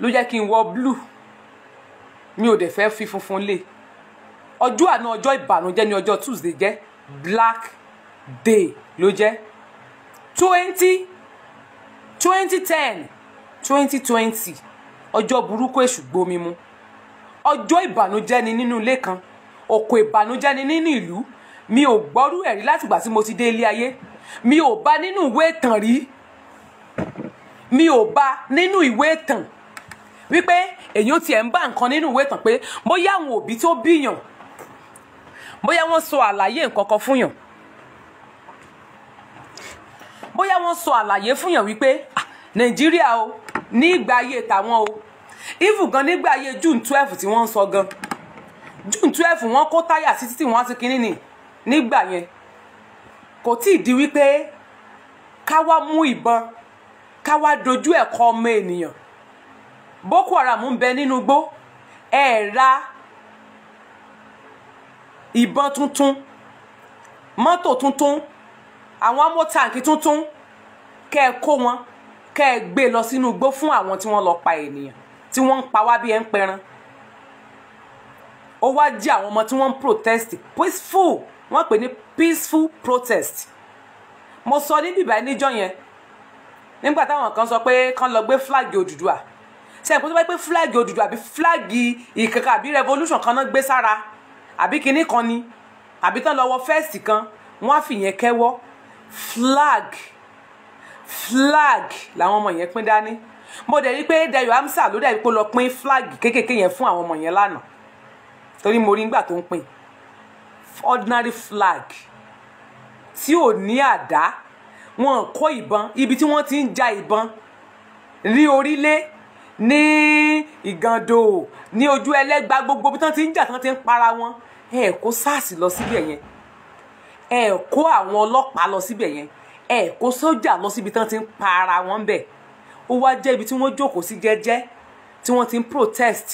ló jẹ́ kí n wọ blue mi ò dẹ̀ fẹ́ fi funfun lé ọjọ́ àná ọjọ́ ìbànújẹ́ ní ọjọ́ tuesday jẹ́ black day ló jẹ́ twenty twenty ten twenty twenty ọjọ́ burúkú èṣù gbomi mu ọjọ́ ìbànújẹ́ ni nínú ilé kan òkò ìbànújẹ́ ni nínú ìlú mi ò gbọ́rú ẹ̀rí látìgbà tí mo ti dé ilé ayé mi ò bá nínú ìwé ìtàn rí mi ò bá nínú ìwé ìtàn wípé èyàn tiẹ̀ ń bá nǹkan nínú ìwé tàn pé bóyá àwọn òbí tó bíyàn bóyá wọ́n sọ àlàyé nǹkan kan fún yàn bóyá wọ́n sọ àlàyé fún yàn wípé nàìjíríà o ní ìgbà ayé tàwọn o even gan nígbà ayé june twelve tí wọ́n ń sọ gan june twelve wọ́n kó táyà sí títí wọ́n ti kínní ni nígbà yẹn kò tí ì di wípé ká wá mú ìbọn ká wá dojú ẹ̀kọ́ ọmọ ènìyàn boko haram ń bẹ nínú igbó ẹ ra ìbọn tuntun mọ́tò tuntun àwọn amótàǹkì tuntun kẹ́ ẹ kó wọn kẹ́ ẹ gbé lọ sínú igbó fún àwọn tí wọ́n lọ pa ènìyàn tí wọ́n ń pa wá bí ẹ ń pẹran ó wá jí àwọn ọmọ tí wọ́n ń protest peaceful wọ́n pè ní peaceful protest mo sọ ní bíbá níjọ́ yẹn nígbà táwọn kan sọ pé kán lọ gbé flag Odùduwà ṣe ìpín tó bá pé flag òdùdù àbí flag ìkàkà àbí revolution kan náà gbé sára àbí kinní kan ni àbí tán lọ́wọ́ fẹ́ẹ̀sì kan wọ́n á fìyẹn kẹ́wọ́ flag flag làwọn ọmọ yẹn pín dání mo dẹ̀ rí pé Dayọ̀ Amsa ló dẹ̀ rí pé lọ pín flag kéékèèké yẹn fún àwọn ọmọ yẹn lánàá torí mo rí nígbà tó ń pín ordinary flag tí ò ní àdá wọn kó ìbọn ibi tí wọ́n ti ń ja ìbọn rí orílẹ̀ ní ìgàndò ní ojú ẹlẹ́gbà gbogbo bí tán ti ń jà tán ti ń para wọn ẹ kó sars lọ síbẹ̀ yẹn ẹ kó àwọn ọlọ́pàá lọ síbẹ̀ yẹn ẹ kó sójà lọ síbi tán ti ń para wọn bẹ̀ ó wá jẹ́ ibi tí wọ́n jókòó sí jẹ́jẹ́ tí wọ́n ti ń protest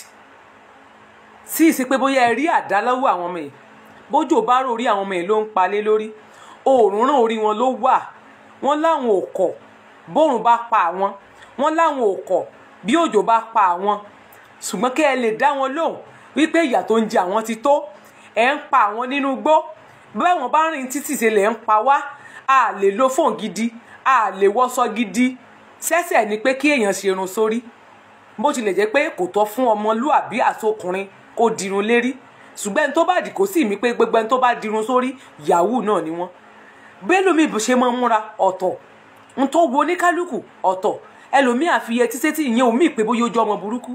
sí ìsí pé bóyá ẹ rí àdá lọ́wọ́ àwọn ọmọ yìí bójú ò bá rò rí àwọn ọmọ yìí ló ń palẹ̀ lórí òórùn ràn orí wọn ló wà wọ́n láwọn ò kọ̀ bóòrùn bá pa àwọn wọ́n láwọn ò kọ̀ bí òjò bá pa àwọn ṣùgbọ́n kẹ́ ẹ lè dá wọn lóhùn wípé ìyà tó ń jẹ àwọn ti tó ẹ̀ ń pa àwọn nínú igbó bẹ́ẹ̀ wọ́n bá rìn títì ṣe lẹ̀ ń pa wá a lè lo fóònù gidi a lè wọṣọ gidi ṣẹ̀ṣẹ̀ ni pé kí èèyàn ṣe irun sórí bó tilẹ̀ jẹ́ pé kò tọ́ fún ọmọlúàbí àtọkùnrin kó dirun lérí ṣùgbọ́n ẹni tó bá dì kò sí mi pé gbogbo ẹni tó bá dirun sórí yahoo náà ni wọ́n bẹ́ẹ̀ lómi ṣe máa ń múra ọ̀tọ̀ ń tó wo oníkálukú ọ̀tọ̀ ẹlòmíì àfiyẹ títí tí ìyẹn omi ìpè bóyá ojú ọmọ burúkú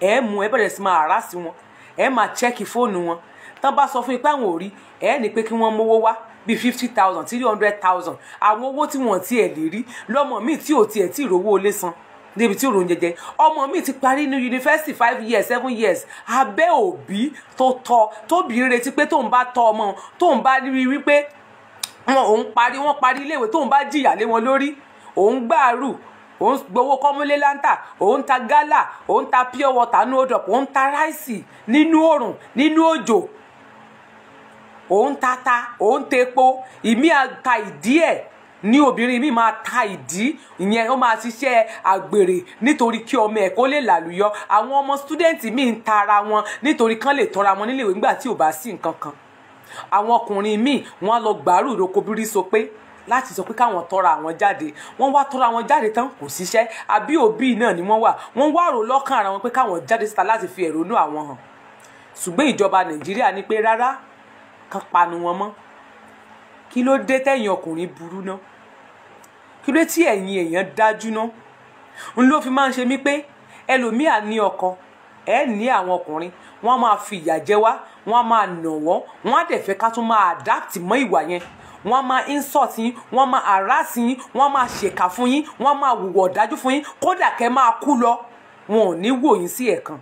ẹ mú ẹ bẹ̀rẹ̀ sí máa rà sí wọn ẹ máa chẹ́kì fóònù wọn tán bá sọ fún ipá àwọn òrí ẹ ní pé kí wọ́n mówó wá bíi fifty thousand three hundred thousand àwọn owó tí wọ́n tiẹ̀ lè rí lọ́mọ míì tí ò tiẹ̀ tí ìrówó olé san débi tí òròyìn jẹjẹ ọmọ mi ti parí ní yunifásitì five years seven years abẹ́ òbí tó tọ́ tóbi retí pé tóun bá tọ́ ọmọ tóun bá rí wípé wọn òun parí wọn parí iléèwé tóun bá jìyà lé wọn lórí òun gbàrú òun gbowó kọ́múlé láńtà òun ta gala òun ta pure water nínú odò òun ta ráìsì nínú òrùn nínú òjò òun ta ta òun ta epo ìmí ata ìdí ẹ̀ ní obìnrin mi máa ta ìdí ìyẹn ó máa ṣiṣẹ́ àgbèrè nítorí kí ọmọ ẹ̀ kó lè làlùyọ àwọn ọmọ stúdẹ̀ǹtì mi ń ta ara wọn nítorí kán lè tọ́ra wọn níléèwé nígbà tí ò bá sí nǹkan kan àwọn ọkùnrin míì wọn lọ gbàárù ìrókò bírí so pé láti sọ pé káwọn tọrọ àwọn jáde wọ́n wá tọrọ àwọn jáde tán kò síṣẹ́ àbí òbí náà ni wọ́n wà wọ́n wá rò lọ́kàn ara wọn pé káwọn jáde síta láti fi ẹ̀rọnú àwọn hàn ṣùgbọ́n ìjọba nàìjíríà ní pé rárá kan panu wọn mọ́ kí ló dé tẹ̀yìn ọkùnrin burú náà kí ló tí ẹ̀yìn èèyàn dájú náà n ló fi máa ń ṣe mí pé ẹlòmíà ní ọkọ ẹ ní àwọn ọkùnrin wọ́n máa fi ìyà jẹ wá wọ́n máa nà wọ́n wọ́n á dẹ̀ fẹ́ ká tún máa adapt mọ́ ìwà yẹn wọ́n máa insult yín wọ́n máa harass yín wọ́n máa ṣèkà fún yín wọ́n máa wùwà ọ̀dájú fún yín kódà kẹ́ máa kú lọ wọn ò ní wò yín sí ẹ̀kan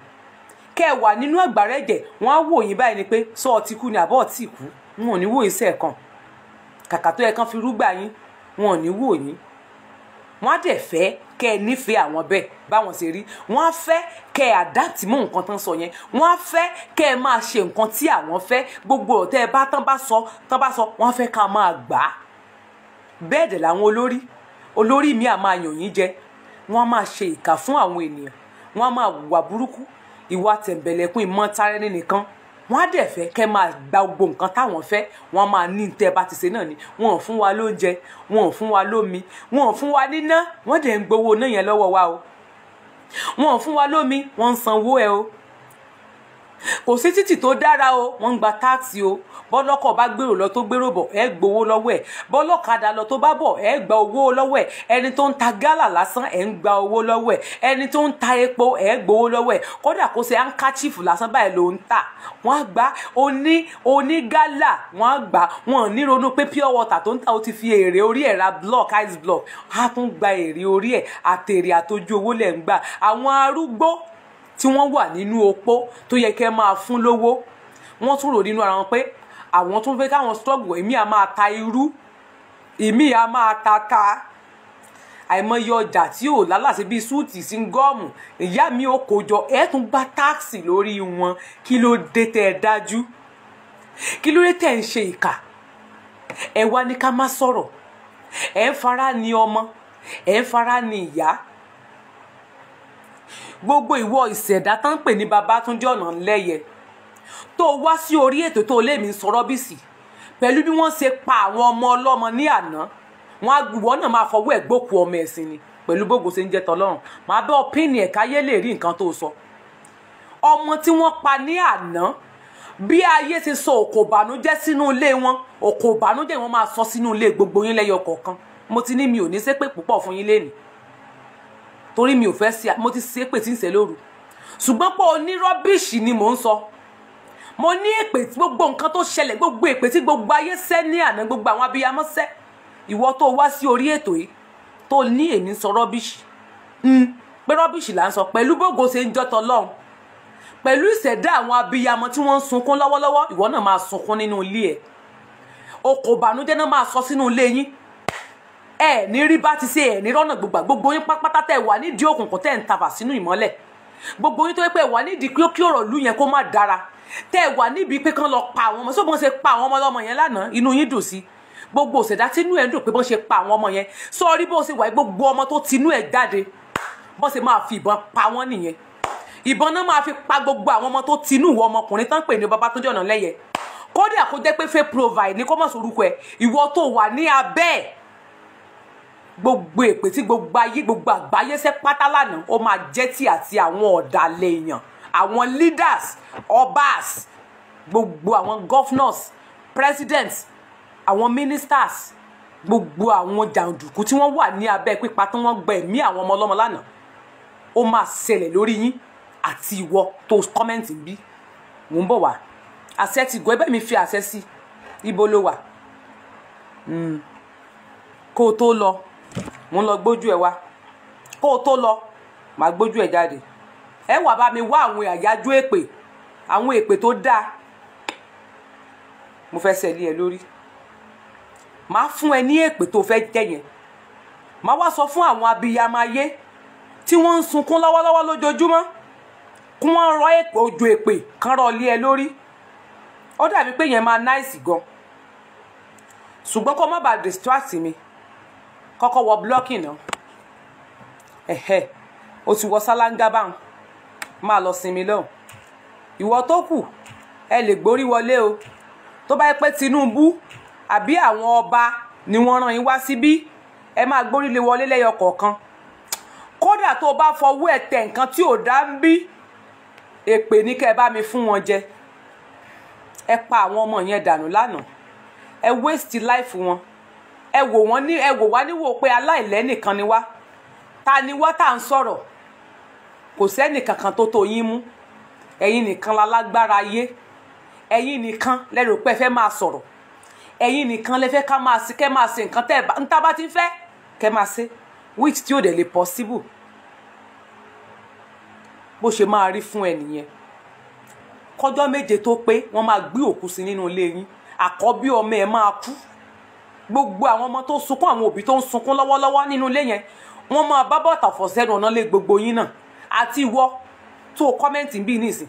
kẹ́ ẹ wà nínú àgbàrá ẹ̀jẹ̀ wọ́n á wò yín báyìí ni pé sọ ọtí kú ni àbọ̀ ọtí kú wọn ò ní wò yín sí ẹ̀kan kàkà tó yẹ fi rúgbà yín wọn ò ní wò yín wọ́n á dẹ̀ fẹ́ kẹ́ ẹ nífẹ̀ẹ́ àwọn bẹ́ẹ̀ báwọn ṣe rí wọ́n á fẹ́ kẹ́ ẹ àdáàtì mú nǹkan tán sọ yẹn wọ́n á fẹ́ kẹ́ ẹ máa ṣe nǹkan tí àwọn fẹ́ gbogbo ọ̀tẹ́ ẹ bá tán bá sọ tán bá sọ wọ́n á fẹ́ ká máa gbà á bẹ́ẹ̀ dẹ̀ làwọn olórí olórí mi à máa yàn yín jẹ wọ́n á máa ṣe ìkà fún àwọn ènìyàn wọ́n á máa hùwà burúkú ìwà tẹ̀m̀bẹ̀lẹ̀kún ìmọ̀tara ẹni nìkan wọ́n á dẹ̀ fẹ́ kẹ́ máa gba gbogbo nǹkan táwọn fẹ́ wọ́n máa ní tẹ́ bá ti ṣe náà ni wọ́n ò fún wa lóúnjẹ wọ́n ò fún wa lómi wọ́n ò fún wa níná wọ́n dẹ̀ ń gbowó náà yẹn lọ́wọ́ wa o wọ́n ò fún wa lómi wọ́n ń sanwó ẹ o kò sí títì tó dára o wọ́n ń gba táàtì o bọ́lọ́kọ̀ bá gbèrò lọ tó gbèrò bọ̀ ẹ gbowó lọ́wọ́ ẹ̀ bọ́lọ́kadà lọ tó bá bọ̀ ẹ gba owó lọ́wọ́ ẹ̀ ẹni tó ń ta gálà lásán ẹ ń gba owó lọ́wọ́ ẹ̀ ẹni tó ń ta epo ẹ gbowó lọ́wọ́ ẹ̀ kódà kó ṣe ankachifu lásán báyìí ló ń tà wọ́n á gbà oní oní gálà wọ́n á gbà wọ́n ní ronú pé pure water tó ń ta ó ti fi èrè orí ẹ̀ ra block ice block á tún gba èrè orí ẹ̀ àtèrè àtòjú owó lẹ̀ ń gbà àwọn arúgbó tí wọ́n wà nínú opó tó yẹ kẹ́ máa fún lówó wọ́n tún rò nínú ara wọn pé àwọn tó ń fẹ́ káwọn struggle èmi à máa ta irú èmi à máa ta ta àìmọye ọjà tí ò lálàsí bíi súùtì sí gọ́ọ̀mù ìyá mi ò kójọ ẹ tún gba táàsì lórí wọn kí ló dé tẹ ẹ dájú kí ló dé tẹ ẹ ń ṣe ìkà ẹ wá ní ká má sọ̀rọ̀ ẹ ń fara ni ọmọ ẹ ń fara ni ìyá gbogbo ìwọ ìṣẹ̀dá tán ń pè ní Babátúndé Ọ̀nàlẹ́yẹ tó wá sí orí ètò tó lé mi sọ̀rọ̀ bì sí pẹ̀lú bí wọ́n ṣe pa àwọn ọmọ ọlọ́mọ ní àná wọn àgbùwọ́ náà máa fọwọ́ ẹ̀ gbókù ọmọ ẹ̀sìn ni pẹ̀lú bógo ṣe ń jẹ́ tọlọ́run màá bẹ́ ọ̀pínì ẹ̀ka yé lè rí nǹkan tó sọ ọmọ tí wọ́n pa ní àná bí ayé ṣe sọ òkò ìbànújẹ́ sínú ilé wọn òkò ìbànújẹ́ wọn máa sọ sínú ilé gbogbo yín lẹ́yọ kọ̀ọ̀kan mo ti ní mi ò ní ṣépè púpọ̀ fún yín lénìí torí mi ò fẹ́ sí mo ti ṣe é pè tí ń ṣe lóru ṣùgbọ́n pé onírọ́bìṣì ni mò ń sọ mo ní èpè tí gbogbo nǹkan tó ṣẹlẹ̀ gbogbo èpè tí gbogbo ayé ṣẹ́ ní àná gbogbo àwọn abiyamọ ṣẹ́ ìwọ tó wá sí orí ètò yìí tó ní èmi ń sọ rọ́bìṣì hmm, pé rọ́bìṣì là ń sọ pẹ̀lú bógo ṣe ń jọ́tọ̀ lọ́hùn pẹ̀lú ìṣẹ̀dá àwọn abiyamọ tí wọ́n ń sunkún lọ́wọ́lọ́wọ́ ìwọ náà máa sunkún nínú ilé ẹ̀ okò ìbànújẹ́ náà máa sọ sínú ilé yín ẹ ní rí bá ti ṣe ẹ ní rọ́nà gbogbo gbogbo yín pátápátá tẹ̀ wà nídìí òkùnkùn tẹ̀ ń tafà sínú ìmọ́lẹ̀ gbogbo yín tó yẹ pé wà nídìí kí ọ̀rọ̀ lù yẹn kó má dára tẹ̀ wà níbi pé kán lọ pa àwọn ọmọ sóbọn ṣe pa àwọn ọmọ lọ́mọ yẹn lánàá inú yín dùn sí gbogbo òṣèdá tínú ẹ̀ ń dùn pé bọ́n ṣe pa àwọn ọmọ yẹn sọ́ọ́rí bó ṣe wà gbogbo ọmọ tó tinú ẹ̀ jáde bọ́n ṣe máa fi ìbọn pa wọ́n nìyẹn ìbọn náà máa fi pa gbogbo àwọn ọmọ tó tinú ìwọ ọmọkùnrin tán pè ní Babátúndé Ọ̀nàlẹ́yẹ kódà kó jẹ́ pé fẹ́ provide ní kọ́mọ̀sí orúkọ ẹ̀ ìwọ tó wà ní abẹ́ ẹ̀ gbogbo èpè tí gbogbo ayé gbogbo àgbáyé ṣe pátá lánàá ó máa jẹ́ ti àti àwọn ọ̀dàlẹ̀ èèyàn àwọn leaders obas gbogbo àwọn governors presidents àwọn ministers gbogbo àwọn jàǹdùkú tí wọ́n wà ní abẹ́ pípa tí wọ́n gba ẹ̀mí àwọn ọmọ ọlọ́mọ lánàá ó máa ṣẹlẹ̀ lórí yín àti ìwọ tó kọ́mẹ́ǹtì bí mò ń bọ̀ wá àṣẹ ti gọ ẹ̀bẹ̀ mi fi àṣẹ sí ibo ló wà hmm. kó o tó lọ mo lọ gbójú ẹ wá kó o tó lọ màá gbójú ẹ jáde ẹ wá bá mi wá àwọn àyájọ́ èpè àwọn èpè tó dáa mo fẹ́ sẹ́lé ẹ lórí màá fún ẹ ní èpè tó fẹ́ jẹ màá wá sọ fún àwọn abiyamọ ayé tí wọ́n ń sunkún lọ́wọ́lọ́wọ́ lójoojúmọ́ kí wọ́n rọ ojú èpè kan rọ lé ẹ lórí ó dàbí pé yẹn máa náìsì gan ṣùgbọ́n kó má bàa distract mi kọ́kọ́ wọ blọ́ọ̀kì náà ẹ̀hẹ́ o ti wọ sálángá báwọn máa lọ sinmi lọ́hùn ìwọ tó kù ẹ lè gborí wọlé o tó bá yẹ Tinubu àbí àwọn ọba ni wọ́n rán yín wá síbí ẹ máa gborí lé wọlé lẹ́yọ kọ̀ọ̀kan kódà tó o bá fọwọ́ ẹ̀ tẹ̀ nǹkan tí ò dá ń bí èpè ní kẹ́ ẹ bá mi fún wọn jẹ ẹ pa àwọn ọmọ yẹn dànù lánàá ẹ waste life wọn ẹ wò wọ́n ní ẹ wò wá níwò pé aláìlẹ́nìkan ni wá ta ni wá tá à ń sọ̀rọ̀ kò sẹ́nì kankan tó tó yín mú ẹ̀yin nìkan la lágbára ayé ẹ̀yin nìkan lẹ́rù pé ẹ fẹ́ máa sọ̀rọ̀ ẹ̀yin nìkan lẹ fẹ́ ká máa sí kẹ́ máa ṣe nǹkan tẹ́ ẹ bá ń tá ti fẹ́ kẹ́ máa ṣe which tí ò dẹ̀ lè possible bó ṣe máa rí fún ẹ nìyẹn kọjọ́ méje tó pé wọ́n máa gbé òkú sí nínú ilé yín àkọ́bí ọmọ ẹ máa kú gbogbo àwọn ọmọ tó ń sunkún àwọn òbí tó ń sunkún lọ́wọ́lọ́wọ́ nínú ilé yẹn wọ́n máa bá bọ́ọ̀tà fọ̀ sẹ́nu ọ̀nà lé gbogbo yín náà àti ìwọ tó o kọ́mẹ́ǹtì ń bí nísìn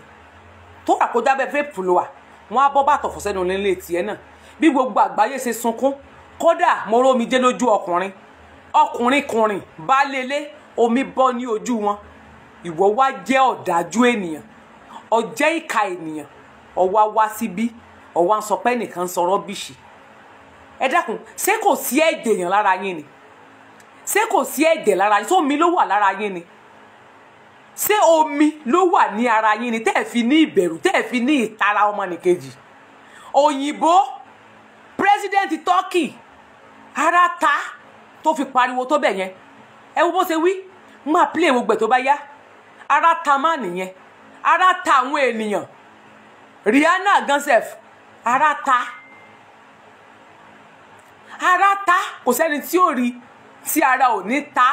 tó rà kó dábẹ́ vape lo wà wọ́n á bọ́ bàtọ̀ fọ̀ sẹ́nu nílé tiẹ̀ náà bí gbogbo àgbáyé ṣe sunkún kódà mo rómi dé lójú ọkùnrin ọkùnrin kùnrin baálélé omi bọ́ ní ojú wọn ìwọ wá jẹ́ ọ̀dájú ènìyàn ọ̀jẹ́ ìka ènìyàn ọ̀wá wá síbí ọ̀wá ń sọ sọ rọ́bìṣì ẹ dákun ṣé kò sí ẹ̀jẹ̀ yàn lára yín ni ṣé kò sí ẹ̀jẹ̀ lára yín ṣé omi ló wà lára yín ni ṣé omi ló wà ní ara yín ni tẹ́ ẹ̀ fi ní ìbẹ̀rù tẹ́ ẹ̀ fi ní ìtara ọmọnìkejì òyìnbó pírẹsidẹ́ǹtì turkey ara ta tó fi pariwo tó bẹ̀ yẹn ẹ wo bó ṣe wí máa pílẹ̀ ìwògbẹ̀ tó bá yá ara ta má nìyẹn ara ta àwọn ènìyàn Rihanna gansef ara ta ara ta kò sẹ́ni tí ò rí tí ara ò ní ta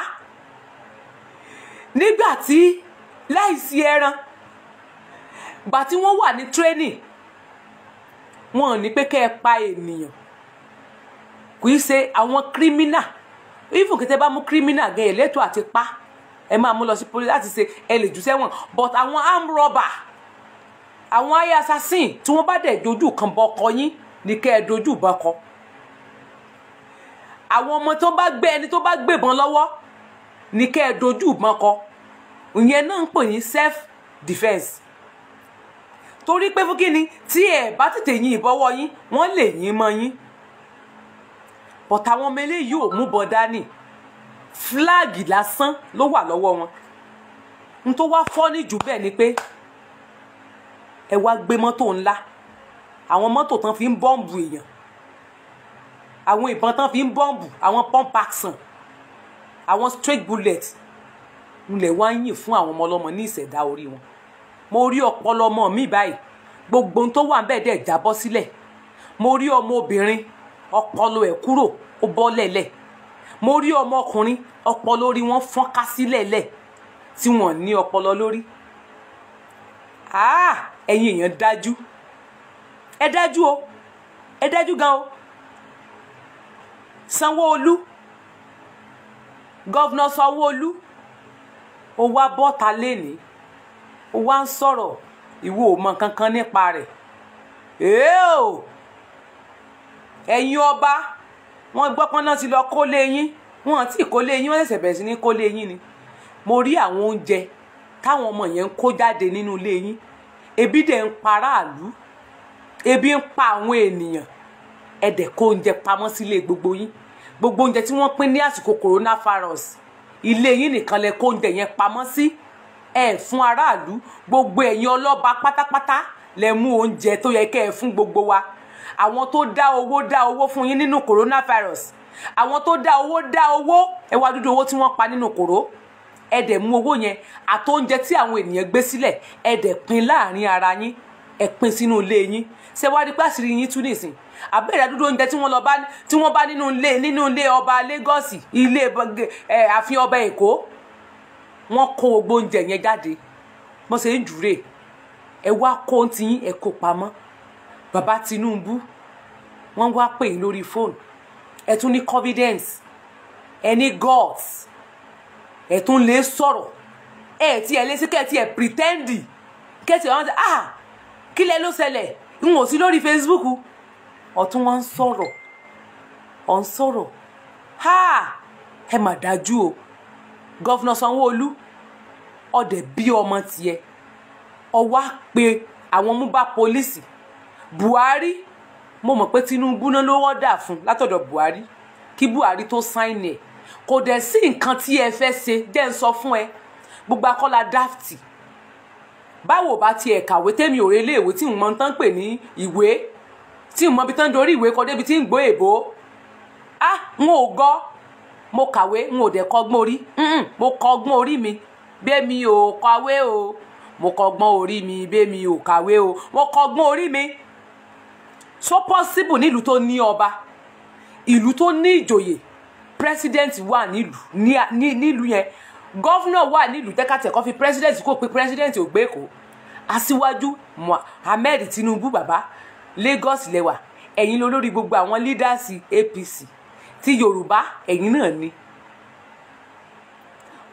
nígbà tí láìsí ẹran gbà tí wọ́n wà ní training wọn ò ní pé kẹ́ ẹ pa ènìyàn kì í ṣe àwọn kírímínà even kìtẹ́ bá mú kírímínà gan ẹ̀ àti pa ẹ máa mú lọ sí police láti ṣe ẹ lè jù sẹ́wọ̀n but àwọn arm robber àwọn ayé assassin tí wọ́n bá dẹ̀ dojú kan bọ ọkọ yín ni kẹ́ ẹ dojú bọ àwọn ọmọ tó bá gbé ẹni tó bá gbébọn lọ́wọ́ ní kẹ́ ẹ dojú ìbọn ìyẹn náà ń pè ní self defence torí pé fún kíni tí ẹ bá tètè yin ìbọwọ́ yín wọ́n lè yín mọ́ yín but àwọn ọmọ eléyìí ò mú bọ dání fúláàgì lásán ló wà lọ́wọ́ wọn n tó wá fọ́ ní jù bẹ́ẹ̀ ni pé ẹ wá gbé mọ́tò ńlá àwọn mọ́tò tán fi ń bọ́ǹbù èèyàn àwọn ìbọn tán fi ń bọ́ǹbù àwọn pump action àwọn straight bullet ńlẹ̀ wá ń yìn fún àwọn ọmọ ọlọ́mọ ní ìṣẹ̀dá orí wọn mo rí ọpọlọ ọmọ mi báyìí gbogbo ohun tó wà níbẹ̀ dẹ̀ jábọ́ sílẹ̀ mo rí ọmọ obìnrin ọpọlọ ẹ̀ kúrò ó bọ́ lẹ̀lẹ̀ mo rí ọmọ ọkùnrin ọpọlọ orí wọn fọ́nká sílẹ̀ lẹ̀ tí wọ́n ní ọpọlọ lórí ẹ̀yin èèyàn dájú ẹ dájú o ẹ dájú gan o sanwóolu gọ́vnà sanwóolu ó wá bọ́ta lénìí ó wá ń sọ̀rọ̀ ìwọ ò mọ kankan nípa rẹ̀ èèó ẹ̀yin ọba wọ́n gbọ́ pọ́n náà ti lọ kólé yín wọ́n ti kólé yín wọ́n ṣẹ̀ṣẹ̀ bẹ̀rẹ̀ sí ní kólé yín ni mo rí àwọn oúnjẹ táwọn ọmọ yẹn ń kó jáde nínú ilé yín ebi dẹ̀ ń pa aráàlú ebi ń pa àwọn ènìyàn ẹ dẹ̀ kó oúnjẹ pamọ́ sílé gbogbo yín gbogbo oúnjẹ tí wọ́n pín ní àsìkò coronavirus ilé yín nìkan lẹ kó oúnjẹ yẹn pamọ́ sí ẹ fún aráàlú gbogbo ẹ̀yin ọlọ́ba pátápátá lẹ mú oúnjẹ tó yẹ kẹ́ ẹ fún gbogbo wa àwọn tó dá owó dá owó fún yín nínú coronavirus àwọn tó dá owó dá owó ẹ wá dúdú owó tí wọ́n pa nínú kòró ẹ dẹ̀ mú owó yẹn àtóúnjẹ tí àwọn ènìyàn gbé sílẹ̀ ẹ dẹ̀ pín láàrin ara yín ẹ pín sínú ilé yín ṣé wá rí pàṣírí yín tún nìsín àbẹ̀rẹ̀ dúdú oúnjẹ tí wọ́n lọ bá tí wọ́n bá nínú ilé nínú ilé ọba Lagos ilé ààfin ọba Èkó wọ́n kó gbogbo oúnjẹ yẹn jáde wọ́n ṣe ń jùrè ẹ wá kó ti yín ẹ kó pamọ́ bàbá Tinubu wọ́n wá pè yín lórí fóònù ẹ tún ní confidence ẹ ní gods ẹ tún lè sọ̀rọ̀ ẹ ti ẹ lé sí kẹ́ ẹ ti ẹ pretend kẹ́ ẹ ti ẹ wọ́n ti ah kí lẹ ló ṣẹlẹ̀ n ò sí lórí Facebook ọ̀tún wọn ń sọ̀rọ̀ ọ̀ ń sọ̀rọ̀ ha ẹ mà dájú o gọ́fúnà Sanwó-Olú ọ̀dẹ̀ bí ọmọ tiẹ̀ ọwá pé àwọn mú pólísì Buhari mo mọ̀ pé Tinubu náà ló wọ́dà fún látọ̀dọ̀ Buhari kí Buhari tó sáìnì ẹ̀ kò dẹ̀ sí nǹkan tí ẹ fẹ́ ṣe jẹ́ ń sọ fún ẹ gbogbo akọ́la dáfìtì báwo bá tiẹ̀ kàwé tẹ́mi ò ìwé tí mo máa ń tán pè ní ìwé tí n mọ ibi tó ń dorí ìwé kọ débi tí ń gbọ́ èbó á n ò gọ́ mo kàwé n ò dẹ̀ kọ́gbọ́n orí mo kọ́gbọ́n orí mi bẹ́ẹ̀ mi ò kàwé o mo kọ́gbọ́n orí mi bẹ́ẹ̀ mi ò kàwé o mo kọ́gbọ́n orí mi so possible nílùú tó ní ọba ìlú tó ní ìjòyè president wà nílùú nílùú yẹn gọ́fúnà wà nílùú tẹ́kàtẹ́ kọ́ fi president kó pe president ò gbé èkó aṣíwájú Ahmed Tinubu bàbá Lagos lẹ́wà ẹ̀yin lolórí gbogbo àwọn leaders APC ti Yorùbá ẹ̀yin náà ni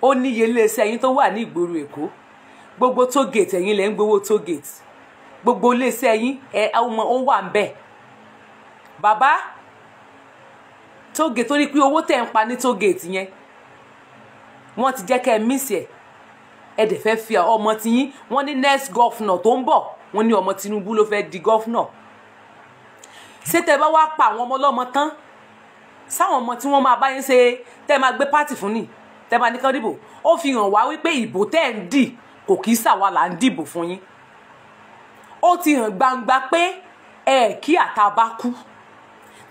ó níye iléeṣẹ́ ẹ̀yin tó wà ní ìgboro Èkó gbogbo tógèètì ẹ̀yin lẹ́ ń gbowó tógèètì gbogbo iléeṣẹ́ ẹ̀yin ẹ̀ ọmọ ó wà ń bẹ̀ bàbá tógèètì torí pé owó tẹ̀ ń pa ní tógèètì yẹn wọ́n ti jẹ́ kẹ́ ẹ mísì ẹ̀ ẹ dẹ̀ fẹ́ fi ọmọ tiyín wọ́n ní next governor tó ń bọ̀ wọ́n ní ọmọ Tinubu ló fẹ́ di governor ṣé tẹ bá wá pa àwọn ọmọ ọlọ́mọ tán sáwọn ọmọ tí wọ́n máa bá yín ṣe tẹ́ máa gbé pátì fún ni tẹ́ máa ní kán dìbò ó fi hàn wá wípé ìbò tẹ́ ẹ̀ ń dì kò kì í ṣàwa là ń dìbò fún yín ó ti hàn gbangba pé ẹ kí àtàbá kú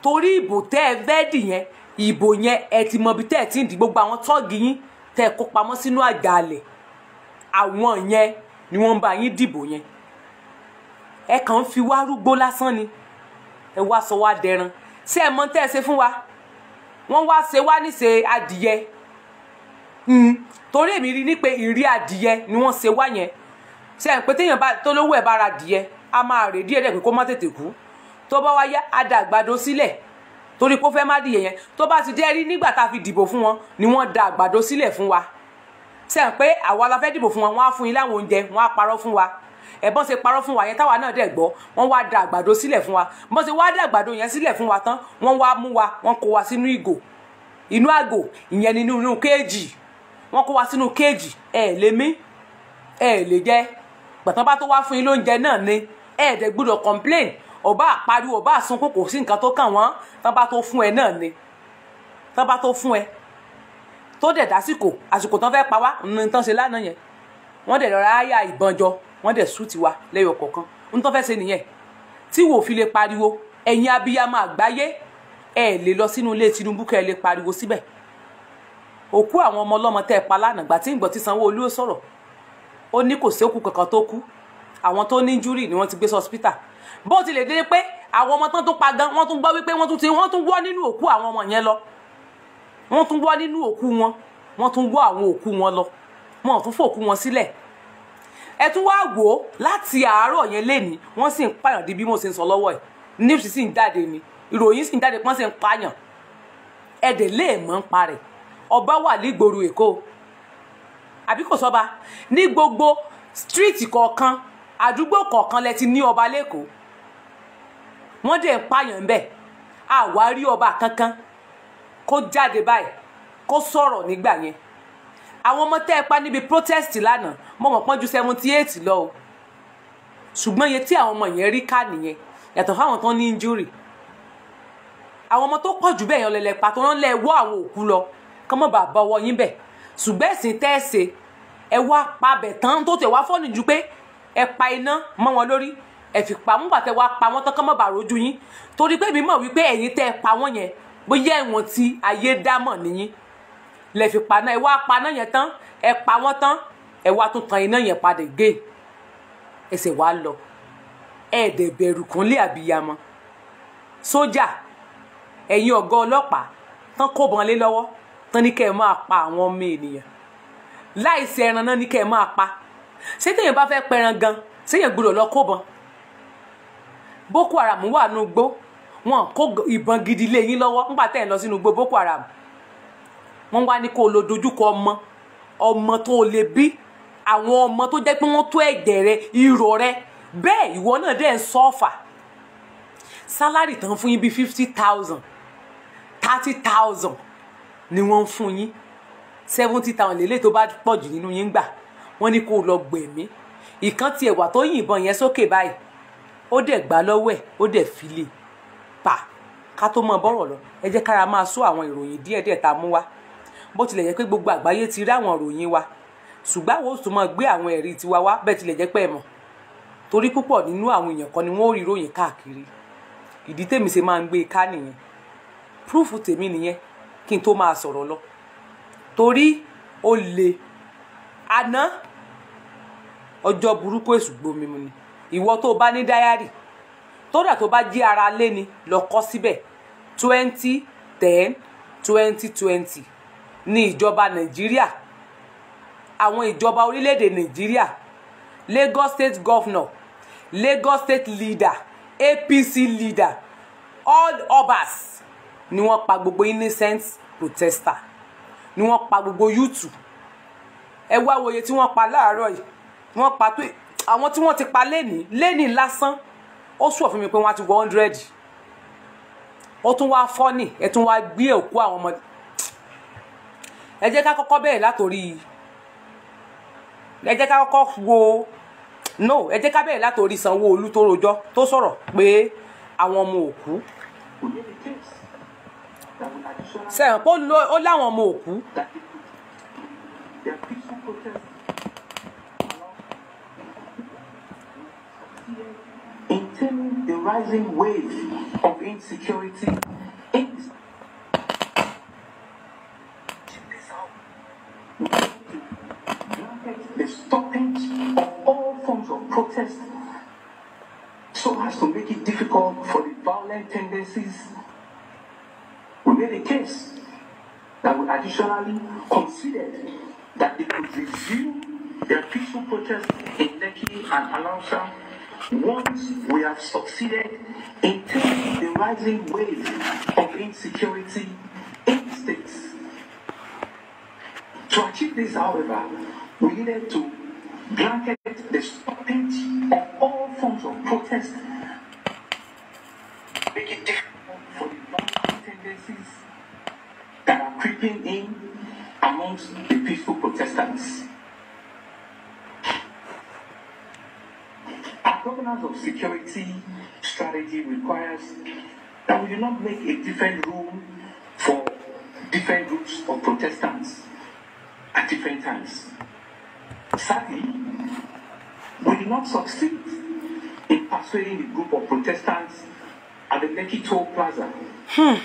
torí ìbò tẹ́ ẹ fẹ́ dì yẹn ìbò yẹn ẹ ti mọ ibi ẹ ti ń di gbogbo àwọn tọ́ọ̀gì yín tẹ́ ẹ kó pamọ́ sínú àjàalẹ̀ àwọn yẹn ni wọ́n ń bá yín dìbò yẹn ẹ kàn ń fi wá rúgbó lásán ni ẹ wá sọ wá dẹran ṣé ẹ mọ tẹ́ ẹ ṣe fún wa wọ́n wá ṣe wá níṣe adìyẹ hmm. torí èmi rí ni pé ìrí adìyẹ ni wọ́n ṣe wá yẹn ṣe ẹ̀ pé téèyàn bá tó lówó ẹ̀ bá ra adìyẹ a máa rè díẹ̀ díẹ̀ pé kó má tètè kú tó bá wáyá adàgbàdo sílẹ̀ torí pé ó fẹ́ má dìyẹ yẹn tó bá ti dé rí nígbà tá a fi dìbò fún wọn ni wọ́n da àgbàdo sílẹ̀ fún wa ṣe ẹ̀ pé àwa la fẹ́ dìbò fún wọn wọ́n á fún yín láwọn oúnjẹ wọ́n á parọ́ fún wa ẹ̀bọ́n ṣe parọ́ fún wa yẹn táwa náà dẹ̀ gbọ́ wọ́n wá da àgbàdo sílẹ̀ fún wa bọ́n ṣe wá da àgbàdo yẹn sílẹ̀ fún wa tán wọ́n wá mú wa wọ́n kó wa sínú ìgò inú àgò ìyẹn nínú inú kéèjì wọ́n kó wa sínú kéèjì ẹ̀ lè mí ẹ̀ lè jẹ́ gbàtàn bá tó wá fún yín lóúnjẹ náà ni ẹ̀ dẹ̀ gbúdọ̀ complain ọba àpariwo ọba àsunkún kò sí nǹkan tó kàn wọ́n tán bá tó fún ẹ náà ni tán bá tó fún ẹ tó dẹ̀ dásìkò àsìkò tán fẹ́ pa wá ní tán ṣe lánàá yẹn wọ́n dẹ̀ lọ́ra áyà ìbọn jọ wọ́n dẹ̀ sú tiwa lẹ́yọ kọ̀ọ̀kan ń tọ́ fẹ́ ṣe nìyẹn tí wò fi lè pariwo ẹ̀yin abiyamọ àgbáyé ẹ̀ lè lọ sínú ilé Tinubu kẹ́ ẹ lè pariwo síbẹ̀ òkú àwọn ọmọ ọlọ́mọ tẹ́ ẹ pa lánàá gbà tí ń gbọ́ tí Sanwó-Olú ó sọ̀rọ̀ ó ní kò sékù kankan tó kú àwọn tó ní injury ni wọ́n ti gbé sọ hospital bó tilẹ̀ dé pé àwọn ọmọ tán tó pa gan wọ́n tún gbọ́ wípé wọ́n tún ti wọ́n tún wọ́ nínú òkú àwọn ọmọ yẹn lọ wọ́n tún wọ́ nínú òkú wọn wọ́n tún wọ́ àwọn òkú wọn lọ wọn ò tún fòkú wọn sílẹ̀ ẹ tún wá wò ó láti àárọ̀ yẹn lénìí wọ́n sì ń pààyàn di bí mo ṣe ń sọ lọ́wọ́ ẹ̀ nípsì sì ń jáde ni ìròyìn sì ń jáde pọ́n sì ń pààyàn ẹ̀dẹ̀ lè mọ́ ń parẹ̀ ọba wà nígboro èkó àbí kò sọba ní gbogbo stíríìtì kọ̀ọ̀kan àdúgbò kọ̀ọ̀kan lẹ ti ní ọba lẹ́kọ̀ọ́ wọ́n dẹ̀ ń pààyàn ń bẹ̀ àwárí ọba kankan kó jáde báyìí kó sọ̀rọ̀ nígbà yẹn àwọn ọmọ tẹ́ ẹ pa níbi protest lánàá mo mọ̀ pọ́n ju seventy eight lọ o ṣùgbọ́n iye tí àwọn ọmọ yẹn rí ká nìyẹn yàtọ̀ fáwọn tó ní injury àwọn ọmọ tó pọ̀ jù bẹ́ẹ̀ yẹn lẹ́lẹ́ pa tó rán lẹ́ wọ́ àwọn òkú lọ kọ́ mọ́ bàbá ọwọ́ yín bẹ̀ ṣùgbọ́n ẹ̀sìn tẹ́ ẹ ṣe ẹ wá pa bẹ̀ tán tó tẹ̀ wá fọ́ọ̀nì ju pé ẹ pa iná mọ́ wọn lórí ẹ fi pa mú bàtẹ́ wá pa wọ́n tán kọ́ mọ́ bàrọ̀ ojú yín torí pé èmi mọ̀ wípé ẹ̀yin tẹ́ ẹ pa wọ́n yẹn bóyá ẹ̀wọ̀n ti ayé dámọ̀ nìyín lẹ fi paná ẹ wá paná yẹn tán ẹ pa wọ́n tán ẹ wá tún tan iná yẹn padà gé ẹsẹ̀ wá lọ ẹ dẹ̀ bẹ̀rù kúnlẹ̀ àbíyamọ sójà ẹ̀yin ọ̀gá ọlọ́pàá tán kó bọn lé lọ́wọ́ tán ní kẹ́ ẹ máa pa àwọn ọmọ ènìyàn láìsí ẹran náà ní kẹ́ ẹ máa pa ṣé téèyàn bá fẹ́ pẹran gan séèyàn gbọ́dọ̀ lọ kó bọn Boko Haram wà nù gbó wọn kó ìbọn gidi lé yín lọ́wọ́ nígbà tẹ́ ẹ̀ lọ sínú gbó Boko Haram wọ́n wá ní kó o lọ dojúkọ ọmọ ọmọ tó o lè bí àwọn ọmọ tó jẹ́ pé wọ́n tó ẹ̀jẹ̀ rẹ irọ́ rẹ bẹ́ẹ̀ ìwọ náà dẹ̀ ń sọ́ọ̀fà sálárì tán fún yín bíi fifty thousand thirty thousand ni wọ́n ń fún yín seventy thousand lélẹ́yìí tó bá pọ̀ jù nínú yín gbà wọ́n ní kó o lọ gbẹ̀mí ìkan ti ẹ̀wà tó yìnbọn yẹn sókè báyìí ó dẹ̀ gbà lọ́wọ́ ẹ̀ ó dẹ̀ fi lè e. pa ká tó mọ bọ́rọ̀ lọ ẹ jẹ́ kára máa sọ àwọn ìròyìn díẹ̀díẹ̀ tá a mú wá bó tilẹ̀ jẹ́ pé gbogbo àgbáyé ti rí àwọn ìròyìn wa ṣùgbọ́n àwọn oṣù máa gbé àwọn ẹ̀rí tiwa wá bẹ́ẹ̀ tilẹ̀ jẹ́ pé ẹ̀ mọ̀ torí púpọ̀ nínú àwọn èèyàn kan ni wọ́n rí ìròyìn káàkiri ìdí tèmi ṣe máa ń gbé e ká nìyẹn púrúfù tèmi nìyẹn kí n tó máa sọ̀rọ̀ lọ torí ó le àná ọjọ́ burúkú èṣù gbomi mu ni ìwọ tó o bá ní dáyàrí tódà tó bá jí ara lé ni lọ kọ síbẹ̀ twenty ten twenty twenty ni ìjọba nàìjíríà àwọn ìjọba orílẹ̀-èdè nàìjíríà Lagos state governor Lagos state leader APC leader all obas ni wọ́n pa gbogbo innocent protester ni wọ́n pa gbogbo yúùtù ẹ wá wòye tí wọ́n pa láàárọ̀ yìí wọ́n pa tó àwọn tí wọ́n ti pa lẹ́nìí lẹ́nìí lásán ó sùn fún mi pé wọ́n á ti wọ hundred ó tún wá fọ́nì ẹ tún wá gbé òkú àwọn ọmọ ẹ jẹ́ ká kọ́kọ́ bẹ̀rẹ̀ látòrí ẹ jẹ́ ká kọ́kọ́ wo no ẹ jẹ́ ká bẹ̀rẹ̀ látòrí sanwó tó rojọ́ tó sọ̀rọ̀ pé àwọn ọmọ òkú sẹ́yìn pé ó láwọn ọmọ òkú containing the rising wave of insecurity in the stoppage of all forms of protest so as to make it difficult for the violent tendencies. We made a case that we additionally considered that they could resume their peaceful protest in Neki and Anamsa once we have succeeded in taking the rising wave of insecurity in states. To achieve this, however, we needed to blanket the stoppage of all forms of protest, make it difficult for the violent tendencies that are creeping in amongst the peaceful protestants. Our governance of security strategy requires that we do not make a different rule for different groups of protestants at different times. Sadly, we did not succeed in persuading the group of Protestants at the Nekito Plaza. Hmm.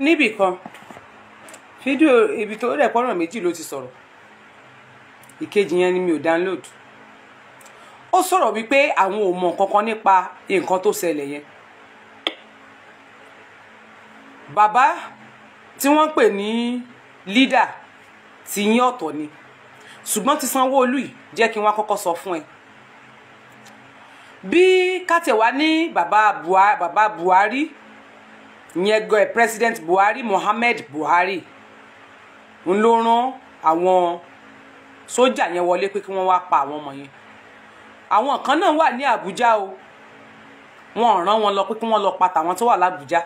níbì kan fídíò ibi tó rẹ̀ pọ́nrọ̀ méjì ló ti sọ̀rọ̀ ìkejì yẹn ni mi ò download ó sọ̀rọ̀ wípé àwọn ò mọ̀ kankan nípa nǹkan tó ṣẹlẹ̀ yẹn bàbá tí wọ́n pè ní lídà ti yín ọ̀tọ̀ ni ṣùgbọ́n ti Sanwó-Olú yìí jẹ́ kí wọ́n kọ́kọ́ sọ fún ẹ bí kátẹ̀wá ní bàbá Buhari nyẹgọ eh, president buhari mohammed buhari ń ló rán àwọn sójà yẹn wọlé pé kí wọ́n wá pa àwọn ọmọ yẹn àwọn kan náà wà ní àbújá o wọ́n rán wọn lọ pé kí wọ́n lọ pa tàwọn tó wà lábújá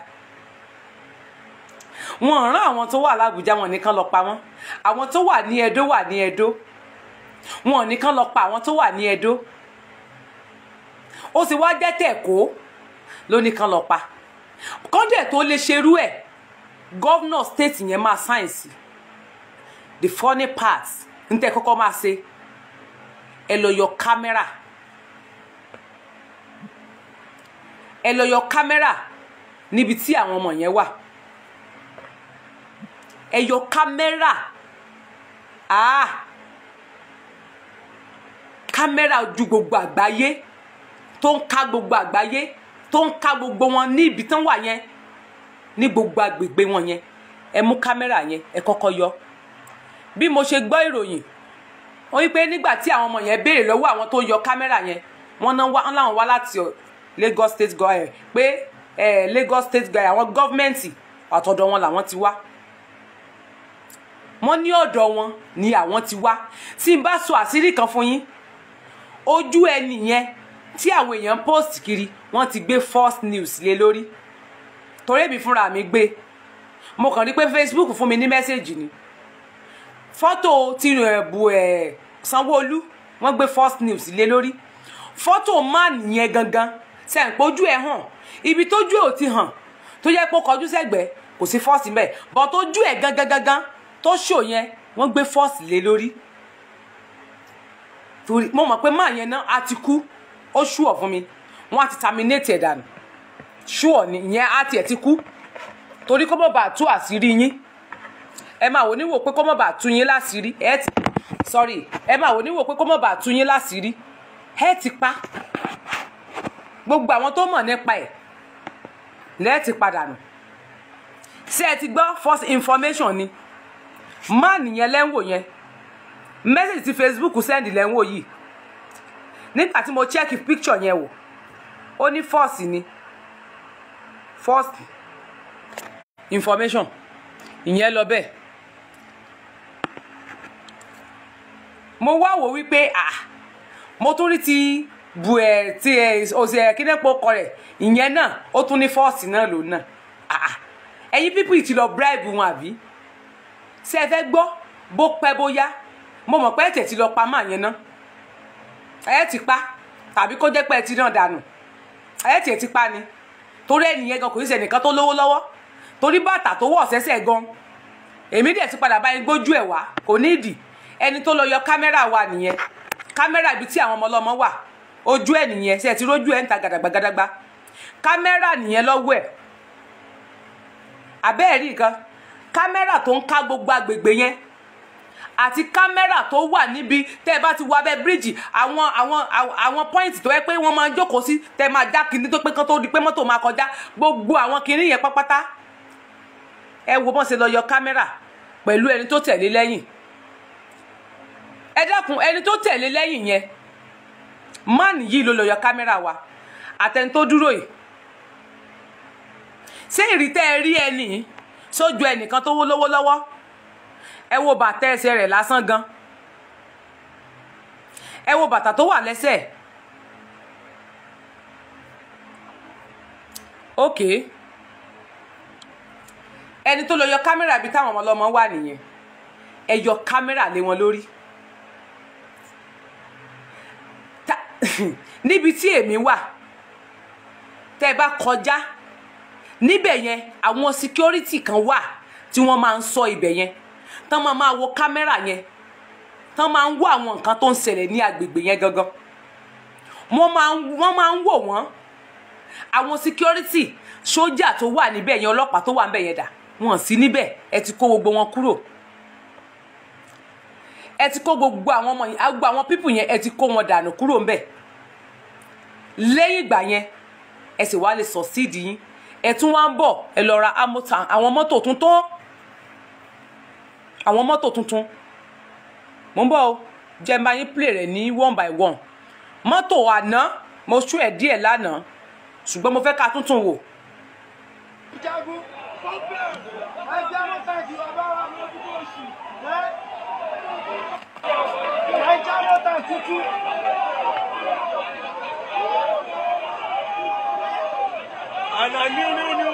wọ́n rán àwọn tó wà lábújá wọn nìkan lọ pa wọ́n àwọn tó wà ní ẹdó wà ní ẹdó wọn nìkan lọ pa àwọn tó wà ní ẹdó ó sì wá jẹ́ tẹ̀kọ́ lónìkan lọ pa kọ́ńdẹ̀ tó lè ṣerú ẹ̀ gọ́vnọ̀ state yẹn máa sáyẹ̀nsì the funny part ń tẹ́ kọ́kọ́ máa ṣe ẹ lọ yọ kámẹ́rà ẹ lọ yọ kámẹ́rà níbi tí àwọn ọmọ yẹn wà ẹ yọ kámẹ́rà ah kámẹ́rà ojú gbogbo àgbáyé tó ń ká gbogbo àgbáyé tó ń ka gbogbo wọn ní ibi tán wà yẹn ní gbogbo agbègbè wọn yẹn ẹ mú kámẹ́rà yẹn ẹ kọ́kọ́ yọ bí mo ṣe gbọ́ ìròyìn ó wí pé nígbà tí àwọn ọmọ yẹn béèrè lọ́wọ́ àwọn tó yọ kámẹ́rà yẹn wọ́n náà láwọn wá láti Lagos state gọ́ẹ̀ pé Lagos state gọ́ẹ̀ àwọn gọ́ọ̀mẹ̀ntì àtọ̀dọ̀ wọn làwọn ti wá wọ́n ní ọ̀dọ̀ wọn ni àwọn ti wá tí n bá sọ àṣírí kan fún yín ojú ẹni yẹn tí àwọn èèyàn post kiri wọ́n ti gbé first news lé lórí torí èmi fúnra mi gbé mo kàn rí pé Facebook fún mi ní mẹ́sẹ̀gì ni fọ́tò ti ẹ̀bù ẹ̀ Sanwó-Olú wọ́n gbé false news lé lórí fọ́tò man yẹn gangan sẹ́ǹpójú ẹ̀ hàn ibi tójú ẹ̀ ò ti hàn tó yẹ pé ó kọjú sẹ́gbẹ̀ẹ́ kò sí fọ́ọ̀sì mbẹ̀ bọ́ tó ẹ̀ gangan gangan tó ṣò yẹn wọ́n gbé first lé lórí torí mo mọ̀ pé máa yẹn náà á ti kú ó ṣùọ̀ fún mi wọ́n á ti terminate ẹ̀ dànù ṣùọ̀ nìyẹn á tiẹ̀ ti kú torí kó mọ̀ bá tú àṣírí yín ẹ máa wò níwò pé kó bá tú yín láṣírí ẹ ti sorry ẹ máa wò níwò pé kó mọ̀ bá tú yín láṣírí ẹ ti pa gbogbo àwọn tó mọ̀ nípa ẹ̀ lẹ́ẹ̀tì padà nù ṣé ẹ ti gbọ́ first information ni má nìyẹn lẹ́ńwò yẹn mẹ́sẹ̀jì ti Facebook sẹ́ndì lẹ́ńwò yìí nígbà tí mo check picture yẹn wò ó ní false ni false information ìyẹn lọ bẹ́ẹ̀ mo wá wò wípé ah mo tún rí ti bu ẹ ti ẹ òsì ẹ kí nẹ́pọ̀ ọkọ rẹ̀ ìyẹn náà ó tún ní false náà lòun náà ah ẹ̀yin pípì ti lọ bribe wọn àbí ṣé ẹ fẹ́ gbọ́ bó pẹ́ bóyá mo mọ̀ pé ẹ̀ tẹ̀ ti lọ pamọ́ àyẹn náà ẹ ti pa tàbí kó jẹ́ pé ẹ ti ràn dànù ẹ tiẹ̀ ti pa ni torí ẹnìyẹn gan kò ní sẹ́nìkan tó lówó lọ́wọ́ torí bàtà tó wọ̀ sẹ́sẹ̀ gan èmi dẹ̀ ti padà bá yín gbójú ẹ̀ wá kò ní ìdì ẹni tó lọ yọ kámẹ́rà wa nìyẹn kámẹ́rà ibi tí àwọn ọmọ ọlọ́mọ wà ojú ẹ̀ nìyẹn ṣe ti rójú ẹ̀ ń ta gàdàgbàgàdàgbà kámẹ́rà nìyẹn lọ́wọ́ ẹ̀ abẹ́ẹ̀rí nǹkan kámẹ́rà tó ń ká gbogbo agbègbè yẹn àti kámẹ́rà tó wà níbi tẹ́ ẹ bá ti wọ abẹ́ bíríìjì àwọn àwọn àwọn pọ́ìntì tó yẹ pé wọ́n máa jókòó sí tẹ́ máa já kinní tó pé kán tó di pé mọ́tò máa kọjá gbogbo àwọn kinní yẹn pápátá ẹ wo bọ́n ṣe lọ yọ kámẹ́rà pẹ̀lú ẹni tó tẹ̀lé lẹ́yìn ẹ dákun ẹni tó tẹ̀lé lẹ́yìn yẹn man yìí ló lọ yọ kámẹ́rà wa àtẹni tó dúró yìí ṣé ìrìtẹ́ rí ẹni sójú ẹnìkan tó wó lówó lọ́wọ́ ẹ wo bàtà ẹsẹ̀ rẹ̀ lásán gan ẹ wo bàtà tó wà lẹ́sẹ̀ ok ẹni tó lọ yọ kámẹ́rà bíi táwọn ọmọlọ́mọ wà nìyẹn ẹ yọ kámẹ́rà lé wọn lórí níbi tí èmi wà tẹ́ ẹ bá kọjá níbẹ̀ yẹn àwọn security kan wà tí wọ́n máa ń sọ ibẹ̀ yẹn tán máa máa wo kámẹ́rà yẹn tán máa ń wo àwọn nǹkan tó ń ṣẹlẹ̀ ní agbègbè yẹn gangan wọ́n máa ń wò wọ́n àwọn security sójà tó wà níbẹ̀ yẹn ọlọ́pàá tó wà níbẹ̀ yẹn dà wọ́n sí níbẹ̀ ẹ ti kó gbogbo wọn kúrò ẹ ti kó gbogbo àwọn ọmọ yẹn gbogbo àwọn pípù yẹn ẹ ti kó wọn dànù kúrò ńbẹ̀ lẹ́yìn ìgbà yẹn ẹ sì wá lè sọ sídìí yín ẹ tún wá ń bọ̀ ẹ lọ ra àwọn mọ́tò tuntun àwọn mọ́tò tuntun mo ń bọ̀ o jẹ́ n bá yín play rẹ̀ ní one by one mọ́tò àná mo ṣú ẹ̀ díẹ̀ lánàá ṣùgbọ́n mo fẹ́ ká tuntun wò. ìjagun fọ́pẹ́ ẹgbẹ́ mọ́ta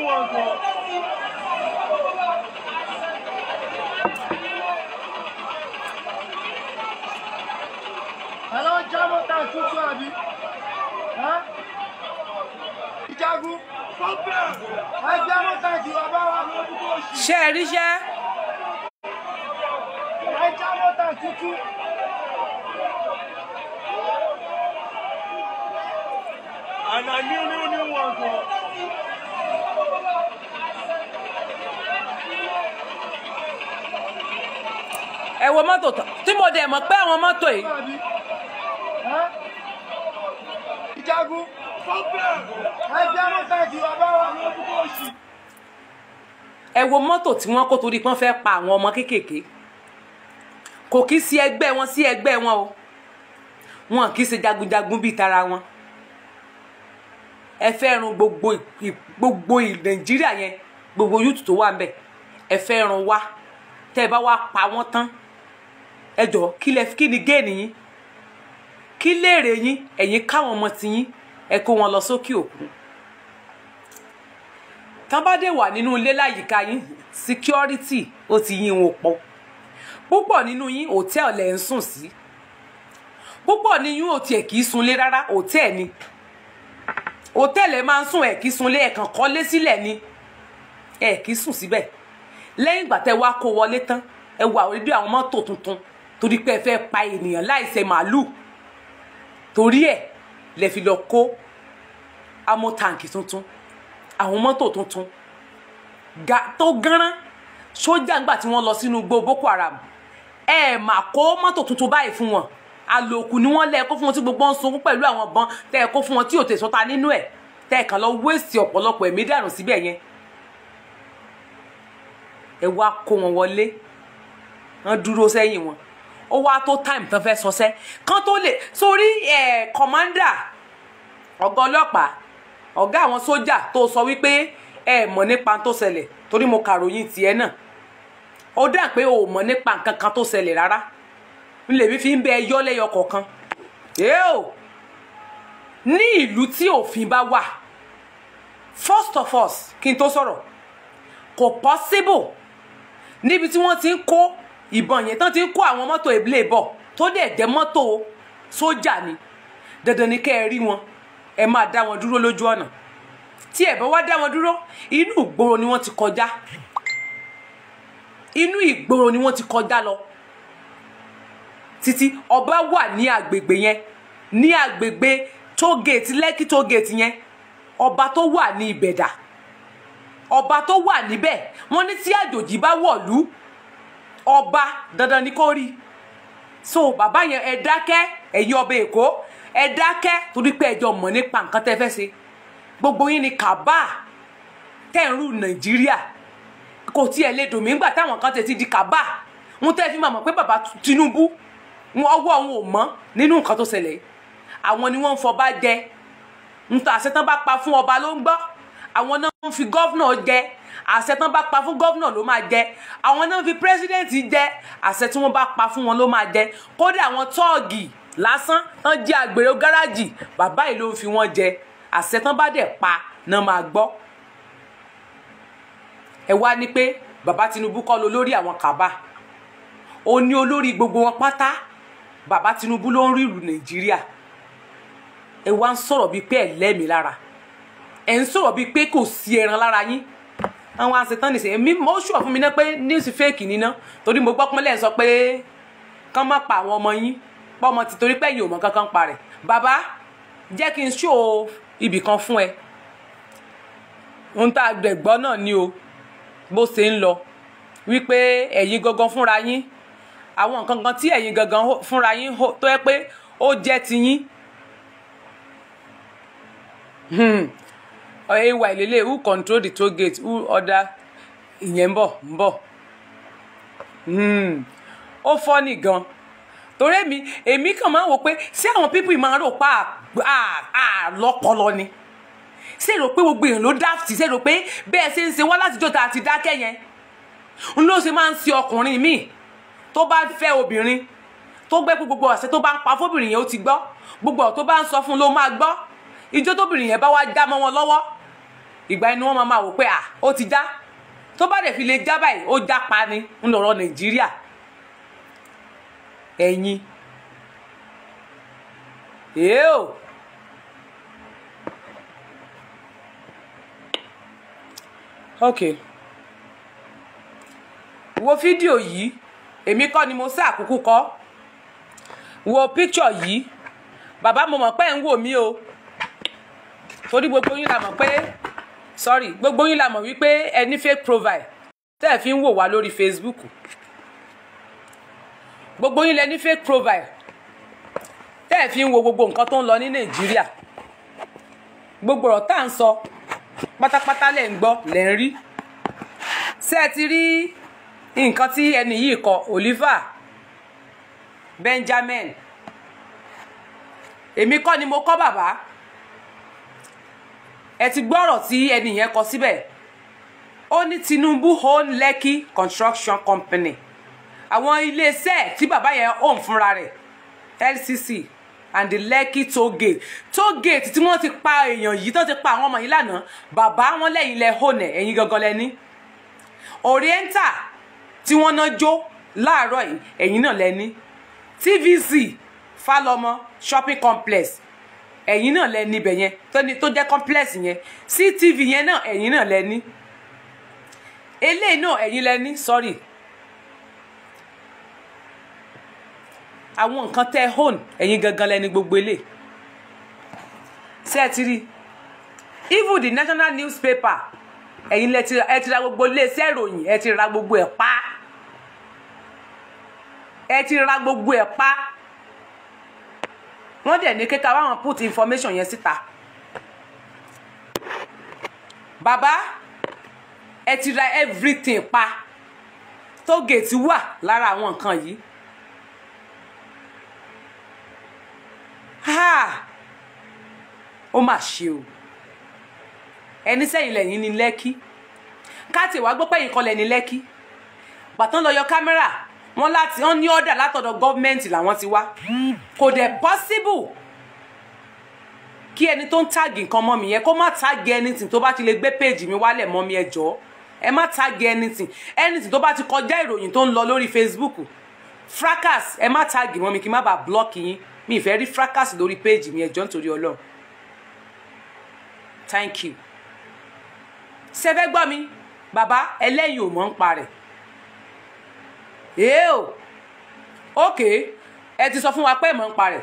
wọn kan. tuntun àbí ìjagun ẹgbẹ́ mọ́ta jù bàbá wa ní ojú tó ṣì. ṣe é ríṣẹ́. ẹja mọ́ta tuntun. and I knew knew knew one ẹ wo mọ́tò tí mo dẹ̀ mọ̀ pé àwọn mọ́tò yìí jagun ẹgbẹ́ mọ́tàkì bàbá wa ní ọdún oṣù. ẹ wo mọ́tò tí wọ́n kó torí pé wọ́n fẹ́ pa àwọn ọmọ kéékèèké kò kí sí ẹgbẹ́ wọn sí ẹgbẹ́ wọn o wọn kì í ṣe jagunjagun bíi tara wọn ẹ fẹ́ run gbogbo gbogbo nàìjíríà yẹn gbogbo yúùtù tó wà ń bẹ̀ ẹ fẹ́ run wá tẹ́ ẹ bá wá pa wọ́n tán ẹ jọ kí ni géènì yín kí léèrè yín ẹ̀yin káwọn ọmọ tiyín ẹ kó wọn lọ sókè òkun tán bá dé wà nínú ilé láyìíká yín security ó ti yín wọn pọ̀ púpọ̀ nínú yín hòtẹ́ẹ̀lì ẹ̀ ń sùn sí púpọ̀ ní yín ò tiẹ̀ kì í sunlé rárá hòtẹ́ẹ̀lì ni hòtẹ́ẹ̀lì ẹ̀ máa ń sùn ẹ̀ kì í sunlé ẹ̀ kọ́lé sílẹ̀ ni ẹ̀ kì í sùn síbẹ̀ lẹ́yìn ìgbà tẹ́ wá kó wọlé tán ẹ wà orí bí àwọn mọ́tò tuntun torí pé ẹ fẹ́ pa ènìyàn láìṣe màálù torí ẹ̀ lẹ fi lọ kó amọ̀ tàǹkì tuntun àwọn mọ́tò tuntun tó gánran sójà ńgbà tí wọ́n lọ sínú igbó boko haram ẹ eh, mà kó mọ́tò tuntun báyìí fún wọn àlòkù ni wọ́n lẹ kó fún wọn tí gbogbo ń sunkún pẹ̀lú àwọn ọ̀bọ̀n tẹ́ ẹ kó fún wọn tí òtẹ̀ sọ́ta nínú ẹ̀ tẹ́ ẹ kàn lọ wéèsì ọ̀pọ̀lọpọ̀ ẹ̀mí dànù síbẹ̀ yẹn ẹ wá kó wọn wọlé wọ́n dúró sẹ́yìn wọn ó wá tó time tán fẹ́ sọsẹ́ kán tó lè sórí ẹ̀ kọ̀mọ́ndà ọ̀gá ọlọ́pàá ọ̀gá àwọn sójà tó sọ wípé ẹ mọ̀ nípa tó ṣẹlẹ̀ torí mo kàròyìn tiẹ̀ náà ó dà pé o mọ̀ nípa nǹkan kan tó ṣẹlẹ̀ rárá n lè mi fi ń bẹ ẹyọ lẹ́yọ kọ̀ọ̀kan yóò ní ìlú tí òfin bá wà first of us kí n tó sọ̀rọ̀ kò possible níbi tí wọ́n ti ń kó ìbọn yẹn tán ti ń kó àwọn mọ́tò ìbílẹ̀ bọ̀ tó dẹ̀ jẹ́ mọ́tò sójà ni dandan ni kẹ́ ẹ rí wọn ẹ máa dá wọn dúró lójú ọ̀nà tí ẹ bá wá dá wọn dúró inú ìgboro ni wọ́n ti kọjá inú ìgboro ni wọ́n ti kọjá lọ títí ọba wà ní agbègbè yẹn ní agbègbè tógèètì lẹ́kì tógèètì yẹn ọba tó wà ní ìbẹ̀dà ọba tó wà níbẹ̀ wọ́n ní tí àjòjì bá wọ̀lú ọba dandan ni kò rí so bàbá yẹn ẹ dákẹ́ ẹ̀yin ọba èkó ẹ dákẹ́ torí pé ẹjọ mọ̀ nípa nǹkan tẹ́ fẹ́ ṣe gbogbo yín ni kàbá tẹ́ ń nàìjíríà kò tiẹ̀ lè dùn mí nígbà táwọn kan ti di kàbá wọn tẹ́ fi máa mọ̀ pé bàbá Tinubu wọn ọwọ́ wọn ò mọ́ nínú nǹkan tó ṣẹlẹ̀ àwọn ni wọ́n ń fọba jẹ ń ta àṣetán bá pa fún ọba ló ń gbọ́ àwọn náà ń fi gọ́vnà jẹ àṣẹ tán bá pa fún gọ́vnà ló máa jẹ àwọn náà fi pírẹ́sídẹ̀ǹtì jẹ àṣẹ tí wọ́n bá pa fún wọn ló máa jẹ kódà àwọn tọ́ọ̀gì lásán tán jẹ́ àgbèrè gáràjì bàbá yìí ló ń fi wọ́n jẹ àṣẹ tán bá dẹ̀ pa náà máa gbọ́ ẹ wá ní pé bàbá Tinubu kọ́ ló lórí àwọn kàbá ó ní olórí gbogbo wọn pátá bàbá Tinubu ló ń rí ìlú Nàìjíríà ẹ wá ń sọ̀rọ̀ bíi pé ẹ̀ lẹ́mìí lára ẹ̀ ń sọ̀rọ̀ bíi pé kò sí ẹran lára yín àwọn asetán nìsín èmi mo ṣùọ fún mi náà pé news fake níná torí mo gbọ́ pọ́nlẹ̀ sọ pé kán má pa àwọn ọmọ yín pọ́mọ ti torí pé yìí ò mọ kankan pa rẹ̀ bàbá jẹ́ kí n ṣó ibì kan fún ẹ ohun tá a gbẹ̀ gbọ́ náà ni o bó ṣe ń lọ wípé ẹ̀yin gangan fúnra yín àwọn nǹkan kan tí ẹ̀yin gangan fúnra yín tó yẹ pé ó jẹ́ tiyín. Hmm ay lele who control the toll gate who order ìyẹn ń bọ̀ ń bọ̀ hmm. ó fọ́ ní gan torí èmi èmi kàn máa ń wò pé ṣé àwọn pípì máa rò pa àlọ́pọlọ ni ṣé rò pé gbogbo èèyàn ló dáàfì ṣé rò pé bẹ́ẹ̀ ṣe ń ṣe wá látijọ́ tá a ti dákẹ́ yẹn n ló ṣe máa ń ṣe ọkùnrin míì tó bá fẹ́ obìnrin tó gbẹ́ pé gbogbo ọ̀sẹ̀ tó bá ń pa fóbìnrin yẹn ó ti gbọ́ gbogbo ọ̀ tó bá ń sọ fún un ló máa gbọ́ ijó tóbìnrin yẹn bá wá já mọ́ wọn lọ́wọ́ ìgbà ẹni wọ́n máa máa wò pé à ah, ó ti já tó bá dẹ̀ fi lè já báyìí ó já pa ni ńlọrọ nàìjíríà ẹ̀yin èé o ok wo fídíò yìí èmi kọ́ ni mo sá àkókò kọ́ wo píkṣọ̀ yìí bàbá mo mọ̀ pé ń wò mí o torí gbogbo yín la mọ̀ pé sorry gbogbo yín la mọ̀ wípé ẹ ní fake profile tẹ́ ẹ fi ń wò wá lórí Facebook gbogbo yín lẹ fake profile tẹ́ ẹ fi ń wo gbogbo nǹkan tó ń lọ ní Nàìjíríà gbogbo ọ̀rọ̀ tá à ń sọ pátápátá lẹ̀ ń gbọ́ lẹ̀ ń rí ṣé ẹ ti rí nǹkan tí ẹni yìí kọ Oliver Benjamin èmi kọ́ ni mo kọ́ bàbá ẹ ti gbọ́rọ̀ tí ẹni yẹn kọ síbẹ̀ ó ní Tinubu own Lekki construction company àwọn iléeṣẹ́ tí bàbá yẹn own fúnra rẹ̀ LCC and the Lekki toll gate toll gate tí wọ́n ti pa èèyàn yìí tó ti pa àwọn ọmọ yìí lánàá bàbá wọn lẹ́yìn lẹ own ẹ̀ ẹ̀yìn gangan lẹ́ni Oriental tí wọ́n ná jó láàárọ̀ yìí ẹ̀yìn náà lẹ́ni TVC Falọmọ shopping complex ẹ̀yin náà lẹ níbẹ̀ yẹn tó jẹ́ complex yẹn CCTV yẹn náà ẹ̀yin náà lẹ ní eléyìí náà ẹ̀yin lẹ ní sorry àwọn nǹkan tẹ́ hòn ẹ̀yin gangan lẹni gbogbo eléyìí ṣé ẹ ti rí even the national newspaper ẹ̀yin lẹ ti ra gbogbo iléeṣẹ́ ìròyìn ẹ ti ra gbogbo ẹ̀ pa ẹ ti ra gbogbo ẹ̀ pa wọ́n dẹ̀ ní kéka wáwọn put information yẹn síta bàbá ẹ ti ra everything pa tógèètì wà lára àwọn nǹkan yìí ó mà ṣe o ẹni sẹ́yìn lẹ́yìn ní lẹ́kí káàtì wàá gbọ́ pẹ́yìn kan lẹ́ni lẹ́kí bàtán lọ yọ kámẹ́rà wọ́n láti wọ́n ní ọ̀dà látọ̀dọ̀ gọ́ọ̀mẹ̀ntì làwọn ti wá kò dẹ̀ possible kí ẹni tó ń tàgì nǹkan mọ́ mi yẹn kó má tàgì anything tó bá ti lè gbé péèjì mi wálẹ̀ mọ́ mi ẹ jọ̀ọ́ ẹ má tàgì anything anything tó bá ti kọjá ìròyìn tó ń lọ lórí Facebook fracas ẹ má tàgì mọ́ mi kí n má bàa block yín mi ì rí fracas lórí péèjì mi ẹ jọ̀ọ́ nítorí Ọlọ́run thank you ṣe fẹ́ gbọ́ mi Baba ẹlẹ́yìn ò mọ̀ ń parẹ̀ èé o ok ẹ ti sọ fún wa pé ìmọ̀ ń parẹ̀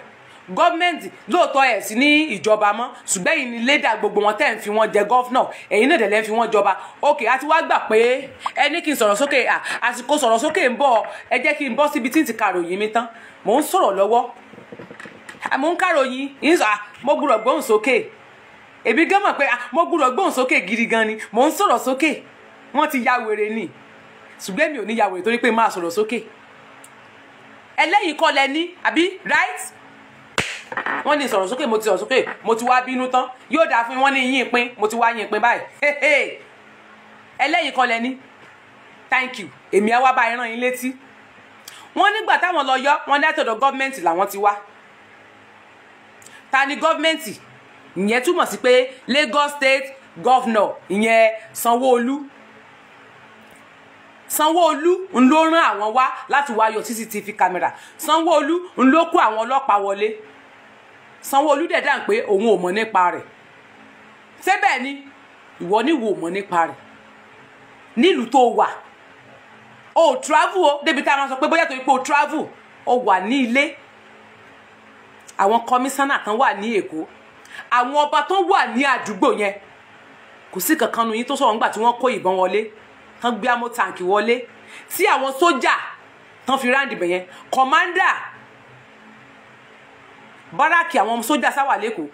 gọ́ọ̀mẹ̀ntì lóòótọ́ ẹ̀ sí ní ìjọba mọ́ ṣùgbọ́n ẹ̀yin ni lédà gbogbo wọn tẹ̀ ń fi wọn jẹ gọ́fúnà ẹ̀yin náà dẹ̀lẹ́ ń fi wọn jọba ok a ti wá gbà pé ẹ ní kí n sọ̀rọ̀ sókè àsìkò sọ̀rọ̀ sókè ń bọ̀ ẹ jẹ́ kí n bọ́ síbi tí n ti kàròyìn mi tán mò ń sọ̀rọ̀ lọ́wọ́ mò ń kàròyìn mo gbúdọ̀ gbóhùn sókè èmi gán mọ̀ pé mo gbúdọ̀ gbóhùn sókè gidi gan ni mò ń sọ̀rọ̀ sókè wọ́n ti ya wèrè ni ṣùgbọ́n èmi ò ní yàwèrè torí pé máa sọ̀rọ̀ sókè ẹlẹ́yìn kọ́ lẹ ní àbí right wọ́n ní sọ̀rọ̀ sókè mo ti sọ̀rọ̀ sókè mo ti wá bínú tán yóò dáa fún wọn ní yín pín mo ti wá yín pín báyìí ẹlẹ́yìn kọ́ lẹ ní thank you èmi á wá bá ìran yín létí wọ́n nígbà táwọn lọ yọ wọ́n ní àtọ̀dọ̀ gọ́ọ̀mẹ̀ntì làwọn ti wá ta ni gọ́ọ̀mẹ̀ntì ìyẹn túmọ̀ sí pé Lagos State Governor ìyẹn sanwó sanwóolu ń ló rán àwọn wá láti wá yọ cctv camera sanwóolu ń ló kó àwọn ọlọ́pàá wọlé sanwóolu dẹ̀ dáhùn pé òun ò mọ̀ nípa rẹ̀ ṣé bẹ́ẹ̀ ni ìwọ ni wò mọ̀ nípa rẹ̀ nílùú tó wà o travel o débi tá a máa sọ pé bóyá torí pé o travel o wà ní ilé àwọn kọmísánná kan wà ní èkó àwọn ọba tó wà ní àdúgbò yẹn kò sí kankan nu yín tó sọ̀rọ̀ nígbà tí wọ́n kó ìbọn wọlé tán gbé amó tank wọlé tí àwọn sójà tán fi ráǹdì bẹ̀yẹn kọ̀mándà báràkì àwọn sójà sáwà lẹ́kọ̀ọ́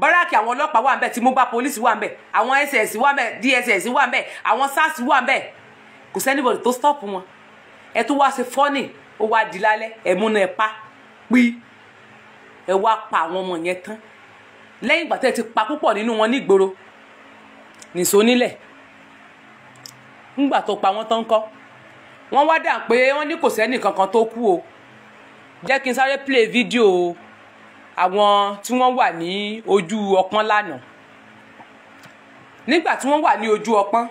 báràkì àwọn ọlọ́pàá wà ń bẹ̀ tí mobile police wà ń bẹ̀ àwọn ss wà ń bẹ̀ dss wà ń bẹ̀ àwọn sars wà ń bẹ̀ kò sẹ́nibọ̀dì tó stop wọn ẹ tó wá ṣe fọ́nì ó wá di lálẹ́ ẹ múná ẹ pa pí ẹ wá pa àwọn ọmọ yẹn tán lẹ́yìn ìgbà tẹ́ ẹ ti pa púpọ̀ nínú wọn nígboro nìṣó nílẹ̀ ńgbà tó pa wọ́n tán kọ́ wọ́n wá dà pé wọ́n ní kò sẹ́ni kankan tó kú o jẹ́ kí n sáré play fídíò àwọn tí wọ́n wà ní ojú ọpọ́n lánàá nígbà tí wọ́n wà ní ojú ọpọ́n.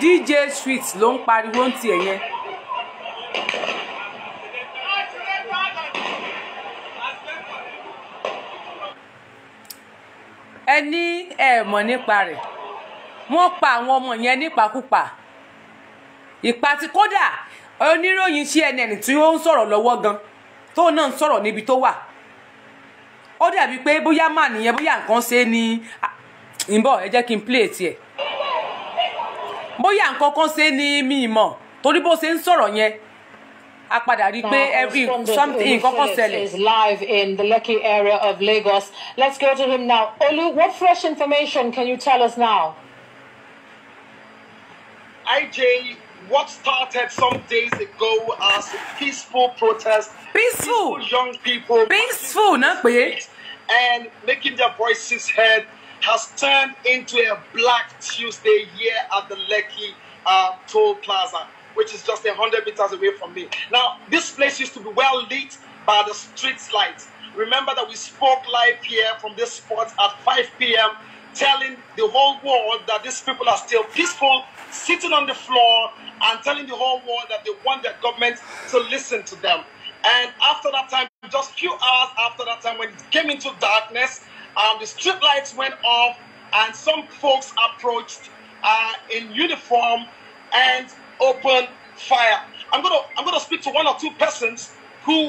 dj sweet ló ń pariwo ń tiẹ̀ yẹn. ẹ ní ẹ mọ̀ nípa rẹ̀ wọ́n pa àwọn ọmọ yẹn nípakúpa ìpa tí kódà oníròyìn CNN tí ó ń sọ̀rọ̀ lọ́wọ́ gan tóun náà ń sọ̀rọ̀ níbi tó wà ó dàbí pé bóyá màá nìyẹn bóyá nǹkan ṣe ni ìbọn ẹ jẹ́ kí n play tiẹ̀ bóyá nǹkan kan ṣe ni mi mọ̀ torí bó ṣe ń sọ̀rọ̀ yẹn a padà rí i pé every something nǹkan kan ṣẹlẹ̀. is live in the Lekki area of Lagos let's go to him now Olu what fresh information can you tell us now. IJ what started some days ago as a peaceful protest. peaceful, peaceful young people. peaceful na pe. and making their voices heard has turned into a Black Tuesday here at the Lekki uh, Toll Plaza, which is just 100 meters away from me. Now, this place used to be well lit by the street lights. Remember that we spoke live here from this spot at 5 p.m., telling the whole world that these people are still peaceful, sitting on the floor, and telling the whole world that they want their government to listen to them. And after that time, just few hours after that time, when it came into darkness, um, the strip lights went off, and some folks approached uh, in uniform and opened fire. I'm gonna I'm gonna speak to one or two persons who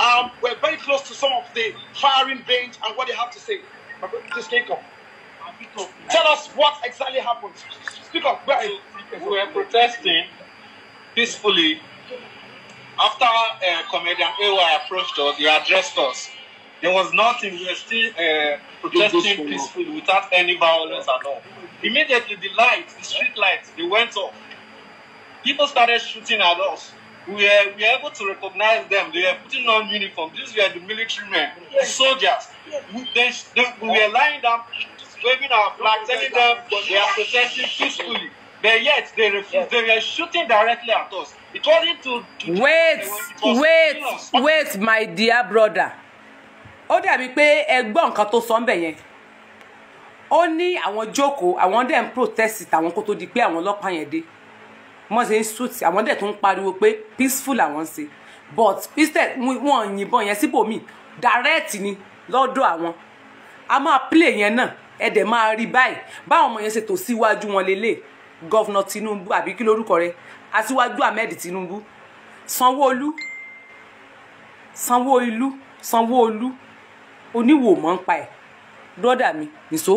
um, were very close to some of the firing range and what they have to say. Just speak up. Tell us what exactly happened. Speak up. We were protesting peacefully after uh, comedian Ewa approached us. He addressed us There was nothing. We were still uh, protesting peacefully without any violence at all. Immediately, the lights, the street lights, they went off. People started shooting at us. We were, we were able to recognize them. They were putting on uniform. These were the military men, the soldiers. We, they, they, we were lying down, waving our flag, telling them they are protesting peacefully. But yet they refused. They were shooting directly at us. It wasn't to. to wait, was wait, wait, my dear brother ó dàbí pé ẹ gbọ́ nǹkan tó sọ ń bẹ̀ yẹn ó ní àwọn jókòó àwọn dẹ̀ ń protest tàwọn kó tó di pé àwọn ọlọ́pàá yẹn dé wọ́n ń shoot àwọn dẹ̀ tó ń pariwo pé peaceful àwọn ṣe but instead wọ́n yìnbọn yẹn síbòmíì direct ni lọ́dọ̀ àwọn a máa play yẹn náà ẹ dẹ̀ máa rí báyìí báwọn ọmọ yẹn ṣe tò síwájú wọn lélẹ̀ gọ́vnà Tinubu àbí kí lórúkọ rẹ̀ aṣíwájú Ahmed Tinubu Sanwó-Olú Sanwó-Olú Sanwó-Olú oníwò mọ́ ń pa ẹ̀ brọ́dà mi nìṣó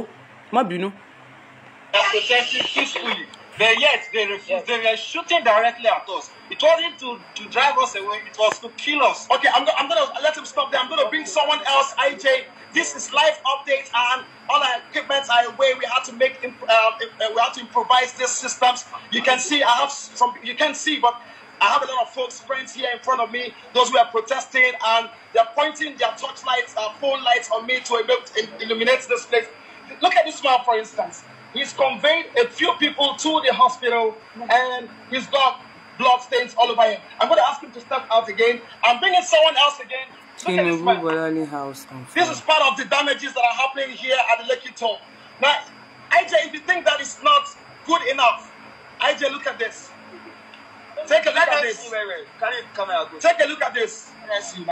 má bínú. they are protesting peacefully but yet they refuse they were shooting directly at us it wasn't to to drive us away it was to kill us. okay i'm gonna i'm gonna let him stop there i'm gonna bring someone else ij this is live update and all our equipments are away we had to make imp uh, uh, we had to improvise these systems you can see i have some you can see but. I have a lot of folks, friends here in front of me, those who are protesting, and they're pointing their torchlights, uh, phone lights on me to illuminate this place. Look at this man, for instance. He's conveyed a few people to the hospital, and he's got blood stains all over him. I'm going to ask him to step out again. I'm bringing someone else again. Look in at this man. House this is part of the damages that are happening here at the Lekki Top. Now, IJ, if you think that is not good enough, IJ, look at this. Take a look at this. Take a look at this. Take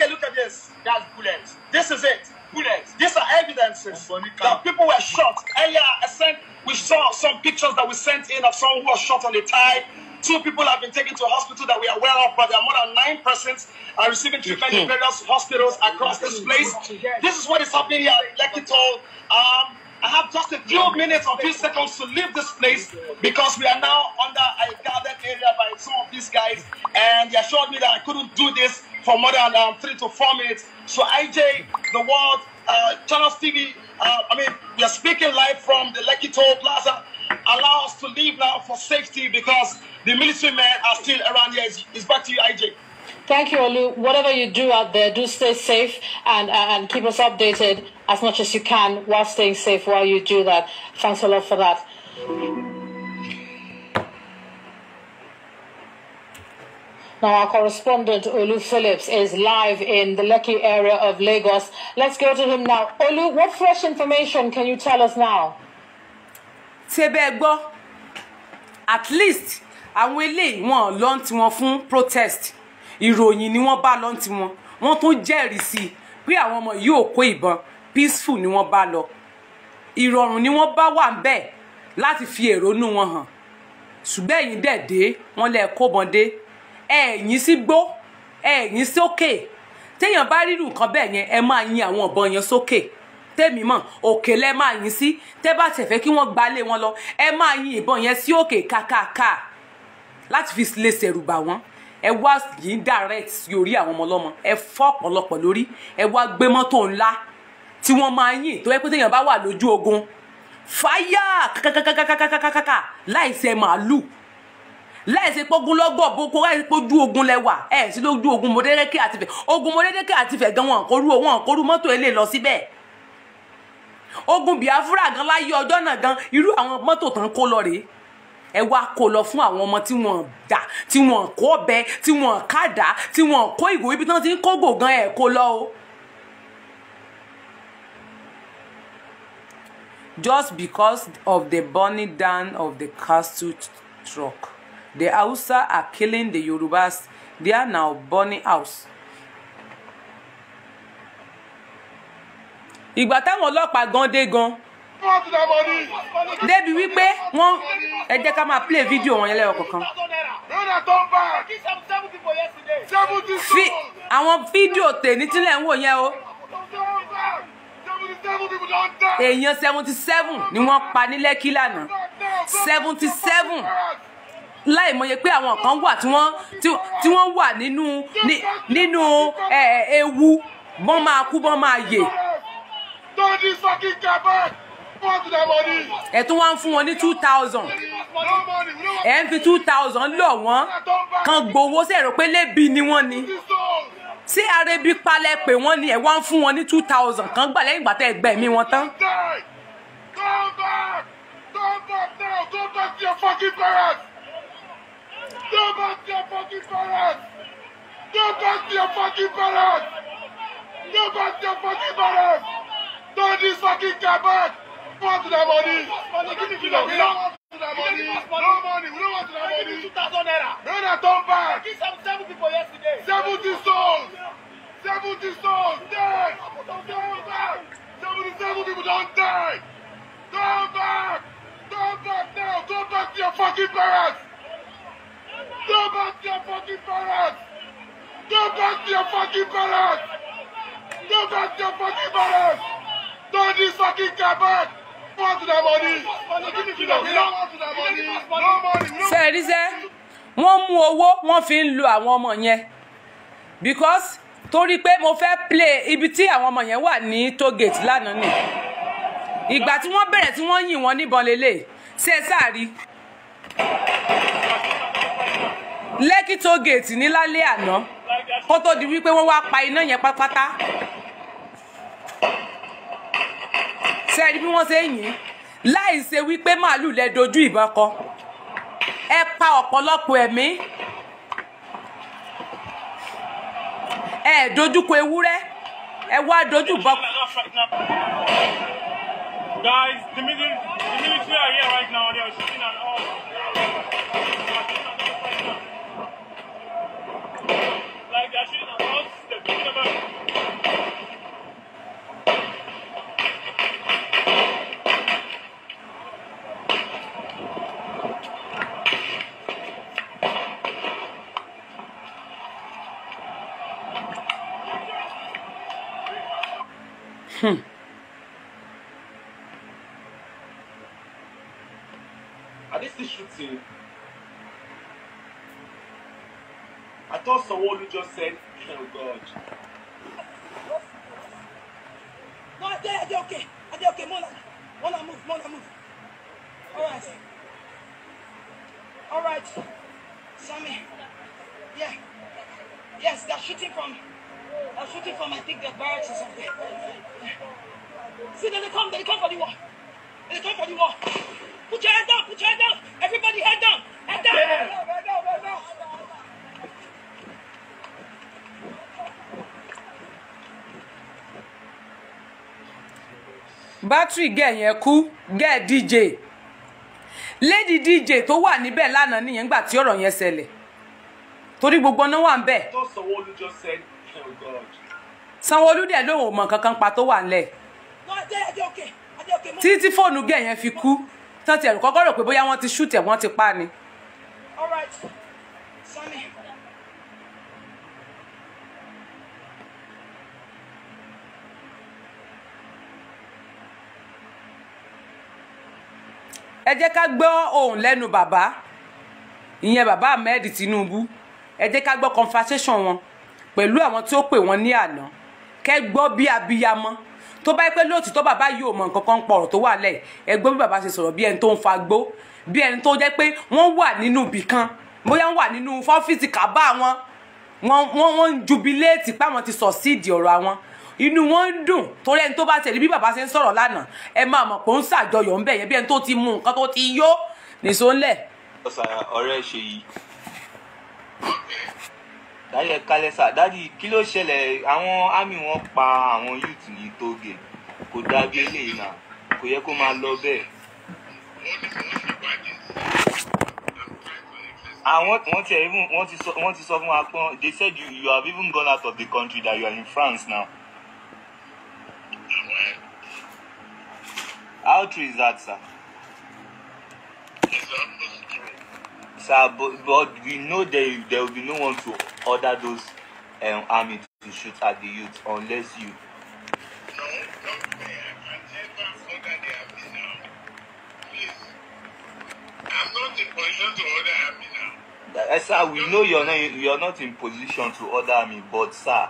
a look at this. That's bullets. This is it. Bullets. These are evidences that people were shot. Earlier, I sent, we saw some pictures that we sent in of someone who was shot on the thigh. Two people have been taken to a hospital that we are aware of, but there are more than nine persons are receiving treatment in various hospitals across this place. This is what is happening here at Lekitol. Um, I have just a few minutes or few seconds to leave this place because we are now under a guarded area by some of these guys, and they assured me that I couldn't do this for more than um, three to four minutes. So IJ, the world, uh, Channels TV, uh, I mean, we are speaking live from the Lekito Plaza. Allow us to leave now for safety because the military men are still around here. It's, it's back to you, IJ. Thank you, Olu. Whatever you do out there, do stay safe and, uh, and keep us updated as much as you can while staying safe while you do that. Thanks a lot for that. Now, our correspondent Olu Phillips is live in the Lekki area of Lagos. Let's go to him now. Olu, what fresh information can you tell us now? at least àwọn eléyìí wọn lọ protest. ìròyìn ni wọ́n bá lọ ti wọn wọ́n tún jẹ́rìí sí i pé àwọn ọmọ yìí ò kó ìbọn peaceful ni wọ́n bá lọ ìrọ̀rùn ni wọ́n bá wà ń bẹ̀ láti fi èrònú wọn hàn ṣùgbọ́n ẹ̀yin dẹ̀ dé wọ́n lẹ̀ kó bọ́n dé ẹ̀yin sí gbó ẹ̀yin sókè téèyàn bá rírù nǹkan bẹ́ẹ̀ yẹn ẹ máa yin àwọn ọ̀bọ yẹn sókè tèmi mọ̀ òkè lẹ máa yìn sí tẹ́ bá tẹ̀fẹ́ kí wọ́n gbalé wọn lọ ẹ máa yin ìbọn yẹn sí òkè kákàká láti fi lè ṣẹ̀rù bà wọ́n ẹ wá yìí direct sí orí àwọn ọmọ ọlọ́mọ ẹ fọ́ ọ̀pọ̀lọpọ̀ lórí ẹ wá gbé mọ́tò ńlá tí wọ́n máa yìn tó yẹ pé téèyàn bá wà lójú ogun fáyà kàkàkàkàkàkàkàkà láìsẹ màálù láìsẹ pogun lọ́gbọ̀ boko láìsẹ pojú ogun lẹ́wà ẹ sí lójú ogun mọdédékè àtìfẹ́ ogun mọdédékè àtìfẹ́ gan wọn kọrú wọn kọrú mọ́tò ẹ lè lọ síbẹ̀ ogun Biafra gan láyé ọjọ́ náà gan irú àwọn mọ́tò tán kó lọ rèé ẹ wá kó lọ fún àwọn ọmọ tí wọ́n dà tí wọ́n kó ọbẹ tí wọ́n kádà tí wọ́n kó ìgò ibi tí wọ́n ti ń kó gògan ẹ kó lọ o. just because of the burning down of the castle truck the hausa are killing the yorubas they are now burning house. ìgbà táwọn ọlọ́pàá gan dé gan débi wípé wọ́n ẹ jẹ́ ká máa play video wọn yẹn lẹ́yọkọ̀ọ̀kan. fi àwọn fídíò tèmi tílẹ̀ ń wò yẹn o èèyàn seventy seven ni wọ́n pa ní Lẹ́kí lánàá seventy seven láì mọye pé àwọn kan wà tí wọ́n wà nínú nínú ewu bọ́n máa kú bọ́n máa yè. don't be ẹ tún wá ń fún wọn ní two thousand ẹ ń fi two thousand lọ wọ́n kan gbowó sí ẹ̀rọ pé lébi ni wọ́n ni tí arebi palẹ̀ pé wọ́n ni ẹ wá ń fún wọn ní two thousand kan gbà lẹ́yìn ìgbà tẹ́ ẹ gbẹ̀mí wọn tán. Don't back! your fucking parents! Don't back your fucking parents! Don't back your fucking parents! Don't back your fucking parents! Turn this fucking car want to that money. We don't want to that money. No money. We don't want to that money. Give me 2,000 naira. Bring that tongue back. Give some 70 people yesterday. 70 souls. 70 souls. Dead. Turn back. 77 people don't die. Turn back. Turn back now. Go back to your fucking parents. Go back to your fucking parents. Go back to your fucking parents. Go back to your fucking parents. Turn this fucking car back sẹ́ẹ̀rísẹ́ wọ́n mú owó wọ́n fi ń lu àwọn ọmọ yẹn because torí pé mo fẹ́ play ibi tí àwọn ọmọ yẹn wà ní tollgate lánàá nì ìgbà tí wọ́n bẹ̀rẹ̀ tí wọ́n yìn wọ́n níbọn lélẹ̀ ṣe é sáàrí lẹ́kì tollgate ní lálẹ́ àná kó tó di wípé wọ́n wá pa iná yẹn pátápátá sẹ́ẹ̀rí bí wọ́n ṣe ń yìn láì ṣe wípé màálù lẹ dojú ìbọn kọ ẹ pa ọ̀pọ̀lọpọ̀ ẹ̀mí ẹ dojúkọ ewúrẹ́ ẹ wá dojú bọ. Guys, the military, the military are here right now. They are shooting at all. Like they are shooting at all. Hmm. Are they still shooting? I thought someone just said, oh God. No, I did, I did okay. I did okay. Mona, Mona move, Mona move. All right. All right. Sammy. Yeah. Yes, they're shooting from I was looking for my big birds or something. See, then they come, they come for the war. They come for the war. Put your head down, put your head down. Everybody head down, head down. Head down, head down, head down. bátìrì gẹ̀ yẹn kú gẹ̀ DJ lady DJ tó wà níbẹ̀ lánàá nìyẹn nígbà tí ọ̀rọ̀ yẹn ṣẹlẹ̀ torí gbogbo náà wà ń bẹ̀. just so what you just said sanwóolu dẹ̀ lóun ò mọ̀ kankan pa tó wà ńlẹ̀ títí fóònù gẹ̀ yẹn fi kú tán ti ẹ̀rù kọ́kọ́ rò pé bóyá wọ́n ti ṣùtẹ̀ wọ́n ti pa ni. ẹ jẹ́ ká gbọ́ ohùn lẹ́nu bàbá ìyẹn bàbá Ahmed Tinubu ẹ jẹ́ ká gbọ́ conversation wọn pẹ̀lú àwọn tí ó pè wọ́n ní àná kẹ́ gbọ́ bí abiyamọ tó bá yẹ pé lóòtítọ́ bàbá yìí ò mọ nǹkan kan pọ̀rọ̀ tó wà lẹ̀ ẹ gbọ́ bí bàbá ṣe sọ̀rọ̀ bí ẹni tó ń fa gbó bí ẹni tó jẹ́ pé wọ́n wà nínú ibì kan bóyá wọ́n wà nínú fọ́fíìsì kábà wọn wọ́n wọ́n ń jubiléètì pé àwọn ti sọ̀ síìdì ọ̀rọ̀ àwọn inú wọn ń dùn torí ẹni tó bá tẹ̀lé bí bàbá ṣe ń sọ̀rọ̀ lánàá ẹ máa mọ̀ pé ó ń ṣàjọyọ̀ ń bẹ̀ yẹn bí ẹni tó ti mú nǹkan tó ti yó nìṣó ńlẹ̀. ọ̀sà ọ̀rẹ́ ṣe yìí dáyẹ kálẹ́sà dádì kí ló ṣẹlẹ̀ àwọn ámì wọn pa àwọn youth ní tóge kò dágbé eléyìí náà kò yẹ kó máa lọ bẹ́ẹ̀. àwọn wọ́n ti even wọ́n ti sọ wọ́n ti sọ fún wa pé they said you, you have even gone out of the country that you are in France now. How true is that, sir sir, but, but we know there, there will be no one to order those um, army to shoot at the youth unless you. No, not there. I never ordered the army now. Please. I'm not in position to order army now. Uh, sir, we know you're not you're not in position to order me, but sir,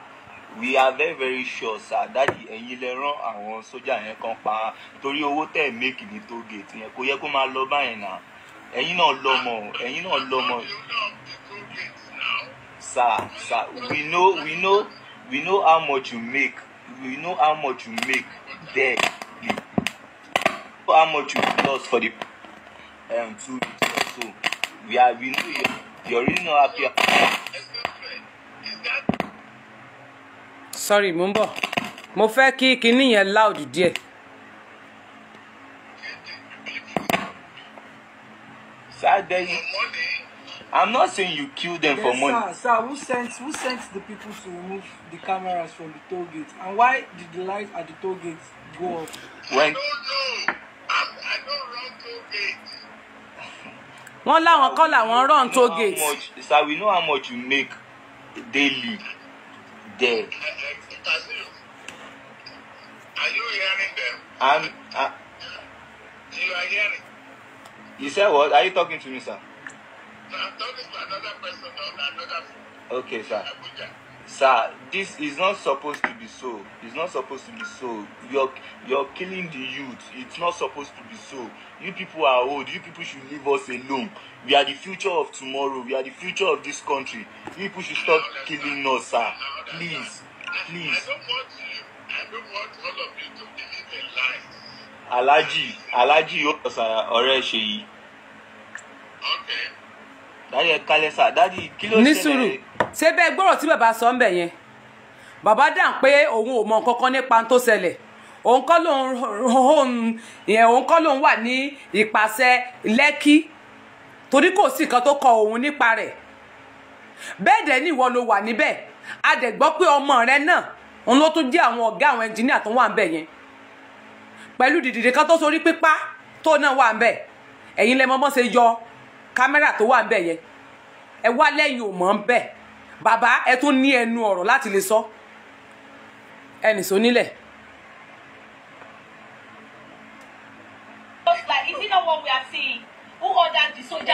we are very very sure sir that the Enyileron and àwọn sójà yẹn your pa torí owó tẹ ẹ méèkì ní tógèètì yẹn kò yẹ kó máa lọ ẹ̀yin náà lọ́mọ ẹ̀yin náà lọ́mọ sir sir we know we know we know how much you make we know how much you make there we know how much you lost for the um, two weeks so we are we know you you really no happy. sorry mo ń bọ̀ mo fẹ́ kí kinní yẹn loud díẹ̀. Saturday. I'm not saying you kill them yes, for money. Sir, sir, who sent who sent the people to remove the cameras from the toll gate? And why did the light at the toll gate go off? When I don't know. I'm, I don't run toll gate. Wọ́n call kọ́ làwọn run toll gate. Much, sir, we know how much you make daily there. Are you hearing them? I'm. I... You are hearing. You said what? Are you talking to me, sir? No, I'm talking to another person, another Okay, sir. Abuja. Sir, this is not supposed to be so. It's not supposed to be so. You're you're killing the youth. It's not supposed to be so. You people are old. You people should leave us alone. We are the future of tomorrow. We are the future of this country. You people should stop no, killing not. us, sir. No, please, not. please. I, I don't want you. I don't want all of you to believe in lies aláàjì aláàjì yóò lọ sa ọ̀rẹ́ ṣe yìí. dáàdi ẹ kalẹ̀ sá dáàdi kí ló ṣẹlẹ̀. ní sùúrù ṣé bẹ́ẹ̀ gbọ́rọ̀ tí bàbá sọ ń bẹ̀ yẹn bàbá dà ń pé òun ò mọ nǹkan kan nípa tó ṣẹlẹ̀ òun kọ́ lòun òun yẹn òun kọ́ lòun wà ní ìpàṣẹ lẹ́kí torí kò sí nǹkan tó kọ òun nípa rẹ̀ bẹ́ẹ̀ dẹ̀ ni ìwọ ló wà níbẹ̀ a dẹ̀ gbọ́ pé ọmọ rẹ náà òun ló tún jẹ́ àwọn ọ̀gá àwọn ẹnjìníà tó wà ń bẹ̀ yẹn pẹ̀lú dìdìdì kan tó sorí pípa tó náà wà ń bẹ̀ ẹ̀yin lẹ mọ́mọ́ ṣe yọ kámẹ́rà tó wà ń bẹ̀ yẹn ẹ wá lẹ́yìn ò mọ̀ ń bàbá ẹ tún ní ẹnu ọ̀rọ̀ láti lè sọ ẹ nìṣó nílẹ̀. we are seeing? Who are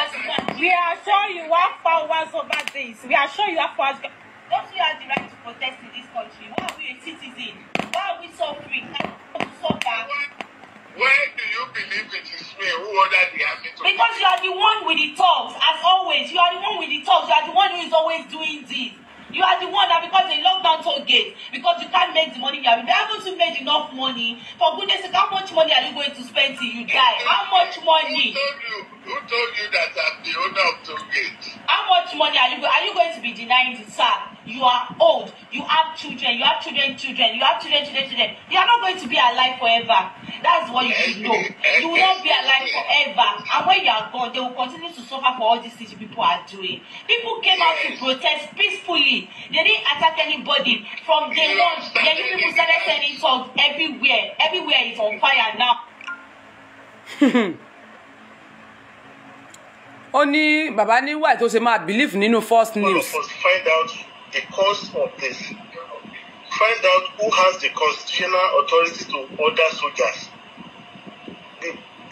sure you have powers over this. We are sure you have us. Don't you have the right to protest in this country? Why are we a citizen? Why are we suffering? Where do you believe it is me who ordered the army to Because you are the one with the talks, as always. You are the one with the talks. You are the one who is always doing this. You are the one that because they locked down toll gate because you can't make the money you have. If you to make enough money, for goodness sake, how much money are you going to spend till you die? How much money? Who told you? Who told you that I'm the owner of toll gate? How much money are you are you going to be denying it, sir? You are old. You have children. You have children, children. You have children, children, children. You are not going to be alive forever. That's what you should eh, know. Eh, you will not be eh, alive forever. And when you are gone, they will continue to suffer for all these things people are doing. People came out to protest peacefully. They didn't attack anybody. From the launch, then you people started sending songs everywhere. Everywhere is on fire now. ó ní bàbá ní wáì tó ṣe máa believe nínú first news. find out the cause of this find out who has the constitutional authority to order soldiers. The,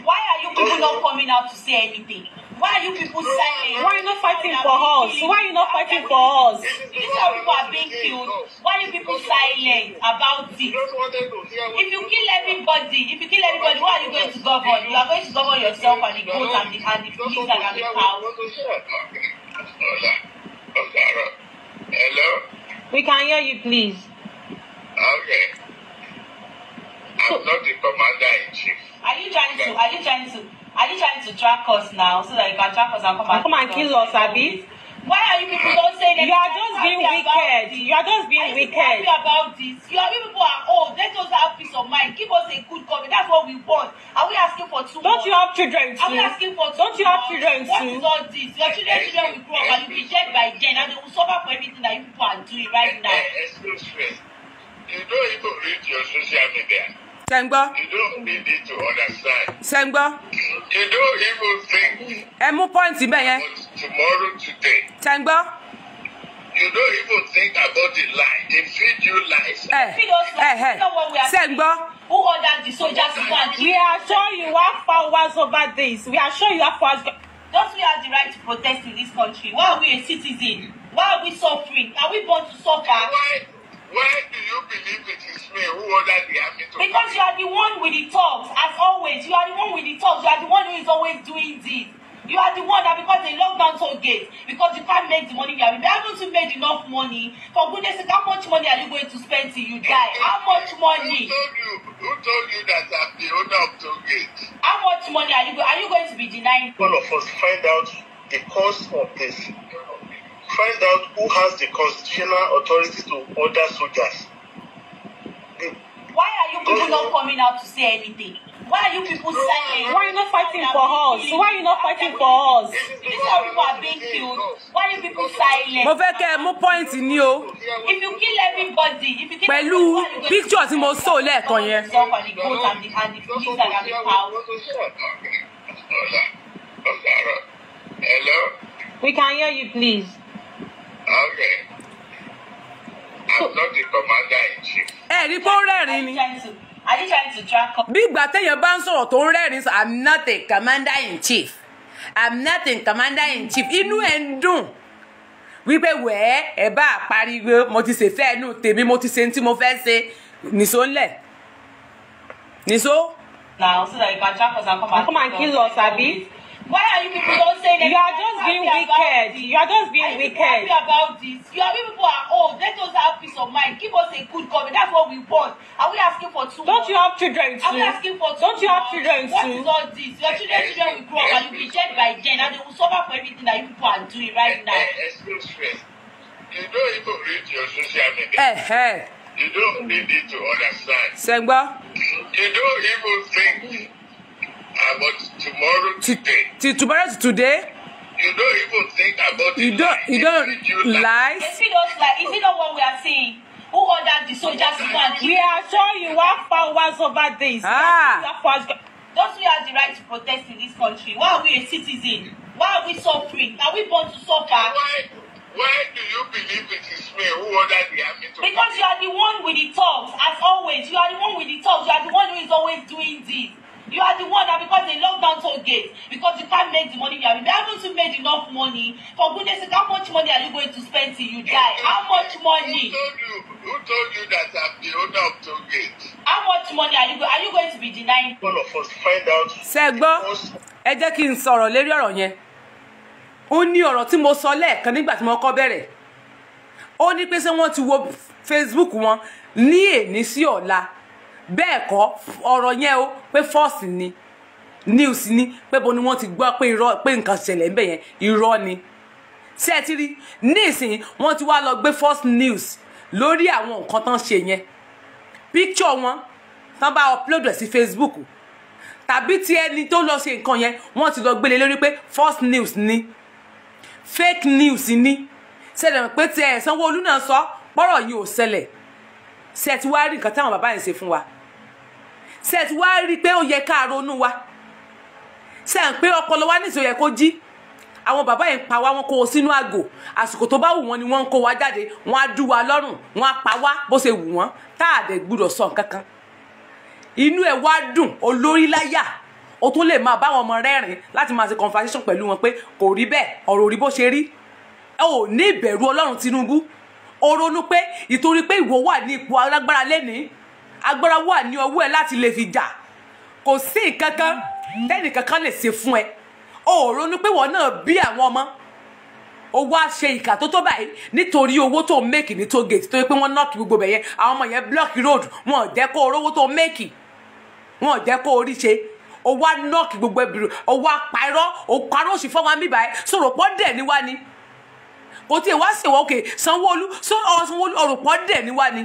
why are you people not coming out to say anything. Why are you people silent? Why are you not fighting for us? Why are you not fighting for us? These are people are being killed. Why are you people silent about this? If you kill everybody, if you kill everybody, what are you going to govern? You are going to govern yourself and the goats and the and the pigs and the cows. Hello? We can hear you, please. Okay. I'm so, not the commander in chief. Are you trying to? Are you trying to? Are you trying to track us now so that you can track us and come and, come and kill us, Abi? Why are you people don't say that. You are just being wicked. You are just being are wicked. Happy about this. You are people are old. Let us have peace of mind. Give us a good government. That's what we want. Are we asking for too Don't you have children too? Are we asking for too Don't you have children too? What is all this? Your children, children will grow up and you'll be dead by then and they will suffer for everything that you people are doing right now. Excuse me. You don't even read your social media sẹ́ńgbọ́. you don't need to understand. sẹ́ńgbọ́. you don't even think. ẹ mú pọ́ǹtì bẹ́ẹ̀ yẹn. tomorrow sẹ́ńgbọ́. you don't even think about the lie they feed you lies. feed us lies. You ẹ ẹ ẹ sẹ́ńgbọ́. Who ordered the soldiers to go and kill? We are sure you have powers over this. We are sure you have powers. Don't we have the right to protest in this country? Why are we a citizen? Why are we suffering? Are we born to suffer? Why? Where do you believe it is me who ordered the army to Because you are the one with the talks, as always. You are the one with the talks. You are the one who is always doing this. You are the one that because they lock down toll gates, because you can't make the money you have. If you haven't made enough money, for goodness sake, how much money are you going to spend till you die? How much money? Who told you, who told you that I'm the owner of toll gates? How much money are you, are you going to be denying? One of us find out the cause of this find out who has the constitutional authority to order soldiers. Why are you people not coming out to say anything? Why are you people no, silent? Why are you not fighting for us? Why are you not fighting for us? If your people are being killed, why are you people silent? Mo fẹ́ kẹ́ ẹ mú pọ́ìntì o. If you kill everybody, if you kill Pẹ̀lú picture tí mo sọ lẹ́ẹ̀kan yẹn. We can hear you please. Okay. I'm not the commander in chief. Ẹ rí pé ó rẹ́rìn ni. Bí ìgbà téèyàn bá ń sọ̀rọ̀ tó ń rẹ́rìn sọ, I'm not a commander in chief. I'm not a commander in chief. Inú ẹ̀ ń dùn wípé wẹ́ẹ́ ẹ bá a pariwo mo ti ṣe fẹ́ inú tèmi mo ti ṣe ní tí mo fẹ́ ṣe nìṣó ńlẹ̀ nìṣó. Now so that you can track us and come and kill us, abi. Why are you people not saying anything? You are just being wicked. You are just being are wicked. Happy about this. You are people are old. Let us have peace of mind. Give us a good government. That's what we want. Are we asking for too Don't you have children too? Are we asking for too Don't you have children too? What is all this? Your children, children will grow up and you'll be gen by gen and they will suffer for everything that you people are doing right eh, now. Eh, excuse me. You don't even read your social media. Hey, eh, hey. You don't need it to understand. Sengba. You don't even think about tomorrow today. T- tomorrow to today. You don't even think about you it. Don't, you don't. You don't lie. Is it not like? Is it not what we are seeing? Who ordered the soldiers to go We are showing you what powers over this. Ah. You Don't we have the right to protest in this country? Why are we a citizen? Why are we suffering? Are we born to suffer? Why? Why do you believe it is me who ordered the army to Because you are the one with the talks, as always. You are the one with the talks. You are the one who is always doing this. You are the one that because they locked down toll gates, because you can't make the money you have. They haven't made enough money. For goodness sake, how much money are you going to spend till you die? How much money? Who told you? Who told you that I'm the owner of toll gates? How much money are you going? Are you going to be denying? All of us find out. Ṣẹ́gbọ́n, ẹ jẹ́ kí n sọ̀rọ̀ lérí ọ̀rọ̀ yẹn. Ó ní ọ̀rọ̀ tí mo sọ lẹ́ẹ̀kan nígbà tí mo kọ́ bẹ̀rẹ̀. Ó ní pé ṣé wọ́n ti wo Facebook wọn ní èní sí ọ̀la bẹ́ẹ̀ kọ́ ọ̀rọ̀ yẹn o pé fọ́ọ̀sì ni news ni pé bo ni wọ́n ti gbọ́ pé irọ́ pé nǹkan ṣẹlẹ̀ ń bẹ̀ yẹn irọ́ ni ṣé ẹ ti rí nísìnyí wọ́n ti wá lọ gbé false news lórí àwọn nǹkan tán ṣe yẹn picture wọn tán bá upload ẹ̀ sí Facebook tàbí ti ẹni tó lọ ṣe nǹkan yẹn wọ́n ti lọ gbélé lórí pé false news ni fake news ni ṣẹlẹ̀ pé ti ẹ̀ Sanwó-Olú náà sọ pọ́rọ̀ yìí ò ṣẹlẹ̀ ṣe ti wá rí nǹkan táwọn bàbá yẹn ṣe fún wa ṣe ti wá rí pé ó yẹ ká ronú wa ṣe ń pé ọpọlọ wa níṣó yẹ kó jí àwọn bàbá yẹn pa wá wọn kó o sínú àgò àsìkò tó bá wù wọn ni wọn ń kó wa jáde wọn á dú wa lọ́rùn wọn á pa wá bó ṣe wù wọn tá a dẹ̀ gbúdọ̀ sọ nǹkan kan inú ẹ̀ wá dùn olórí láyà o tún lè máa báwọn ọmọ rẹ́rìn láti máa ṣe conversation pẹ̀lú wọn pé kò rí bẹ́ẹ̀ ọ̀rọ̀ òrí bó ṣe rí ẹ ò ní ìbẹ̀rù ọlọ́run Tinubu ó ronú pé ìtorí pé ìwọ wà ní ipò alágbára lẹ́ni agbára wà ní ọwọ́ ẹ láti lè fi jà kò sí ìkankan tẹ́nìkankan lè ṣe fún ẹ ó ronú pé wọn náà bí àwọn ọmọ ó wá ṣe ìkà tó tó báyìí nítorí owó tó mẹ́kì ní tóo gèètì tó yẹ pé wọ́n nọ́ọ̀kì gbogbo bẹ̀yẹn àwọn ọmọ yẹn blọ́ọ̀kì road wọn ò jẹ́ kó o rówó tó mẹ́kì wọn ò jẹ́ kó o rí ṣe ó wá nọ́ọ̀kì gbogbo ẹbìrì ó wá pa irọ́ ó parọ́ òṣì fọwọ́n mi báyìí sọ̀rọ̀ pọ́ dẹ̀ ni wá ni kò tí ì wá sí ìwọ òkè sanwóolu oh, sanwóolu ọ̀rùpọ̀ dẹ̀ níwá ni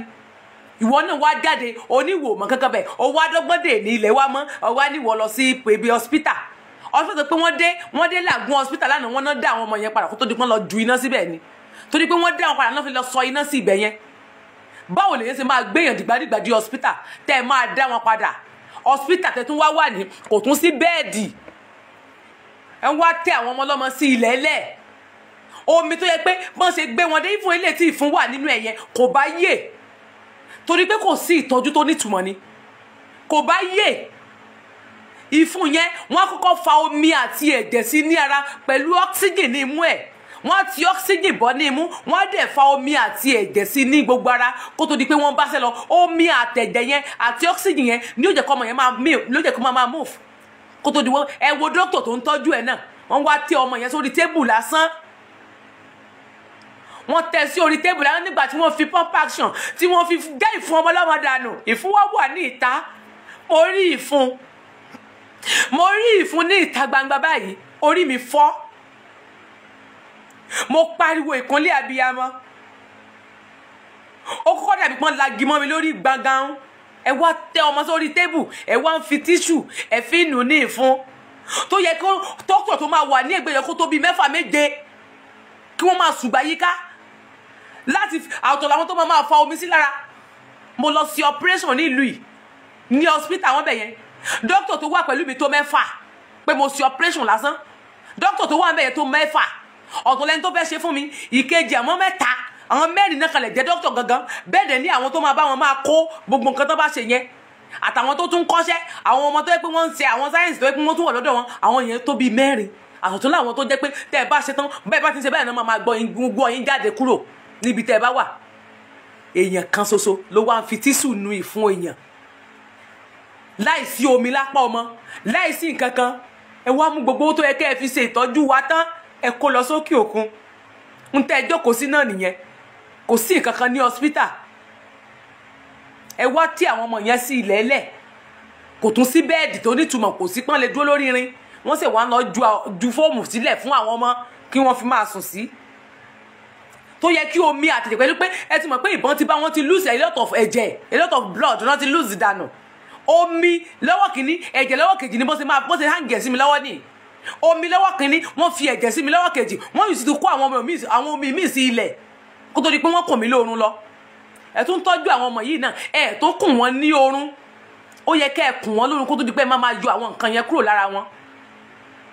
ìwọ náà wá jáde oníwò mọ kankan bẹ ó wá dọ́gbọ́n dè ní ilẹ̀ wa mọ́ ó wá níwọ lọ sí pèbè hospital hospital pé wọ́n dé wọ́n dé làgùn hospital lánàá wọ́n náà dá àwọn ọmọ yẹn padà kó tó di pọ́n lọ ju iná síbẹ̀ ni torí pé wọ́n dá àwọn padà náà fi lọ sọ iná sí ibẹ̀ yẹn báwo lèyẹn ṣe máa gbéyàn dìgbàdìgbà di hospital tẹ́ ẹ máa dá wọn padà hospital tẹ́ tún wá wà ní kò tún sí bẹ́ẹ̀dì ẹ ń wá tẹ àwọn ọmọ ọlọ́mọ sí ilẹ̀ ẹlẹ́ẹ̀ omi tó yẹ pé wọ́n ṣe gbé wọn dé ìfún ilé tí ìfún wà nínú ẹ̀yẹn kò bá yè torí pé kò sí ìtọ́jú tó nítumọ̀ ni kò bá yè ìfún yẹn wọ́n á kọ́kọ́ fa omi àti ẹ̀jẹ̀ sí ní ara pẹ̀lú oxygen ní imú ẹ̀ wọ́n á ti oxygen bọ́ ní imú wọ́n á dẹ̀ fa omi àti ẹ̀jẹ̀ sí ní gbogbo ara kó tó di pé wọ́n bá ṣe lọ omi àtẹ̀jẹ̀ yẹn àti oxygen yẹn ni yóò jẹ́ kó ọmọ yẹn máa ló jẹ́ kó máa move kó tó di wọ́n ẹ wo dókítà tó ń tọ́jú ẹ̀ náà wọ́n wá tẹ ọmọ yẹn sórí tébù lásán wọ́n tẹ́ sí orí tébù lánàá nígbà tí wọ́n fi pump action tí wọ́n fi gé ìfun ọmọ ọlọ́mọ dànù ìfun wọ́n wà ní ìta mo rí ìfun mo rí ìfun ní ìta gbangba báyìí orí mi fọ́ mo pariwo ìkúnlẹ̀ abiyamọ ó kọ́kọ́ dàbí pọ́n lagi mọ́ mi lórí gbàngàn ẹ wá tẹ ọmọ sórí tébù ẹ wá ń fi tíṣù ẹ fi nù ní ìfun tó yẹ kó tọ́kọ̀ tó máa wà ní ẹgbẹ́ yẹn kó tó bíi mẹ́fà méje kí wọ́n máa sùgbà yíká láti àwùjọ làwọn tó máa máa fa omi sí lára mo lọ sí operation ní yìí ní hospital wọn bẹ̀ yẹn dókítà tó wà pẹ̀lú mi tó mẹ́fà pé mo sí operation lásán dókítà tó wà ń bẹ̀ yẹn tó mẹ́fà ọ̀tún lẹ́ni tó fẹ́ ṣe fún mi ìkejì àmọ́ mẹ́ta àwọn mẹ́rin náà kalẹ̀ jẹ́ dókítà gangan bẹ́ẹ̀ dẹ̀ ní àwọn tó máa bá wọn máa kó gbogbo nǹkan tó bá ṣe yẹn àtàwọn tó tún kọ́ṣẹ́ àwọn ọmọ tó yẹ pé wọ́n ń ṣe àwọn sáyẹ́nsì tó yẹ pé wọ́n tún wà lọ́dọ̀ wọn àwọn yẹn tó bíi mẹ́rin àtọ̀tún láwọn tó jẹ́ pé tẹ́ ẹ bá ṣe tán bẹ́ẹ̀ bá ti ń ṣe bẹ́ẹ̀ náà máa gbọ́ yín jáde kúrò níbi tẹ́ ẹ bá wà èèyàn kan ṣoṣo ló wá ń fi tíṣù nu ìfun èèyàn láìsí omi lápá ọmọ láìsí nǹkan kan ẹ wá mú gbogbo tó yẹ kẹ́ ẹ fi ṣe ìtọ́jú wa tán ẹ kó lọ sókè òkun ń tẹ́ ẹ jókòó sí náà nìyẹn kò sí nǹkan kan ní hospital ẹ wá tí àwọn ọmọ yẹn sí ilẹ̀ ẹlẹ̀ kò tún sí bẹ́ẹ̀dì tó nítumọ̀ kò sí pọ́n lè dúró lórí irin wọ́n sì wá lọ ju fóòmù sílẹ̀ fún àwọn ọmọ kí wọ́n fi máa sùn sí. Si tó yẹ kí omi àtẹ̀jẹ̀ pẹ̀lú pé ẹ ti mọ̀ pé ìbọn ti bá wọn ti lose a lot of ẹ̀jẹ̀ a lot of blood wọn ti lose dànù omi lọ́wọ́ kìíní ẹ̀jẹ̀ lọ́wọ́ kejì ni bó ṣe máa bó ṣe hàǹgẹ̀ sí mi lọ́wọ́ nìyí omi lọ́wọ́ kìíní wọ́n fi ẹ̀jẹ̀ sí mi lọ́wọ́ kejì wọ́n yìí sì ti kó àwọn omi míì sí ilẹ̀ kó tó di pé wọ́n kò mí lóorun lọ ẹ tún tọ́jú àwọn ọmọ yìí náà ẹ tó kùn wọ́n ní oorun ó yẹ kẹ́ ẹ kùn wọ́n lóorun kó tó di pé ẹ má máa yọ àwọn nǹkan yẹn kúrò lára wọn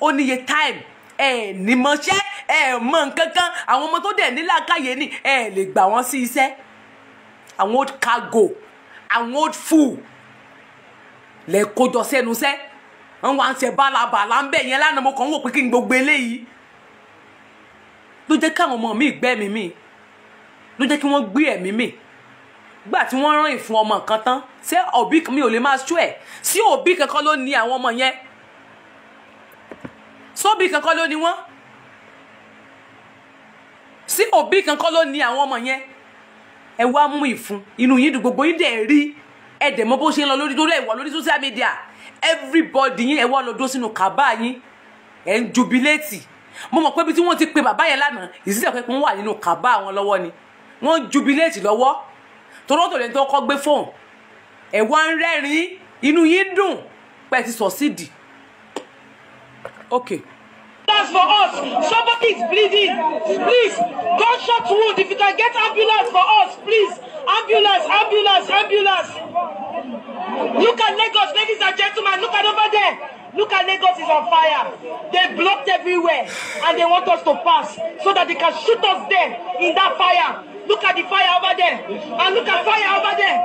ó níye time ẹ ní mọṣẹ́ ẹ mọ nǹkan kan àwọn ọmọ tó dẹ̀ nílàkàyè ni ẹ lè gbà wọ́n sí iṣẹ́ àwọn old cargo àwọn old fool lè kójọ sẹ́nu sẹ́ wọ́n wá ń ṣe bálabàlà ń bẹ̀ yẹn lánàá mo kàn ń wò pé kí n gbogbo eléyìí ló jẹ́ káwọn ọmọ mi gbẹ́ mi mi ló jẹ́ kí wọ́n gbé ẹ̀mí mi gbà tí wọ́n rán ìfún ọmọ kan tán ṣé òbí mi ò lè máa ṣú ẹ̀ sí òbí kankan ló ní àwọn ọmọ yẹn sóbì kankan ló ni wọ́n sí òbí kankan ló ni àwọn ọmọ yẹn ẹ wá mú ìfun inú yín dùn gbogbo yín dẹ̀ rí ẹ dẹ̀ mọ bó ṣe ń lọ lórí lórí ẹ̀wọ̀ lórí social media everybody yín ẹ wá lọ dúró sínú kàbá yín ẹ ń jubiléètì mo mọ̀ pé bí tí wọ́n ti pe bàbá yẹn lánàá ìsísẹ̀ pé wọ́n wà nínú kàbá wọn lọ́wọ́ ni wọ́n ń jubiléètì lọ́wọ́ torótò lẹ́ni tó kọ́ gbé fóònù ẹ wá ń rẹ́rìn-ín inú yín dùn pé ti sọ̀ sídìí Okay. That's for us. Somebody is bleeding. Please, gunshot wound. If you can get ambulance for us, please. Ambulance, ambulance, ambulance. Look at Lagos, ladies and gentlemen. Look at over there. Look at Lagos is on fire. They blocked everywhere and they want us to pass so that they can shoot us there in that fire. Look at the fire over there. And look at fire over there.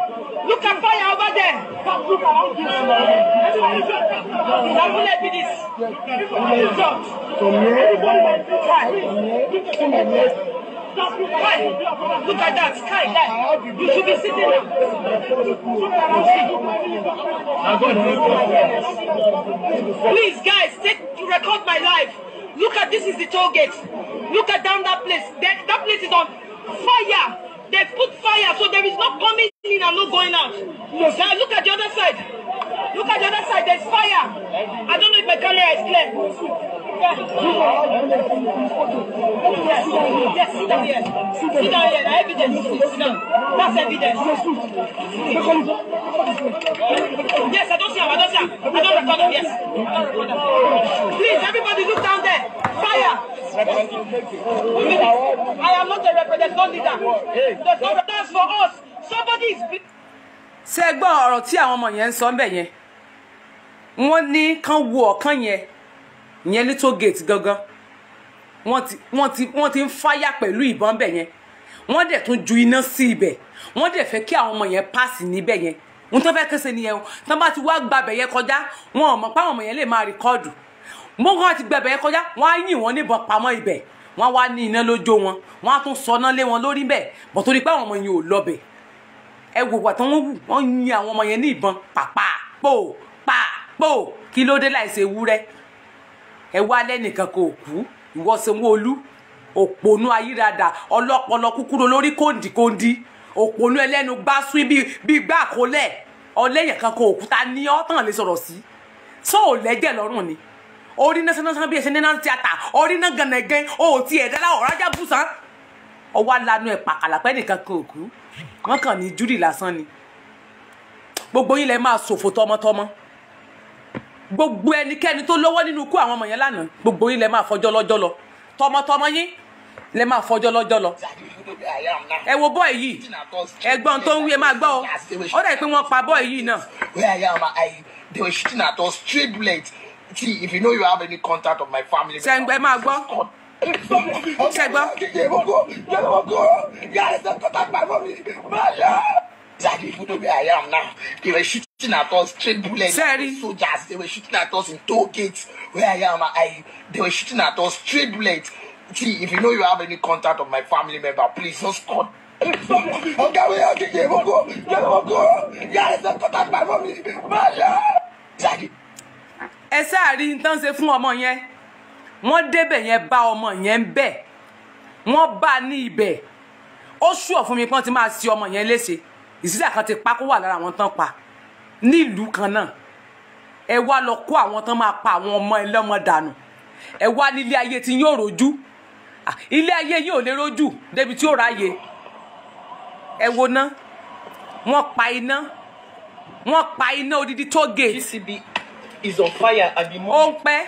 Look at fire over there. Look around this. Everybody jump. I won't let me this. Everybody jump. Hi. Look at that. Sky there. You should be sitting there. Look around see. Please, guys, take record my life. Look at this is the toll gate. Look at down that place. That, that place is on Fire. They put fire, so there is no coming in and no going out. No, sir. Look at the other side. Look at the other side. There's fire. I don't know if my camera is clear. Yes, sit down here. Sit down here. Now, evidence. Sit That's evidence. Yes, I don't see him. I don't see him. I don't record him. Yes. Please, everybody look down there. Fire. I am not a representative leader. There's no that's for us. Somebody's. is. Ṣé gbọ́ ọ̀rọ̀ tí àwọn ọmọ yẹn ń sọ ń bẹ̀ yẹn? Wọ́n ní kán wo ọ̀kan yẹn ìyẹn little gate gangan wọ́n ti wọ́n ti wọ́n ti ń fáyà pẹ̀lú ìbọn bẹ̀ yẹn wọ́n dẹ̀ tún ju iná sí ibẹ̀ wọ́n dẹ̀ fẹ́ kí àwọn ọmọ yẹn pass níbẹ̀ yẹn ohun tó fẹ́ kése nìyẹn o tó bá ti wá gbàbẹ̀ yẹn kọjá wọn ò mọ̀ pé àwọn ọmọ yẹn lè máa rìkọ́ọ̀dù mo kàn ti gbàbẹ̀ yẹn kọjá wọ́n á yìn wọ́n níbọn pamọ́ ibẹ̀ wọ́n á wá ní iná lójó wọn wọ́n á tún sọná lé wọn lórí bẹ́ẹ̀ bọ̀ torí pé àwọn ọmọ yẹn ò lọbẹ̀ ẹ wò wà tó ń wù wọ́n yin àwọn ọmọ yẹn ní ìbọn pàpà pò pà pò kí ló dé láìsè wúrẹ́ ẹ wá lẹ́nìkan kò kú ìwọ Sanwó-Olú òpònú ayírada ọlọ́pọlọ kúkúrú lórí kòǹdìkòǹdì òpònú ẹlẹ́nu gbásù bíi gbá àkólẹ̀ ọlẹ́yìn kan kò kú ta ní ọ́ tán lè sọ̀rọ̀ sí tó ò lẹ́jẹ̀ lọ́rùn ni orí náà sanásaná bí ẹsẹ̀ nínú tíátà orí náà gànàgàn o ti ẹ̀dá láwọ̀ rájà bùsàn ọwọ́ alanu ẹ̀ pàkàlà pẹ́ nìkan kan òkú wọn kàn ní júrì lásán ni gbogbo yín lẹ máa ṣòfò tọmọtọmọ gbogbo ẹnikẹ́ni tó lọ́wọ́ nínú ikú àwọn ọmọ yẹn lánàá gbogbo yín lẹ máa fọjọ́ lọ́jọ́ lọ tọmọtọmọ yín lẹ máa fọjọ́ lọ́jọ́ lọ. ẹ wo bọ́ọ̀ yìí ẹgbọ́n tó ń wí ẹ máa gbọ́ ọ ó dẹ̀ pé wọ́n pa bọ́ọ̀ yìí náà. where am I they were shooting at us straight bullet see if you know you have any contact of my family. sẹ́ńgbẹ́ máa gbọ́ sẹ́gbọ́ exactly even though I am now, they were shooting at us, straight bullets, Sorry. soldiers, they were shooting at us in toll gates where I am. I they were shooting at us, straight bullets. See, if you know you have any contact of my family member, please just call. Ọ̀gá mi yóò kíkì ìmọ̀kò yóò mọ̀kò yóò ẹsẹ̀ contact my family member. Ẹ sáà rí nǹkan ṣe fún ọmọ yẹn, wọ́n débẹ̀ yẹn bá ọmọ yẹn ń bẹ̀, wọ́n bá a ní ibẹ̀, ó ṣùọ̀ fún mi pé wọ́n ti máa ṣe ọmọ yẹn léṣe ìsísà kan ti pa kó wà lára àwọn tán pa nílùú kan náà ẹ wá lọ kó àwọn tán máa pa àwọn ọmọ ẹlẹ́mọ dànù ẹ wá nílé ayé tí yóò rojú ilé ayé yìí ò lè rojú débi tí ó ráyè ẹ wo ná wọ́n pa iná wọ́n pa iná odidi toll gate. GTB is on fire at the moment. ó ń pẹ́.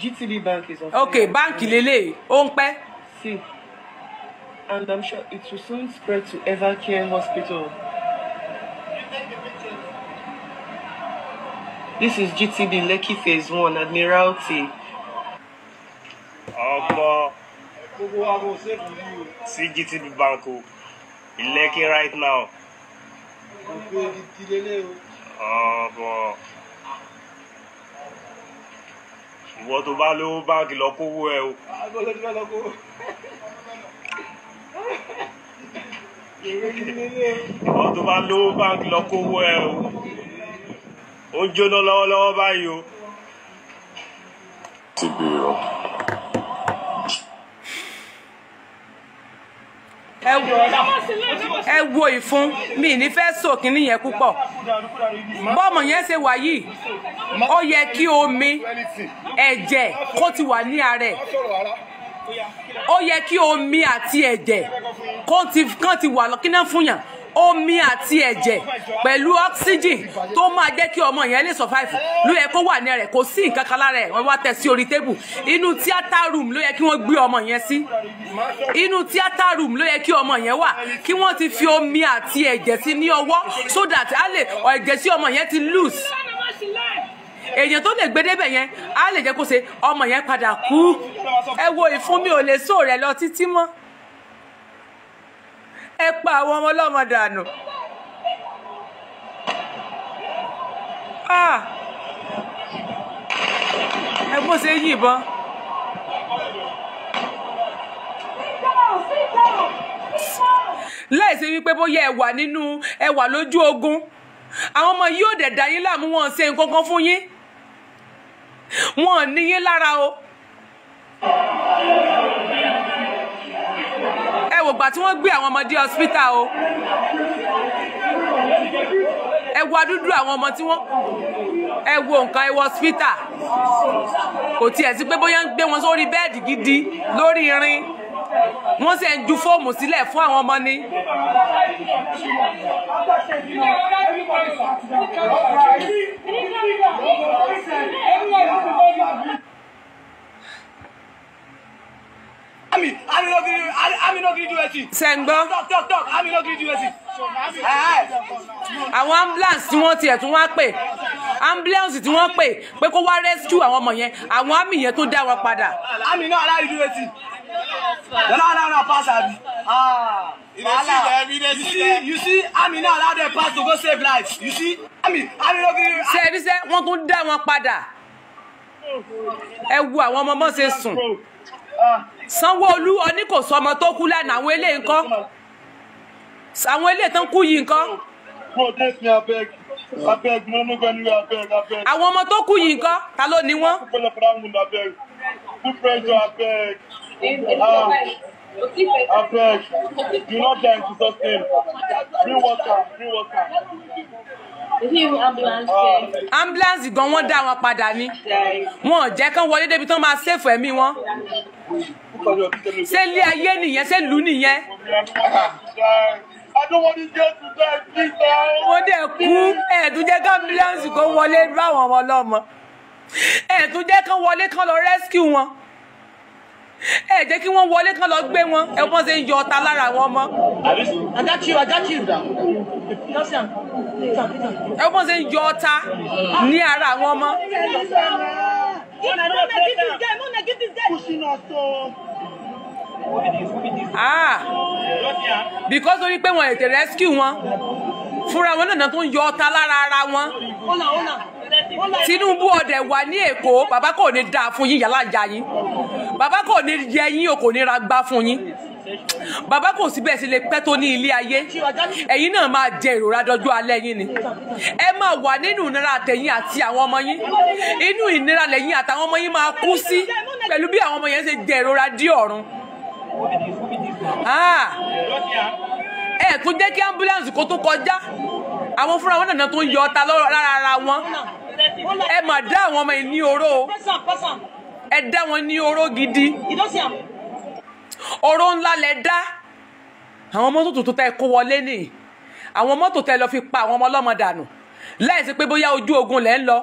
GTB bank is on fire. ok báǹkì lélẹ̀ ó ń pẹ́. see and I'm sure it will soon spread to Evercare Hospital. This is GTB Lekki Phase 1, Admiralty. Ọ̀pọ̀ sí GTB Bank o, Lekki right now. Oh boy. What about Ọ̀pọ̀ ìwọ tó bá lówó báńkì lọ kówó ẹ o ìwọ tó bá lówó báńkì lọ ẹ o ó jóná lọ́wọ́lọ́wọ́ báyìí o. ti bèrè ọ. ẹ wo ẹ mi ní fẹ́ sòkínní yẹn púpọ̀ bọ́ọ̀mù yẹn ṣe wà yìí ó yẹ kí omi ẹ̀jẹ̀ kó ti wà ní ara ó yẹ kí omi àti ẹ̀jẹ̀ kán ti wà lọ́kínná fún yàn omi àti ẹ̀jẹ̀ pẹ̀lú oxygen tó máa jẹ́ kí ọmọ yẹn lè survive ló yẹ kó wà ní rẹ̀ kò sí nǹkan kan lára ẹ̀ wọ́n wá tẹ̀ sí orí tébù inú theatre room ló yẹ kí wọ́n gbé ọmọ yẹn sí inú theatre room ló yẹ kí ọmọ yẹn wà kí wọ́n ti fi omi àti ẹ̀jẹ̀ sí ní ọwọ́ so that a lè ẹ̀jẹ̀ sí ọmọ yẹn ti loose èèyàn tó lè gbé débẹ̀ yẹn á lè jẹ́ kó ṣe ọmọ yẹn padà kú ẹ wo ìfún mi ò lè sọ rẹ lọ títí mọ́ ẹ pa àwọn ọmọ ọlọ́mọ dànù. Ah! ẹ bó ṣe yìnbọn. láìsí wípé bóyá ẹ wà nínú ẹ wà lójú ogun àwọn ọmọ yìí ò dẹ̀ dá yín láàmú wọn ṣe nǹkan kan fún yín wọn ò níyín lára o. ẹ wò gbà tí wọ́n gbé àwọn ọmọdé hospital o ẹ wo adúdú àwọn ọmọ tí wọ́n ẹ wo nǹkan ẹ wo hospital kò tiẹ̀ sí pé bóyá ń gbé wọn sórí bẹ́ẹ̀dì gidi lórí irin wọ́n sì ń ju fóòmù sílẹ̀ fún àwọn ọmọ ní. Ami, Ami no gree do, Àwọn ambulance tí wọ́n tiẹ̀ tún wá pè ambulance tí wọ́n pè pé kó wá rescue àwọn ọmọ yẹn àwọn àmì yẹn tó dá wọn padà. Ami náà aláìdúró ti no no no pass abi ah wahala you see you see army no allow dem pass to go save lives you see army army no gree. ṣe ẹni sẹ wọn tún dá wọn padà ẹ wo àwọn ọmọ ọmọ ṣe sùn Sanwó-Olú ọní kò sọ ọmọ tó kú lánàá àwọn eléyìí ńkọ́ àwọn eléyìí tó ń kú yìí ńkọ́. àwọn ọmọ tó kú yìí ńkọ́ ta ló ní wọn. I Abeg, do not die in Jesus' name. Bring water, bring water. Ah. ambulance gan wọn dá wọn padà ni wọn ò jẹ́ kán wọlé débi tán máa ṣèfù ẹ̀mí wọn ṣé ilé ayé nìyẹn ṣé lù nìyẹn. Ah. mo dẹ̀ kú ẹ̀ẹ́dùn jẹ́ kán ambulance kan wọlé báwọn ọmọ ọlọ́mọ ẹ̀ẹ́dùn jẹ́ kán wọlé kán lọ rescue wọn ẹ jẹ́ kí wọ́n wọlé kán lọ gbé wọn ẹ wọ́n ṣe ń yọ ọta lára àwọn ọmọ. ẹ wọ́n ṣe ń yọ ọta ní ara àwọn ọmọ. ah because orí pé wọn ètè rescue wọn fúnra wọn náà tó ń yọ ọta lára ara wọn. Tinubu ọ̀dẹ̀ wà ní Èkó bàbá kò ní dáa fún yín yàrá ìyá yín bàbá kò ní yẹ yín o kò ní ra gbá fún yín bàbá kò síbẹ̀ sí lè pẹ́ tó ní ilé ayé ẹ̀yin náà máa jẹ ìrora dọjọ́ alẹ́ yín ni ẹ máa wà nínú ìnira àtẹ̀yìn àti àwọn ọmọ yín inú ìnira lẹ́yìn àtàwọn ọmọ yín máa kú sí pẹ̀lú bí àwọn ọmọ yẹn ṣe jẹ ìrora dí ọ̀run. Ah! ẹ tún jẹ́ kí ambulance kó tó kọjá àwọn fúnra wọn nàná tó ń yọ ọta lára ara wọn ẹ mà dá àwọn ọmọ yìí ní oró ẹ dá wọn ní oró gidi oró ńlá lẹ dá àwọn mọ́tò tuntun tẹ kó wọlé nìyí àwọn mọ́tò tẹ lọ fi pa àwọn ọmọ ọlọ́mọ dànù láìsí pé bóyá ojú ogun lẹ ń lọ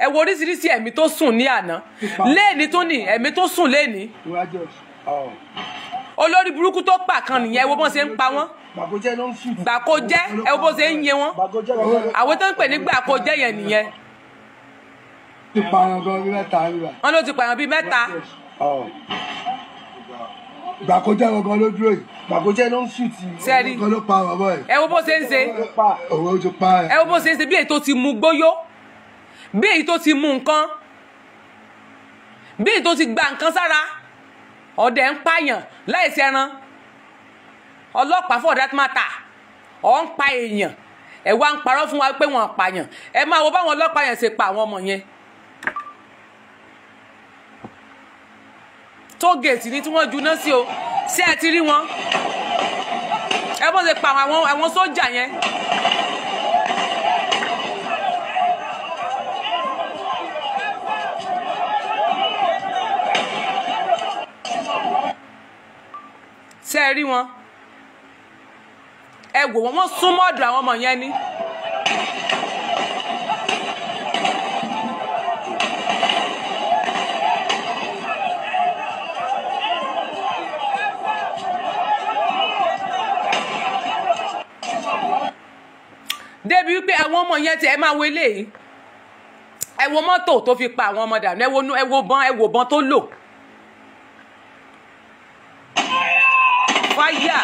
ẹ wo oríṣiríṣi ẹ̀mí tó sùn ní àná léèní tó ní ẹ̀mí tó sùn léèní olórí burúkú tó pa kan nìyẹn ẹ wo bọ́n ṣe ń pa wọ́n gbàkójẹ́ ló ń fi. gbàkójẹ́ ẹ bó ṣe ń yẹ wọn àwọn tó ń pè ní gbàkójẹ́ yẹn nìyẹn. ti pààyàn gan bíi mẹ́ta rírà. wọn ló ti pààyàn bíi mẹ́ta. gbàkójẹ́ gangan ló dúró yìí gbàkójẹ́ ló ń fi ti. sẹ́ẹ̀rì gangan ló pa bàbá yìí. ẹ wo bó ṣe ń ṣe. òwe ó ti pa ẹ. ẹ wo bó ṣe ń ṣe bí èyí tó ti mu gbóyó bí èyí tó ti mu nǹkan bí èyí tó ti gba nǹkan sára ọ̀dẹ̀ ń pààyàn láìsẹ̀ran ọlọ́pàá for that matter ọ̀ ń pa èèyàn ẹ wá ń parọ́ fún wa pé wọ́n pààyàn ẹ máa wo báwọn ọlọ́pàá yẹn ṣe pa àwọn ọmọ yẹn tóògèètì ni tí wọ́n juná sí o ṣé ẹ ti rí wọn ẹ bó ṣe pa àwọn àwọn sójà yẹn. ṣé ẹ rí wọn ẹ wò wọ́n wọ́n súnmọ́ ọ̀dọ̀ àwọn ọmọ yẹn ni. débi wípé àwọn ọmọ yẹn ti ẹ máa wo eléyìí ẹ wo mọ́tò tó fi pa àwọn ọmọ dànù ẹ wo ẹ wo bọn ẹ wo bọn tó lò. fáyà.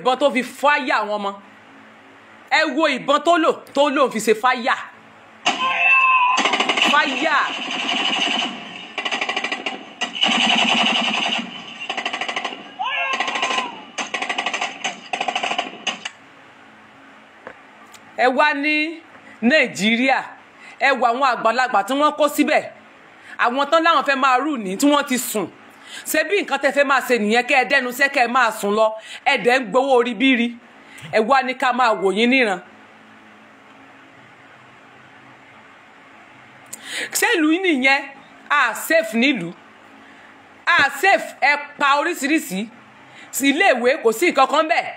ìbọn tó fi fáyà àwọn ọmọ ẹ wo ìbọn tó lò tó lò fi ṣe fáyà fáyà. ẹ wá ní nàìjíríà ẹ wo àwọn àgbàlagbà tí wọ́n kó síbẹ̀ àwọn tán láwọn fẹ́ máa rù ní tí wọ́n ti sùn ṣé bí nǹkan tẹ́ fẹ́ máa ṣe nìyẹn kẹ́ ẹ dẹ́nu sẹ́ kẹ́ ẹ máa sùn lọ ẹ dẹ̀ ń gbowó orí bírí ẹ wá ní ká máa wò yín níran. ṣèlú nìyẹn a safe nílùú a safe ẹ pa oríṣiríṣi iléèwé kò sí nǹkan kan bẹ́ẹ̀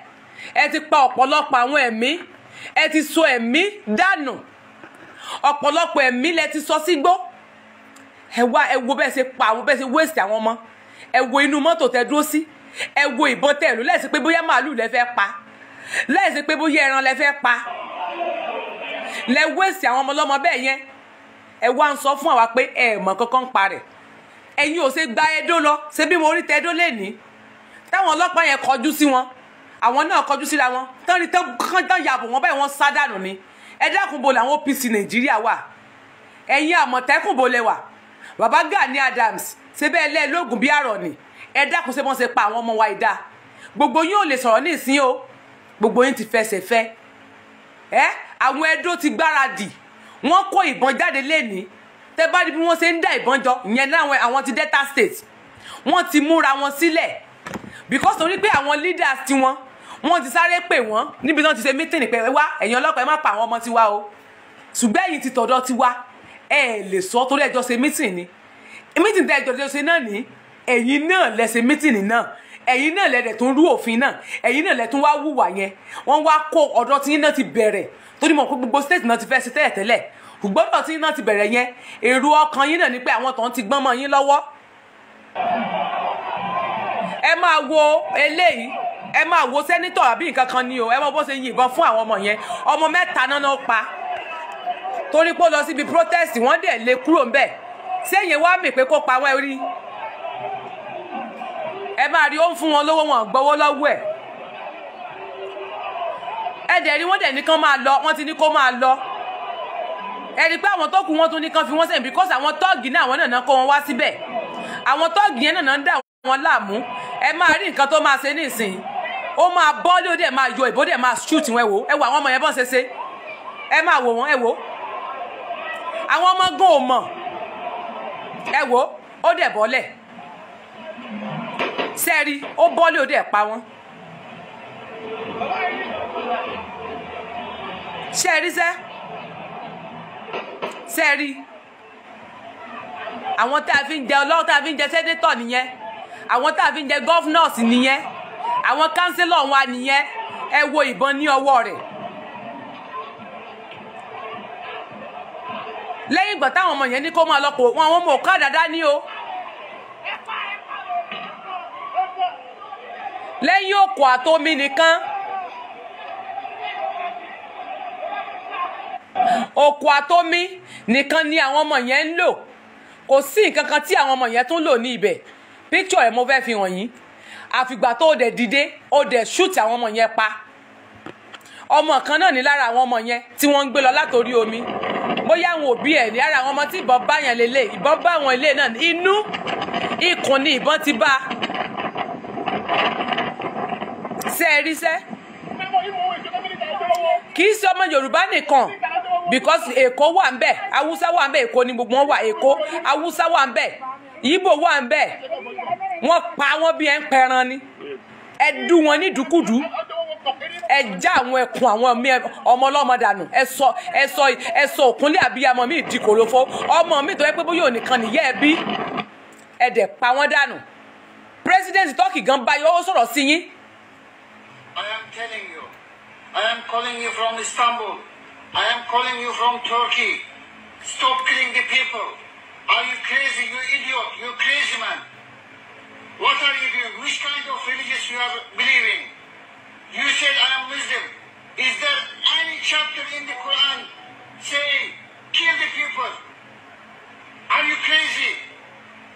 ẹ ti pa ọ̀pọ̀lọpọ̀ àwọn ẹ̀mí ẹ ti sọ ẹ̀mí dànù ọ̀pọ̀lọpọ̀ ẹ̀mí lẹ ti sọ sígbó ẹ wá ẹ wo bẹ́ẹ̀ ṣe pa àwọn bẹ́ẹ̀ ṣe wéèsì àwọn ọmọ ẹ wo inú mọ́tò tẹ dúró sí ẹ wo ìbọn tẹ lò lẹ́sìn pé bóyá màálù lẹ fẹ́ pa lẹ́sìn pé bóyá ẹran lẹ fẹ́ pa lẹ wéèsì àwọn ọmọ ọlọ́mọ bẹ́ẹ̀ yẹn ẹ wá ń sọ fún àwa pé ẹ mọ̀ kankan pa rẹ̀ ẹ̀yin ò ṣe gba ẹdó lọ ṣe bí mo rí tẹ ẹdó lẹ́ni táwọn ọlọ́pàá yẹn kọjú sí wọn àwọn náà kọjú síra wọn tán rí tán yàbò wọn báyìí wọn sá dànù ni ẹ dákun bo làwọn OPC Nàìjíríà wà ẹ̀yin Àmọ̀tẹ́kùn bo lẹ wà bàbá Gani Adams ṣe bẹ́ẹ̀ lẹ́ẹ̀ lóògùn bí àrọ̀ ni ẹ dákun ṣe wọ́n ṣe pa àwọn ọmọ wa ìdá gbogbo yín ò lè sọ̀rọ̀ ní ìsín o gbogbo yín ti fẹsẹ̀ fẹ́ ẹ àwọn ẹdó ti gbáradì wọ́n kó ìbọn jáde lénìí tẹ bá rí bí wọ́n ṣe ń dá ìbọn jọ ìyẹn láwọn àwọn ti Delta State wọ́n ti múra wọn sílẹ̀ because torí pé àwọn leaders tiwọn wọ́n ti sáré pè wọ́n níbi náà ti ṣe mítìnì pé wá ẹ̀yin ọlọ́pàá ẹ má pa àwọn ọmọ tiwa o ṣùgbọ́n ẹ̀yin ti tọ̀dọ̀ tiwa ẹ lè sọ torí ẹjọ́ ṣe mítìnì mítìn tẹ́ ìjọ ṣe náà ní ẹ̀yin náà lẹ́sẹ̀ mítìn náà ẹ̀yin náà lẹ́dẹ̀ tó ń rú òfin náà ẹ̀yin náà lẹ́tún wá wùwà yẹn wọ́n wá kó ọ̀dọ́ tí náà ti bẹ̀rẹ̀ tó ní mọ̀ pé gbogbo state náà ti fẹ́ ṣe tẹ́lẹ̀ tẹ́lẹ̀ ṣùgbọ́n ọ̀dọ́ tí náà ti bẹ̀rẹ̀ yẹn èrò ọkàn yín náà ni pé àwọn tó ń ti gbọ́n mọ́ yín lọ́wọ́ ẹ máa wo eléyìí ẹ máa wo sẹ́nítọ̀ àbí nǹkan kan ni o ẹ máa bó ṣe yìnbọn fún àwọn ọmọ yẹn ọmọ mẹ́ta náà náà pa torí pé ó lọ síbi protest wọ́n dẹ̀ lé kúrò ńbẹ̀ sẹ́yìn wá mì pé kó pa wá rí ẹ máa rí ó ń fún wọn lówó wọn gbowó lọ́wọ́ ẹ̀ ẹ dẹ̀ rí wọ́n dẹ̀ ní kán máa lọ wọ́n ti ní kó máa lọ ẹ rí i pé àwọn tó kù wọn tún ní kán fi wọ́n sẹ́yìn bíkọ́sì àwọn tọ́ọ̀gì náà àwọn náà kó wọn wá síbẹ̀ àwọn tọ́ọ̀gì yẹn náà ń dà wọn láàmú ẹ máa rí nǹkan tó máa ṣe ní ìsìn ó máa bọ́ọ̀lì ó dẹ̀ máa yọ ìbò dẹ̀ máa ṣúùtì wọn ẹ wò ẹ wò àwọn ọmọ yẹn bọ́n ṣe ṣe ẹ máa wò wọ́n ẹ wò àwọn ọmọ gan ò mọ̀ ẹ wo ó dẹ̀ bọ́lẹ̀ Sẹri, ó bọ́lẹ̀ ó dẹ̀ pa wọ́n Sẹri sẹ, sẹri, àwọn tá a fi ń jẹ ọlọ́run tá a fi ń jẹ sẹ́dẹ́tọ̀ nìyẹn àwọn tá a fi ń jẹ gọ́fúnọ̀sì nìyẹn àwọn kánsílọ̀ wa nìyẹn ẹ wo ìbọn ní ọwọ́ rẹ̀. lẹ́yìn ìgbà táwọn ọmọ yẹn ní kó máa lọ kó wọn àwọn ọmọ ọ̀ká dáadáa o lẹ́yìn òkò àtomi nìkan òkò àtomi nìkan ni àwọn ọmọ yẹn ń lò kò sí nǹkan kan tí àwọn ọmọ yẹn tún lò ní ibẹ̀ picture ẹ̀ mo fẹ́ fi hàn yín àfìgbà tó o dẹ̀ dìde o dẹ̀ shoot àwọn ọmọ yẹn pa ọmọ kan náà ní lára àwọn ọmọ yẹn tí wọ́n ń gbé lọ látòrí omi bóyá àwọn òbí ẹ̀ ní lára àwọn ọmọ tí ìbọn bá yẹn lélẹ̀ ìbọn bá àwọn ilé náà inú ikùn ni ìbọn ti bá ṣe é rí sẹ́ kì í ṣe ọmọ Yorùbá nìkan because Èkó wà ń bẹ̀ Haúsá wà ń bẹ̀ Èkó ni gbogbo wọn wà Èkó Haúsá wà ń bẹ̀ Ìgbò wà ń bẹ̀ wọ́n pa wọ́n bí ẹ̀ ń pẹran ni ẹ dú wọn ní dùkúdù ẹ já àwọn ẹkùn àwọn ọmọ ọlọ́mọ dànù ẹ sọ ẹ sọ ẹ sọ òkúnlé àbíyamọ mi di kòlófó ọmọ mi tó yẹ pé bóyá ònìkan nìyẹ ẹ bí ẹ dẹ̀ pa wọ́n dànù president turkey gan báyìí ó sọ̀rọ̀ sí yín. I am telling you I am calling you from Istanbul I am calling you from Turkey stop killing the people are you crazy you idiot you crazy man what are you doing which kind of religious you are believing. You said I am Muslim. Is there any chapter in the Quran saying kill the people? Are you crazy?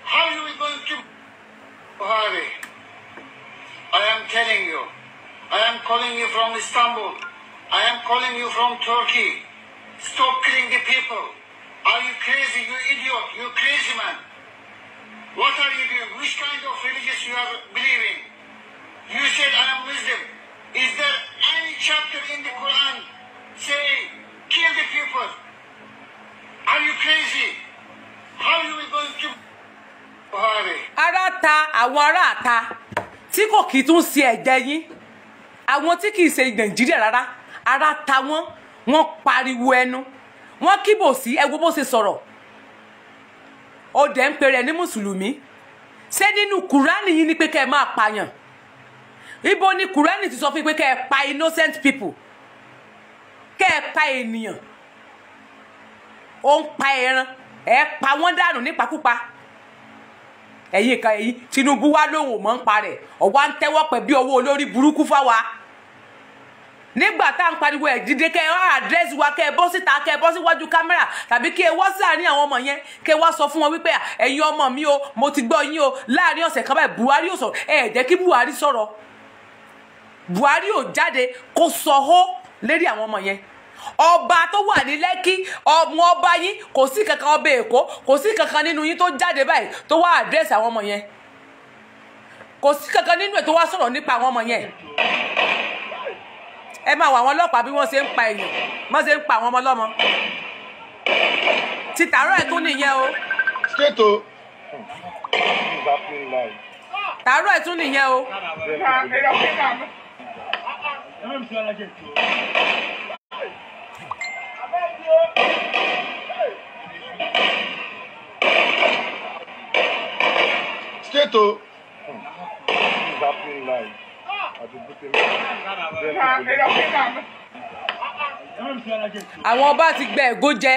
How are you going to Buhari? I am telling you. I am calling you from Istanbul. I am calling you from Turkey. Stop killing the people. Are you crazy? You idiot. You crazy man. What are you doing? Which kind of religious you are believing? You said I am Muslim. Is there any chapter in the Quran saying kill the people? Are you crazy? How are you going to Buhari? Ara ta àwọn ará ta tí kò kì í tún ṣe ẹ̀jẹ̀ yín àwọn tí kì í ṣe Nàìjíríà rárá ara ta wọ́n wọ́n pariwo ẹnu wọ́n kíbò sí ẹ wo bó ṣe sọ̀rọ̀ ó dẹ̀ ń pèrè ní mùsùlùmí ṣé nínú Kùránì yìí ni pé kẹ́ ẹ máa pààyàn ibo ni kùránì ti sọ fún pé kẹ́ ẹ pa innocent people kẹ́ ẹ pa ènìyàn ó ń pa ẹran ẹ pa wọ́n dànù nípakúpa ẹ̀yin kan ẹ̀yin Tinubu wá lóhùn ò mọ̀ ń parẹ̀ ọ̀wá ń tẹ́wọ́ pẹ̀ bí owó olórí burúkú fáwa nígbà tá à ń pariwo ẹ̀ dìde kẹ́ ẹ wá àdírẹ́sì wa kẹ́ ẹ bọ́ síta kẹ́ ẹ bọ́ síwájú kámẹ́rà tàbí kí ẹ wá sáàárín àwọn ọmọ yẹn kẹ́ ẹ wá sọ fún wọn wípé ẹ̀yin ọmọ mi o mo ti gbọ́ yín o láàárín ọ̀sẹ̀ kan báyìí Buhari ò sọ̀rọ̀ ẹ̀ jẹ́ kí Buhari sọ̀rọ̀ Buhari ò jáde kó sọhó lérí àwọn ọmọ yẹn ọba tó wà ní lẹ́kí ọmọ ọba yín kò sí kankan ọba èkó kò sí kankan nínú yín tó jáde báyìí tó wá àdírẹ́sì àwọn ọmọ yẹn kò sí kankan nínú ẹ̀ tó wá sọ̀rọ̀ nípa àwọn ọmọ yẹn ẹ máa wọ àwọn ọlọ́pàá bí wọ́n ṣe ń pa èèyàn wọ́n ṣe ń pa àwọn ọmọ ọlọ́mọ ti ẹ̀ tún nìyẹn o. ṣètò. tàárọ̀ ẹ̀ tún nìyẹn o straight o. àwọn ọba ti gbẹ ẹ̀gó jẹ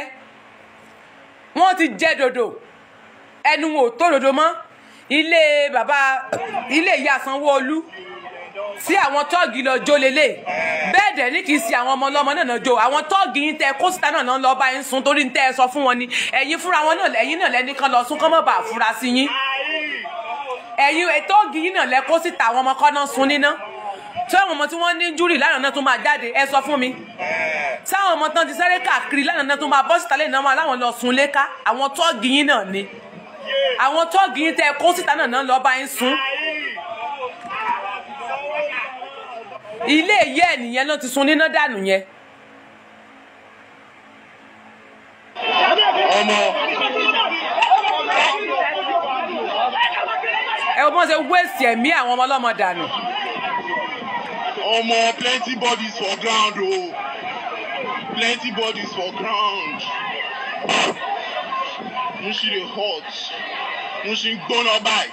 wọ́n ti jẹ dòdò ẹnu wọn ò tó dòdò mọ́ ilé bàbá ilé ìyá Sanwó-Olú sí àwọn tọ́ọ̀gì lọ jó lélẹ̀ bẹ́ẹ̀ dẹ̀ ní kì í sí àwọn ọmọ ọlọ́mọ náà jó àwọn tọ́ọ̀gì yín tẹ kó síta náà náà lọ bá yín sun torí tẹ ẹ sọ fún wọn ni ẹ̀yin fúnra wọn náà ẹ̀yin náà lẹ́ni kan lọ sun kán mọ̀ bá fura sí yín ẹ̀yin tọ́ọ̀gì yín náà lẹ kó síta àwọn ọmọ kan náà sun níná tí àwọn ọmọ tí wọ́n ní júrì lánàá náà tún máa jáde ẹ sọ fún mi sáwọn ọmọ tán ti sáré káàkiri lánàá náà tún máa bọ́ síta lẹ́yìn náà láwọn lọ sun léka àwọn tọ́ọ̀gì yín náà ni àwọn tọ́ọ̀gì yín tẹ kó síta náà náà lọ bá yín sun ilé ìyá ẹ̀ náà ti sun níná dànù yẹn. ẹ o ṣe wéèsì ẹ̀mí àwọn ọmọ ọlọ́mọ dànù. ọmọ plenty bodies for ground o oh. plenty bodies for ground. mo ṣì dey hot mo ṣì ń gbóná báyìí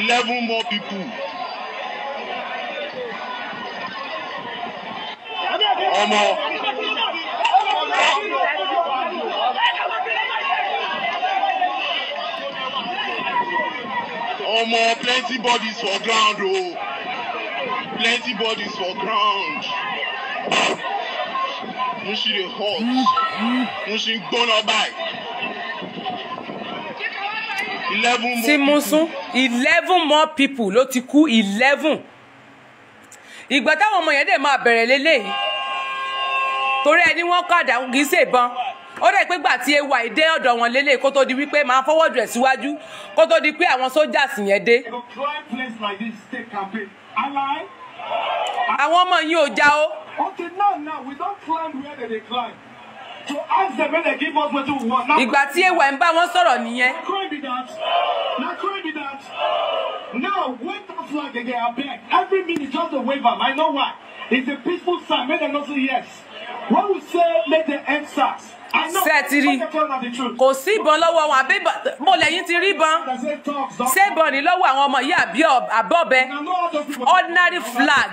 eleven more people. ọmọ. Omo, plenty bodies for ground, oh. Plenty bodies for ground. Mushi dey hot. Mushi gbóná báyìí. Eleven more. Simonson, eleven more people ló ti kú eleven. Ìgbà táwọn ọmọ yẹn dẹ̀ máa bẹ̀rẹ̀ lélẹ́yìí torí ẹni wọ́n kàdà kì í ṣèbọn ó dẹ̀ pé gbà tí ewu àìdé ọ̀dọ̀ wọn lélẹ̀ kó tó di wípé máa fọwọ́dù ẹ̀ síwájú kó tó di pé àwọn sójà sì yẹn dé. àwọn ọmọ yìí ò já o. ìgbà tí ewu ẹ̀ ń bá wọn sọ̀rọ̀ nìyẹn. Now, wave that flag again, I beg. Every minute, just a wave I know why. It's a peaceful sign. Make them not say yes. When we say make the end start. Sẹ́tìrì kò sí ìbọn lọ́wọ́ wọn àbí mo lẹ́yìn ti rí ìbọn ṣé ìbọn ní lọ́wọ́ àwọn ọmọ yìí àbí àbọ̀bẹ ordinary flag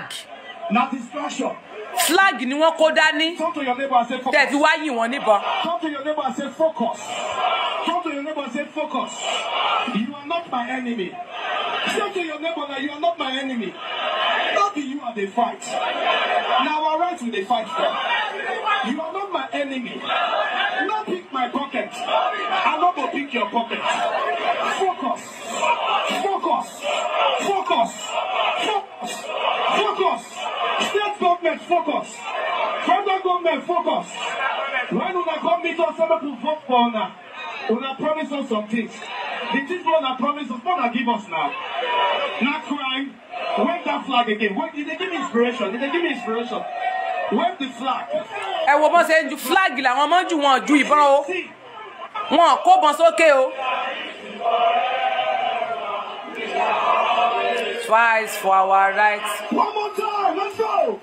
flag ni wọ́n kó dání tẹ̀fi wá yìn wọ́n níbọn. Talk to your neighbor and say focus. Talk to your neighbor and say focus. You are not my enemy. Say to your neighbor that you are not my enemy. Not you are the fight. Na our right we dey fight You are not my enemy. No pick my pocket. I no go pick your pocket. Focus. Focus. Focus. Focus. Focus. State government focus. Federal government focus. When una come meet us, Somebody to vote for una. Una promise us some things. The things una promise us, una give us now. Not crying. Wave that flag again. Wait, did they give me inspiration? Did they give me inspiration? Wave the flag. Ẹ wo bọ́n ṣe ń ju flag làwọn ọmọ ń ju wọn ju ìbọn o. Wọn kó bọ́n sókè o. Twice for our rights. One more time, let's go.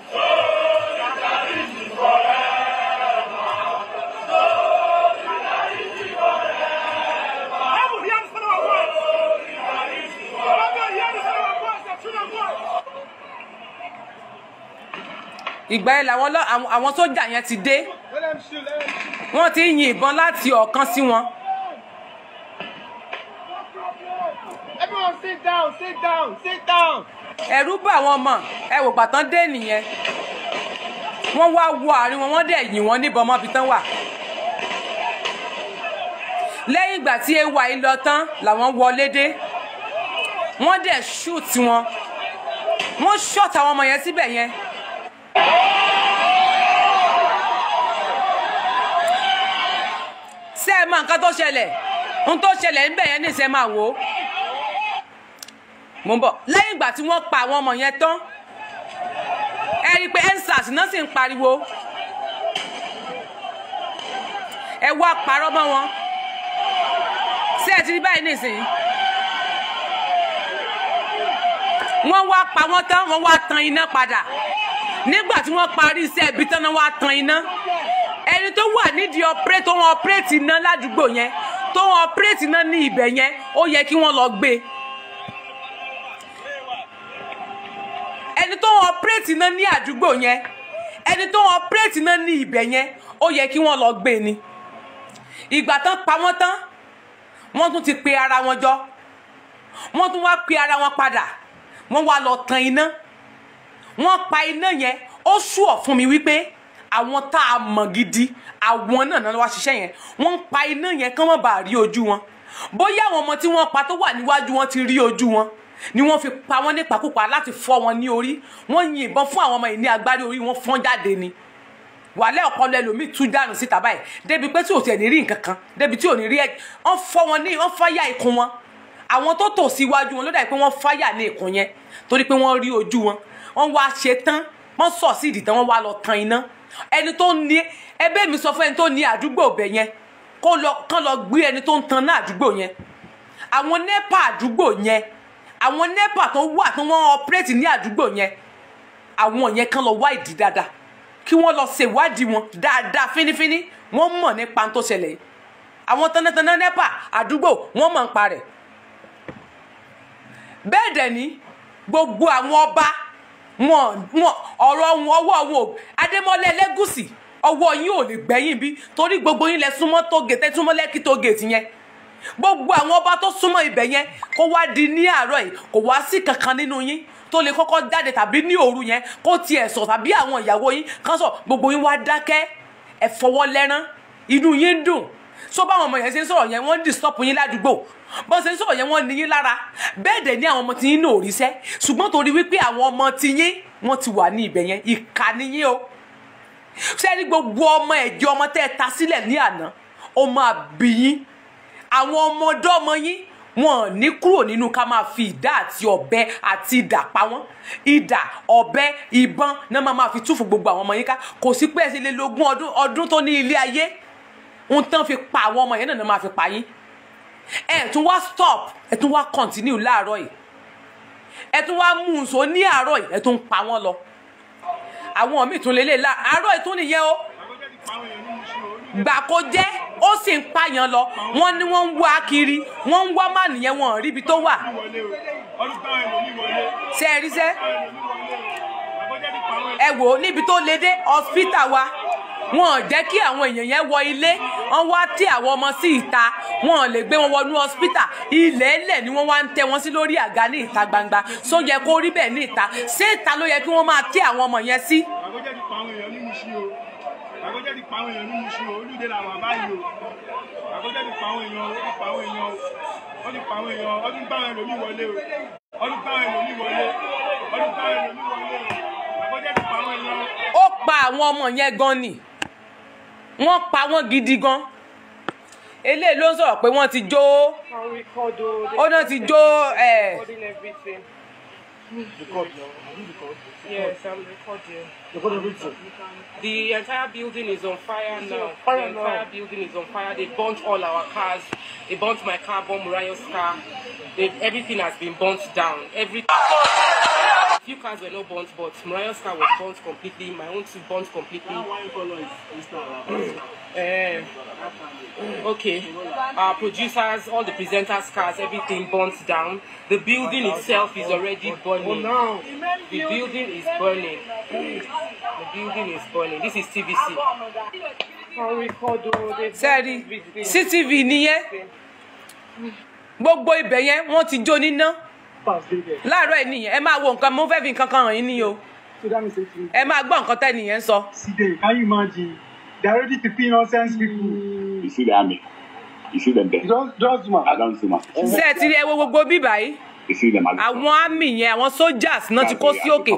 ìgbà yẹn làwọn sójà yẹn ti dé wọ́n ti ń yin ìbọn láti ọ̀kan sí wọn. down sit down sit down. ẹ̀rú bà wọ́n mọ̀ ẹ wò pàtán dé nìyẹn wọ́n wá wọ àárín wọn wọ́n dẹ̀ yìn wọ́n níbọn mọ́ fi tán wà. lẹ́yìn ìgbà tí ewa yìí lọ tán làwọn wọlé dé wọ́n dẹ̀ ṣùtì wọn wọ́n ṣọ́ọ̀tì àwọn ọmọ yẹn síbẹ̀ yẹn. ṣé ẹ mọ nǹkan tó ṣẹlẹ̀ ohun tó ṣẹlẹ̀ ń bẹ̀ yẹn nìṣẹ́ máa wò ó mo ń bọ̀ lẹ́yìn ìgbà tí wọ́n pa àwọn ọmọ yẹn tán ẹ rí i pé ensars náà sì ń pariwo ẹ wá parọ́ mọ́ wọn ṣé ẹ ti rí báyìí nísìnyí wọ́n wá pa wọ́n tán wọ́n wá tan iná padà nígbà tí wọ́n parí iṣẹ́ ibi tán náà wá tan iná ẹni tó wà nídìí ọpẹ́rẹ́ tó wọn ọpẹ́rẹ́ ti ná ládùúgbò yẹn tó wọn ọpẹ́rẹ́ ti ná ní ibẹ̀ yẹn ó yẹ kí wọ́n lọ gbé e. ọpẹ́rẹ́tì náà ní àdúgbò yẹn ẹni tó ń ọpẹ́rẹ́tì náà ní ibẹ̀ yẹn ó yẹ kí wọ́n lọ gbé ni ìgbà tán pa wọ́n tán wọ́n tún ti pe ara wọn jọ wọ́n tún wá pe ara wọn padà wọ́n wá lọ tan iná wọ́n pa iná yẹn ó ṣùọ̀ fún mi wípé àwọn tá a mọ̀ gidi àwọn náà náà wá ṣiṣẹ́ yẹn wọ́n ń pa iná yẹn kán mọ̀ bá rí ojú wọn bóyá àwọn ọmọ tí wọ́n pa tó wà níwájú wọn ti rí ojú wọn ni wọ́n fi pa wọ́n nípakúpa láti fọ́ wọn ní orí wọ́n yin ìbọn fún àwọn ọmọ yìí ní agbárí orí wọn fọ́n jáde ni wàhálà ọpọlọ ẹlòmíì tú dànù síta báyìí débi pé tí ò tiẹ̀ ní rí nǹkan kan débi tí ò ní rí ẹ̀ wọ́n fọ́ wọn ní wọ́n fáyà ikùn wọn àwọn tó tò síwájú wọn ló dàbí pé wọ́n fáyà ní ikùn yẹn torí pé wọ́n rí ojú wọn wọ́n wá ṣe tán wọ́n sọ̀ sí ìdìtàn wọ́n wá lọ tan iná ẹni tó ní ẹbẹ́ mi sọ fún ẹni tó ní àdúgbò ọbẹ̀ yẹn kó lọ kán lọ gbé ẹni tó ń tan náà àdúgbò yẹn àwọn nẹ́pà àdúgbò yẹn àwọn nẹ́pà tó wà tó wọ́n ọ̀pẹ́rẹ́tì ní àdúgbò yẹn àwọn yẹn kàn lọ wá ìdí dáadáa kí wọ́n lọ ṣèwádìí wọn dáadáa fínífíní wọ́n mọ̀ nípa tó ṣẹlẹ̀ yìí àwọn tannátanná nẹ́pà àdúgbò wọ́n mọ̀ nípa rẹ̀ bẹ́ẹ̀ dẹ̀ ni gbogbo àwọn ọba wọn wọn ọ̀rọ̀ wọn ọwọ́ wọn ò Adémọ́lá Ẹlẹ́gùṣì ọwọ́ yín ò lè gbẹ́yìn bí torí gbogbo yín lẹ súnmọ́ tóge tẹ́túmọ́lẹ́kì tóge tìyẹn gbogbo àwọn ọba tó súnmọ́ ibẹ̀ yẹn kó wá di ní àárọ̀ yìí kò wá sí kankan nínú yín tó lè kọ́kọ́ jáde tàbí ní òru yẹn kó tiẹ̀ sọ tàbí àwọn ìyàwó yín kan sọ gbogbo yín wá dákẹ́ ẹ fọwọ́ lẹ́rán inú yín dùn so báwọn ọmọ yẹn ṣe ń sọ̀rọ̀ yẹn wọ́n disturb yín ládùúgbò bọ́n ṣe ń sọ̀rọ̀ yẹn wọ́n ní yín lára bẹ́ẹ̀ dẹ̀ ní àwọn ọmọ tí yín náà ríṣẹ́ ṣùgbọ́n torí wípé àwọn ọmọ tí yín wọ́n ti wà ní ibẹ̀ yẹn ìkà ni yín o ṣé ní gbogbo ọmọ ẹ̀jẹ̀ ọmọ tẹ́ ẹ ta sílẹ̀ ní àná ó máa bí yín àwọn ọmọdọ́mọ yín wọn ní kúrò nínú ká máa fi ìdá àti ọ̀bẹ àti ìdà pa wọ́n ìdà ọ̀bẹ ìbọn náà máa máa fi túfò gbogbo àwọn ọmọ yín ká kò sí pé ẹsẹ̀ lè lógún ọdún ọdún tó ní ilé ayé ohun tán fi pa àwọn ọmọ yẹn náà máa fi pa yín ẹ tún wá stop ẹ tún wá continue láàárọ̀ yìí ẹ tún wá mú un so ní àárọ̀ yìí ẹ tún pa wọ́n lọ àwọn míì tún lélẹ̀ láàárọ̀ yìí tún nìyẹn o gbàkó jẹ́ ó sì ń pààyàn lọ wọ́n ní wọ́n ń wá kiri wọ́n ń wá mànìyẹn wọn ò ríbi tó wà. ṣe é rí sẹ́ ẹ wò ó níbi tó le dé hospital wa wọn ò jẹ́ kí àwọn èèyàn yẹn wọ ilé wọ́n wá tí àwọn ọmọ sí ìta wọn lè gbé wọn wọnú hospital ilẹ̀ ẹlẹ̀ ni wọ́n wá ń tẹ wọn sí lórí àga ní ìta gbangba só yẹ kó rí bẹ́ẹ̀ ní ìta ṣé ìta ló yẹ kí wọ́n máa tí àwọn ọmọ yẹn sí. àgọ́jẹ́ ti pa àwọn èèyàn nínú sí o àkójẹ́dì pa àwọn èèyàn nínú iṣu olùdé làwọn àbáyé o àkójẹ́dì pa àwọn èèyàn ó pa àwọn èèyàn wọ́n pa àwọn èèyàn ọdún bá àwọn ẹlòmíì wọlé o ọdún bá àwọn ẹlòmíì wọlé ọdún bá àwọn ẹlòmíì wọlé o àkójẹ́dì pa àwọn èèyàn. ó pa àwọn ọmọ yẹn gan ni wọ́n pa wọ́n gidi gan eléyìí ló ń sọ̀rọ̀ pé wọ́n ti jó ó náà ti jó ẹ̀. Eh. Yes, I'm recording. Recording everything. The entire building is on fire now. Fire the entire now. building is on fire. They burnt all our cars. They burnt my car, burnt Murayo's car. They've, everything has been burnt down. Every few cars were not burnt, but Mariah's car was burnt completely. My own too burnt completely. uh, hmm. eh, okay. Our producers, all the presenters' cars, everything burnt down. The building itself is already burning. Oh no! The building is burning. The building is burning. This is TVC. Sorry, CTV, niyẹn gbogbo ibẹ̀ yẹn wọ́n ti jó níná láàárọ̀ ẹ̀ nìyẹn ẹ máa wo nǹkan mo fẹ́ fi nǹkan kan hàn yín ní o ẹ máa gbọ́ nǹkan tẹ́ nìyẹn sọ. sídè can you imagine they are ready to pay nonsense people. you see the army you see them there. just just ma. i don see ma. ṣé ẹ ti rí ẹwọ gbogbo bíbá yìí àwọn àmì yẹn àwọn soldiers náà ti kó sí òkè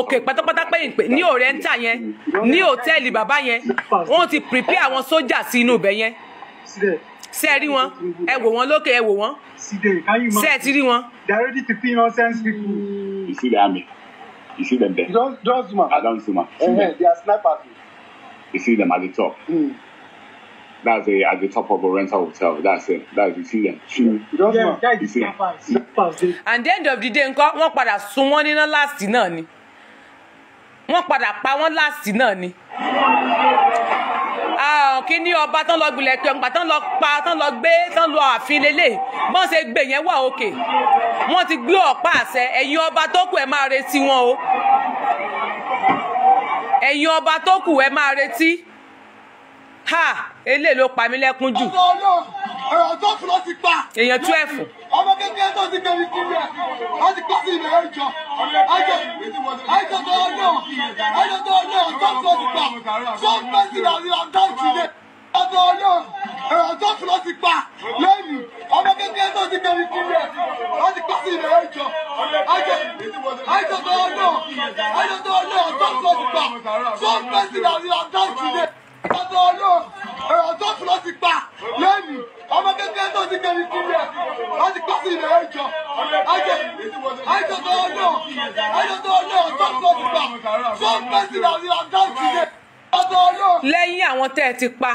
òkè pátápátá pẹ́yìn pé ní òrẹ́ńtà yẹn ní hòtẹ́ẹ̀lì bàbá yẹn wọ́n ti prepare àwọn soldiers sí inú ibẹ̀ yẹn ṣé ẹ rí wọn ẹ wò wọn lókè ẹ wò wọn ṣé ẹ ti rí wọn. they are ready to be nonsense people. you see the army you see them there. just just zoom out. i don zoom out. they are snipers. you see them at the top. Mm. That's a, at the top of a rental hotel. That's it. That's you see them. Shoot. Yeah, that is snappers. Snappers. And the end of the day, nǹkan wọ́n padà sun wọ́n níná last náà ni. Wọ́n padà pa wọ́n last náà ni. Ah, kíní ọba tán lọ gbilẹ̀ pé ọgbà tán lọ pa tán lọ gbé tán lọ àfin lélẹ̀ bọ́n ṣe gbé yẹn wà òkè wọ́n ti gbé ọ̀pá àṣẹ ẹ̀yin ọba tó kù ẹ̀ máa retí wọn o ẹ̀yin ọba tó kù ẹ̀ máa retí ha eléyìí ló pa mí lẹ́kún jù. ọ̀rọ̀ náà ọ̀rọ̀ tó kù ló ti pa. èèyàn twelve. ọmọ kékeré tó ti gbẹ̀rù kiri ẹ̀ wọ́n ti kọ́ sí ilẹ̀ ẹ̀jọ̀ ẹ̀jọ̀ tó náà ẹ̀jọ̀ tó náà tó kù ló ti pa tó ń bẹ́ sílẹ̀ àti àdáǹtì lẹ̀ ọ̀dọ̀ ọlọ́run ẹ̀rọ tó kù ló ti pa lẹ́nu ọmọ kékeré tó ti gbẹ̀rù kiri ẹ̀ wọ́n ti kọ́ sí ilẹ̀ ẹ̀jọ̀ ẹ̀jọ̀ tó náà ẹ̀jọ̀ tó náà tó kù ló ti pa tó ń bẹ́ sílẹ̀ àti àdáǹtì lẹ̀ ọba ọlọ́run ẹ̀rọ tó tún lọ ti pa lẹ́nu ọmọ kékeré tó ti kẹ́ni tí ilé wọ́n ti kọ́ sí ilẹ̀ ẹ̀jọ̀ àìsàn tó ọlọ́run àìsàn tó ọlọ́run tó tún lọ ti pa tó ń pè sí ìlànà àkáǹtì ilé ọba ọlọ́run. lẹ́yìn àwọn tẹ́ ẹ ti pa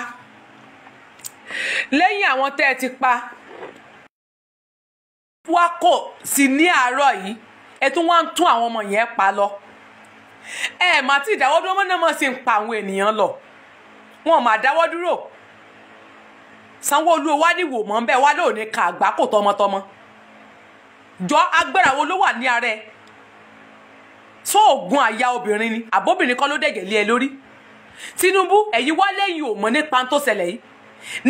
lẹ́yìn àwọn tẹ́ ẹ ti pa wákò sí ní àárọ̀ yìí ẹ tún wá ń tún àwọn ọmọ yẹn pa lọ ẹ má ti ìdáwọ́dúró mọ́nàmọ́sí ń pa àwọn ènìyàn lọ wọn mà dáwọ́ dúró sanwó-olú wa níwò mọ́ bẹ́ẹ̀ wá lóòní ka àgbákò tọmọtọmọ jọ agbára wo ló wà ní ara ẹ tó oògùn àyà obìnrin ni àbóbìnrin kọ́ ló dẹ̀jẹ̀ lé ẹ lórí Tinubu ẹ̀yin wá lẹ́yìn òmọ́ nípa tó ṣẹlẹ̀ yìí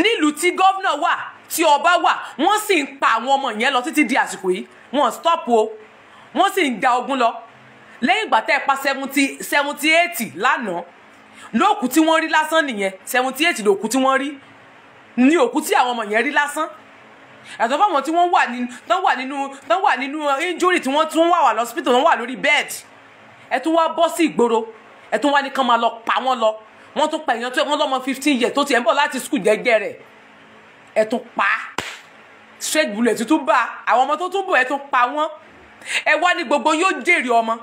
nílùú tí gọ́vnà wà tí ọba wà wọ́n sì ń pa àwọn ọmọ yẹn lọ títí di àsìkò yìí wọ́n stop o wọ́n sì ń da ogun lọ lẹ́yìn ìgbà tẹ́ ẹ pa seventy seventy eight lánàá lóòkú tí wọ́n rí lásán nìyẹn seventy eight lòkú tí wọ́n rí ní òkú tí àwọn ọmọ yẹn rí lásán àtọ́ fáwọn tí wọ́n wà nínú tán wà nínú tán wà nínú injury tí wọ́n tún wà wà lọ́sípítọ̀ tán wà lórí bed ẹ tún wá bọ́ sí ìgboro ẹ tún wá ní kán máa lọ pa wọ́n lọ wọ́n tún pa èèyàn tó wọ́n lọ́mọ fifteen years tó tiẹ̀ ń bọ̀ láti skul jẹ́jẹ́ rẹ̀ ẹ tún pa straight bullet tún bá àwọn ọmọ tó tún bọ̀ ẹ tún pa wọ́n ẹ wá ní gbogbo yóò jèrè ọmọ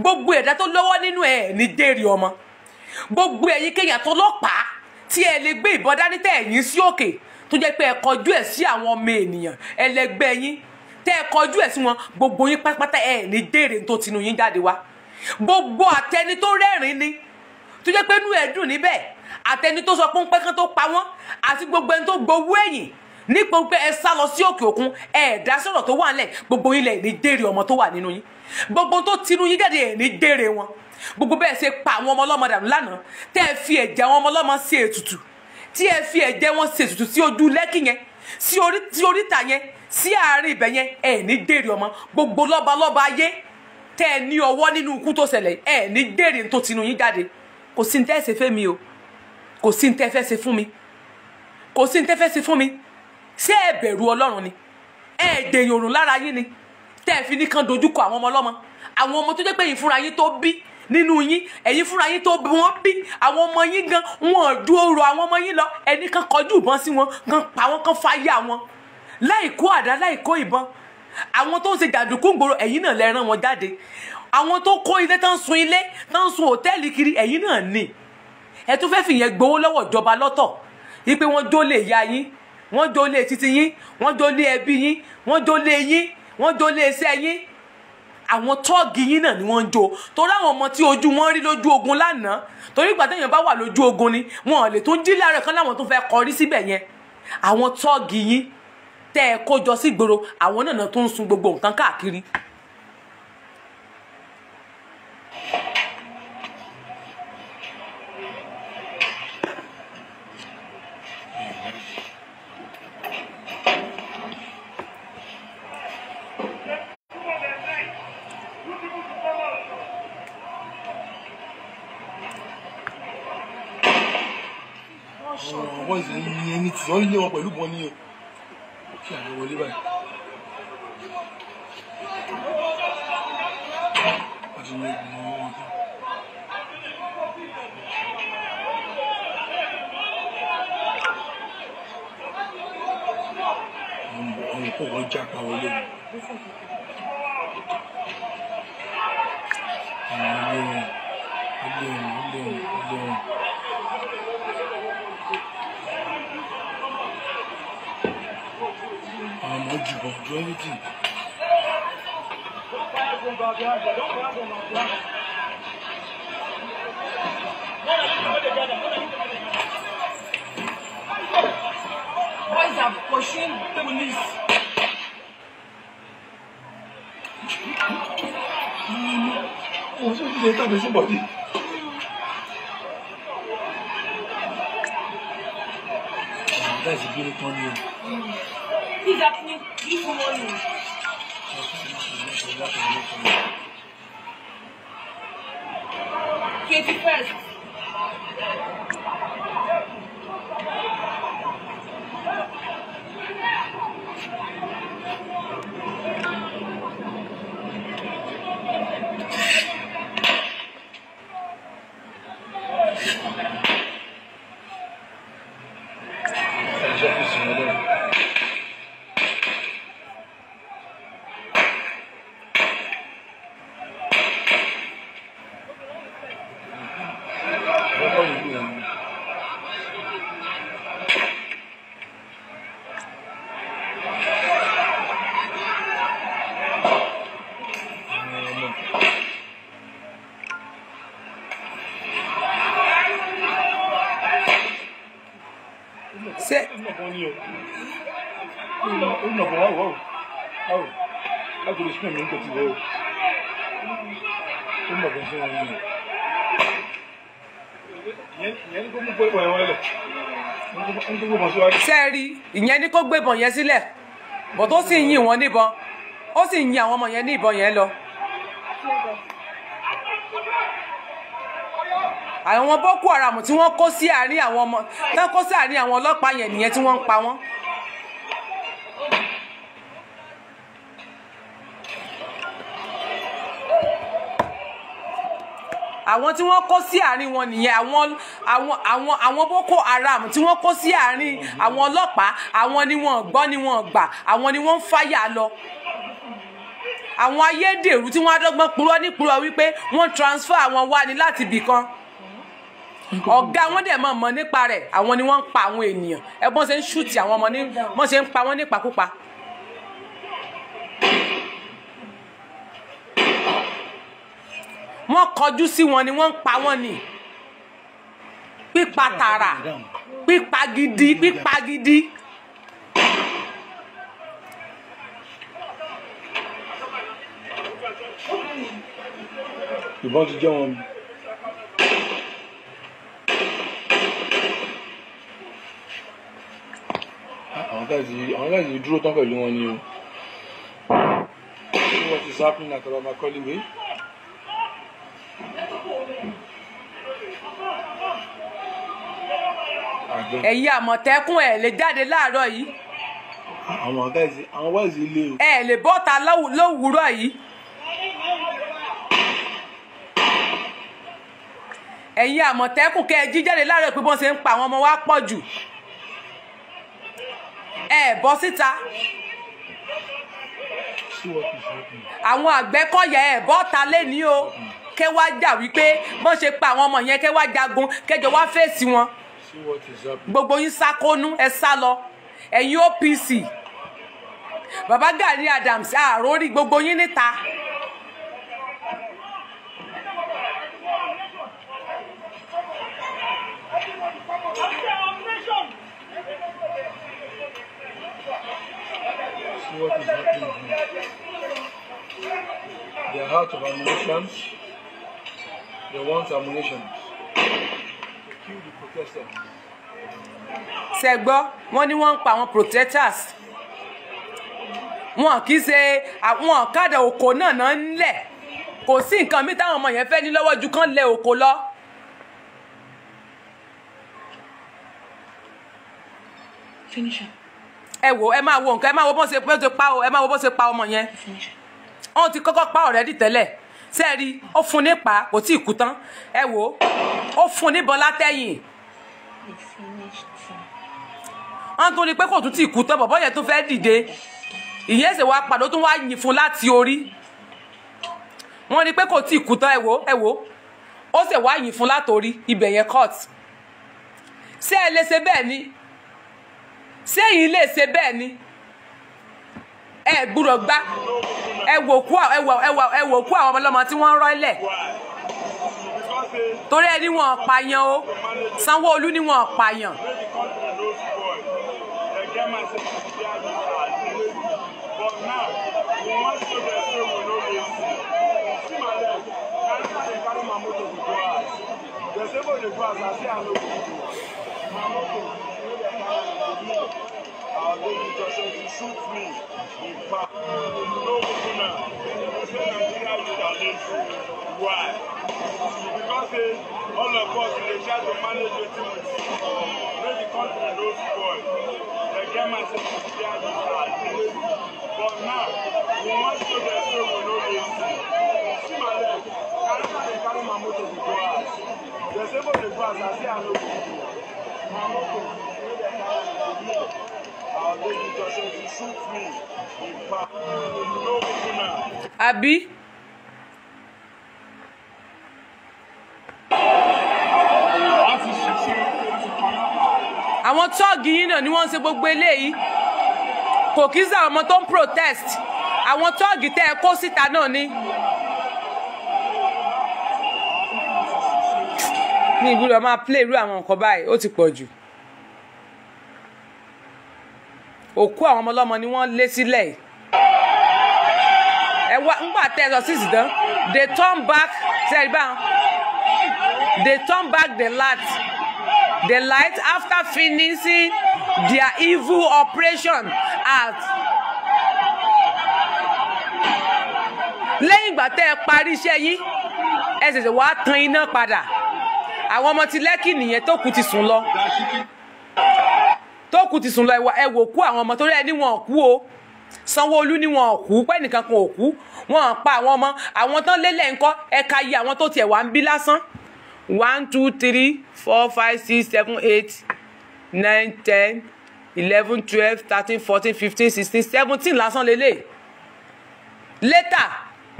gbogbo ẹ̀dá tó lọ́wọ́ nínú ẹ̀ ní jèrè ọmọ gbogbo ẹ̀yin kéèyàn tó lọ́pàá tí ẹ lè gbé ìbọn dání tẹ̀ ẹ̀yìn sí òkè tó jẹ́ pé ẹ kọjú ẹ̀ sí àwọn ọmọ ènìyàn ẹlẹgbẹ́ yín tẹ́ ẹ kọjú ẹ̀ sí wọn gbogbo yín pátápátá ẹ ní dèrè tó tinú yín jáde wá gbogbo àtẹni tó rẹ́rìn ni tó jẹ́ pé inú ẹ̀ dùn níbẹ̀ àtẹni tó sọ pé ń pẹ́ kán tó pa wọ́n àti gbogbo ẹni tó gbowó ẹ̀yìn nípa pé ẹ sá lọ sí òkè òkun ẹ dá sọ̀rọ̀ tó wà nílẹ̀ gbogbo yín ní dèrè ọmọ tó wà nínú yín gbogbo tó tinú yín jáde ẹ̀ ní dèrè wọn gbogbo bẹ́ẹ̀ ṣe pa àwọn ọmọ ọlọ́mọ dànù lánàá tẹ́ ẹ fi ẹ̀jẹ̀ àwọn ọmọ ọlọ́mọ ṣe ètùtù tí ẹ fi ẹ̀jẹ̀ wọn ṣe ètùtù sí ojú lẹ́kì yẹn sí oríta yẹn sí àárín ibẹ̀ yẹn ẹ ní dèrè ọmọ gbogbo lọ́balọ́ba ayé tẹ́ ẹ ní ọwọ́ nínú ikú tó ṣẹlẹ̀ ẹ ní dèrè tó tinú yín jáde kò sí ní tẹ́ ẹ ṣe fẹ́ mi o kò sí ní tẹ́ ẹ fẹ́ ṣe fún mi kò sí ní tẹ́ ẹ fẹ́ ṣe fún mi ṣé ẹ bẹ̀rù ọlọ́run ni ẹ dèèyàn òrùn lára yín ni tẹ́ ẹ fi ní kan dojúkọ àwọn ọmọ ọlọ́mọ àwọn ọmọ tó jẹ́ pé yín fúnra yín tó bí nínú yín ẹ̀yin fúnra yín tó wọ́n bí àwọn ọmọ yín gan wọn dúró ro àwọn ọmọ yín lọ ẹni kan kọjú ìbọn sí wọn kan pa wọn kan fáyà wọn láì kó àdá láì kó ìbọn àwọn tó ń ṣe jàdùkú gbòòrò ẹ̀yin náà lẹ rán wọn jáde àwọn tó kó ilé tán sun ilé tán sun hòtẹ́ẹ̀lì kiri ẹ̀yin náà ni ẹ tún fẹ́ fìyẹn gbowó lọ́wọ́ ìjọba lọ́tọ̀ yìí pé wọ́n jólè ya yín wọ́n jólè títí yín wọ́n jólè ẹbí yín wọ́n jólè yín wọ́n jólè iṣẹ́ yín àwọn tọ́ọ̀gì yín náà ni wọ́n ń jó torí àwọn ọmọ tí ojú wọn rí lójú ogun lánàá torí ìgbà téèyàn bá wà lójú ogun ni wọn ò lè tún jí láàárọ̀ kan láwọn tó fẹ́ kọrí síbẹ̀ yẹn àwọn tọ́ọ̀gì yín tẹ́ ẹ kó jọ sí gbòòrò àwọn náà tó ń sun gbogbo nǹkan káàkiri. wọ́n ṣe ń yin ẹni tí wọ́n lé wọn pẹ̀lú bọ́ọ̀ nìyẹn ó kí àná wọlé báyìí. wọ́n ti ní ìgbìmọ̀ wọn tán. àwọn kò wọ́n jápa wọlé mi. ilé wọn ilé wọn ilé wọn ilé wọn. méjì gbọ̀ngàn méjì. Boys are pushing police. Oh, so you later with somebody. Guys, you're beautiful. He's happening. Hijo first. sẹ́ẹ̀rí ìyẹn ní kó gbébọn yẹn sílẹ̀ bọ̀ tó sì yìn wọ́n níbọn ó sì yin àwọn ọmọ yẹn ní ìbọn yẹn lọ. àwọn boko haram tí wọ́n kó sí àárín àwọn ọmọ tí wọ́n kó sí àárín àwọn ọlọ́pàá yẹn nìyẹn tí wọ́n ń pa wọ́n. àwọn tí wọ́n kó sí àárín wọn nìyẹn àwọn àwọn àwọn àwọn Boko Haram tí wọ́n kó sí àárín àwọn ọlọ́pàá àwọn ni wọ́n gbọ́ ni wọ́n gbà àwọn ni wọ́n ń fáyà lọ àwọn ayédèrú tí wọ́n adọ́gbọ́n purọ́ ní purọ́ wípé wọ́n transfer àwọn wá ní láti ibì kan ọ̀gá wọn dẹ̀ mọ̀ mọ̀ nípa rẹ̀ àwọn ni wọ́n ń pa àwọn ènìyàn ẹ bọ́n ṣe ń ṣùtì àwọn ọmọ ní wọ́n ṣe ń pa wọ́n nípakúpa. wọ́n kọjú sí wọn ni wọ́n ń pa wọ́n ni pípa tààrà pípa gidi pípa gidi. ìbọn ti jẹ́ wọn. àwọn gáàsì dúró tán pẹ̀lú wọn ni o. wọ́n ti sápìn àtàwọn ọmọ akọ́lé wèé. ẹ̀yin àmọ̀tẹ́kùn ẹ̀ lè jáde láàárọ̀ yìí. àwọn ọ̀gá ẹ̀sìn àwọn ọ̀gá ẹ̀sìn lè. ẹ lè bọ́ta lówùúrọ̀ yìí. ẹ̀yin àmọ̀tẹ́kùn kẹ́ ẹ jí jáde láàárọ̀ pé bọ́n ṣe ń pa àwọn ọmọ wa pọ̀ jù. ẹ bọ́ síta. àwọn àgbẹ̀kọ̀yà ẹ bọ́ta lẹ́ni o kẹ́ wá jà wípé bọ́n ṣe pa àwọn ọmọ yẹn kẹ́ wá jagun kẹ́jọ wá fèsì wọn gbogbo yín sákónú ẹ sá lọ ẹ̀yin OPC baba Gani Adams àròrí gbogbo yín níta. See what is happening They are out of ammunition. They want ammunition kill the protesters. ṣe gbọ́ wọ́n ní wọ́n ń pa àwọn protesters wọn kì í ṣe àwọn ọ̀kadà oko náà náà ń lẹ̀ kò sí nǹkan mi táwọn ọmọ yẹn fẹ́ ní lọ́wọ́ ju kán lẹ oko lọ. Finish up ẹ wò ẹ máa wo nǹkan wo bó ṣe pa ọ ẹ máa wo bó ṣe pa ọmọ yẹn wọn ti kọ́kọ́ pa ọ̀rẹ́dì tẹ́lẹ̀ sẹ́ẹ̀rí ó fún nípa kò tí ì kú tán ẹ wò ó fún níbọn látẹ̀yìn wọ́n tún rí i pé kò tún tí ì kú tán bọ̀bọ́ yẹn tún fẹ́ dìde ìyẹn ṣe wá padà ó tún wá yìn fún láti orí wọ́n rí i pé kò tí ì kú tán ẹ wò ẹ wò ó ṣe wá yìn fún látòrí ibẹ̀ yẹn court ṣé ẹ lè ṣe bẹ́ẹ̀ ni ṣé èyí lè ṣe bẹ́ẹ̀ ni ẹ gbúdọ̀ gbá ẹ wò kú àwọn ọmọlọ́mọ tí wọ́n ń rọ́ ilẹ̀ torí ẹni wọn pààyàn o Sanwó-Olú ni wọn pààyàn. Shoot me. Why? Because they, all of us, they try to manage the team. Make the country those The They get myself to see how they are. But now, we want show them so we know they see. See my leg. I don't know carry my motor to go out. They say, go the grass, I say, I know. My motor àbí. àwọn tọ́ọ̀gì yín náà ni wọ́n ń ṣe gbogbo eléyìí kò kí í sá ọmọ tó ń protest àwọn tọ́ọ̀gì tẹ́ ẹ kó síta náà ni. ní ìwúlò máa play irú àwọn nǹkan báyìí ó ti pọ̀ jù. òkú àwọn ọmọ ọlọ́mọ ni wọ́n lé sílẹ̀ ẹ wá ńgbà tẹ ẹ sọ sí ìsìdán they turn back ṣe ẹ they turn back the light the light after finishing their evil operation at lẹ́yìn ìgbà tẹ ẹ parí iṣẹ́ yín ẹ ṣẹ̀ṣẹ̀ wá tan iná padà àwọn ọmọ ti lẹ́kì nìyẹn tó kù ti sùn lọ òkú ti sùn lọ ẹwà ẹwà òkú àwọn ọmọ torí ẹni wọn kú o sanwóolu ni wọn kú pẹ́ nìkan kan òkú wọn pa àwọn ọmọ àwọn tán lélẹ̀ ńkọ́ ẹ̀ka yìí àwọn tó tiẹ̀ wá ń bí lásán one two three four five six seven eight nine ten eleven twelve thirteen fourteen fifteen sixteen seventeen lásán lélẹ̀ létà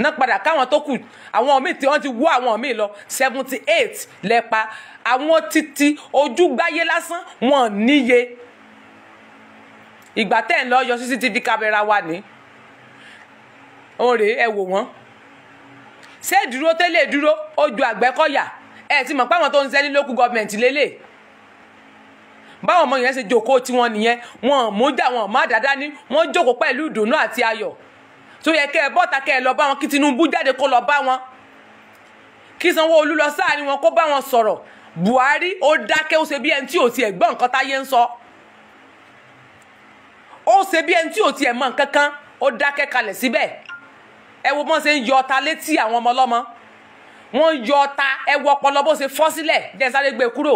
náà padà káwọn tó kù àwọn míì tí wọn ti wọ àwọn míì lọ seventy eight lẹ́pa àwọn títí ojúgbáyé lásán wọn níye ìgbà tẹ́ ń lọ yọ CCTV kámẹ́rà wa ní òǹrè ẹ wò wọ́n ṣé dúró tẹ́lẹ̀ dúró ó ju Àgbẹ̀kọ̀yà ẹ ti mọ̀ pé àwọn tó ń sẹ́ni lókù gọ́ọ̀mẹ̀ntì lélẹ̀ báwọn ọmọ yẹn ṣe jókòó tiwọn nìyẹn wọn ò mójà wọn ò má dáadáa ní wọn jókòó pẹ̀lú ìdùnnú àti ayọ̀ tó yẹ kẹ́ ẹ bọ́ta kẹ́ ẹ lọ bá wọn kí Tinubu jáde kó lọ bá wọn kí Sanwó-Olú lọ sáàrin wọn kó bá wọn sọ̀rọ̀ Buhari ó dákẹ́ ó ṣe bí ẹni tí ò tiẹ̀ gbọ́ nǹkan táyé ń sọ. So ó ṣe bí ẹni tí ò tiẹ̀ mọ̀ nǹkan kan ó dákẹ́ kalẹ̀ síbẹ̀ ẹ wo bọ́n ṣe ń yọ ọta létí àwọn ọmọ ọlọ́mọ wọ́n ń yọ ọta ẹ wo ọpọlọ bó ṣe fọ́ sílẹ̀ jẹ́ sáré gbé e kúrò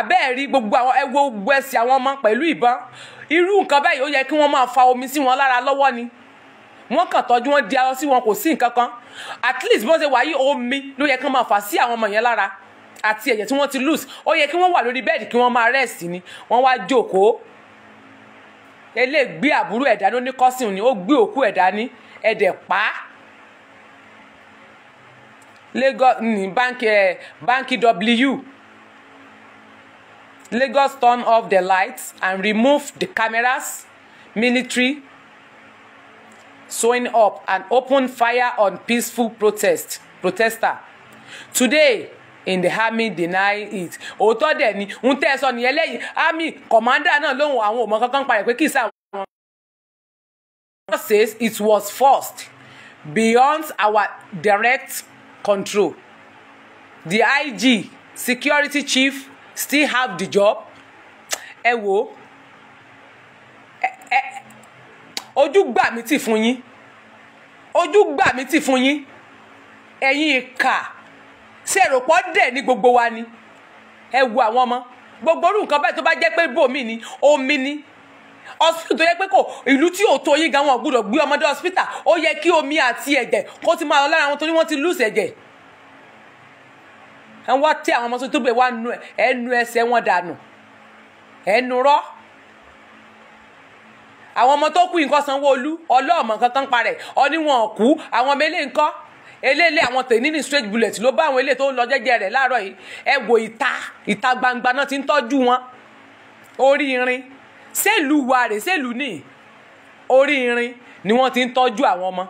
àbẹ́ẹ̀ rí gbogbo àwọn ẹ wo gbogbo ẹsẹ̀ àwọn ọmọ pẹ̀lú ìbọn irú nǹkan báyìí ó yẹ kí wọ́n máa fa omi sí wọn lára lọ́wọ́ ni wọ́n kàn tọ́jú wọn di arọ sí wọn kò sí nǹkan kan at least bọ́n ṣe wáyé omi ló yẹ kí wọ́n máa fà sí àwọn ọmọ yẹn lára àti ẹ̀jẹ̀ tí wọ́n ti lose ó yẹ kí wọ́n wà lórí bẹ́ẹ̀dì kí wọ́n máa rest ni wọ́n wá jókòó eléyìí gbé àbúrò ẹ̀ dání ó ní kọ́sìn ni ó gbé òkú ẹ̀ dání ẹ̀ dẹ̀ pa á Lagos ní báńkì ẹ̀ báńkì W Lagos turn off the lights and remove the cameras military showing up and open fire on peaceful protest protester today in the army deny it òótọ́ dẹ̀ ni ń tẹ́ sọ nìyẹn lẹ́yìn army commander náà lóhùn àwọn òmọ kankan parẹ̀ pé kì í sá àwọn. says it was forced beyond our direct control the IG security chief still have the job ẹ wo? ẹ ojú gbà mí tì fún yín ojú gbà mí tì fún yín ẹ̀yin ìkà ṣé èrò pọ̀ dẹ̀ ní gbogbo wa ni ẹ wo àwọn ọmọ gbogbo orú nǹkan báyìí tó bá jẹ́ pé bòmí ni omi ni hospital tó yẹ pé kò ìlú tí ò tó yín gan wọn gbúdọ̀ gbé ọmọdé hospital ó yẹ kí omi àti ẹ̀jẹ̀ kó ti máa lọ lára wọn torí wọ́n ti lose ẹ̀jẹ̀ ẹ wá tẹ àwọn ọmọ tó tóbi wá nu ẹnu ẹsẹ̀ wọn dànù ẹnu rọ àwọn ọmọ tó kú nǹkan sanwó-olú ọlọ́ọ̀mọ̀ nǹkan parẹ̀ ọ ní wọn kú àwọn ọmọ eléyìí nǹkan eléyìí àwọn tèmi ní straight bullet ló bá àwọn eléyìí tó ń lọ jẹ́jẹ́ rẹ̀ láàárọ̀ yìí ẹ wo ìta ìta gbangba náà ti ń tọ́jú wọn orí irin sẹ́ẹ̀lù wa rè sẹ́ẹ̀lù ní orí irin ni wọ́n ti ń tọ́jú àwọn ọmọ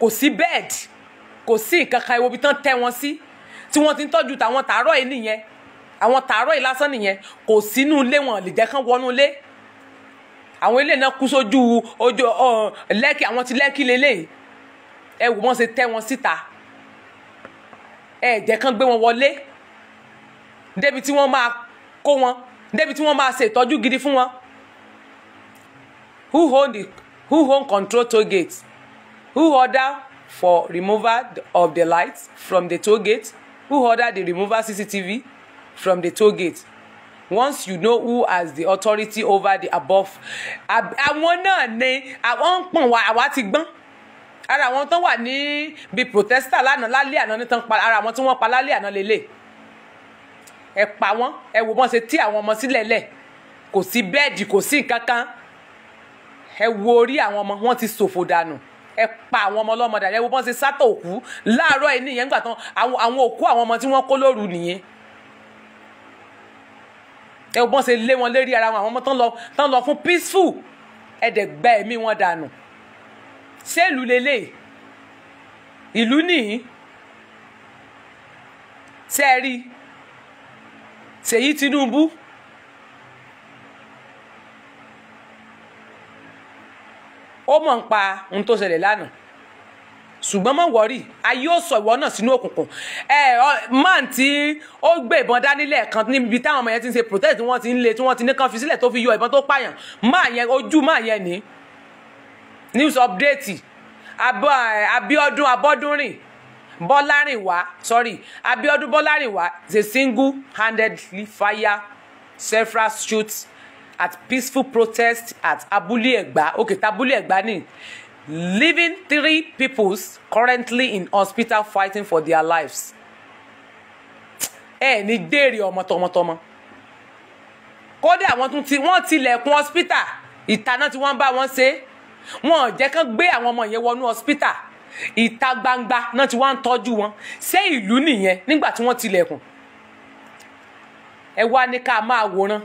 kò sí bed kò sí ìkankan ìwòbi tán tẹ́ wọn sí tí wọ́n ti ń tọ́jú tàwọn tàárọ̀ yìí nìyẹn àwọn tàárọ̀ yìí lásán nìyẹn kò sínú ilé wọn lè jẹ́ kán wọnú ilé àwọn ilé náà kú sójú ojú oh, lẹ́kì àwọn ti lẹ́kì lélẹ́yìí ẹ wò wọ́n ṣe tẹ́ wọn síta ẹ jẹ́ kán gbé wọn wọlé débi tí wọ́n máa kó wọn débi tí wọ́n máa ṣe ìtọ́jú gidi fún wọn who hold the who hold control toll gate who order for removal of the light from the toll gate who order the removal CCTV from the toll gate once you know who has the authority over the above àwọn náà ni àwọn ń pọ̀n wá àwa ti gbọ́n ara àwọn tó wà ní bíi protesta lánàá lálẹ́ àná ní tán pa ara àwọn tí wọ́n pa lálẹ́ àná lélẹ̀ ẹ pa wọ́n ẹ wò bọ́n ṣe tí àwọn ọmọ sílẹ̀ lẹ̀ kò sí bẹ́ẹ̀dì kò sí nǹkan kan ẹ wo orí àwọn ọmọ wọn ti ṣòfò dànù ẹ pa àwọn ọmọ ọlọ́mọ dànù ẹ wo bọ́n ṣe sátọ̀ òkú láàárọ̀ ẹ nìyẹn nígbà tán àwọn òkú àwọn ọmọ tí wọ́n kó lóru nìyẹn ẹ wo bọ́n ṣe lé wọn lérí ara wọn àwọn ọmọ tán lọ fún peaceful ẹ dẹ̀ gba ẹ̀mí wọn dànù ṣèlú lélẹ̀ ìlú nìyí ṣe é rí Ṣèyí Tinubu ó mọ̀ ń pa ohun tó ṣẹlẹ̀ lánàá ṣùgbọ́n mọ̀ wọ́rì ayé ó sọ ìwọ náà sínú òkùnkùn ẹ ọ man tí ó gbé ìbọn dání lẹ́ẹ̀kan níbi táwọn ọmọ yẹn ti ń ṣe protest tí wọ́n ti ń le tí wọ́n ti ní kan fi sílẹ̀ tó fi yọ ìbọn tó pààyàn máa yẹn ojú máa yẹn nìí news update Abíọ́dún eh, Abọ́dúnrìn Bọ́lárìnwá sorry Abíọ́dún Bọ́lárìnwá is a single-handedly fire several shoots at peaceful protest at Abúlé Ẹ̀gbá okay tabúlé Ẹ̀gbá ni leaving three people currently in hospital fighting for their lives. ẹ eh, ní gbèrè ọmọ tọmọtọmọ kódà wọ́n tún ti wọ́n tilẹ̀kùn hospital ìtaná tí wọ́n bá wọn ṣe é wọn ò jẹ́ kán gbé àwọn ọmọ yẹn wọnú hospital ìta gbangba náà ti wá ń tọ́jú wọn ṣé ìlú nìyẹn nígbà tí wọ́n tilẹ̀kùn ẹ wá ní ká máa wòran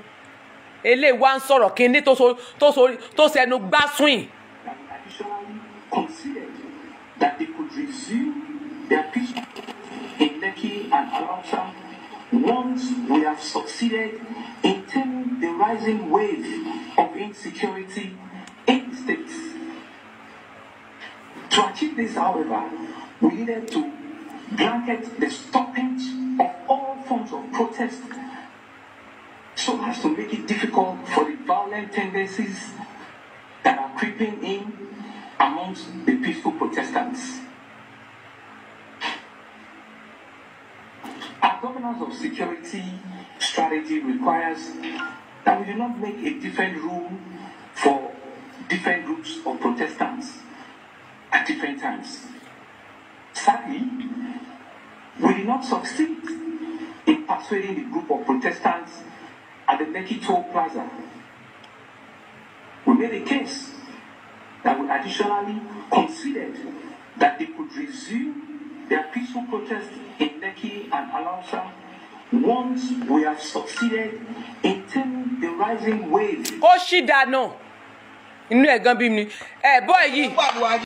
eléyìí wá ń sọ̀rọ̀ kíní tó sẹnu gbá sùn. Considered that they could resume their peace in Lekki and Arusha once we have succeeded in taming the rising wave of insecurity in the states. To achieve this, however, we needed to blanket the stoppage of all forms of protest so as to make it difficult for the violent tendencies that are creeping in amongst the peaceful protestants. Our governance of security strategy requires that we do not make a different rule for different groups of protestants. at different times. Sadly, we did not succeed in persuading the group of protesters at the Lekki Toll Plaza. We made a case that we additionally considered that they could resume their peaceful protest in Lekki and Alausa once we have succeeded in taming the rising wave. ó ṣì no, inú ẹ̀ gan bí mi ẹ̀ bọ́ yìí.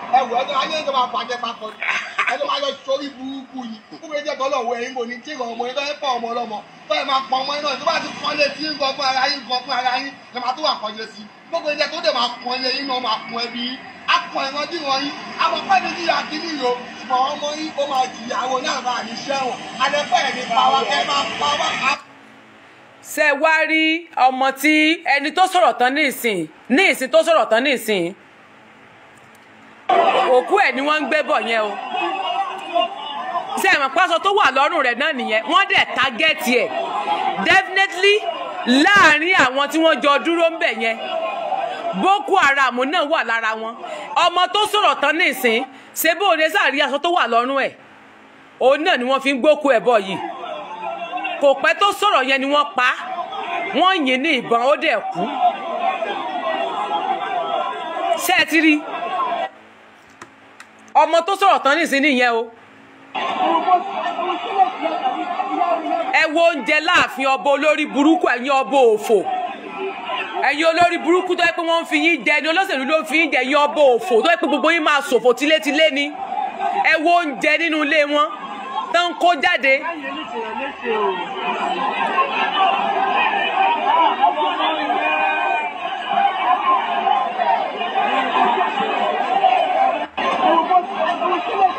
ẹwọ ẹni ayé ń jọba bàjẹ́ papọ̀ ni ẹni máa yọ sórí burúkú yìí kúkú ẹjẹ tó lọ́wọ́ ẹ̀yìn kò ní tí ìrọ̀ ọmọ ẹgbẹ́ pọ̀ ọmọ ọlọ́mọ fẹ́ẹ̀ máa pọ̀ ọmọ náà tó bá ti pọ́nlé sí ń fún ara yín gan fún ara yín lè máa tó wà pọ́nlé sí gbogbo ẹjẹ tó dẹ̀ máa pọ́nlé yín náà máa pọ́n ẹbí yín á ẹran dí wọn yín àwọn pẹ́ẹ́ni yíya kí ní ìró ṣùgbọ́n ọmọ yín ó máa jìyà àwọn onáàbà ní sẹ́wọ̀n adẹ́fẹ́ ẹ̀mí pa wá ẹ máa pa wá ṣe wá rí ọmọ tí ẹni tó sọ̀rọ̀ tán ní ìsìn ní ìsìn tó sọ̀rọ̀ tán ní ìsìn òkú ẹ̀ ni wọ́n ń gbé bọ̀ yẹn o ṣe é mọ̀ pásọ tó wà lọ́rùn rẹ̀ náà nìyẹn wọ́n dẹ̀ tágẹ́ẹ̀tì ẹ̀ definitely láàrin àwọn tí wọ́n jọ dúró ń bẹ̀ yẹn Boko Haram náà wà lára wọn ọmọ tó sọ̀rọ̀ tán nísìn ṣe bó ore sáà rí aṣọ tó wà lọ́rùn ẹ̀ òun náà ni wọ́n fi ń gbókù ẹ̀ bọ̀ yìí kò pẹ́ tó sọ̀rọ̀ yẹn ni wọ́n pa wọ́n yìn ní ìbọn ó dẹ̀ kú ṣé ẹ ti rí i ọmọ tó sọ̀rọ̀ tán nísìnyí nìyẹn o ẹ wo oúnjẹ láàfin ọba olórí burúkú ẹ̀yin ọba òfò ẹ̀yin olórí burúkú tó yẹ pé wọ́n ń fi yín jẹ ni olóṣèlú ló ń fi yín jẹ ẹ̀yin ọba òfò tó yẹ pé gbogbo yín máa ṣòfò tilétilé ni ẹ wo oúnjẹ nínú ilé wọn tó kó jáde. Thank you.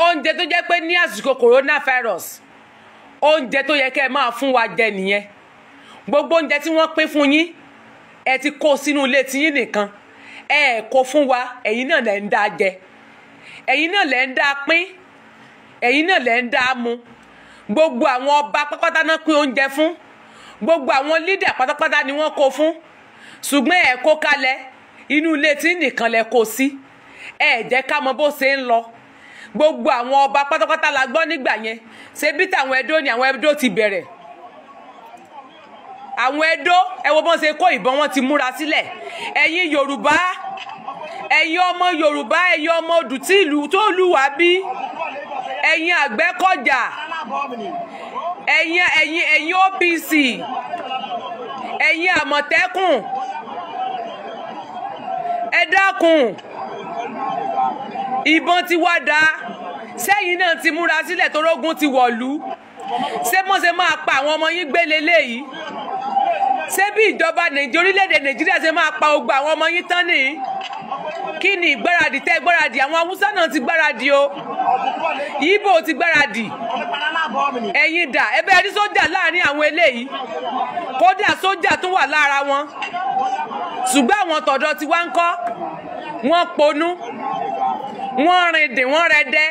oúnjẹ tó jẹ́ pé ní àsìkò coronavirus oúnjẹ tó yẹ kẹ́ ẹ máa fún wa jẹ nìyẹn gbogbo oúnjẹ tí wọ́n pín fún yín ẹ ti kó sínú ilé tiyín nìkan ẹ kó fún wa ẹ̀yin náà lẹ́ ń dá jẹ ẹ̀yin náà lẹ́ ń dá pín ẹ̀yin náà lẹ́ ń dá mu gbogbo àwọn ọba pátápátá náà pín oúnjẹ fún gbogbo àwọn lídà pátápátá ni wọ́n kó fún ṣùgbọ́n ẹ̀ kó kalẹ̀ inú ilé tí nìkan lẹ kó sí ẹ jẹ́ ká mọ bó ṣe ń lọ gbogbo àwọn ọba pátápátá la gbọ́ nígbà yẹn ṣebí táwọn ẹdó ni àwọn ẹdó ti bẹ̀rẹ̀ àwọn ẹdó ẹ wo bọ́n ṣe kó ìbọn wọn ti múra sílẹ̀ ẹ̀yin yorùbá ẹ̀yin ọmọ yorùbá ẹ̀yin ọmọ òdùtí ìlú tó lùwà bí ẹ̀yin àgbẹ̀kọ̀jà ẹ̀yin ẹ̀yin ẹ̀yin OPC ẹ̀yin àmọ̀tẹ́kùn ẹ dákun ìbọn ti wá da sẹ́yìn náà ti múra sílẹ̀ torógun ti wọ̀lú ṣé mo ṣe máa pa àwọn ọmọ yín gbé leléyìí ṣé bí ìjọba orílẹ̀-èdè nàìjíríà ṣe máa pa ogbà àwọn ọmọ yín tán nìyí kí ni ìgbáradì tẹ́ gbáradì àwọn haúsá náà ti gbáradì o ibo ti gbáradì ẹ̀yin dà ẹbẹ́ rí sójà láàrin àwọn eléyìí kódà sójà tún wà lára wọn ṣùgbọ́n àwọn tọ̀dọ̀ tiwa ń kọ́ wọ́n ponú wọ́n rìn dè wọ́n rẹ dẹ́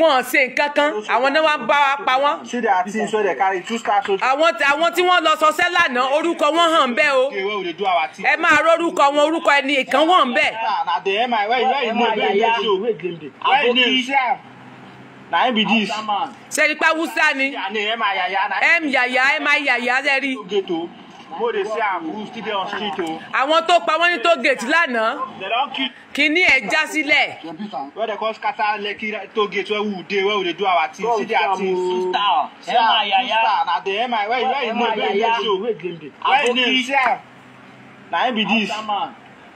wọn ṣe nǹkan kan àwọn náà wàá bá wa pa wọn. àwọn àwọn tí wọ́n lọ sọsẹ lánàá orúkọ wọn hàn bẹ́ẹ̀ o ẹ máa rórúkọ wọn orúkọ ẹni ìkan wọn hàn bẹ́ẹ̀ ah, ah, na m be dis. sẹ́ni pé awúsá ni m yàyà m yàyà sẹ́ni mo dey say abu still dey on street o. àwọn tó pa wọ́n ní tó gate lánàá. they kill. kínní ẹ̀ já sílẹ̀. wọ́n dey call scatter lekki tó gate where we dey where we dey do our thing see their thing. sista na the emma where you know where you show where you know see na him be dis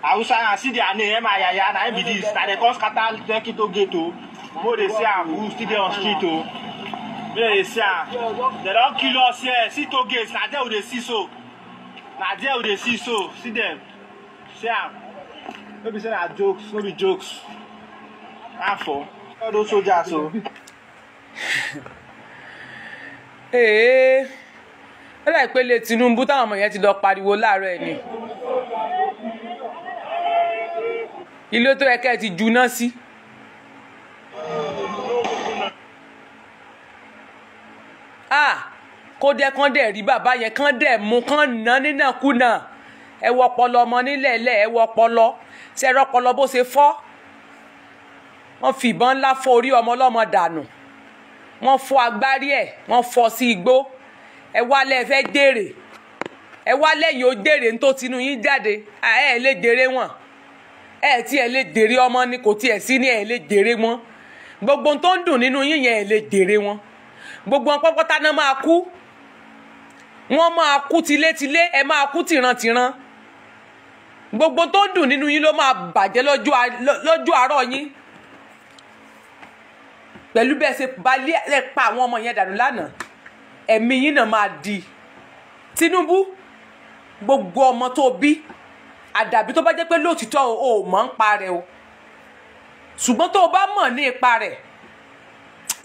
hausa see their name emma yaya na him dis na dey call scatter lekki tó gate o mo dey say abu still dey on street o. Yes, sir. They don't kill us here. See two gates. Now there we dey see so na there we dey see so see dem see am no be say na jokes no be jokes afọ all those soldiers o. Oh. ee eh, ó dà pé lè Tinubu táwọn ọmọ yẹn ti lọ pariwo láàárọ̀ ẹ̀ ni ilé tó yẹ kẹ́ ẹ ti juná sí. ah kó dẹ́ kán dẹ̀ rí bàbá yẹn kán dẹ̀ mú kán ná nínàkúnà ẹ wọ ọpọlọ ọmọ nílẹ̀ ẹlẹ́ ẹ wọ ọpọlọ sẹ́rọ ọpọlọ bó ṣe fọ́ wọ́n fìbọn ńlá fọ́ orí ọmọ ọlọ́mọ dànù wọ́n fọ́ agbárí ẹ̀ wọ́n fọ́ sí igbó ẹ wálẹ̀ ẹ fẹ́ dèrè ẹ wálẹ̀ yìí ó dèrè tó tinú yín jáde à ẹ̀ lè dèrè wọn ẹ̀ tí ẹ̀ lè dèrè ọmọ ni kò tiẹ̀ sí ní ẹ̀ lè dèrè wọn gbogbo tó ń dùn nínú yín yẹn ẹ̀ lè dèrè wọn gbogbo wọn pọ́pọ́tà máa kú wọ́n máa kú tilétilé ẹ máa kú tìrantìran gbogbo tó dùn nínú yín ló máa bàjẹ́ lọ́jọ́ àárọ̀ yín pẹ̀lú bẹ́ẹ̀ ṣe balẹ̀ ẹ pa àwọn ọmọ yẹn dànù lánàá ẹ̀mí yín náà máa di Tinubu gbogbo ọmọ tó bí àdàbí tó bá jẹ́ pé lóòtítọ́ o mọ̀ ń pa rẹ̀ o ṣùgbọ́n tó o bá mọ̀ ní ipa rẹ̀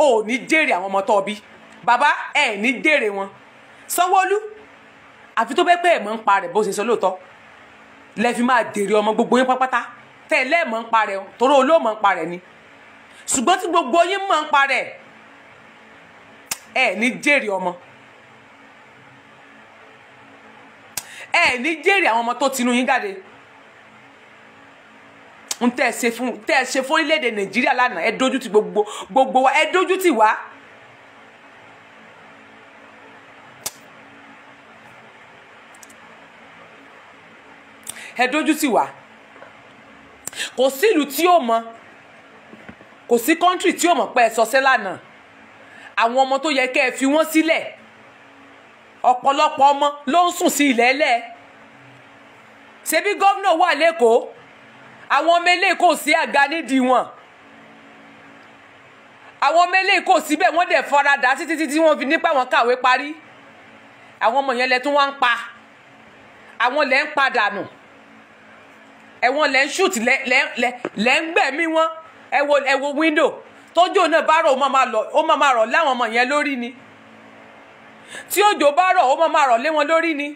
o ò ní jèrè àwọn ọmọ tó bí bàbá ẹ̀ ní jèrè wọn sanwóolu àfi tó bẹ́ẹ̀ pé ẹ̀mọ́ ń pa rẹ̀ bó ṣe sọ lóòótọ́ lẹ́ fi máa dèrè ọmọ gbogbo yín pápátá tẹ́ ẹ lẹ́ẹ̀mọ́ ń pa rẹ̀ torí olóòmọ́ ń pa rẹ̀ ni ṣùgbọ́n tí gbogbo yín mọ̀ ń pa rẹ̀ ẹ̀ ní jèrè ọmọ ẹ̀ ní jèrè àwọn ọmọ tó tinú yín jáde ń tẹ́ ẹ ṣe fún tẹ́ ẹ ṣe fún orílẹ̀ nàìjíríà lánàá ẹ dojú ti gbogbo gbogbo wa ẹ dojú ti wá. ẹ dojú tì wá kò sí ìlú tí ó mọ kò sí kọ́ńtì tí ó mọ̀ pé ẹ sọ sí lánàá àwọn ọmọ tó yẹ kẹ́ ẹ fi wọ́n sílẹ̀ ọ̀pọ̀lọpọ̀ ọmọ ló ń sùn sí ilẹ̀ ẹlẹ́ ṣebí gómìnà wà lẹ́kọ̀ọ́ àwọn ọmọ eléyìí sí àga nídìí wọn àwọn ọmọ eléyìí kò síbẹ̀ wọ́n dẹ̀ faradà títí títí wọ́n fi nípa wọn kàwé parí àwọn ọmọ yẹn lẹ tún wá ń pa àwọn lẹ́ ń padà nù. No ẹ̀wọ̀n lẹ́ ń ṣùtì lẹ́ ń gbẹ̀mí wọn ẹ̀wọ̀ ẹ̀wọ̀ wíńdò tójò náà bá rọ̀ ó máa lọ ó máa rọ̀ láwọn ọmọ yẹn lórí ni tí òjò bá rọ̀ ó máa rọ̀ lé wọn lórí ni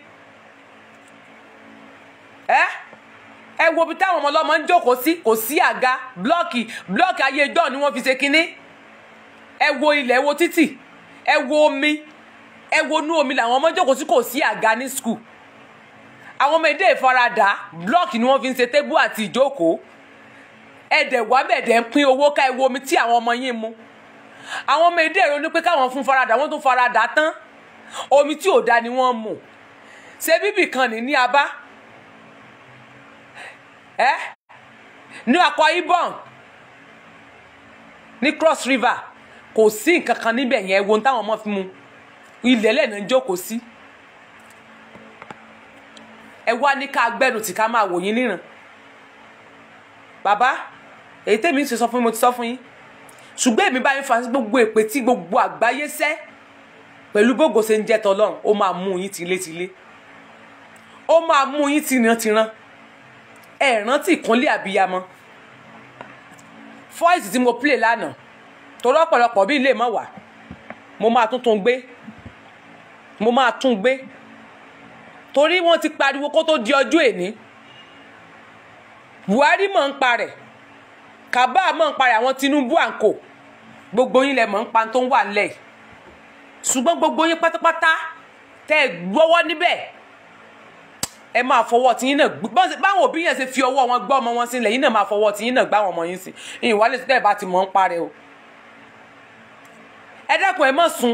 ẹ ẹ wo ibi táwọn ọmọ ọlọ́mọ ń jókòó sí kò sí àga blọọkì blọọkì ayé john ni wọ́n fi ṣe kínní ẹ wo ilẹ̀ ẹ wo títì ẹ wo omi ẹ wo inú omi làwọn ọmọ jókòó sí kò sí àga ní skul àwọn ọmọ èdè ìfaradà block ni wọ́n fi ń ṣe tébù àti ìjókòó ẹ̀dẹ̀ wábẹ̀dẹ̀ ń pín owó ká ewu omi tí àwọn ọmọ yín mu àwọn ọmọ èdè ronú pé káwọn fún faradà wọ́n tún faradà tán omi tí ò da ni wọ́n mu ṣé bíbì kan ní ní abá ẹ ní Akwa Ibom ní Cross River kò sí nǹkan kan níbẹ̀ yẹn ewu táwọn ọmọ fi mu ilẹ̀ lẹ́ẹ̀ ń jókòó sí. Si ẹ wá ní ká gbẹ́nu tí ká máa wò yín níran bàbá èyí tèmi ti sọ fún mi mo ti sọ fún yín ṣùgbọ́n èmi bá yín fa gbogbo èpè tí gbogbo àgbáyé sẹ́ pẹ̀lú bógo ṣe ń jẹ́ tọlọ́run ó máa mú yín tilétilé ó máa mú yín tirantiran ẹ rántí ìkúnlẹ̀ àbíyamọ fọ́ìsì tí mo play lánàá torí ọ̀pọ̀lọpọ̀ bí ilé mọ̀ wá mo máa tún gbé mo máa tún gbé torí wọ́n ti pariwo kó tó di ọjọ́ èní Buhari mọ̀ ń pa rẹ̀ Kaba mọ̀ ń pa rẹ̀ àwọn Tinubu àǹkò gbogbo yín lẹ mọ̀ ń pa tó ń wà ńlẹ̀ ṣùgbọ́n gbogbo yín pátápátá tẹ́ ẹ gbọ́wọ́ níbẹ̀ ẹ máa fọwọ́ tí yín náà báwọn òbí yẹn ṣe fi ọwọ́ wọn gbá ọmọ wọn sílẹ̀ yín náà máa fọwọ́ tí yín náà gbá àwọn ọmọ yín sí ìyìn wálé tẹ́ ẹ bá ti mọ̀ ń parẹ́ o ẹ dákun ẹ má sùn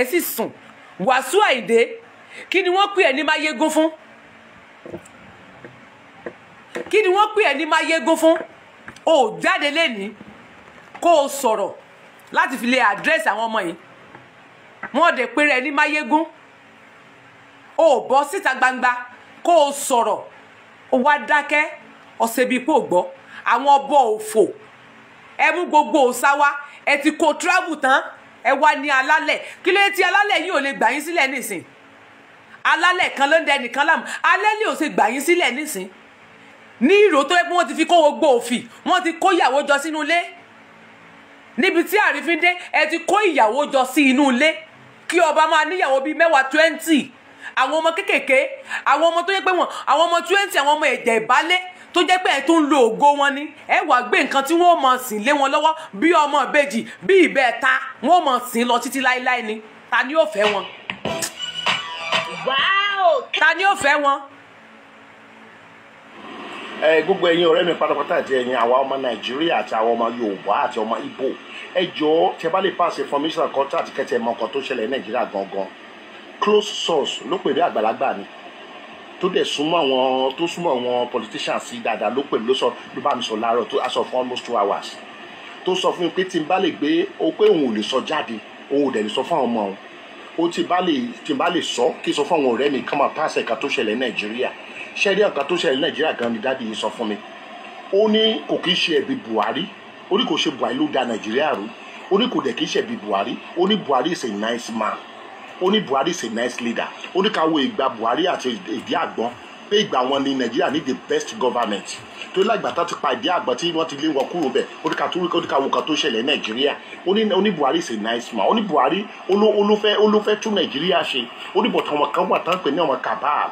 ẹ sì sùn Wàsíù Àyìndé kí ni wọ́n pè ẹ́ ní máyégún fún kí ni wọ́n pè ẹ́ ní máyégún fún o jáde lẹ́ni kó o sọ̀rọ̀ láti fi lè àdírẹ́sì àwọn ọmọ yìí wọ́n dẹ̀ pé rẹ̀ ní máyégún o bọ́ síta gbangba kó o sọ̀rọ̀ o wá dákẹ́ ọ̀sẹ̀ bíi pò gbọ́ àwọn ọbọ̀ òfò ẹ mú gbogbo òòṣà wá ẹ ti kó travel tán ẹ wá ní alálẹ̀ kí ló dé tí alálẹ̀ yìí ò lè gbà yín sílẹ̀ nísìnyí alálẹ̀ kan ló ń dẹ nìkan láàmú alẹ́ lè ò ṣe gbà yín sílẹ̀ nísìn ní ìró tó yẹ pé wọ́n ti fi kó gbogbo òfì wọ́n ti kó ìyàwó jọ sínú ilé níbi tí àrífín dé ẹ ti kó ìyàwó jọ sí inú ilé kí ọba máa níyàwó bíi mẹ́wàá twenty àwọn ọmọ kéékèèké àwọn ọmọ tó yẹ pé wọn àwọn ọmọ twenty àwọn ọmọ ẹ̀jẹ̀ ìbálẹ̀ tó jẹ́ pé ẹ̀ tó ń lo ògo wọn ni ẹ wà gbé nǹkan tí wọ́n mọ̀ sí lé wọn lọ́wọ́ bí ọmọ ìbejì bí ìbẹ́ẹ̀ta wọ́n mọ̀ sí lọ títí láéláé ni ta ni yóò fẹ́ wọn ta ni ó fẹ́ wọn. ẹ gbogbo ẹ̀yin ọ̀rẹ́ mi pátápátá àti ẹ̀yin àwa ọmọ nàìjíríà àti àwọn ọmọ yorùbá àti ọmọ ibo ẹ jọ̀ọ́ tẹ́ bá lè pass information kan tá àti kẹtẹ mọ nǹkan tó ṣẹlẹ̀ ní nàìjíríà gangan close source ló pè ní àgbàlagbà ni tó dẹ̀ súnmọ́ àwọn tó súnmọ́ àwọn politicians sí dáadáa ló pè ló sọ ló bá mi sọ láàárọ̀ tó aṣọ fún almost two hours tó sọ fún mi pé tí n bá lè gbé o pé òun ò lè sọ jáde òun ò dẹ̀ lè sọ fún àwọn ọmọ òun ó ti bá lè ti bá lè sọ kí sọ fún àwọn ọ̀rẹ́ mi kán máa pass ẹ̀ka tó ṣẹlẹ̀ nàìjíríà ṣẹ́rí ẹ̀ka tó ṣẹlẹ̀ nàìjíríà gan ni dáàdi yìí sọ fún mi ó ní kò kí ṣe ẹ̀bi buhari ó ní kò ṣe buhari ló da nàìjíríà rú ó ní kò dẹ̀ kí ṣe ẹ̀bi buhari ó ní buhari is a nice man ó ní buhari is a nice leader ó ní ká wo ìgbà buhari àti ìdí àgbọn pé ìgbà wọn ni nàìjíríà ní the best government tó lágbà tá ti pàdé àgbà tí wọ́n ti lé wọn kúrò bẹ̀ oríka tó oríka wo kan tó ṣẹlẹ̀ nàìjíríà oní buhari is a nice man oní buhari olófẹ́ olófẹ́ tún nàìjíríà ṣe oníbọ̀tán wọn kan wà tán pé ní àwọn kabab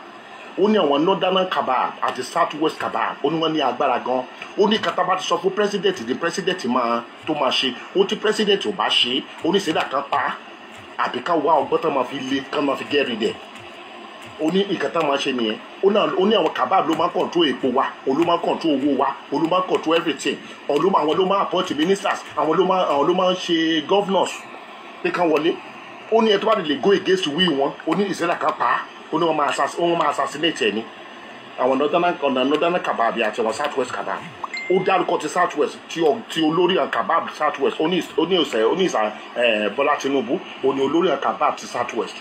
ó ní àwọn northern kabab àti south west kabab ó ní wọ́n ní agbára gan ó ní kataba ti sọ fún president ni president máa tó máa ṣe ó tí president ò bá ṣe oníṣẹ́dá kan pa àbíká wá ọgbọ́n tán máa fi lé kán máa fi gẹ́rì dẹ̀ ó ní nǹkan tá a máa ṣe nìyẹn ó ní àwọn kabab ló máa ń control epo wa òun ló control owó wa òun ló máa ń control everything àwọn ló máa appoint ministers àwọn ló máa àwọn ló máa ń ṣe governors pé kán wọlé ó ní ẹ tó bá lè go against will wọn ó ní ìṣẹ̀lẹ̀ kan pa á ó ní wọ́n máa assassinate ẹ̀ ni àwọn ọ̀nà northern kabab àti àwọn south west kabab ó dárúkọ ti south west ti ọ ti olórí akabab south west ó ní ìsẹ ó ní ìsà Bọ́lá Tinubu ó ní olórí akabab ti south west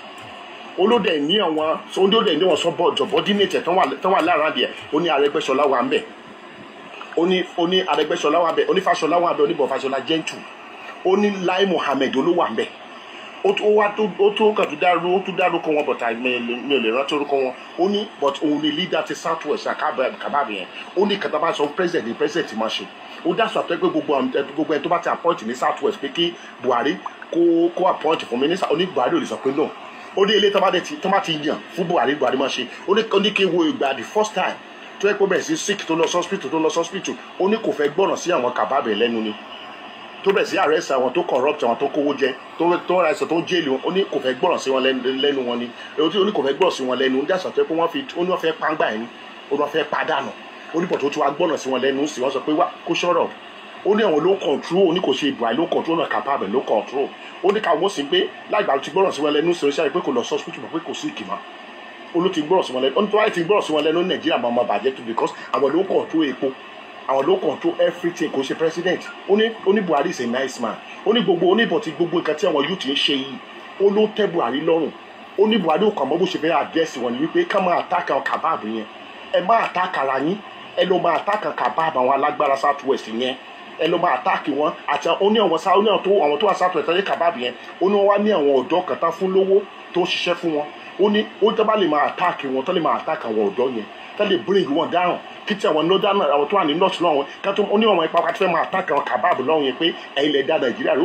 olóde ní àwọn olóde ní wọn sọ́bọ̀ jọ̀bọ́dínẹ̀tẹ̀ tán wà lára díẹ̀ ó ní Arẹ́gbẹ́ṣọlá wà ń bẹ̀ ó ní ó ní Arẹ́gbẹ́ṣọlá wà ń bẹ̀ ó ní Fáṣọlá wà ń bẹ̀ ó ní bọ̀fáṣọlá gentle ó ní Lai Muhammed olówó à ń bẹ̀ ó wá ó tó kàn tó dárú ó tó dárú kọ wọn but mi ò lè rántí orúkọ wọn ó ní but òun ni leader ti south west kábàbí yẹn ó ní kàtàbà sọ president ni president máa ṣe ó dásọ àtọ́ pé gbogbo gbogbo ẹni tó bá ti appoint ní south west pé kí Buhari kó kó appoint fún minister ó ní Buhari ò lè sọ pé náà ó ní ilé tọ́mátì tí tọ́mátì yàn fún Buhari Buhari máa ṣe ó ní kí n wo ìgbà the first time tó yẹ kó bẹ̀rẹ̀ sí sick tó lọ sọ́spítù tó lọ sọ́spítù ó ní kò fẹ́ gbọ́ràn sí àwọn kàbábẹ̀ lẹ́nu ni tó bẹ̀rẹ̀ sí arrest àwọn tó corrupt àwọn tó kówó jẹ tó ra ẹsẹ̀ tó ń jẹ́lì wọn ó ní kò fẹ́ gbọ́ràn sí wọn lẹ́nu wọn ni èyí tí ó ní kò fẹ́ gbọ́ràn sí wọn lẹ́nu ó ní àṣà tó yẹ kó wọ́n fi ó ní wọ́n fẹ́ pàǹgbà yẹn ó ní wọ́n fẹ́ padànù ó ní pọ̀ tó tún wá gbọ́ràn sí wọn lẹ́nu sí wọ́n sọ pé wá kó ṣọ́rọ̀ ó ní àwọn ló ń control ó ní kò ṣe ìdùnnà ló ń control náà kápá àbẹ̀ ló ń control ó ní ká wọ́n sí pé láìgbà tí gbọ́rọ̀ sí wọn lẹ́nu ṣe ṣe pé kò lọ sọ hospital mọ̀ pé kò sí ìkìmọ̀ olú ti gbọ́rọ̀ sí wọn lẹ́nu ó ní tó wáyé ti gbọ́rọ̀ sí wọn lẹ́nu nàìjíríà máa ma bàjẹ́ tó because àwọn ló ń control epo àwọn ló control everything kò ṣe president ó ní ó ní buhari is a nice man ó ní gbogbo oníbọ̀ ti gbogbo nǹkan tí àwọn youth ń ṣe yìí ó ló ń tẹ́ buhari lọ́rùn ó ní buhari ò kàn mọ́ bó ṣe fẹ́ àdírẹ́sì wọn ni wípé ká máa àtàkà kàbáàbù yẹn ẹ máa àtàkà ara yín ẹ lọ máa àtàkà kàbáàbù àwọn alágbára south west yẹn ẹ ló máa àtáàkì wọn àti ó ní àwọn ó ní àwọn tó àwọn tó wà sáà tó ẹ̀tọ́ yẹ kàbáàbì yẹn ó ní wọn wá ní àwọn ọ̀dọ́ kan tán fún lówó tó ṣiṣẹ́ fún wọn ó ní ó tẹ́ bá lè máa àtáàkì wọn tán lè máa àtáàkì àwọn ọ̀dọ́ yẹn tán bring wọn down kìtì àwọn ló dáná àwọn tó wà ní north lọ́wọ́ ká tó ó ní àwọn ipa pàtó fẹ́ máa àtáàkì àwọn kàbáàbì lọ́wọ́ yẹn pé ẹ̀yin lẹ̀ dá Nàìjíríà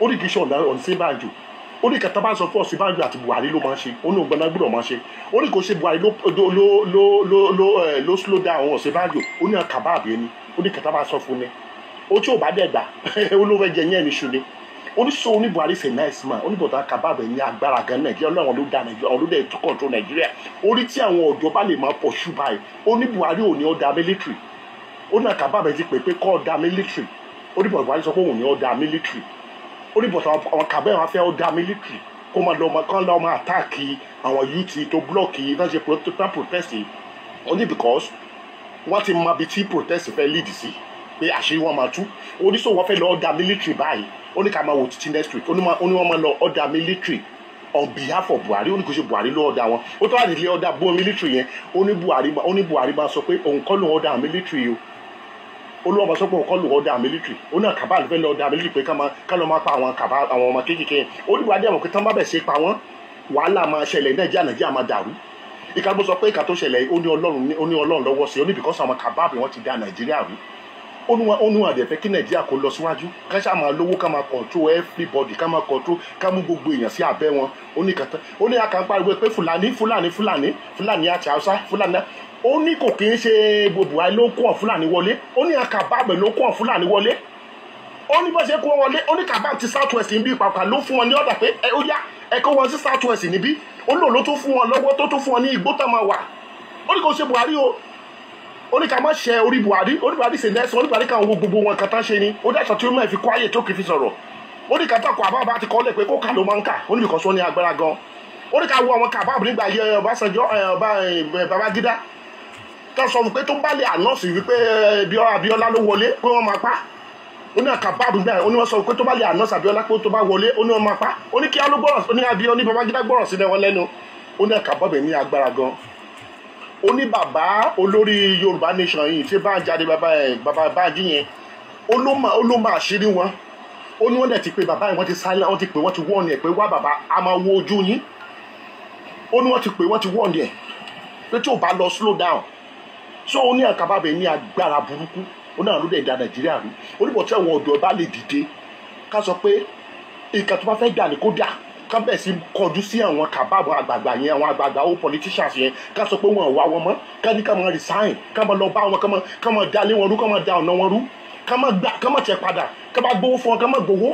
ó ní kò orí kàtà bá ń sọ fún Ọ̀ṣínbàjò àti Buhari ló máa ń ṣe òun ògbọ́n náà gbọ́dọ̀ máa ṣe orí kò ṣe Buhari ló ló ló ló ló eh, slow down Ọ̀ṣínbàjò ó ní àkàbà àbí ẹni orí kàtà bá sọ fún ni ó tí ò bá dẹ̀ gbà olówó ẹ̀jẹ̀ yẹn ní ṣùlẹ̀ oníṣòwò ní Buhari ṣe nice man oníbọ̀dọ̀ àkàbà àbẹ̀ ní agbára gan Nàìjíríà ọlọ́run ló da Nàìjíríà ọlọ́dẹ tó control Nàìjíríà orí tí àwọn ọ̀dọ́ bá lè máa pọ̀ ṣù báyìí ó ní Buhari ò ní ọ̀dà military ó ní àkàbà àbẹ̀ ti pè pé kọ́ ọ̀dà military oníbọ̀dọ̀ Buhari sọ pé òun ní ọ̀dà military ó ní bọ̀tà àwọn kàbẹ́ wọn fẹ́ ó da mílítì kó máa lọ máa kọ́ lọ́ máa àtáàkì àwọn youth tó blọ́ọ̀kì náà ṣe protest ó ní because wọ́n ti mọ ibi tí protest fẹ́ lead sí pé àṣírí wọn máa tú ó ní sọ wọ́n fẹ́ lọ ọ̀dà mílítì báyìí ó ní ká máa wò títí next week ó ní wọ́n máa lọ ọ̀dà mílítì on behalf of Buhari ó ní kò ṣe Buhari ló ọ̀dà wọn ó tọ́ àdìlẹ́ ọ̀dà bó mílítì yẹn ó ní Buhari máa sọ pé òun kọ́ lòun ọ̀dà mílítì yìí olúwa bá sọ pé òkọ́ lù ọ̀dà mílítìrì ó náà kaba ló fẹ́ lọ ọ̀dà mílítìrì pé ká lọ́ máa pa àwọn kaba àwọn ọmọ kéékèèké yẹn ó ní wàá dẹ̀ mọ̀ pé tán bá bẹ̀ ṣe pa wọ́n wàhálà máa ṣẹlẹ̀ nàìjíríà nàìjíríà máa dàrú ìka gbọ́ sọ pé ìka tó ṣẹlẹ̀ ó ní ọlọ́run lọ́wọ́ sí i ó ní bìkọ́sì àwọn kaba bí wọ́n ti dà nàìjíríà rú onu àdẹ̀fẹ́ kí nàìjíríà kó lọ síwájú everybody ká máa control ká mú gbogbo èèyàn sí abẹ́ wọn ó ní kàtà ó ní àkànpá ìwé pé fúlàní fúlàní fúlàní ó ní kò kí ń ṣe gbogbo àì ló kún ọ̀fúlàní wọlé ó ní àkàbàbẹ̀ ló kún ọ̀fúlàní wọlé ó ní bó ṣe kó wọlé ó ní kàbá ti south west níbí pàpà ló fún wọn ní ọ̀dà pé ẹ ó yá ẹ kó wọn sí south west níbí ó lò ló tún fún wọn lọ́wọ́ tó tún fún wọn ní igbó tá máa wà ó ní kò ṣe buhari o ó ní ká má ṣe orí buhari ó ní buhari ṣe nẹ́sìn ó buhari káwọn gbogbo wọn kàtá ṣe ni ó dẹ́sọ̀ tí ó mọ̀ fi kó ayé tó kì í fi sọ̀rọ̀ ó ní kàtà kó àbábá ti kọ́ lẹ̀ pé kó kà ló máa ń kà ó ní bìkọ́sọ́ ní agbára gan ó ní tó sọ fún pé tó bá lè ànọ́ọ̀sì wípé eh, Abíọ́lá ló wọlé pé wọ́n máa pa ó ní àkàbà àdúgbò yẹn ó ní wọ́n sọ pé tó bá lè ànọ́ọ̀sì Abíọ́lá pé tó bá wọlé ó ní wọ́n máa pa ó ní kí á ló gbọ́rọ̀ ó ní Abíọ́lá ní Babangida gbọ́rọ̀ sílẹ̀ wọn lẹ́nu ó ní àkàbà bẹ̀ ní agbára gan ó ní bàbá olórí Yorùbá nation yìí tí bá ń jáde bàbá ẹ̀ bàbá báàjì yẹn ó ló máa ṣírí wọn ó ní wọ́n dẹ̀ ti pé bàbá yẹn wọ́n ti sálẹ̀ wọ́n ti pè wọ́n ti wọ́ọ̀nù ẹ̀ pé wá bàbá a máa wo ojú yín ó ní wọ́n ti pé wọ́n ti wọ́ọ̀nù ẹ̀ pé tí ò bá lọ slow down so ó ní àkàbà bẹ̀ ní agbára burúkú ó náà ló dẹ̀ da nàìjíríà rú oníbọ̀ tí àwọn ọ̀dọ́ bá lè dìde ká sọ pé ìkà tó bá fẹ́ dà ní kó dà ká bẹ̀ sí kọjú sí àwọn kàbáàbọ̀ àgbààgbà yẹn àwọn àgbààgbà ó politicians yẹn ká sọ pé wọn ò wá wọn mọ́ ká ní ká máa resign ká máa lọ bá wọn ká máa dalé wọn rú ká máa da ọ̀nà wọn rú ká máa gbà ká máa tẹ̀ padà ká máa gbowó fún wọn ká máa gbowó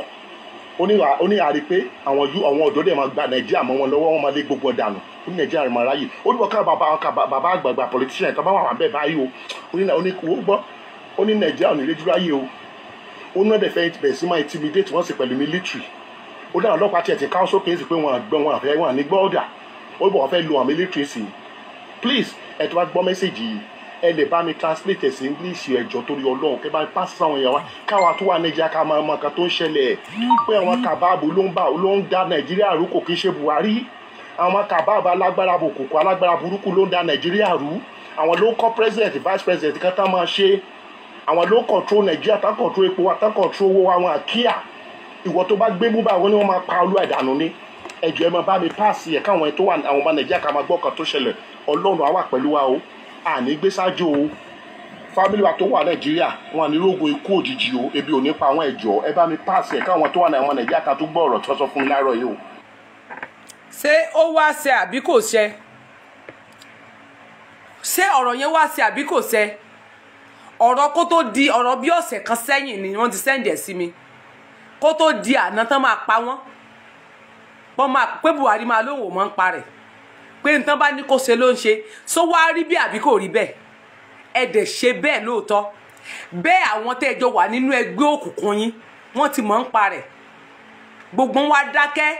oníhàrí pé àwọn ọ̀dọ́ dẹ̀ máa gba nàìjíríà mọ́ wọn lọ́wọ́ wọn máa lé gbogbo ọ̀dànù ó ní nàìjíríà máa ráyè ó ní wọ́kàrà bàbá àgbààgbà politician tó bá wà bẹ́ẹ̀ báyìí o ó ní kò gbọ́ ó ní nàìjíríà ò ní lójú ráyè o ó náà dẹ̀ fẹ́ bẹ̀rẹ̀ sí máa intimidate wọ́n sì pẹ̀lú military ó dáhùn ọlọ́pàá tiẹ̀ ti ká sókè sí pé wọn àgbọn wọn àfẹ́ wọn ànígbọ́ ọ̀dà ó bọ̀ fẹ́ lu àwọn military sí i please ẹ̀ tó bá gbọ́ mẹ́sàgì yìí ẹ lè bá mi translate sí english ẹjọ torí Ọlọ́run kẹ bá mi pass sáwọn èèyàn wa káwa tó wà nàìjíríà ká máa mọ nǹkan tó ń ṣẹlẹ̀ pé àwọn kàbáàbù ló ń bá ló ń dá nàìjíríà rú kò kí ṣe buhari àwọn kàbáàbá alágbára bòkòkò alágbára burúkú ló ń da nàìjíríà rú àwọn ló kọ́ president vice president kan tán máa ṣe àwọn ló control nàìjíríà tán control epo wa tán control owó wa wọn àkíyà ìwọ tó bá gbé mú báyìí wọn ni wọn máa pa olú àdánù ni ẹjọ ẹ máa bá mi páàsì ẹ káwọn ẹ tó wà àwọn ọmọ nàìjíríà ká máa gbọ́ kan tó ṣẹlẹ̀ ọlọ́run àwa pẹ̀lú wa o àní gbé sáájú o fámìlì wa tó wà nàìjíríà wọn àní rògùn ikú òjijì o ebi ò ní pa àwọn ẹjọ ẹ bá mi páàsì ẹ káwọn tó wà àwọn nàìjíríà ká tó gbọ́ ọ̀rọ̀ tó sọ fún mi láàárọ̀ yìí o ṣé ó wá ṣe àbí kò ṣe ṣé ọ̀rọ̀ yẹn wá ṣe àbí kò ṣe ọ̀rọ̀ kó tó di ọ̀rọ̀ bí ọ̀sẹ̀ kan sẹ́yìn ni wọ́n ti sẹ́ǹdẹ̀ sí mi kó tó di àná tán máa pa wọ́n wọ́n máa pé Buhari máa lóun ò mọ́ ń parẹ̀ pé nǹkan bá ní kó ṣe ló ń ṣe só wá rí bí àbí kò rí bẹ́ẹ̀ ẹ dẹ̀ ṣe bẹ́ẹ̀ lóòótọ́ bẹ́ẹ̀ àwọn tẹ́ wà nínú ẹgbẹ́ òkùnkùn yín wọ́n ti mọ̀ ń parẹ̀ gbogbo wa dákẹ́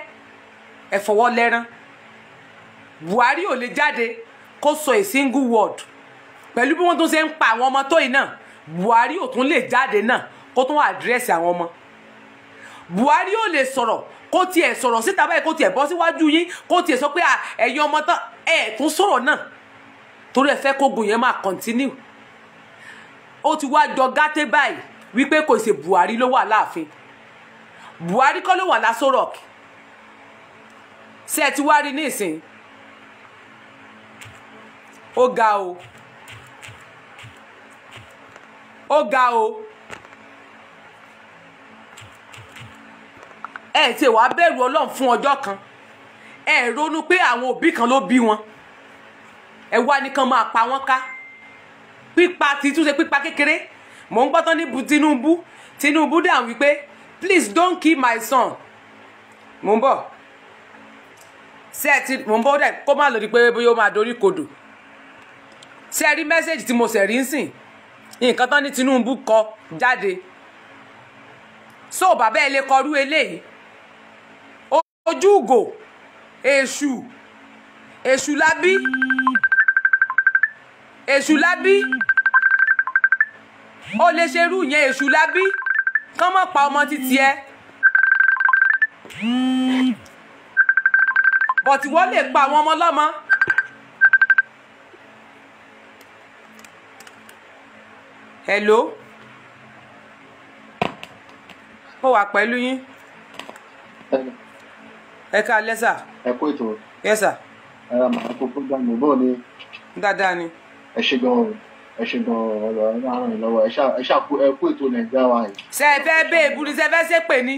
ẹ fọwọ́ lẹ́rán Buhari ò lè jáde kó sọ a single word pẹ̀lú bí wọ́n tún ṣe ń pa àwọn ọmọ tó yìí náà Buhari ò tún lè jáde náà kó tún àdírẹ́sì àwọn ọmọ Buhari ò lè sọ̀rọ̀ kó tiẹ̀ sọ̀rọ̀ síta báyìí kó tiẹ̀ bọ́ síwájú yín kó tiẹ̀ sọ pé ẹ̀yin ọmọ tán ẹ̀ tún sọ̀rọ̀ náà torí ẹ fẹ́ kógun yẹn máa continue ó ti wá jọ gàtẹ́ báyìí wípé kò ṣe Buhari ló wà láàfin Buhari kọ́ ló wà lásòrọ̀kì ṣé ẹ ti wá rí nísìn ó ga o ó ga o ẹ ti wàá bẹ̀rù ọlọ́run fún ọjọ́ kan ẹ ronú pé àwọn òbí kan ló bí wọn ẹ wá nìkan máa pa wọn ká pípa ti túnṣe pípa kékeré mò ń gbọ́tán ní Tinubu Tinubu dàn wípé please don't kill my son mo ń bọ̀ ṣé ẹ ti mò ń bọ́ dẹ̀ kó má lòdì pé bóyá ó máa dorí kodò ṣé ẹ rí mẹ́sẹ̀gì tí mo ṣẹ̀ rí ń sìn nǹkan tán ní Tinubu kọ jáde so bàbá ẹ lè kọrú eléyìí ojú ugò èṣù èṣù lábí èṣù lábí ó lè ṣerú yẹn èṣù lábí kán mọ̀ pa ọmọ títí ẹ but wọ́n lè pa àwọn ọmọ lọ́mọ. hello ó wà pẹ̀lú yín ẹ ká lẹ́sà. ẹ kú ètò. yẹ́sà. ẹ ra màá kó fúgbàmù bọ́ọ̀ ni. dáadáa ni. ẹ ṣe gan-an ẹ ṣe gan-an ọ̀rọ̀ ẹ máa ràn yín lọ́wọ́ ẹ ṣáà ẹ kú ètò nàìjíríà wa yìí. ṣe é fẹ́ bẹ́ẹ̀ burú ṣe é fẹ́ ṣépè ni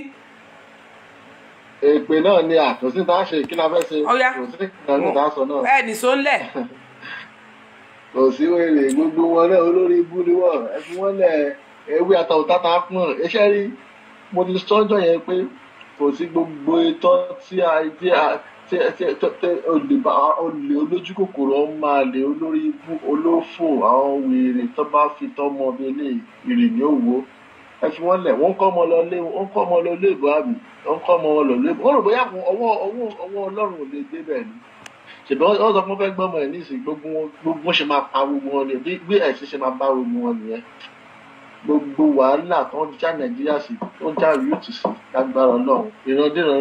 èpè náà ni àtúnṣe tá a ṣe kí la fẹ́ ṣe kò sí ìkànnì tá a sọ náà. bẹ́ẹ̀ ni só ń lẹ̀. kò sí wèrè gbogbo wọn náà olórí ibú ni wọn ẹ fi wọn tá ewé àtàwòtátà pọn iṣẹ́ rí mo ti sọ́jọ́ yẹn pé kò sí gbogbo itọ́ tí a tí a tí tí tí olè olójú kòkòrò máa lè olórí ibú olófò àwọn wèrè tó bá fi tọ́ mọ bí eléyìí ìrìn ní òwò ẹ fi wọ́n lẹ̀ wọ́n kọ́ ọmọ lọ lé wọ́n kọ́ ọmọ lọ lé ìbò àbí wọ́n kọ́ ọmọ lọ lé ìbò wọ́n rò bóyá ọwọ́ ọwọ́ ọwọ́ ọlọ́run ò lè dé bẹ́ẹ̀ ni ṣùgbọ́n wọ́n sọ fún fẹ́ gbọ́mọ ẹ̀ ní ìsìn gbogbo wọn gbogbo ṣe máa pa gbogbo wọn nìyẹn bí ẹ̀sìn ṣe máa bá gbogbo wọn nìyẹn gbogbo wàhálà tó ń já nàìjíríà sí tó ń já yúùtù sí lágbára náà ìrandíran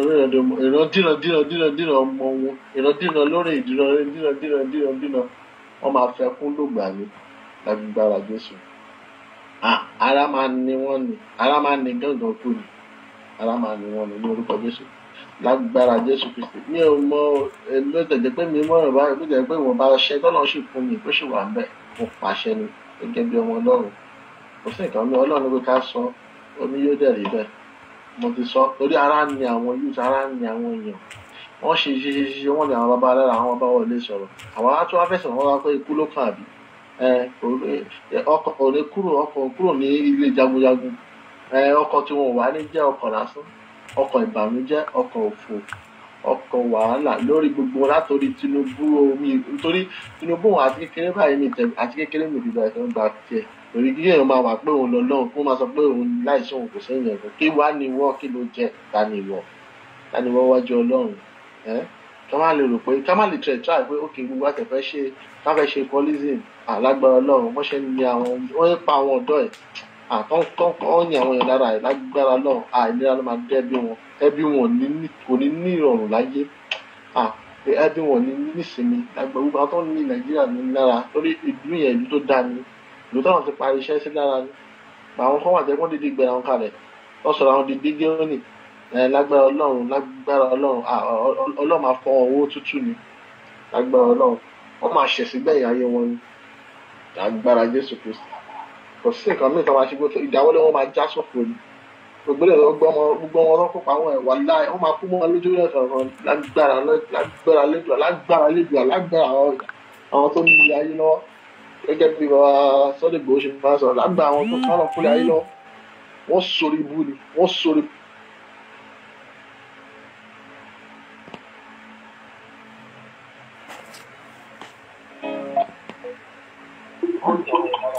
ọmọ wọn ìrandíran lórí ìdíran ìdíran ìdíran ìdíran wọn máa fẹ́ kún lògbà ní lágbára jésù ara máa ní wọ́n ni ara máa ní gángan kú ni ara máa ní wọ́n ni ní orúkọ Jésù lágbára Jésù Kristi mi ò mọ ló tẹ̀jẹ̀ pé mi mọ̀ràn báyìí ló tẹ̀jẹ̀ pé ìwọ̀n bá ṣe tọ́lọ́ sì fún mi tó sì wà ń bẹ̀ mo pàṣẹ ni gẹ́gẹ́ bí ọmọ Ọlọ́run kò sí nǹkan mi Ọlọ́run pé ká sọ omi yóò dẹ̀ rí bẹ́ẹ̀ mo ti sọ torí ara ń ni àwọn youth ara ni àwọn èèyàn wọ́n ṣe ṣe ṣe ṣe wọ́n ní àwọn baba alára àwọn baba wọlé sọ̀rọ̀ àwọn á wọn wá pé ikú ló kàn àbí ọ̀rẹ́ kúrò ọkọ̀ kúrò ní ilé jagunjagun ọkọ̀ tí wọn wà ní jẹ́ ọkọ̀ lásán ọkọ̀ ìbànújẹ́ ọkọ̀ òfò ọkọ̀ wàhálà lórí gbogbo látòrí Tinubu omi nítorí Tinubu àti kékeré báyìí àti kékeré máa wà pé òun lọ kó máa sọ pé òun láìsí òun kò sẹ́yìn kí wàá ní wọ́ kí ló jẹ́ wájú Ọlọ́run alágbára Ọlọ́run wọ́n ṣe ń ní àwọn wọ́n ń pa àwọn ọ̀dọ́ ẹ̀ àtọ́kọ́ọ̀yìn àwọn èèyàn lára ẹ̀ lágbára àìlera ló máa dé wọn ẹbí wọn kò ní ní ìrọ̀rùn láyé ẹbí wọn ní nísìnyí lágbára gbogbo àwọn ní Nàìjíríà ní lára lórí ìlú yẹn ìlú tó dáa ni ìlú táwọn ti parí iṣẹ́ sí lára ni àwọn kan wà tẹ́kọ́ dídí gbẹ̀rẹ̀ àwọn kalẹ̀ wọ́n sọ̀rọ̀ àwọn dídí gírónì lágbára Ọlọ́run lágbára Ọlọ́run Ọlọ́run máa fọ owó tútù ni lágbára Ọlọ́run wọ́n máa ṣẹ̀sígbẹ̀yìn ayé wọn ni agbára jésù kristi kò sí nǹkan mìíràn tó máa ṣe gbé wọn máa já sófo ni gbogbo ẹ̀ gbogbo wọn rọ́pò pa àwọn ẹ̀wà láì wọ́n máa kú mọ́ wọn lójú rẹ̀ sọ̀rọ̀ lágbára lágbára lẹ́dùn lágbára lẹ́dùn lágbára àwọn tó ní ilé ayé lọ́wọ́ gẹ́gẹ́ bí bàbá sọ́dẹ̀ gbòó ṣe máa sọ̀rọ̀ lágbára àwọn tó sọ̀rọ̀ fúnlẹ̀ ayé lọ́wọ́ wọ́n sori ibú ni wọ́n sori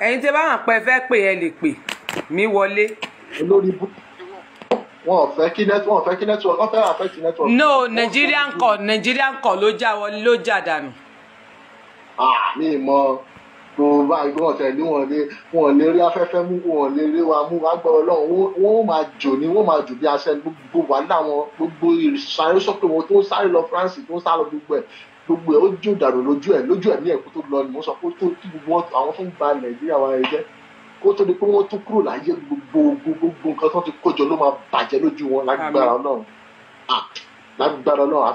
ẹ̀yin tí báwọn pẹ fẹ́ pè ẹ lè pè mí wọlé. olórí bú wọn ò fẹ́ kí network wọn ò fẹ́ kí network wọn fẹ́ àfẹ́ sí network. no Nigerian call Nigerian call ló já wọlé ló já dànù. mi mọ tó báyìí bí wọn tẹ ní wọn lé wọn lè rí afẹ́fẹ́ mú wọn lè rí wa mú wa gbọ́ ọlọ́run wọn ò máa jò ní wọn ò máa jò bí aṣẹ gbogbo wàhálà wọn gbogbo ìsáré sọ́kè wọn tó ń sáré lọ France tó ń sáré lọ gbogbo ẹ̀ gbogbo ẹ̀ ó jó dànù lójú ẹ̀ lójú ẹ̀mí ẹ̀ kó tó lọ ni mo sọ pé tó kí gbogbo wọn àwọn tó ń ba nàìjíríà wa ẹ jẹ́ kó tó di pé wọ́n tún kúrò láyé gbogbo gbogbo nǹkan tó ti kójọ ló máa bàjẹ́ lójú wọn lágbára Ọlọ́run lágbára Ọlọ́run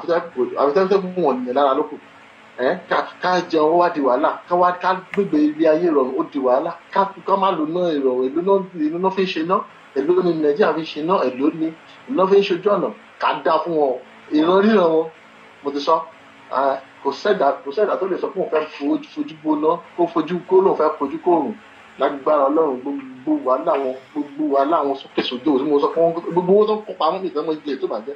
àfitẹ́fẹ́ mú wọn nìyẹn lára lóko ká jẹun wá di wàhálà ká wá ká gbégbé ilé ayé ìrọ̀rùn ó di wàhálà ká má lò náà ìrọ̀rùn èlò náà fi ṣe náà èlò ni Nàìjíríà fi ṣe náà èlò ni ìnáwó fi ń ṣojú ọ̀nà ká dá fún wọn ìran ríran mo ti sọ a kò sẹ́dá kò sẹ́dá tó lè sọ pé òun fẹ́ fojú gbóná kó fojú kó lóun fẹ́ fojú kóòrùn lágbára ọlọ́run gbogbo wa láwọn gbogbo wa láwọn sókèsódò tí mo sọ fún gbogbo owó tó ń kópa mọ́ mi ìfẹ́ mọ́ ilé tó bàjẹ́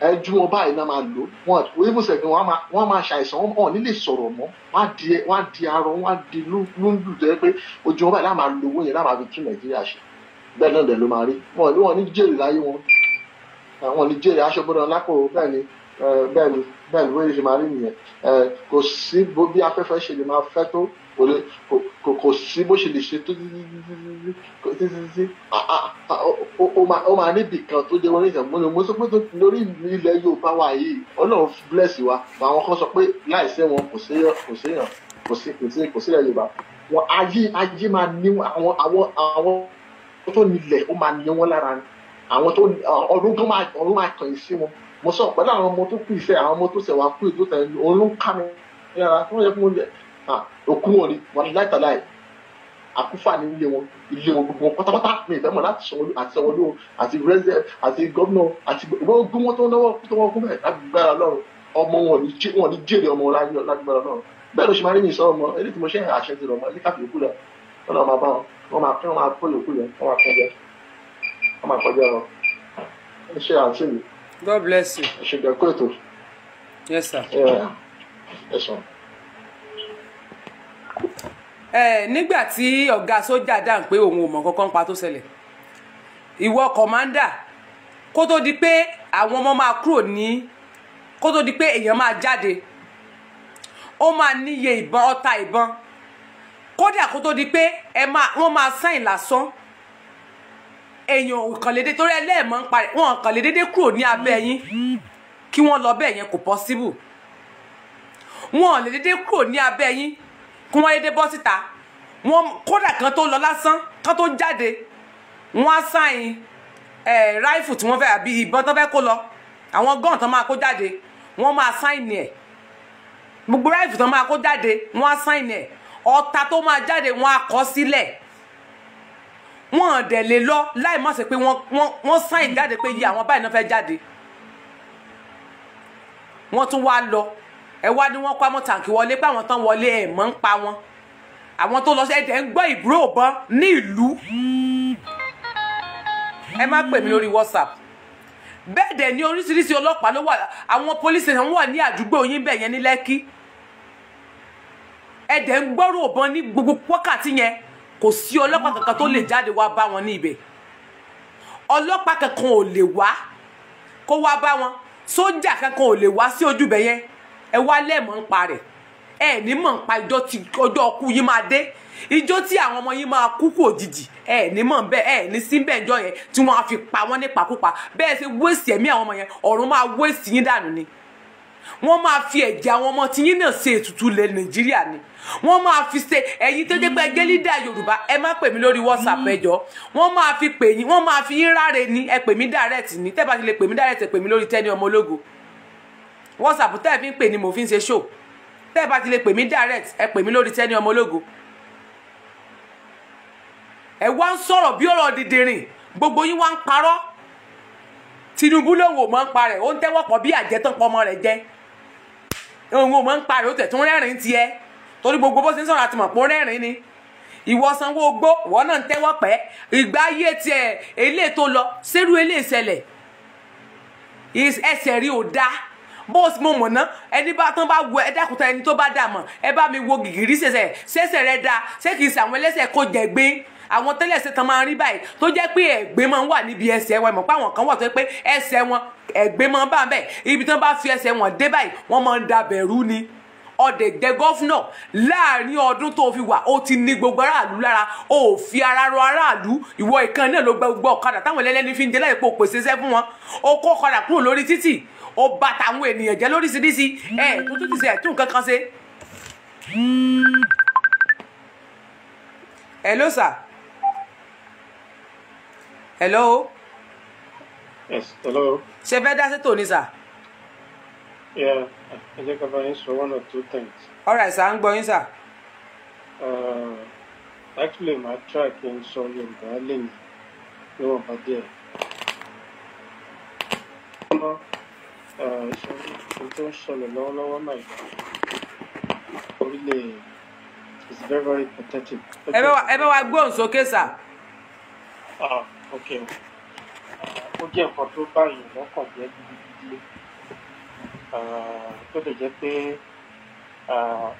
ẹ ju wọn báyìí náà máa lò wọn oníbùsẹ̀ gan wọn máa ṣàìsàn wọn ò ní lè sọ̀rọ̀ mọ́ wọn á di arọ wọn á di lúndù tó yẹ pé ojú wọn báyìí láà máa lo owó yẹn láà máa fi tún nàìjíríà ṣe bẹ́ẹ̀ náà dẹ̀ ló máa rí wọn ní wọn ní jèrè láyé wọn àwọn ní jèrè aṣọ bọ́dọ̀ lápò bẹ́ẹ̀ ni bẹ́ẹ̀ ni bẹ́ẹ̀ ló ṣe máa rí nìyẹn kò sí bí afẹ́fẹ́ ṣe lè máa fẹ́ tó kò sí bó ṣe lè ṣe tó títí ó máa níbì kan tó jẹ́ orin ìtàn múni mo sọ pé lórí ilẹ̀ Yorùbá wa yìí Ọlọ́run bless wa àwọn kan sọ pé láìsí wọn kò séyàn kò séyàn kò sí kò sí kò sílẹ̀ Yorùbá wọn ayé ayé máa ní àwọn àwọn àwọn tó nílẹ̀ ó máa ní wọn lára àwọn tó ọdún tó máa ọdún máa kàn sí wọn mo sọ pẹ̀lú àwọn ọmọ tó kú iṣẹ́ àwọn ọmọ tó ṣẹ̀ wá kú ètò tẹ̀ òun ló ń ká mi yàrá tó yẹ kí wọ́n yẹ òkú wọn ni wọn láì tàlá ẹ̀ àkúfà ní ilé wọn ilé wọn gbogbo pátápátá mi ìfẹ́ mọ̀ láti sọ̀wọ́lú àti sọ̀wọ́lú àti rẹ́sẹ̀ àti gọ́vnà àti gbogbo wọn tó ń lọ́wọ́ tó wọ́n kú bẹ̀ lágbára lọ́rùn ọmọ wọn ní jèrè ọmọ lágbára lọ́rùn bẹ́ẹ̀ ló ṣe máa rí mi sọ ọmọ eré tí mo ṣe àṣẹ ti rọ̀ mọ́ ilé káfíń kú lọ wọn náà máa bá wọn wọn máa kí wọn máa kó yòókù lọ wọn máa kọjá wọn máa kọjá wọn ẹ ṣe àṣẹ yìí. God bless you. I should be grateful. Yes, sir. Yeah. Yes, sir. Eh, nígbà tí ọ̀gá sójà dáhùn pé òun ò mọ̀ kankan pa tó ṣẹlẹ̀ ìwọ kọ̀mándà kó tó di pé àwọn ọmọ máa kúrò ní kó tó di pé èèyàn máa jáde ó máa níye ìbọn ọta ìbọn kódà kó tó di pé ẹ máa wọ́n máa sáìn lásán èèyàn kànlédé torí ẹlẹ́ẹ̀mọ́ ń parẹ́ wọn kànlédédé kúrò ní abẹ́ yín kí wọ́n lọ bẹ́ẹ̀ yẹn kò pọ́síbù wọn lè dédé kúrò ní abẹ́ yín kí wọ́n dédé bọ́ síta wọn kódà kan tó lọ lásán kan tó jáde wọn á sáyìn ẹ ráìfù tí wọ́n fẹ́ àbí ìbọn tó fẹ́ kó lọ àwọn gọ́ọ̀n tó máa kó jáde wọ́n máa sáyìn ẹ̀ gbogbo ráìfù tó máa kó jáde wọ́n á sáyìn ẹ̀ ọ̀tá tó máa jáde wọ́n á kọ́ sílẹ̀ wọn dẹ̀ lè lọ láì má ṣe pé wọ́n sáìn jáde pé iye àwọn báyìí náà fẹ́ jáde wọ́n tún wá lọ ẹ wá ní wọ́n kó àwọn tàǹkì wọlé pé àwọn tán wọlé ẹ̀ mọ́ ń pa wọn àwọn tó lọ sí ẹ̀jẹ̀ ń gbọ́ ìbúrò ọ̀bọ̀n ní ìlú ẹ má pè mí lórí whatsapp bẹ́ẹ̀ dẹ̀ ní oríṣiríṣi ọlọ́pàá ló wà àwọn police station wà ní àdúgbò yín bẹ̀ yẹn ní lẹ́kí ẹ̀jẹ̀ ń gbọ́rò ọ̀bọ̀n ní gbogbo wákàtí yẹn kò sí ọlọ́pàá kankan tó lè jáde wá bá wọn ní ibẹ̀ ọlọ́pàá kankan ò lè wá kó wá bá wọn sójà kankan ò lè wá sí ojú ibẹ̀ yẹn ẹ wá lẹ́ẹ̀mọ́ ń pa rẹ̀ ẹ ní mọ̀ ń pa ìjọ tí ọjọ́ ọkú yìí máa dé ìjọ tí àwọn ọmọ yìí máa kú kú òjijì ẹ ní mọ̀ ń bẹ́ ẹ ní sí bẹ́ẹ̀ ńjọ yẹn tí wọ́n á fi pa wọ́n nípakúpa bẹ́ẹ̀ ṣe wéèsì ẹ̀mí àwọn ọmọ yẹn ọ̀run máa wéèsì yín dànù ni wọ́n máa fi ẹ̀jẹ̀ àwọn ọmọ tiyín náà ṣe ètùtù ilẹ̀ nàìjíríà ni wọ́n máa fi ṣe ẹ̀yin tó jẹ́ pé ẹgbẹ́ lídà yorùbá ẹ má pè mí lórí whatsapp ẹ jọ̀ọ́ wọ́n máa fi pè yín wọ́n máa fi yín ráre ni ẹ pè mí direct ni tẹ́ bá ti lè pè mí direct ẹ pè mí lórí Tenny ọmọ ológo whatsapp tẹ́ ẹ fi ń pè ni mo fi ń ṣe show tẹ́ bá ti lè pè mí direct ẹ pè mí lórí Tenny ọmọ ológo ẹ wá ń sọ̀rọ̀ bí ọ̀rọ̀ dìndìnrìn gbogbo yín wá ń parọ́ Tinubu lòwò mọ́ ń parẹ́ ó ń tẹ́wọ́ pọ̀ bí àjẹtọ́pọ̀ ọmọ rẹ̀ jẹ́ òun ò mọ̀ ń parí ó tẹ̀ tún rẹ́rìn tiẹ̀ torí gbogbo bó ṣe ń sọ̀rọ̀ àti mọ̀ pé rẹ́rìn ni ìwọ sanwó ogbó ìwọ náà ń tẹ́wọ́ pẹ́ ìgbà ayé tiẹ̀ eléyìí tó lọ sẹ́rù eléyìí ṣẹlẹ̀ ẹsẹ̀ rí ò dáa bóòsì mo mọ̀ náà ẹni bá tán bá wọ ẹ̀dàkùtà ẹni tó bá dà mọ̀ ẹ bá mi wo gìgìrì ṣẹṣẹ ṣẹṣẹ rẹ da ṣé kìí ṣe àwọn ẹlẹ́sẹ̀ kó jẹ gbé àwọn tẹ́lẹ̀ṣẹ̀ tán máa rí báyìí tó jẹ́ pé ẹ̀gbẹ́ máa ń wà níbi ẹsẹ̀ wọn mọ̀ pé àwọn kan wà tó jẹ́ pé ẹsẹ̀ wọn ẹ̀gbẹ́ máa bá bẹ́ẹ̀ ibi tí wọ́n bá fi ẹsẹ̀ wọn dé báyìí wọ́n máa ń dabẹ̀ rú ni ọ̀dẹ̀gbẹ́ gọ́fúnà láàrin ọdún tó fi wà ó ti ní gbogbo aráàlú lára ó fi ara rọ aráàlú ìwọ ìkan náà ló gbọ́ ọ̀kadà táwọn ẹlẹ́lẹ́ni fi ń dé láì pò pèsè iṣẹ́ fún wọn ó kó ọ̀kadà kúrò lórí títì ó bà tàwọn ènìyàn jẹ́ lóríṣiríṣi ẹ̀ tó tún ti ṣe ẹ̀tún nǹkan ṣe. hello sir. hello. yes hello ṣe fẹ́ dá sí tòní Yeah, I think I've bá yín one or two things. All right, sir. ń gbọ́ yín Uh, actually my try kí n sọ yorùbá lẹ́yìn níwọ̀n bá díẹ̀. uh, it's tó ń ṣẹlẹ̀ lọ́wọ́lọ́wọ́ náà orílẹ̀ very very pathetic. ẹ bẹ wá gbóhùn sókè sà. ah okay ó jẹ nǹkan tó bá èèyàn lọkàn gidigidi tó dẹ jẹ pé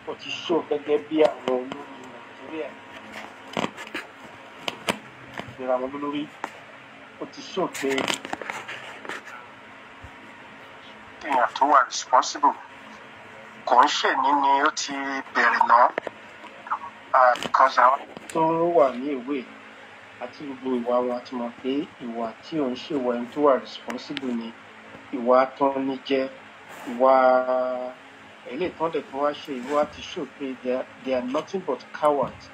ó ti show gẹgẹ bí àwọn olórí nàìjíríà ìlera wọn lórí ó ti show pé èèyàn tó wà responsible kò ń ṣe ní ni ó ti bẹ̀rẹ̀ náà. tó wà ní ìwé àti gbogbo ìwà wa ti mọ̀ pé ìwà tí ò ń ṣèwà ẹni tó wà responsible ni ìwà atọ́nijẹ ìwà ilé ìtàn dẹ̀ tó wá ṣe ìwà ti show pé they are nothing but cowards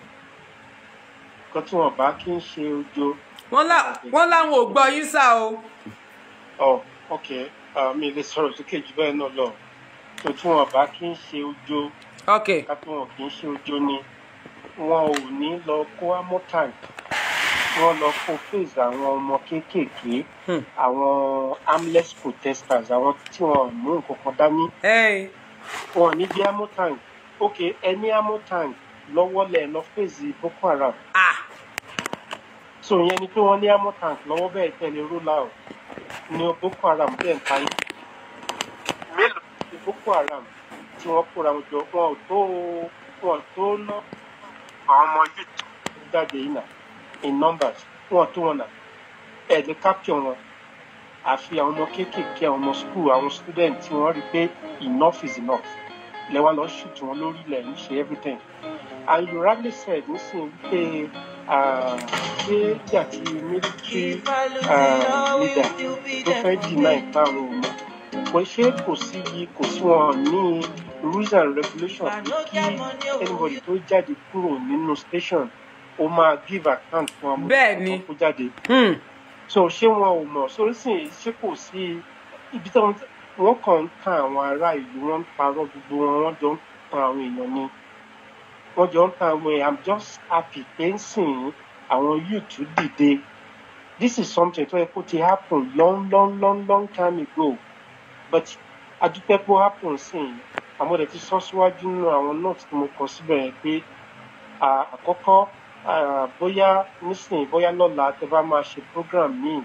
kan tí wọn bá kí ń ṣe ojo. wọ́n láwọn ò gbọ́ yín sá o. ọ oh, ok ah, mi lè sọ̀rọ̀ sókè jù bẹ́ẹ̀ náà lọ tó tí wọn bá kí ń ṣe ojo. ok ká tí wọn kì í ṣe ojo ni wọn ò ní lọ kó amótàn wọ́n lọ fún face àwọn ọmọ kéékèèké hmm. àwọn armless protesters àwọn tí wọ́n mú nǹkan kan dání wọ́n ní bí ammo tank ok ẹni ammo tank lọ́wọ́lẹ̀ lọ face Boko Haram ah. so ìyẹn ni pé wọ́n ní ammo tank lọ́wọ́ bẹ́ẹ̀ tẹ̀lé rúlà o ni Boko Haram bẹ́ẹ̀ ń parí mélòó ni Boko Haram tí wọ́n kóra wọn jọ wọn ò tó wọn ò tó ná àwọn ọmọ yìí jáde yìí náà in numbers wọn tó wọn nà ẹ capture wọn àfi àwọn ọmọ kéékèèké àwọn ọmọ school àwọn student tí wọn rí pé enough is enough lẹwa lọ ṣùtù wọn lórí ilẹ̀ ń ṣe everything and you rightly said nísìnyí wípé pé kí àti military leader ló fẹ́ deny ìparun òun kò ṣe kò sí yìí kò sí wọn ní rules and regulations kí anybody tó jáde kúrò nínú station o máa give account fún amúlò tó jáde hmm. so ṣé wọn ò mọ̀ sórí sìn ṣé kò sí ibi tí wọ́n kàn ń tan àwọn ará ìlú wọ́n ń parọ́ gbogbo wọn wọ́n jọ ń tan àwọn èèyàn ni wọ́n jọ ń tan àwọn èèyàn i'm just happy pé ń sìn àwọn youth dìde this is something tó yẹ kó ti happen long long long long time ago but adúpẹ́ kó happen sìn àwọn ọ̀dẹ̀ ti sọ síwájú nínú àwọn notes tí mo kọ síbẹ̀ yẹn pé àkọ́kọ́. Uh, bóyá nísìnyí bóyá lọ́la tẹ bá máa ṣe program míì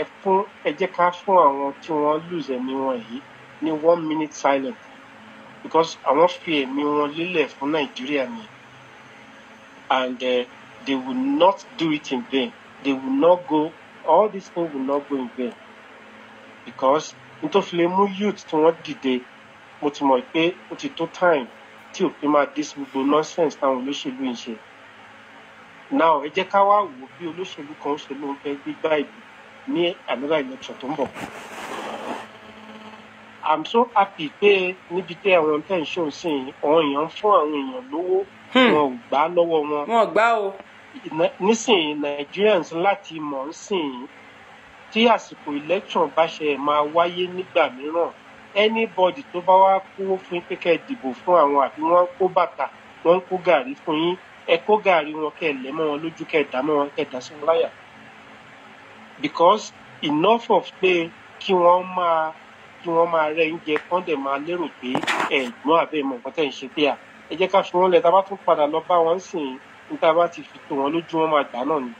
ẹ fún ẹ jẹ́ ká fún àwọn tí wọ́n lùzẹ̀ ní wọn yìí ní one minute silence because àwọn fi ẹ̀mí wọn lélẹ̀ fún nàìjíríà ni and uh, they will not do it in vain they will not go all these things will not go in vain because nítòfilé mú youth tí wọ́n dìde mo ti mọ̀ pé ó ti tó time tí òfin máa dé sí gbogbo nonsense táwọn olóṣèlú ń ṣe now ẹ jẹ́ ká wá wò bí olóṣèlú kan ṣe ló ń fẹ́ gbígbá ìlú ní àmìlà election tó ń bọ̀. i'm so happy pé níbi tẹ àwọn tẹ̀ ń ṣòun sí i àwọn èèyàn fún àwọn èèyàn lówó hmm. wọn ò gbà lọ́wọ́ wọn. wọn ò gbà o. nísìnyí nigerians láti mọ̀ ń sìn yín tí àsìkò election bá ṣe máa wáyé nígbà mìíràn anybody tó bá wá kówó fún yín pé kẹ́ ẹ dìbò fún àwọn àbí wọ́n kó bàtà wọ́n kó gàrí fún yín ẹ gàrí wọn kẹ mọ wọn lójú kẹ mọ wọn kẹ sí wọn láyà because enough of pé kí wọ́n máa kí wọ́n máa rẹ oúnjẹ kán dẹ̀ máa lérò pé ẹ̀gbọ́n àbẹ́ ìmọ̀ nǹkan tẹ̀ ń ṣe pé à ẹ jẹ́ ká fi wọ́n lẹ̀ tá a bá tún padà lọ bá wọn sìn ní tá a bá ti fi tó wọn lójú wọn máa gbà náà ni.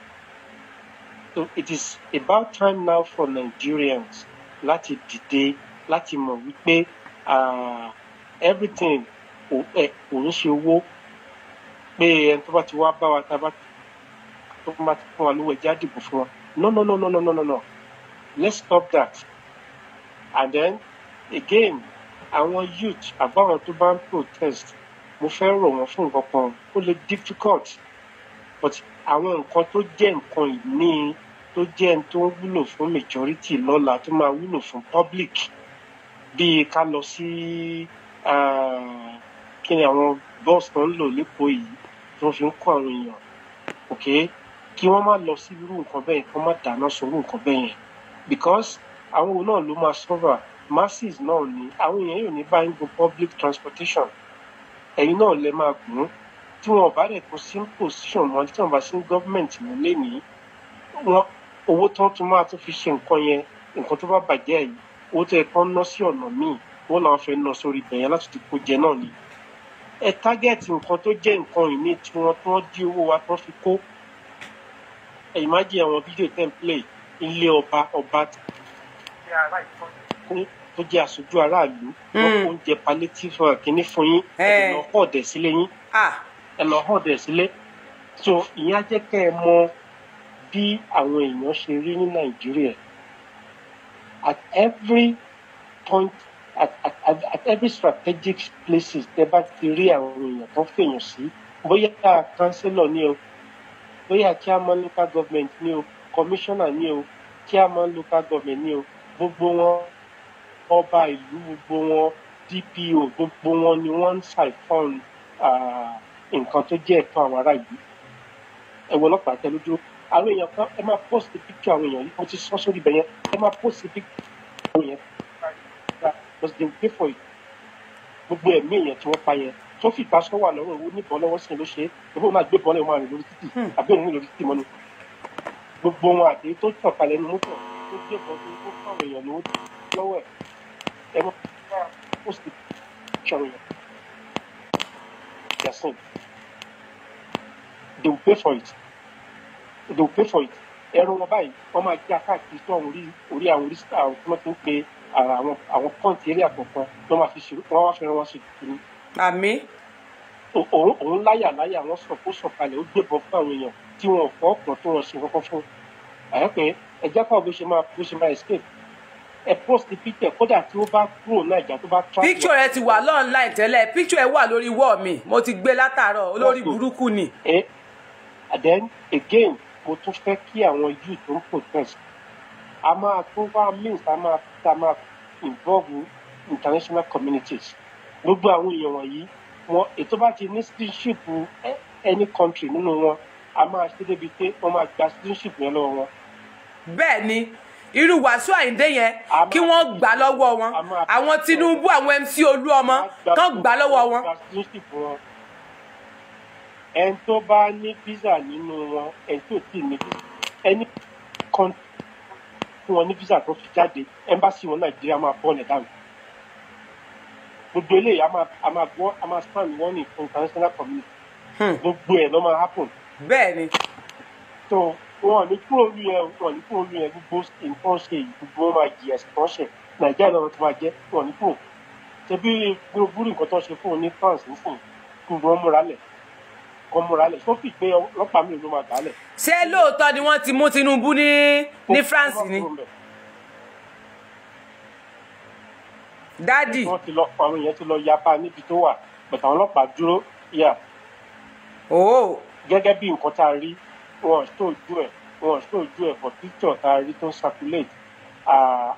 So it is about time now for Nigerians láti dìde láti mọ̀ wípé ah, everything kò ń ṣe owó pé ẹni tó bá ti wá bá wa tá a bá tó bá ti fún wa lówó ẹjẹ á dìbò fún wa no no no no no no no no let's stop that and then again àwọn youth àbáwọn tó bá ń protest mo fẹ́ rọ̀ wọ́n fún nǹkan kan ó lè difficult but àwọn nǹkan tó jẹ́ nǹkan ìní tó jẹ́ ẹni tó ń wúlò fún majority lọ́la tó máa wúlò fún public bíi ká lọ sí ah, kí ni àwọn bọ́ọ̀sì tó ń lò lẹ́kọ̀ọ́ yìí tí wọ́n fi ń kó àwọn èèyàn òkè kí wọ́n má lọ sí irú nǹkan bẹ́ẹ̀ kó má dáná sọ nǹkan bẹ́ẹ̀ yẹn because àwọn òun náà ló máa sọ́ra masses náà ni àwọn èèyàn yóò ní bá ń gun public transportation ẹ̀yin náà lè máa gùn tí wọn bá dẹ̀ kó sí position wọn tí wọn bá sí government wọn lé ní wọn owó tán tún máa tún fi ṣe nǹkan yẹn nǹkan tó bá bàjẹ́ yìí owó tó yẹ kán ná sí ọ̀nà míì owó làwọn fẹ́ ná sórí ibẹ̀ yẹn láti kó jẹ náà ni ẹ tágẹ́ẹ̀tì nǹkan tó jẹ́ nǹkan ìní tí wọ́n tí wọ́n dí owó wa tí wọ́n fi kó ẹ ìmájì àwọn fídíò template ilé ọba ọba tó jẹ́ aṣojú aráàlú wọ́n hmm. kó oúnjẹ palliative kìíní fún yín ẹ eh. lọ hàn dẹ̀ sílé yín ah. ẹ lọ hàn dẹ̀ sílé so ìyẹn á jẹ́ kẹ́ ẹ mọ bí àwọn èèyàn ṣe rí ní Nàìjíríà at every point at, at, at, at every strategic places tẹ bá ti rí àwọn èèyàn tó fèèyàn sí bóyá kánsílọ̀ ni o bóyá chairman local government ni o commissioner ni o chairman local government ni o gbogbo wọn ọba ìlú gbogbo wọn DPO gbogbo wọn ni wọ́n ń ṣàìfọ́n nǹkan tó jẹ́ ẹ̀tọ́ àwọn ará ìlú ẹ̀wọ̀n ọlọ́pàá tẹ lójú àwọn èèyàn kan ẹ máa post picture àwọn èèyàn yìí mo ti sọ sórí ibẹ̀ yẹn ẹ máa post picture àwọn èèyàn lọ́sọ̀dẹ̀ gbé fọ̀ yìí gbogbo ẹ̀mí èèyàn tí wọ́n pa yẹn tó fi ìgbà sọ́wọ́ àlọ́wọ́ owó níbọn lọ́wọ́ sí ló ṣe ìbò máa gbé bọ́ọ̀lù máa rìn lórí títì hmm. àbí òun lórí títì mọ́nu gbogbo wọn àti tó tàn kalẹ̀ ní mọ́tò tó gbé bọ́ tó tó fáwọn èèyàn lówó lọ́wọ́ ẹ̀ ẹ̀ mọ́ ó sì ṣọ̀rọ̀ yẹn yasin they will pay for it they will pay for it ẹ̀rọ wọn báyìí wọ́n máa gbé akáàkiri tó àwọn orí àwọn orí àwọn tí wọ́n ti ń pe ara àwọn àwọn pọ́ǹtì eré àkọ́kọ́ ló máa fi ṣèlú wọ́n wá fẹ́ràn wọn ṣe dùdú. àmì. òun òun láyà láyà wọn sọ kó sọ̀kalẹ̀ ó gbébọn fún àwọn èèyàn tí wọn ò fọ ọkàn tó wọn ṣe kọ́kọ́ fún àyẹpẹ ẹjẹ káwọn bó ṣe máa bó ṣe máa escape ẹ post the picture kódà tí ó bá kúrò náà ìjà tó bá tra. picture rẹ ti wà online tẹ́lẹ̀ picture ẹ wà lórí wall mi mo ti gbé látàárọ̀ olórí burúkú ni. ẹ eh, and then again mo tún fẹ́ kí àwọn youth tó ń protest a máa tún wá means a máa a máa involve international communities gbogbo àwọn èèyàn wọ̀nyí wọn ètò bá ti ní citizenship any country nínú wọn a máa ṣe débi pé wọ́n máa gba citizenship yẹn lọ́wọ́ wọn. bẹ́ẹ̀ ni irú wàásù àyíndé yẹn kí wọ́n gbà lọ́wọ́ wọn àwọn Tinubu àwọn MC Olúọmọ kàn gbà lọ́wọ́ wọn. ẹni tó bá ní visa nínú wọn ẹni tó tì ní ẹni kọ́ńtì fún wọn ní visa tó fi jáde embassy wọn nàìjíríà máa bọ́ ọ̀nà dànù gbogbo eléyìí a máa gbọ́ a máa stand warning fún international community hmm. gbogbo ẹ̀ ló máa happen. bẹ́ẹ̀ni. tó wọn ní kúrò ní yẹn wọn ní kúrò ní yẹn gbogbo nǹkan ṣe yìí gbogbo wọn máa jìyà ẹ̀sìn ṣe nàìjíríà náà ti máa jẹ́ wọn ní kúrò tẹ̀bí gbogbo nǹkan tó ṣe fún un ní France nísìnyí gbogbo wọn múra lẹ̀ kan múra lẹ̀ tó fi pé ọlọ́pàá mi ló máa dà lẹ̀. ṣé lóòótọ́ ni wọ́n ti mú Tinubu ní ní France ni. dádì. wọ́n ti lọ àwọn èèyàn ti lọ yapa níbi tó wà pẹ̀tà ọlọ́pàá dúró yà. ooo. Oh. gẹ́gẹ́ bí nǹkan tá a rí wọn tó ojú ẹ̀ wọn tó ojú ẹ̀ for picture tá a rí tó circulate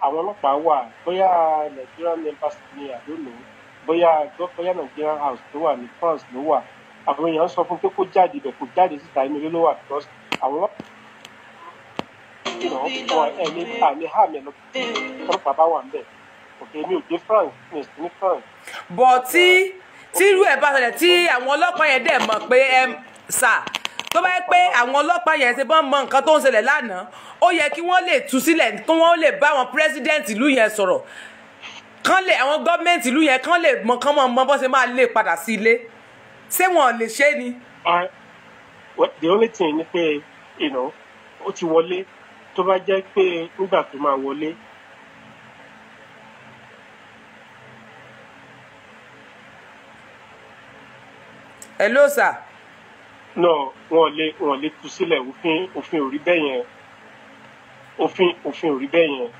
àwọn ọlọ́pàá wà bóyá Nigerian embassy ni àdó lòó bóyá bóyá Nigerian house tó wà ní France ló wà àwọn èèyàn sọ fún pé kó jáde ibẹ̀ kó jáde síta inú ilé ló wà because àwọn ọlọ́pàá ẹni àmì hàmì ẹ̀ lọ́pàá bá wà ń bẹ̀ òkè mi ò dé France mi ò sí ní France. bọ̀ tí tírú ẹ̀ bá ṣẹlẹ̀ tí àwọn ọlọ́pàá yẹn dẹ̀ mọ̀ pé ẹ sà tó bá yẹ pé àwọn ọlọ́pàá yẹn ṣe bá mọ nǹkan tó ń ṣẹlẹ̀ lánàá ó yẹ kí wọ́n lè tú sílẹ̀ kí wọ́n lè bá àwọn president ìlú yẹn sọ̀rọ̀ kán lè àwọn government ìlú yẹn kán lè mọ kán mọ bó ṣe máa lè e padà sí ilé ṣé wọn lè ṣe ni. the only thing ni pé ó ti wọlé tó bá jẹ́ pé nígbà tó máa wọlé. hello sir. no wọn lè wọn lè tú sílẹ̀ òfin òfin ò rí bẹ́ẹ̀ yẹn òfin òfin ò rí bẹ́ẹ̀ yẹn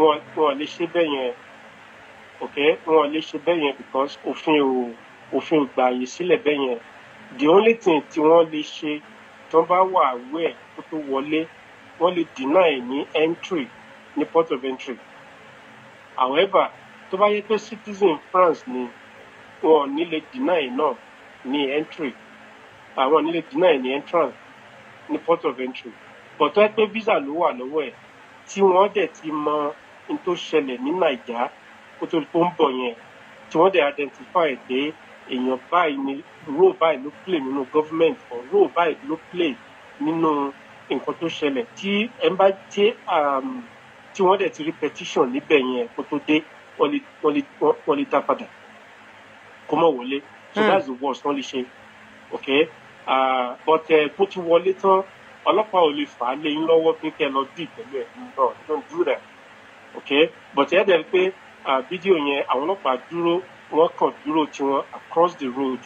wọn wọn lè ṣe bẹ́ẹ̀ yẹn ok wọn lè ṣe bẹ́ẹ̀ yẹn because òfin ò. Or òfin ìgbà àyè sílẹ̀ bẹ́ẹ̀ yẹn the only thing tí wọ́n lè ṣe tó bá wà aware ẹ̀ kó tó wọlé wọ́n lè deny ẹ̀ ní entry ní port of entry however tó bá yẹ pé citizen France ni wọn ò ní deny ẹ̀ náà ní entry àwọn ah, ò ní deny ẹ̀ ní entrance ní port of entry bọ̀tọ́ ẹ pé visa ló wà lọ́wọ́ ẹ̀ tí wọ́n dẹ̀ ti mọ n tó ṣẹlẹ̀ ní Naija kó tó tó ń bọ̀ yẹn tí wọ́n dẹ̀ identify ẹ̀ dé èèyàn báyìí ni role báyìí ló play nínú government or role báyìí ló play nínú nǹkan tó ṣẹlẹ̀ tí ẹ bá dé um, tí wọ́n dẹ̀ ti rí petition níbẹ̀ yẹn kó tó dé wọ́n lè dá padà kó mọ̀ wọlé so hmm. that's the worst wọ́n lè ṣe ok uh, but eh, bó ti wọlé tán ọlọ́pàá ò lè fà á lé yín lọ́wọ́ pé kẹ́ ẹ lọ dì pẹ̀lú ẹ̀ no don't do that ok but ẹ̀ dẹ̀ pé ah, fídíò yẹn àwọn ọlọ́pàá dúró wọ́n kàn dúró tiwọn across the road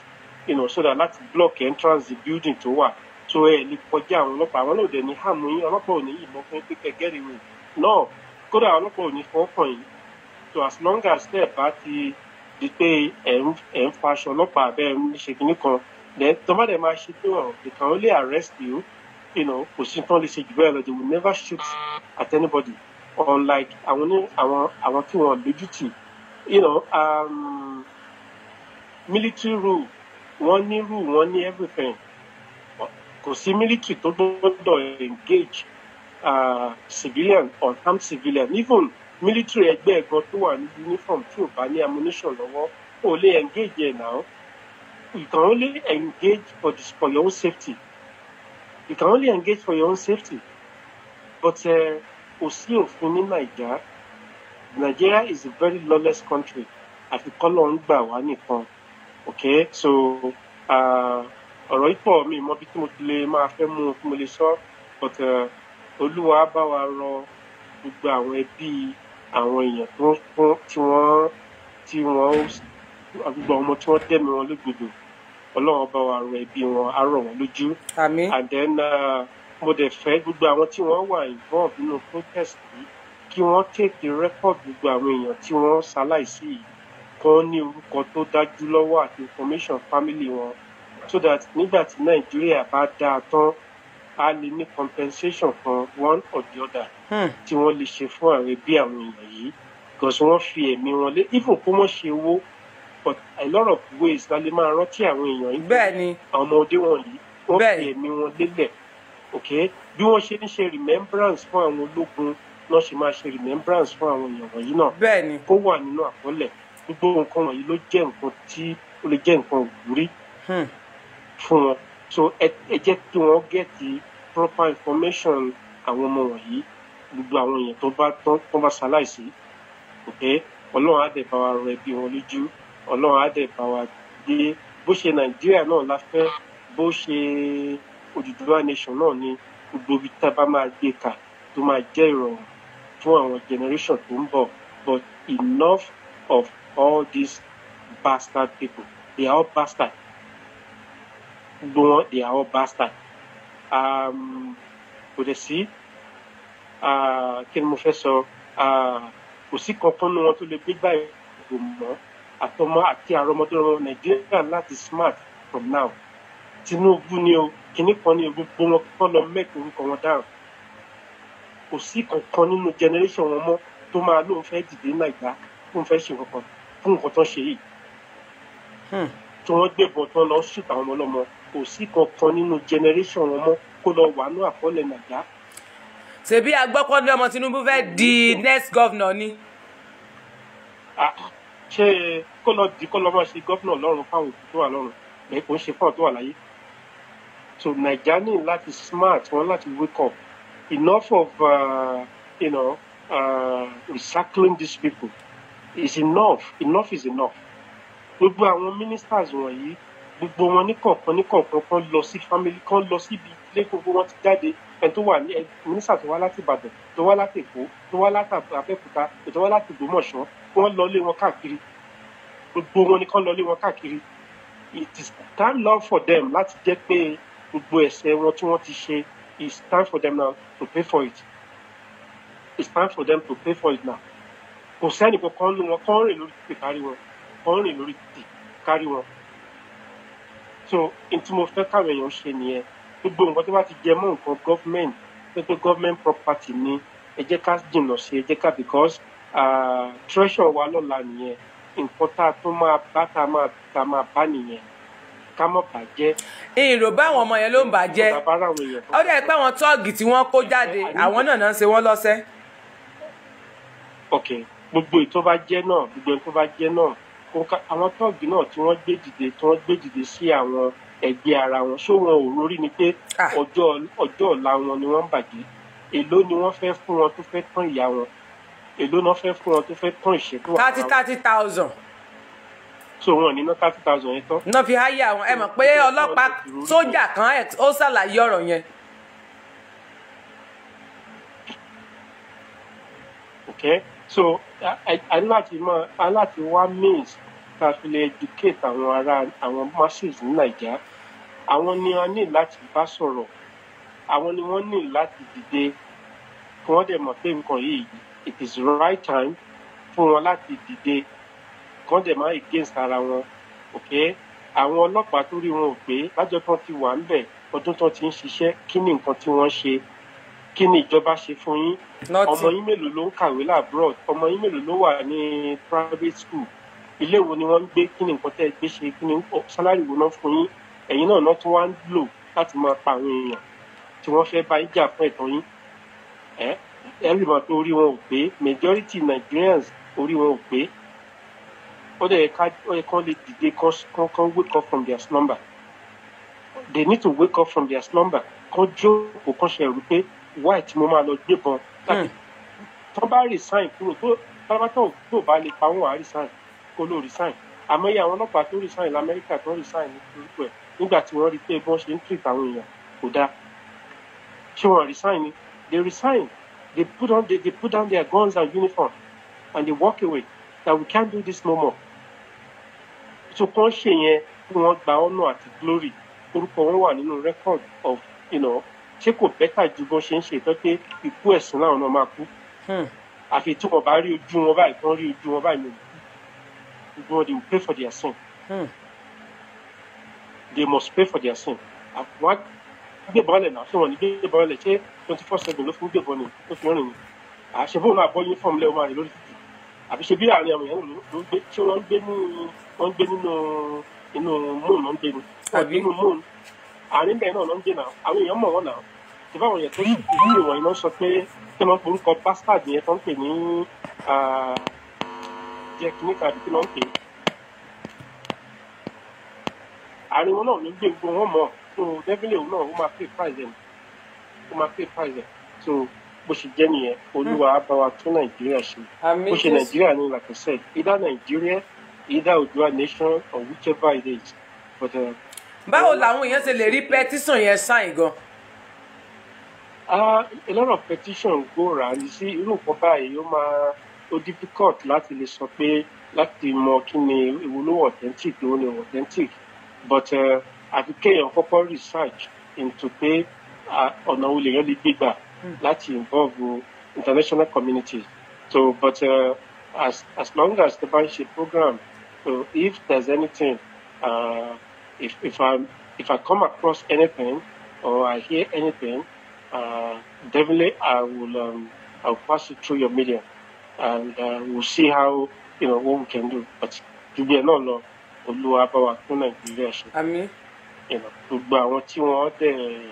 you know, so that láti block entrance the building tó wà so ẹ lè kọjá àwọn ọlọ́pàá àwọn náà dẹ̀ ní hàmù yín ọlọ́pàá ò ní yìnbọn fún pípẹ́ gẹ́rìwé náà kódà ọlọ́pàá ò ní fọ́ọ̀kàn yìí so as long as tẹ́ ẹ̀ bá ti di pé ẹ̀ ń faṣọ ọlọ́pàá abẹ́ ẹ̀ ń ṣe kínní kan then tọ́mọdé máa ṣe pé ọ̀ ìkàn ó lè arrest you you know kò sí tán lè ṣe jù bẹ́ẹ̀ lọ they will never shoot at anybody unlike àwọn àwọn àwọn tí wọ́n lójútì you know um, military rule wọ́n ní rule wọ́n ní everything kò sí military tó gbọ́dọ̀ engage uh, civilian or armed civilian even military ẹgbẹ́ ẹ̀gbọ́n tó wà ní uniform tí ò bá ní ammunition lọ́wọ́ ò lè engage ẹ̀ náà you can only engage for, this, for your own safety you can only engage for your own safety but uh, kò sí òfin ní Nàìjíríà. Nigeria is a very lawless country àfi kọ́lọ̀ ń gbà wá nìkan okay so uh, ọ̀rọ̀ ipò mi mọ bí tí mo ti lè máa fẹ́ mú un tí mo lè sọ but uh, olúwa bá wa rọ gbogbo àwọn ẹbí àwọn èèyàn tó fún tí wọ́n tí wọ́n gbogbo ọmọ tí wọ́n tẹ̀mí wọn lógbòdò ọlọ́run bá wa rọ ẹbí wọn á rọ̀ wọ́n lójú and then uh, mo dẹ̀ fẹ́ gbogbo àwọn tí wọ́n wà involved nínú protest yìí kí wọ́n tètè rẹ́kọ̀dù gbogbo àwọn èèyàn tí wọ́n ṣaláìsí yìí kan ní orúkọ tó dájú lọ́wọ́ àti information family wọn so that nígbà tí nàìjíríà bá dáa tán a lè ní compensation kan one or the other hmm. tí wọ́n lè ṣe fún àwọn ẹbí àwọn èèyàn yìí because wọ́n fi ẹ̀mí wọn lé even kó mọ̀ ṣe owó but a lot of ways la lè máa rántí àwọn èèyàn yìí bẹ́ẹ̀ ni àwọn ọmọdé wọn yìí wọ́n fi ẹ̀mí wọn lélẹ̀ okay bí wọ́n ṣe ń ṣe remembrance fún àwọn ológun náà ṣe máa ṣe remembrance fún àwọn èèyàn wọ̀nyí náà bẹ́ẹ̀ni kó wà nínú àkọọ́lẹ̀ gbogbo nǹkan wọ̀nyí ló jẹ́ nǹkan tí ó lè jẹ́ nǹkan òwúrí hmm. fún wọn so ẹ jẹ́ kí wọ́n gẹ̀ẹ́tì proper information àwọn ọmọ wọ̀nyí gbogbo àwọn èèyàn tó bá tó bá ṣaláìsí òkè ọlọ́run á dẹ̀ bá wa rẹ bí wọn lójú ọlọ́run á dẹ̀ bá wa gbé bó ṣe nàìjíríà náà la fẹ́ bó ṣe Odùduwà nation náà ni gbogbo ibi tá a bá máa gbé kà tó máa jẹ́ ìrọ̀rùn fún àwọn generation tó ń bọ̀ but enough of all these bastard people they are all bastard gbogbo wọn they are all bastard um, kò dẹ̀ sí uh, kí ni mo fẹ́ sọ uh, kò sí kankan nu wọn tó lè gbégbá ìbò mọ́ àtọmọ àti àrọmọdọ́rọmọ nàìjíríà láti smart from now tinubu ni o kinní kan ni o gbogbo wọn kọ́ lọ mẹ́kì orúkọ wọn dáhùn kò sí kankan nínú generation wọn mọ́ tó máa lóun fẹ́ dìde nàìjíríà lóun fẹ́ ṣe nǹkan fún nǹkan tó ń ṣe yìí hmm. tí wọ́n gbébọn tán lọ ṣùtà àwọn ọlọ́mọ kò sí kankan nínú generation wọn mọ́ kó lọ wà ní àkọọ́lẹ̀ nàìjíríà. ṣebí agbọ́pọ̀ ní ọmọ Tinubu fẹ́ di next governor ni. ṣé kó lọ di kó lọ máa ṣe gómìnà lọ́rùn fáwọn òkú tó wà lọ́rùn bẹ́ẹ̀ kò ń ṣe fáwọn tó wà láyé. so nàìjíríà ní láti smart wọn láti wake up enough of, uh, you know, uh, recycling these people. is enough. Enough is enough. Gbogbo àwọn ministers wọ̀nyí gbogbo wọn ní kọ̀ọ̀kan ní kọ̀ọ̀kan kan lọ sí family kan lọ síbi ilé gbogbo wọn ti jáde ẹni tó wà ní ẹ mínísà tó wá láti Ìbàdàn tó wá láti Èkó tó wá láti Abẹ́òkúta tó wá láti Ògbómọ̀ṣọ́ wọ́n lọ lé wọn káàkiri gbogbo wọn ni kán lọ lé wọn káàkiri it is time now for them láti jẹ́ pé gbogbo ẹ̀ṣẹ̀ wọn tí wọ́n ti ṣe it is time for them now to pay for it it's time for them to pay for it now kò sẹ́ni kankan nu wọn kàn rìn lórí títì kárí wọn kàn lórí títì kárí wọn so n tí mo fẹ́ káwọn èèyàn ṣe nìyẹn gbogbo nǹkan tó bá ti jẹ mọ́ nǹkan government pẹ́pẹ́ government property ni ẹ jẹ́ ká jìnnà sí ẹ ká because treasure wa lọ́la nìyẹn nǹkan tá a tún máa bá tá máa bá nìyẹn ká mọ̀ bàjẹ́. ìrò báwọn ọmọ yẹn ló ń bàjẹ́ ó dẹ̀ pé àwọn tọ́ọ̀gì tí wọ́n kó jáde àwọn náà náà ń ṣe wọ́n lọ́sẹ̀. ok gbogbo ètò bá jẹ́ náà gbogbo ètò bá jẹ́ náà àwọn tọ́ọ̀gì náà tí wọ́n gbé dìde tí wọ́n gbé dìde sí àwọn ẹgbẹ́ ara wọn ṣó wọn ò rórí ni pé ọjọ́ ọ̀la wọn ni wọ́n bàjẹ́ èló ni wọ́n fẹ́ fún wọn tó fẹ́ tán ìyá wọn èló ni wọ́n fẹ́ fún wọn tó fẹ́ tán ìṣẹ́kù àwọn. thirty thirty thousand so wọn ní ná thirty thousand yẹn tán. náà fi háyà àwọn ẹ mọ̀ pé ọlọ́pàá sójà kan ó ṣàlàyé ọ̀rọ̀ yẹn. okay so aláti máa aláti wá means tá a fi lè educate àwọn ará àwọn masses ní nàìjíríà àwọn ni wọn ní láti bá sọ̀rọ̀ àwọn ni wọn ní láti dìde kí wọn dẹ̀ mọ̀ pé nǹkan yìí it is right time fún wọn láti dìde kan dẹ̀ máa against ara wọn ok àwọn ọlọ́pàá tó rí wọn ò pé lájọ tán ti wà ń ọdún tán ti ń ṣiṣẹ́ kí ni nǹkan tí wọ́n ṣe kí ni ìjọba ṣe fún yín ọmọ yín mélòó ló ń kàwé labroad ọmọ yín mélòó ló wà ní private school ilé wo ni wọ́n ń gbé kí ni nǹkan tẹ́ ẹ gbé ṣe kí ni oh, sálárì wo náà fún yín ẹ̀yin náà náà tún wá ń lò láti máa pa àwọn èèyàn tí wọ́n fẹ́ bá yín jà fún ẹ̀tọ́ yín ẹ ẹ rí i mọ̀ pé orí wọn ò pé majority Nigerians orí wọn ò pé ó they ká ó yẹ kán lè dìde kán wake up from their slumber they need to wake up from their slumber kán jókòó kán ṣe rú pé why tí mo máa lọ hmm. resign kúrò tó pátápátá tó bá lè pa wọn à resign kó ló resign àmọ́ iye àwọn ọlọ́pàá tó resign lamẹ́ríkà tó resign nípò ẹ̀ nígbà tí wọ́n rí pé bí ṣe ń treat àwọn èèyàn kò dáa ṣé wọ́n resign ni they resign they put on they, they put down their guns and uniform and they walk away that we can't do this no more so kàn ṣe yẹn kí wọ́n gba honor àti glory orúkọ wọn wà nínú record of you know, ṣé kò bẹ́tà ju bọ́n ṣe ń ṣe tán pé ikú ẹ̀sùn láwọn náà máa kú hmm. àfi tí wọn bá rí ojú wọn báyìí kàn rí ojú wọn báyìí lòdì gbogbo wọn they will pay for their sin hmm. they must pay for their sin àwọn gbébọ̀lẹ̀ náà ṣé wọn ní gbébọ̀lẹ̀ ṣé twenty four seven ló fi ń gbébọ̀lẹ̀ ló fi ń rìn àṣẹ fóònù àbọ̀ uniform lẹ́wọ̀n rẹ̀ lórí àbí ṣe bí àárín àwọn èèyàn ló ń gbé ṣé wọ́n ń gbé ní wọ́n ń gbé nínú inú moon ló ń gbé ni àbí inú moon àárín bẹ́ẹ̀ náà ló ń gbé náà àwọn èèyàn mọ̀ wọ́n náà ṣe báwọn èèyàn tó ṣe ìdílé wọn iná sọ pé kí wọ́n forúkọ bastard yẹn tó ń pè ní jẹ́ kíní kàdí kí wọ́n ń pè àárín wọn náà ló ń gbé gbogbo wọn mọ̀ so definitely òun náà ó máa pay price ẹ̀ ó máa pay price ẹ̀ so bó ṣe jẹ́ nìyẹn olúwa á bá wa tún nàìjíríà ṣe bó ṣe nàìjíríà ní like I said either nàìjíríà either Oòduà nation or whichever it is but. Uh, báwo làwọn èèyàn ṣe lè rí pẹtísàn yẹn sáìn gan. Ah, a lot of petition go round see, irú nǹkan báyìí ó máa ó difficult láti lè sọ pé láti mọ kí ni èwo authentic èwo ni authentic but uh, àfi kéèyàn kọ́kọ́ research into pé uh, ọ̀nà olè yẹn lè gbégbà. Hmm. That involve international community. So, but uh, as as long as the Banshee program, so if there's anything, uh, if if I if I come across anything or I hear anything, uh, definitely I will um, I'll pass it through your media, and uh, we'll see how you know what we can do. But to be no no, Olúwa bá wa kún Nàìjíríà ṣe. You Gbogbo you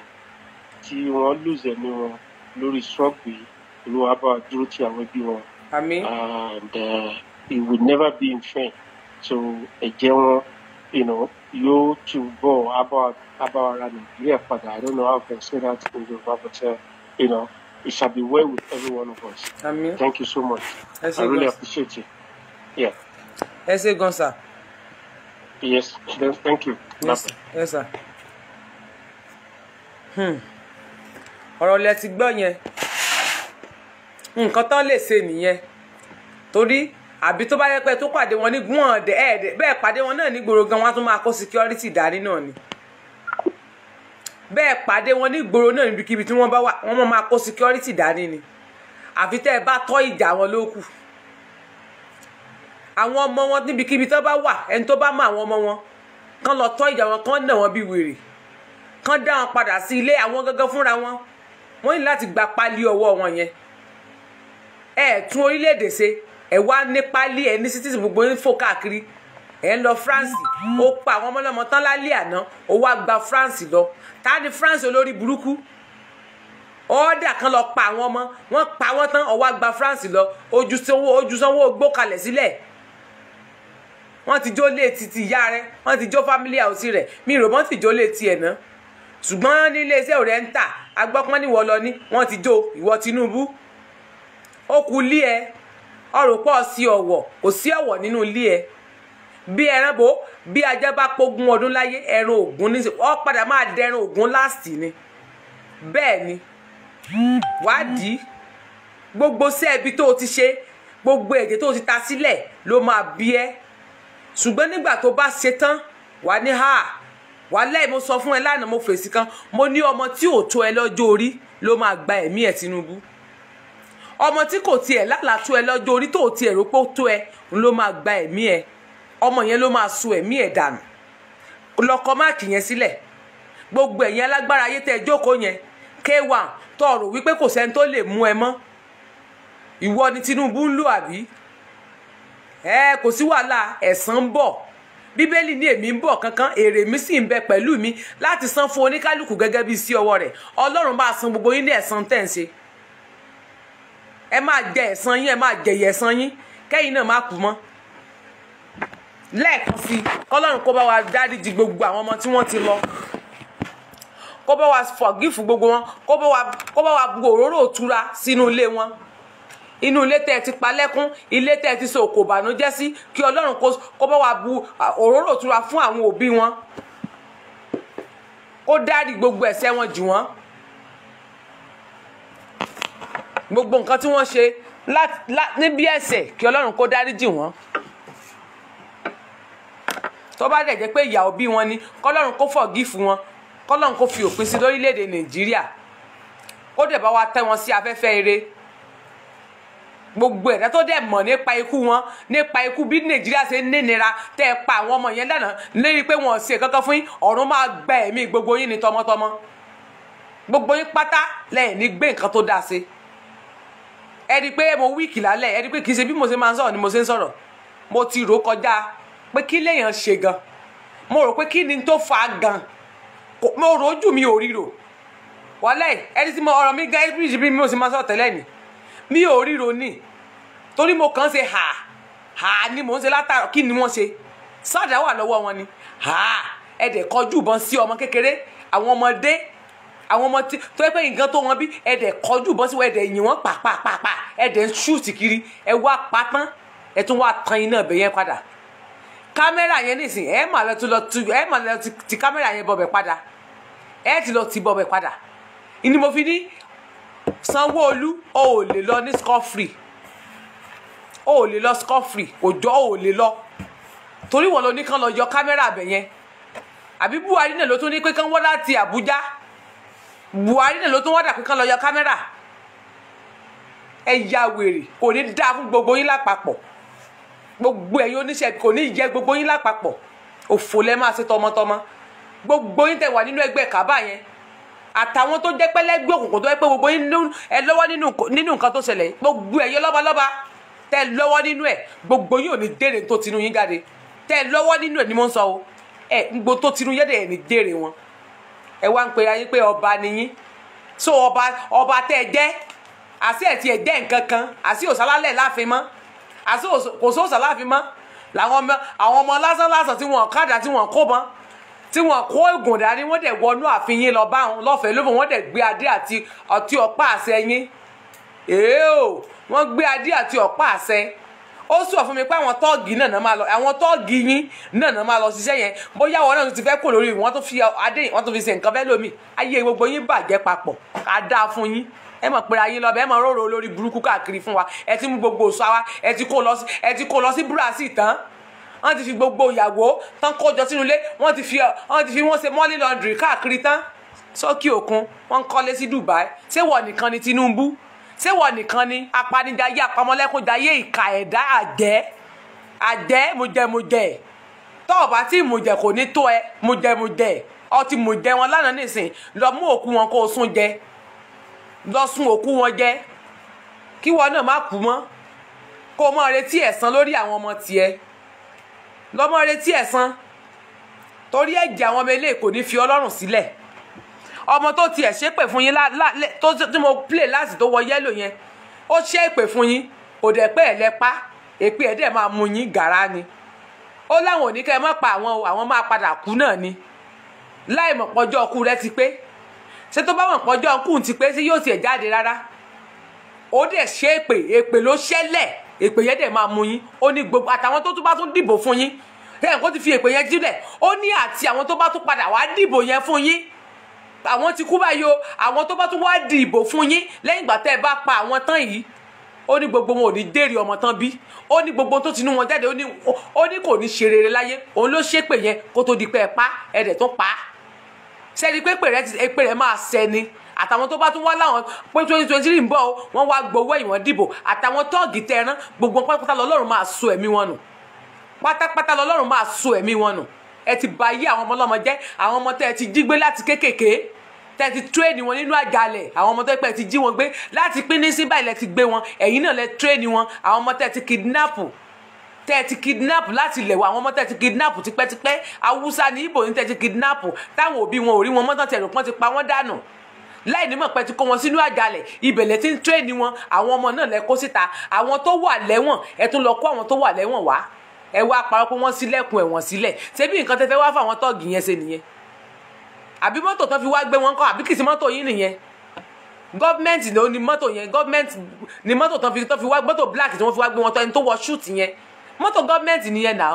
tí wọ́n lose anymore. lórí ṣọ́ọ̀bù yìí olúwa bá wa dúró ti àwọn ẹbí wọn. àmín. and uh, it will never be in vain so ẹ̀jẹ̀ wọn you know, yóò túbọ̀ abáwara nàìjíríà padà i don't know how to say that in Yorùbá but uh, you know, it shall be well with every one of us. àmín. thank you so much. i really goes. appreciate you. yeah. ẹ ṣé gan sir. yes thank you. yes sir. Hmm ọ̀rọ̀ lẹ ti gbọ́ yẹn nǹkan tán lè ṣe nìyẹn torí àbí tó bá yẹ pé tó pàdé wọn ní gún ọ̀dẹ ẹ̀ẹ́dẹ bẹ́ẹ̀ pàdé wọn náà ní gbòòrò gan wọn tún máa kó security dání náà ni bẹ́ẹ̀ pàdé wọn ní gbòòrò náà níbikíbi tí wọ́n bá wà wọ́n máa kó security dání ni àfi tẹ́ ẹ bá tọ́ ìjà wọn ló kù àwọn ọmọ wọn níbikíbi tó bá wà ẹni tó bá mọ àwọn ọmọ wọn kán lọ tọ́ ìjà wọn kán nà wọn bí wèrè kán dá wọn padà sí ilé àwọn gangan fúnra wọn wọ́n ní láti gba pálí ọwọ́ wọn yẹn ẹ tún orílẹ̀-èdè ṣe ẹ wá ní pálí ẹ ní citizen gbogbo ń fò káàkiri ẹ ń lọ France ó pa àwọn ọmọlọ́mọ tán lálẹ́ àná ó wá gba France lọ ta ni France olórí burúkú ọ́dà kan lọ pa àwọn ọmọ wọ́n pa wọ́n tán ó gba France lọ ojú sanwó ojú sanwó gbó kalẹ̀ sílẹ̀ wọ́n ti jó lé titi ìyá rẹ̀ wọ́n ti jó family house rẹ̀ mi ìròmọ́ ti jó lé tiẹ̀ náà ṣùgbọ́n ní iléeṣẹ́ òrẹ́ ń tà agbọ́pọ́n níwọ̀ lọ ní wọ́n ti jó ìwọ Tinubu ó kú lé ẹ ọrùn pọ̀ sí ọ̀wọ̀ kò sí ọ̀wọ̀ nínú ilé ẹ bí ẹran bò bí ajá bá pógun ọdún láyé ẹran ògún ní ọ padà máa dẹran ògún láàsì ni bẹ́ẹ̀ ni wádìí gbogbo sẹ́ẹ̀bi tó o ti ṣe gbogbo èdè tó o ti ta sílẹ̀ ló máa bí ẹ ṣùgbọ́n nígbà tó bá ṣe tán wà ní háà wàláì mo sọ fún ẹ lánàá mo fèsì kan mo ní ọmọ tí ò tó ẹ lọ́jọ́ orí ló máa gba ẹ̀mí ẹ̀ Tinubu ọmọ tí kò tiẹ̀ lálàá tó ẹ lọ́jọ́ orí tó tiẹ̀ rò pé ó tó ẹ ló máa gba ẹ̀mí ẹ ọmọ yẹn ló máa so ẹ̀mí ẹ̀ dànù lọkọ máàkì yẹn sílẹ̀ gbogbo ẹ̀yin alágbára ayé tẹ́ ẹ jókòó yẹn k1 tọrọ wípé kò sẹ́ni tó lè mú ẹ mọ́ ìwọ ni Tinubu ń lò àbí ẹ kò sí wàhálà ẹ̀san bọ̀ bíbélì ní èmi ń bọ̀ kankan èrè mi sì ń bẹ pẹ̀lú mi láti san fún oníkálukú gẹ́gẹ́ bí sí ọwọ́ rẹ̀ ọlọ́run bá san gbogbo yín ní ẹ̀san tẹ̀ ń ṣe ẹ máa jẹ ẹ̀san yín ẹ máa jẹ̀yẹ̀ ẹ̀san yín kẹ́yìn náà má kú mọ́ lẹ́ẹ̀kan sí kọ́lọ́run kó bá wa dáríjì gbogbo àwọn ọmọ tí wọ́n ti lọ kó bá wa forgive gbogbo wọn kó bá wa gbòòrò òtura sínú ilé wọn inú ilé tẹ́ ẹ ti palẹ́kún ilé tẹ́ ẹ ti so òkò ìbànújẹ́ sí kí ọlọ́run kó bá wa bu òróró ìtura fún àwọn òbí wọn kó dárí gbogbo ẹ̀ṣẹ̀ wọn jì wọ́n gbogbo nǹkan tí wọ́n ṣe níbi ẹ̀ṣẹ̀ kí ọlọ́run kó dárí jì wọ́n tó bá dẹ̀ jẹ́ pé ìyà òbí wọn ni kọ́lọ́run kó fọ̀gífù wọn kọ́lọ́run kó fi òpin sí lórílẹ̀‐èdè nàìjíríà kó dẹ̀ bá wa tẹ́ wọn sí afẹ́fẹ́ eré gbogbo ẹ̀dá tó dẹ̀ mọ̀ nípa ikú wọn nípa ikú bí nàìjíríà ṣe ń nínira tẹ́ ẹ pa àwọn ọmọ yẹn lánàá lérí pé wọn ò ṣe kankan fún yín ọ̀run máa gba ẹ̀mí gbogbo yín ní tọmọtọmọ gbogbo yín pátá lẹ́yìn ní gbé nǹkan tó dáa ṣe ẹ pé mo wíìkì lálẹ́ ẹ rí i pé kì í ṣe bí mo ṣe máa ń sọ̀rọ̀ ni mo ṣe ń sọ̀rọ̀ mo ti rò kọjá pé kí lèèyàn ṣe gan mo rò pé kí ni tó fa gan mo rò ojú mi ò ríro wàhálà ẹ ẹ ti mọ ọ̀rọ̀ mi gan ẹ bí mo ṣe máa sọ̀rọ̀ tẹ́lẹ̀ ni mi ò ríro ní torí mo kàn ṣe hà hà ni mò ń ṣe látàrọ kí ni wọ́n ṣe sádà wà lọ́wọ́ wọn ni hà ẹ̀dẹ̀ kọjú ìbọn sí ọmọ kékeré àwọn ọmọdé àwọn ọmọ tí tó yẹ pé nǹkan tó wọn bí ẹ̀dẹ̀ kọjú ìbọn sí wọn ẹ̀dẹ̀ yìn wọ́n pàpàpàpà ẹ̀dẹ̀ ń ṣùtì kiri ẹ wá patán ẹ tún wá tan iná ibẹ̀ yẹn padà kámẹ́rà yẹn nìsín ẹ mà lọ ti lọ tu ẹ mà lọ ti kámẹ́rà yẹn bọ̀bẹ̀ padà ẹ ti lọ ti bọ̀bẹ̀ padà ìní mo fi ní sanwóolu o ò lè lọ ní scot-free o ò lè lọ scot-free òjò o ò lè lọ torí wọn ló ní kán lọ yọ kámẹ́rà abẹ̀ yẹn àbí buhari náà ló tún ní pé kán wọ́n láti àbújá buhari náà ló tún wọ́n dà pé kán lọ yọ kámẹ́rà ẹ ya wèrè kò ní dáa fún gbogbo yín lápapọ̀ gbogbo ẹ̀yin oníṣẹ́ kò ní yẹ gbogbo yín lápapọ̀ òfò lẹ́ máa ṣe tọmọtọmọ gbogbo yín tẹ̀ wà nínú ẹgbẹ́ kábà yẹn àtàwọn tó jẹ́ pẹ́lẹ́gbẹ́ òkùnkùn tó jẹ́ pé gbogbo ẹ lọ́wọ́ nínú nǹkan tó ṣẹlẹ̀ gbogbo ẹ̀yẹ lọ́balọ́ba tẹ́ lọ́wọ́ nínú ẹ̀ gbogbo yóò ní dèrè tó tinú yín jáde tẹ́ lọ́wọ́ nínú ẹ̀ ni mo ń sọ o ẹ̀ gbogbo tó tinú yẹ́dẹ ẹ̀ ní dèrè wọn ẹ wá ń pe ayé pé ọba niyín so ọba ọba tẹ́ ẹ jẹ́ àti ẹ̀ tiẹ̀ jẹ́ nǹkan kan àti òsálálẹ̀ láàfin mọ́ àti kò sóòsà láàfin mọ́ làwọn ọmọ lásán lásán tí wọn kádà tí wọn kó bọ́n tí wọ́n kó oògùn dání wọ́n dẹ̀ wọnú ààfin yín lọ bá wọn lọ́fẹ̀ẹ́ lófin wọ́n dẹ̀ gbé adé àti ọtí ọ̀pá àṣẹ yín èé o wọ́n gbé adé àti ọ̀pá àṣẹ ó sọ fún mi pé àwọn tọ́ọ̀gì náà náà máa lọ àwọn tọ́ọ̀gì yín náà náà máa lọ ṣiṣẹ́ yẹn bóyá wọn náà ti fẹ́ kò lórí wọn tó fi adé wọn tó fi ṣe nǹkan fẹ́ lómi ayé gbogbo yín bàjẹ́ papọ̀ ká dáa fún yín ẹ mọ̀ pé ayé lọ́bẹ̀ ẹ mọ̀ róró lórí burúkú káàkiri fún wa ẹ ti mú gbogbo òṣùwà wa ẹ ti kó lọ sí Brazil tán wọ́n ti fi gbogbo ìyàwó tán kójọ sínú ilé wọ́n ti fi wọ́n ti fi wọ́n ṣe mọ́lì lọ́ndrì káàkiri tán sọ́kì òkun wọ́n ń kọ́lé sí Dubai ṣé wọ́n nìkan ni Tinubu ṣé wọ́n nìkan ni apanijayé apamọ́lẹ́kúnjayé ìkà ẹ̀dá àjẹ́ àjẹ́ mojẹmojẹ tọ́ọ̀ bá tí mojẹ kò ní tó ẹ mojẹmojẹ ọtí mojẹ wọn lánàá nìsín lọ mú òkú wọn kó o sún jẹ lọ sún òkú wọn jẹ kí wọn náà má kú mọ́ kó o mọ retí ẹ̀san lórí àwọn ọmọ tiẹ̀ lọ́mọ retí ẹ̀san torí ẹ̀jẹ̀ àwọn ọmọ ilé kò ní fi ọlọ́run sílẹ̀ ọmọ tó tiẹ̀ ṣépè fún yín tó tí mo play láti tó wọ yẹ́lò yẹn ó ṣépè fún yín kò dẹ̀ pé ẹ̀ lẹ́pá èpè ẹ̀ dẹ̀ máa mú yín gàrá ni ó láwọn ò ní kẹ́ ẹ má pa àwọn o àwọn máa padà kú náà ni láì mọ̀ pọ́jọ́ ọkú rẹ ti pé ṣé tó bá mọ̀ pọ́jọ́ ọkú ti pé sí yóò tiẹ̀ jáde rárá ó dẹ̀ ṣépè èpè ló ṣẹlẹ̀ èpè yẹn dẹ̀ máa mú yín ó ní gbogbo àtàwọn tó tún bá tún dìbò fún yín ẹ̀yìn kó ti fi èpè yẹn jílẹ̀ ó ní àti àwọn tó bá tún padà wá dìbò yẹn fún yín àwọn ti kú báyìí o àwọn tó bá tún wá dìbò fún yín lẹ́yìn ìgbà tẹ́ ẹ bá pa àwọn tán yìí ó ní gbogbo wọn ò ní dèrè ọmọ tán bí ó ní gbogbo tó ti nú wọn jáde ó ní kò ní ṣe rere láyé òun ló ṣépè yẹn kó tó di pé ẹ pa ẹ̀dẹ̀ tó pa á sẹ́ni pé èpè rẹ máa sẹ́ni àtàwọn tó bá tún wá láwọn pé twenty twenty three ń bọ̀ o wọ́n wá gbowó ẹ̀yìn wọn dìbò àtàwọn tọ́ọ̀gì tẹran gbogbo pátápátá lọ́lọ́run máa so ẹ̀mí wọn nù pátápátá lọ́lọ́run máa so ẹ̀mí wọn nù ẹ ti bà ayé àwọn ọmọ ọlọ́mọ jẹ́ àwọn ọmọ tẹ́ ẹ ti jí gbé láti kékèké tẹ́ ẹ ti tírẹ́ẹ̀nì wọn nínú àjálẹ̀ àwọn ọmọ tó pẹ́ ti jí wọn gbé láti pín ní síbà ilẹ̀ ti gbé wọn ẹ̀yìn náà lẹ tírẹ́ẹ̀nì wọn àwọn ọmọ tẹ́ ti kidnap tẹ́ ti kidnap láti ilẹ̀ wa àwọn ọmọ tẹ́ ti kidnap tipẹ́tipẹ́ haúsá ní ibo ní tẹ́ ti kidnap táwọn òbí wọn ò rí wọn mọ́tàn tẹ̀rù pọ́n ti pa wọ́n dànù láì ní mọ̀ pé ti kó wọn sínú àjálẹ̀ ibẹ̀lẹ̀ ti ń tírẹ́ẹ̀nì wọn àwọn ọmọ náà lẹ kó síta àwọn tó wà lẹ́wọ̀n ẹ tún lọ kó àwọn tó wà lẹ́wọ̀n wá ẹ wá parọ́ pé wọ́n sílẹ̀kùn ẹ̀wọ̀n sílẹ̀ ṣebí nǹkan tẹ́ fẹ́ wá fáwọn tọ́ọ̀gì yẹn ṣe nìyẹn àbí mọ́tò tán fi wá gbé wọn kọ́ àbí kìsì mọ́tò yín nìyẹn gọ́ọ̀mẹ̀ntì ló ní mọ́tò yẹn gọ́ọ̀mẹ̀ntì ní mọ́tò tán fi tán fi wá mọ́tò black tí wọ́n fi wá gbé wọn tọ́ ẹni tó wọ ṣúùtì yẹn mọ́tò gọ́ọ̀mẹ̀ntì nìyẹn náà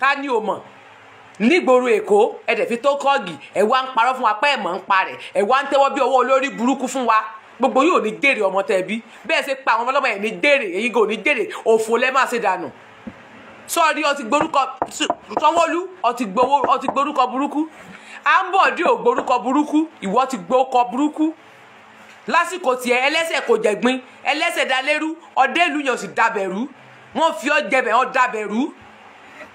ta ni o mọ̀ nígboro èkó ẹ dẹ̀ fi tó kọ́ọ̀gì ẹ wá ń parọ́ fún wa pé ẹ̀ mọ̀ ń parẹ̀ ẹ wá ń tẹ́wọ́ bí ọwọ́ olórí burúkú fún wa gbogbo yóò ní dèrè ọmọ tẹ bí bẹ́ẹ̀ ṣe pa àwọn ọmọlọ́mọ ẹ̀ ní dèrè èyí gò ní dèrè òfò lẹ́ máa ṣe dànù sọ́ọ̀rí ọtí gborúkọ sanwó-olú ọtí gborúkọ burúkú ambọ̀dé ò gborúkọ burúkú ìwọ ti gbókọ burúkú lásìkò tiẹ̀ ẹlẹ́sẹ̀ kò jẹ̀gbin ẹlẹ́sẹ̀ dalérú ọdẹ́lú dabẹ̀rú wọ́n fi ọ́ jẹbẹ̀ ọ́ dabẹ̀rú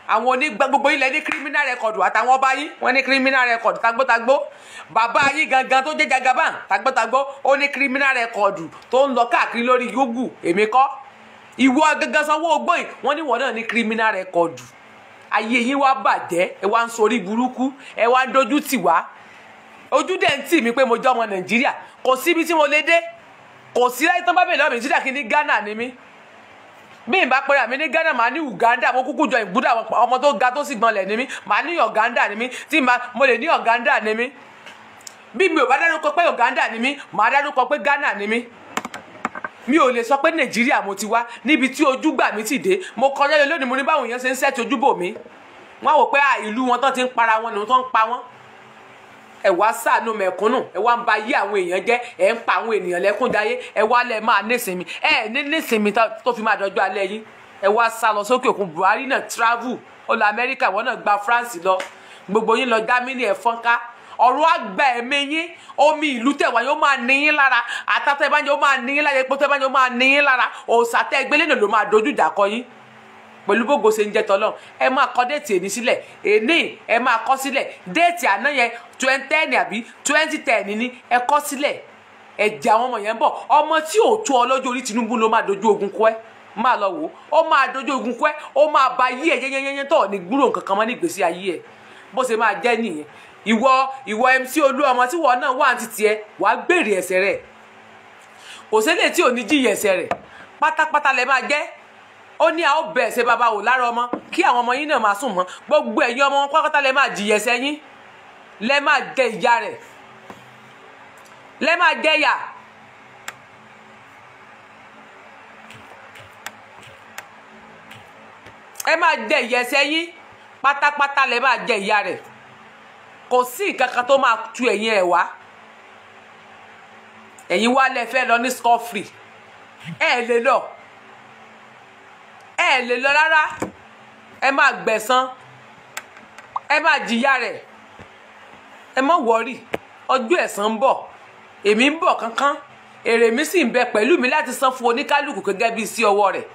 àwọn oní gbogbo ilẹ̀ ní criminal record àtàwọn ọba yín wọ́n ní criminal record tagbótagbó bàbá yín gangan tó jẹ́ jagaban tagbótagbó ó ní criminal record tó ń lọ káàkiri lórí yógù èmi kọ́ ìwọ gangan sanwó ogbó yìí wọ́n ní wọ́n náà ní criminal record ayé yín wá bàjẹ́ ẹ wá ń sorí burúkú ẹ wá ń dojú tì wá ojú dẹ̀ ń tì mí pé mo jẹ́ ọmọ nàìjíríà kò síbi tí mo lè dé kò sí láyé tán bá bẹ̀rẹ̀ lọ́mọ nàìjíríà kí ní ghana ni mí bí n bá pẹ́rẹ́ àmì ní Ghana màá ní Uganda mo kúkú jọ ìbúdà ọmọ tó ga tó sì gbọ́nlẹ̀ ni mí màá ní Uganda ni mí tí mo lè ní Uganda ni mí bí mi ò bá dárúkọ pé Uganda ni mí màá dárúkọ pé Ghana ni mí mi ò lè sọ pé Nàìjíríà mo ti wá níbi tí ojúgbà mi ti dé mo kọjá lónìí mo ní báwọn èèyàn ṣe ń ṣẹ́ẹ̀tì ojúbò mi wọ́n wò pé ìlú wọn tán ti ń para wọn ni wọ́n tán ń pa wọ́n ẹ wá ṣàánú mẹ̀kúnnù ẹ wá ń ba yí àwọn èèyàn jẹ́ ẹ ń pa àwọn ènìyàn lẹ́kún dayé ẹ wá lẹ máa nísinmi ẹ ní nísinmi tó fi máa dọjọ́ alẹ́ yín ẹ wá sá lọ sókè òkun Buhari náà travel ó lọ wọn náà gba France lọ gbogbo yín lọ Germany ẹ fọ́nká ọ̀rọ̀ àgbà ẹ̀mí yín omi ìlú tẹ̀wá yóò máa ní yín lára àtàtà ìbánjẹ́ ó máa ní yín lára epo tẹ̀bánjẹ́ ó máa ní yín lára òòsà tẹ́ ẹgbẹ́lẹ́ náà ló máa dojú ìjà yín pẹ̀lú bógo ṣe ń jẹ́ tọ́lọ́ ẹ máa kọ déètì èmi sílẹ̀ èní ẹ máa kọ sílẹ̀ déètì àná yẹn twenty ten àbí twenty ten ni ẹ kọ sílẹ̀ ẹ jẹ́ àwọn ọmọ yẹn ń bọ̀ ọmọ tí ò tó ọ lọ́jọ́ orí Tinubu ló máa dojú ogun kọ́ ẹ́ máa lọ wò ó máa dojú ogun kọ́ ẹ́ ó máa ba yí ẹ̀ yẹ́yẹ́yẹ́yẹ́ tọ̀ ní gbúrò nǹkan kan mọ́ ní ìgbésí ayé ẹ̀ bó ṣe máa jẹ́ nìyẹn ìwọ ìwọ MC Olúọmọ tí wọn náà wà ní titi ẹ wàá gbèrè ẹ̀ṣẹ̀ rẹ̀ kò sẹ́lẹ̀ tí ò ní jìyà ẹ̀ṣẹ̀ rẹ̀ pátápátá lẹ máa jẹ́ ó ní a ó bẹ̀ ṣe bàbá wò lára ọmọ kí àwọn ọmọ yín náà máa sùn mọ́ gbogbo ẹ̀yin ọmọ wọn pátápátá lẹ máa jìyẹ̀ sẹ́yìn lẹ máa jẹ ìyá rẹ̀ lẹ máa jẹ yà. ẹ máa jẹ ìyẹ̀ sẹ́yìn pátápátá lẹ máa jẹ ìyá rẹ̀ kò sí nǹkan kan tó máa tu ẹ̀yin ẹ̀ wá ẹ̀yin wá lẹ fẹ́ lọ ní scot free ẹ̀ lè lọ ẹ lè lọ rárá ẹ máa gbẹ̀san ẹ máa jìyà rẹ̀ ẹ má wọrí ọjọ́ ẹ̀san ń bọ̀ èmi ń bọ̀ kánkán èrè mi sì ń bẹ pẹ̀lú mi láti san fún oníkálukú gẹ́gẹ́ bíi sí ọwọ́ rẹ̀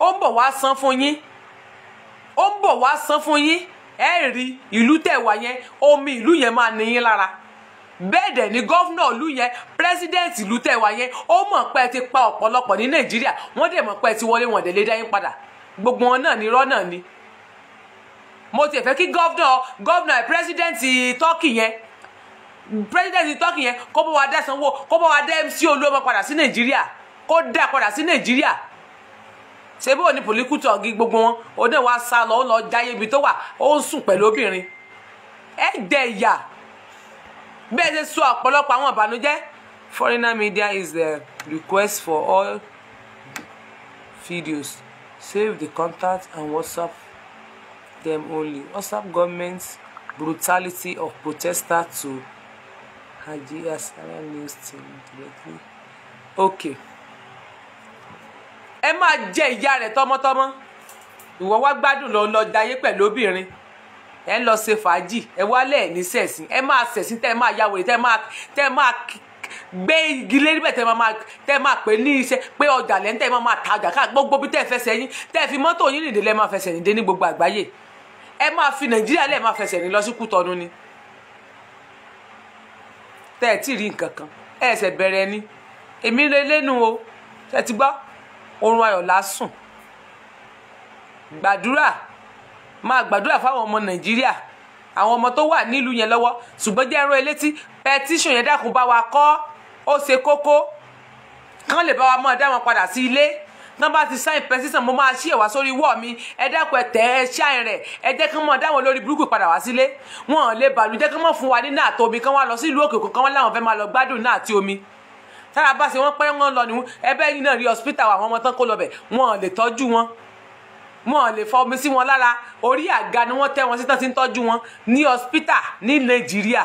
ó ń bọ̀ wá san fún yín ó ń bọ̀ wá san fún yín ẹ rí ìlú tẹ̀wá yẹn omi ìlú yẹn máa níyín lára bẹ́ẹ̀ dẹ̀ ni gọ́fúnà ìlú yẹn pírẹ́sídẹ̀ǹtì ìlú tẹ̀wá yẹn ó mọ̀ pé ẹ ti pa ọ̀pọ̀lọpọ̀ ní nàìjíríà wọ́n dẹ̀ mọ̀ pé ẹ ti wọlé wọn dẹ̀ lé dáyín padà gbogbo wọn náà ni irọ́ náà ni. mo ti fẹ́ kí gọ́fúnà gọ́fúnà pírẹ́sídẹ̀ǹtì tọ́kì yẹn pírẹ́sídẹ̀ǹtì tọ́kì yẹn kó bá wa dá sanwó kó bá wa dá MC Olúọmọ padà sí nàìjíríà kó dá padà sí nàìjíríà ṣebí òní pòlíkùtù ọ̀gí gbogbo wọn òní wa sá lọ ó lọ jáyé ibi tó wà ó ń sùn pẹ̀lú obìnrin ẹ̀ dẹ̀ yà bẹ́ẹ̀ ṣe sọ ọ̀pọ̀lọpọ̀ àwọn ìbànújẹ́ foreigner media is the request for all videos save the contact and whatsapp them only whatsapp government brutality of protester to haji asara news team directly okay ẹ máa jẹ ìyá rẹ tọmọtọmọ ìwọ wá gbádùn lọ lọ jayé pẹ̀lú obìnrin ẹ lọ ṣe fàájì ẹ wálẹ̀ ní sẹ̀sìn ẹ máa sẹ̀sìn tẹ́ ẹ máa yàwòrè tẹ́ ẹ máa tẹ́ ẹ máa gbé igi lé níbẹ̀ tẹ́ ẹ máa tẹ́ ẹ máa pè ní iṣẹ́ pé ọjà lẹ́nu tẹ́ ẹ máa ta ọjà káà gbogbo bí tẹ́ ẹ fẹsẹ̀ yín tẹ́ ẹ fi mọ́tò yín nìdílé máa fẹsẹ̀ nìdé ní gbogbo àgbáyé ẹ máa fi nàìjíríà lẹ́ẹ̀ máa fẹsẹ̀ ní lọ sí kútọ́nu ni tẹ́ ẹ tí ì rí nǹkan kan ẹ ẹsẹ̀ bẹ̀rẹ̀ ni èmi lè lẹ́nu o ẹ ti gbọ́ oorun ayọ̀ lásùn gbàdúrà máa gbàdúrà fáwọn ọmọ nàìjíríà àwọn ọmọ tó wà nílùú yẹn lọ́wọ́ ṣùgbọ́n jẹ́ ẹran elétí pẹtíṣọ̀n yẹn dákun bá wa kọ́ ó ṣe kókó kán lè bá wa máa dá wọn padà sí ilé tán bá ti sáìn pẹtíṣọ̀n mo máa ṣí ẹ̀wá sórí wọ́ọ̀ mi ẹ dákun ẹ tẹ̀ ẹ ṣáìn rẹ̀ ẹ jẹ́ kán máa dá wọn lórí burúkú padà wá sílé wọn ò lè bàlújẹ́ kán máa fún wa ní náà tó kán wá lọ sí ìlú òkè òkun kán wá láwọn hospital àwọn ọmọ tán kó lọ bẹ̀ wọn ò lè tọ́jú wọn wọn lè fọmi sí wọn lára orí àga ni wọ́n tẹ́ wọn sí tán ti ń tọ́jú wọn ní hospital ní nàìjíríà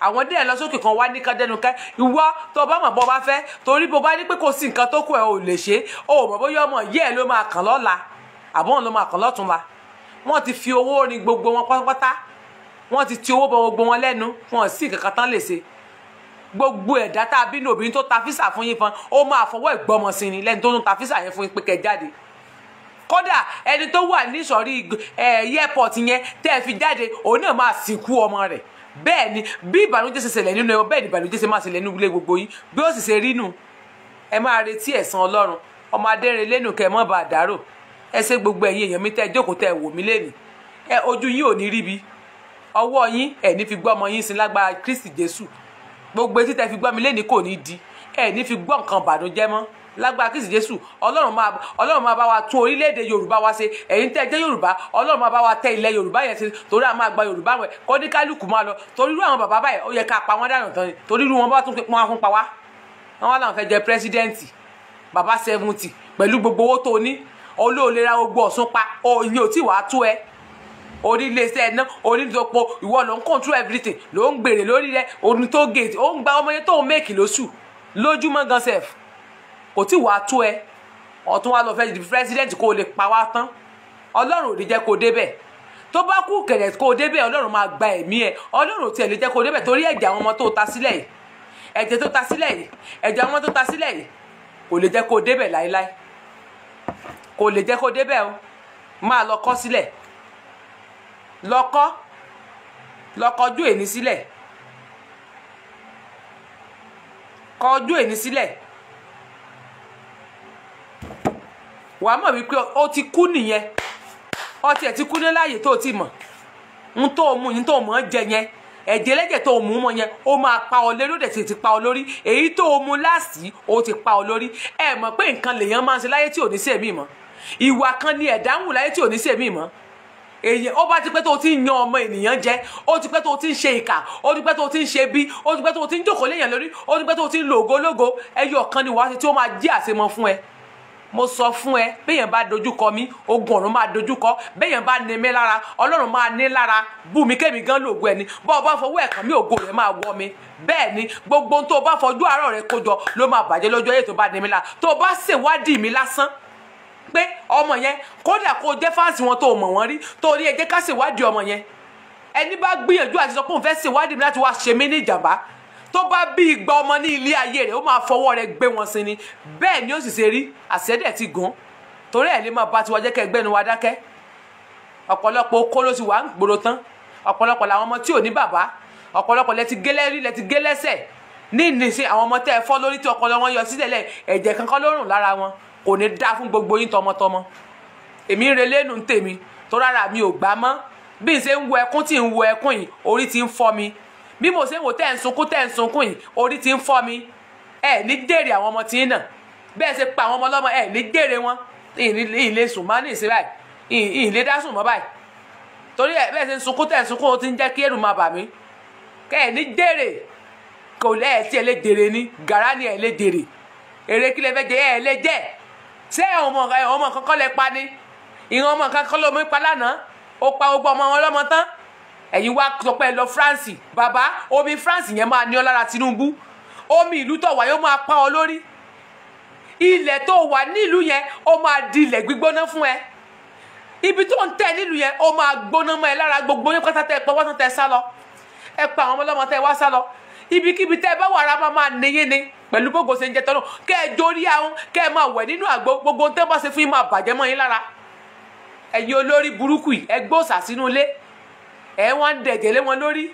àwọn díẹ̀ lọ sókè kan wá ní kádẹnukẹ́ ìwọ tó bá mọ̀ bọ́ bá fẹ́ torí bó bá ní pé kò sí nǹkan tó kù ẹ̀ ò lè ṣe ó mọ̀ bóyá ọmọ yẹ́ ẹ̀ ló máa kàn lọ́la àbọ̀n ló máa kàn lọ́túnla wọ́n ti fi owó rin gbogbo wọn pátápátá wọ́n ti ti owó bọ gbogbo wọn lẹ́nu wọn sì kankan tán lè ṣe gbogbo ẹ̀dá tá a bí ní obìnrin tó ta físà fún yín fan ó máa fọwọ́ ìgbọ́mọsìn ni lẹ́ni tó ń ta físà yẹn fún yín pé kẹ́ jáde kódà ẹni tó wà nísọ̀rí airport yẹn tẹ́ fi jáde òun náà máa sìnkú ọmọ rẹ̀ bẹ́ẹ̀ ni bí ìbànújẹ́ ṣe ṣẹlẹ̀ nínú ẹ̀wọ̀n bẹ́ẹ̀ ni ìbànújẹ́ ṣe máa ṣẹlẹ̀ nínú ilé gbogbo yín bí ó sì ṣe rí nù ẹ máa retí ẹ̀san ọlọ́run ọmọ adẹ́rin lẹ́nu kẹ́ mọ́ bá a dárò ẹ ṣe gbogbo ẹ̀yin èèyàn mi tẹ́ jókòó tẹ́ wò mí lẹ́nu ẹ ojú yín ò ní ríbi ọwọ́ yín ẹ̀ ní fi gbọ́ ọmọ yín sin lágbára Kristi Jésù gbogbo etí tẹ́ fi gbọ́ mi lẹ́nu kò ní di ẹ̀ fi gbọ́ nǹkan ìbànújẹ́ mọ́ lágbára kristi jésù ọlọ́run máa ọlọ́run máa bá wa tún orílẹ̀-èdè yorùbá wa ṣe ẹ̀yin tẹ́ jẹ́ yorùbá ọlọ́run máa bá wa tẹ ilẹ̀ yorùbá yẹn ṣe torí àwọn àgbà yorùbá wẹ̀ kọ́ ní kálukú máa lọ torí irú àwọn bàbá báyìí ó yẹ ká pa wọ́n dànù tán torí irú wọn bá tún pọn afún pa wá wọn làwọn fẹ́ jẹ pírẹsidẹ́ǹtì bàbá seventy pẹ̀lú gbogbo owó tó ní olóòlè ra gbogbo ọ̀sùn pa òye ò tí wàá tú ẹ oníléeṣẹ́ iná onídọ́pọ̀ ìwọ ló ń control everything ló ń gbèrè lórí rẹ oní tó gèètì ó ń gba ọmọ yẹn tó ń mèkì lóṣù lójúmọ́ gan sef kò tí wàá tó ẹ ọ̀tún wa lọ fẹ́ di president kó o lè pa wá tán ọlọ́run ò ní jẹ́ kó o débẹ̀ tó bá kú kẹ̀rẹ̀ kó o débẹ̀ ọlọ́run máa gba ẹ̀mí ẹ ọlọ́run ò tiẹ̀ lè jẹ́ kó o débẹ̀ torí ẹ̀jẹ̀ àwọn ọmọ tó ta sílẹ̀ yìí ẹ̀jẹ̀ tó ta sílẹ̀ yìí ẹ̀jẹ̀ àwọn ọmọ tó ta sílẹ̀ yìí kò lè jẹ́ kó o débẹ̀ láéláé kò lè jẹ́ kó o débẹ̀ o máa lọ kọ́ sílẹ̀ lọ́kọ́ lọ́kọ́jú èní sílẹ̀ kọjú èní sílẹ̀ wàá mọ̀ wípé ó ti kú nìyẹn ọtí ẹ̀ ti kú ní láàyè tó ti mọ̀ ń tó mú yín tó mọ̀ ń jẹ yẹn ẹ̀jẹ̀ lẹ́jẹ̀ tó mú mọ̀ yẹn ó máa pa ọ lórí ó dẹ̀ sì ti pa ọ lórí èyí tó mú láàsì ó ti pa ọ lórí ẹ mọ̀ pé nǹkan lèèyàn máa ń ṣe láyé tí ò ní sèmí mọ́ ìwà kan ni ẹ̀dá ń wù láyé tí ò ní sèmí mọ́ èyàn ó bá ti pẹ́ tó ti ń yan ọmọ ènìyàn jẹ ó ti pẹ́ tó ti ń ṣe ìkà ó ti pẹ́ tó ti ń ṣe bí ó ti pẹ́ tó ti ń jókòó léèyàn lórí ó ti pẹ́ tó ti ń lògólógo ẹyọ kan ni wàá ṣe tí ó máa jí àṣemọ fún ẹ mo sọ fún ẹ béèyàn bá dojúkọ mi ogun ọ̀run máa dojúkọ béèyàn bá ní mi lára ọlọ́run máa ní lára bú mi kémi gan lògùn ẹni bọ́ bá fọwọ́ ẹ̀kan mi ògo rẹ̀ máa wọ mi bẹ́ẹ̀ ni gbogbo tó o bá fojú àárọ̀ rẹ kójọ ló máa bàjẹ́ lọ́jọ́ ayé tó bá ní mi lára tó o bá ṣèwádìí mi lásán pé ọmọ yẹn kódà kó o jẹ́ fáǹsì wọn tó o mọ̀ wọ́n rí torí ẹ jẹ́ ká ṣèwádìí ọmọ yẹn ẹni bá gbìyànjú àti sọ pé òun fẹ́ ṣèwádìí mi láti wá ṣe mí ní ìjàmbá tó bá bí igba ọmọ ní ilé ayé rẹ̀ ó máa fọwọ́ rẹ̀ gbé wọn sí ni bẹ́ẹ̀ ni ó sì ṣe rí àṣẹ́dẹ̀ ti gùn torí ẹ̀ lè máa bá tiwa jẹ́ kẹ́ ẹgbẹ́ nu wa dákẹ́ ọ̀pọ̀lọpọ̀ okó ló ti wà ń gbòòrò tán ọ̀pọ̀lọpọ̀ làwọn ọmọ tí ò ní bàbá ọ̀pọ̀lọpọ̀ lẹ ti gé lẹ́rí lẹ ti gé lẹ́sẹ̀ ní ìnísìn àwọn ọmọ tẹ́ ẹ fọ́ lórí tí ọpọlọ wọn yọ sílẹ̀ lẹ̀ ẹ̀jẹ̀ kankan ló rùn lára wọn kò ní dá fún gbogbo yín tọmọtọmọ èmi ń relẹ́nu tèmi tó rárá mi ò gbá mọ́ bí n ṣe ń wo ẹkún tí ń wo ẹkún yìí orí ti ń fọ́ mi bí mo ṣe ń wò tẹ́ ń sunkún tẹ́ ń sunkún yìí orí ti ń fọ́ mi ẹ ní dèrè àwọn ọmọ tí ń nà bẹ́ẹ̀ ṣe pa àwọn ọmọ ọlọ́mọ ẹ ní dèrè wọn ìlé sùn mọ́ ní ìsìn báyìí ìlé dá sùn mọ́ báyìí torí ẹ bẹ́ẹ̀ ṣe ń sunkún tẹ́ ń sunkún ó ti ń jẹ́ kí ẹ̀rù máa bà mí kẹ́ ẹ ní dèrè kò lẹ́ ẹ tí ẹ lè dèrè ni gàrá ni ẹ lè dèrè èrè kí lẹ fẹ́ jẹ ẹ lè jẹ ṣé ọmọ ọmọ kankan lẹ pa ni ìran ọmọ kankan ló mú pa lánàá ó pa gbogbo ọmọ wọn lọ́mọ tán ẹ̀yin wá sọ pé ẹ lọ France bàbá omi France yẹn máa ní ọ lára Tinubu omi ìlú tó wà yóò máa pa ọ lórí ilẹ̀ tó wà nílùú yẹn ó máa di ilẹ̀ gbígbóná fún ẹ ibi tó ń tẹ nílùú yẹn ó máa gbóná mọ́ ẹ lára gbogbo yẹn pátá tẹ pé wọ́n tẹ sá lọ ẹ pa àwọn ọmọlọ́mọ tẹ wá sá lọ ibikíbi tẹ bá wàrà máa máa níyìn ni pẹ̀lú gbogbo ṣe ń jẹ tọ́lọ́ kẹ́ ẹ jórí ahun kẹ́ ẹ máa wẹ̀ nínú àgbo gbogbo tẹ́ bá ṣe fún yín máa bàjẹ́ mọ́ yín lára ẹ̀yin olórí burúkú yìí ẹ gbóòsà sínú ilé ẹ wá ń dẹ̀gẹ̀ lé wọn lórí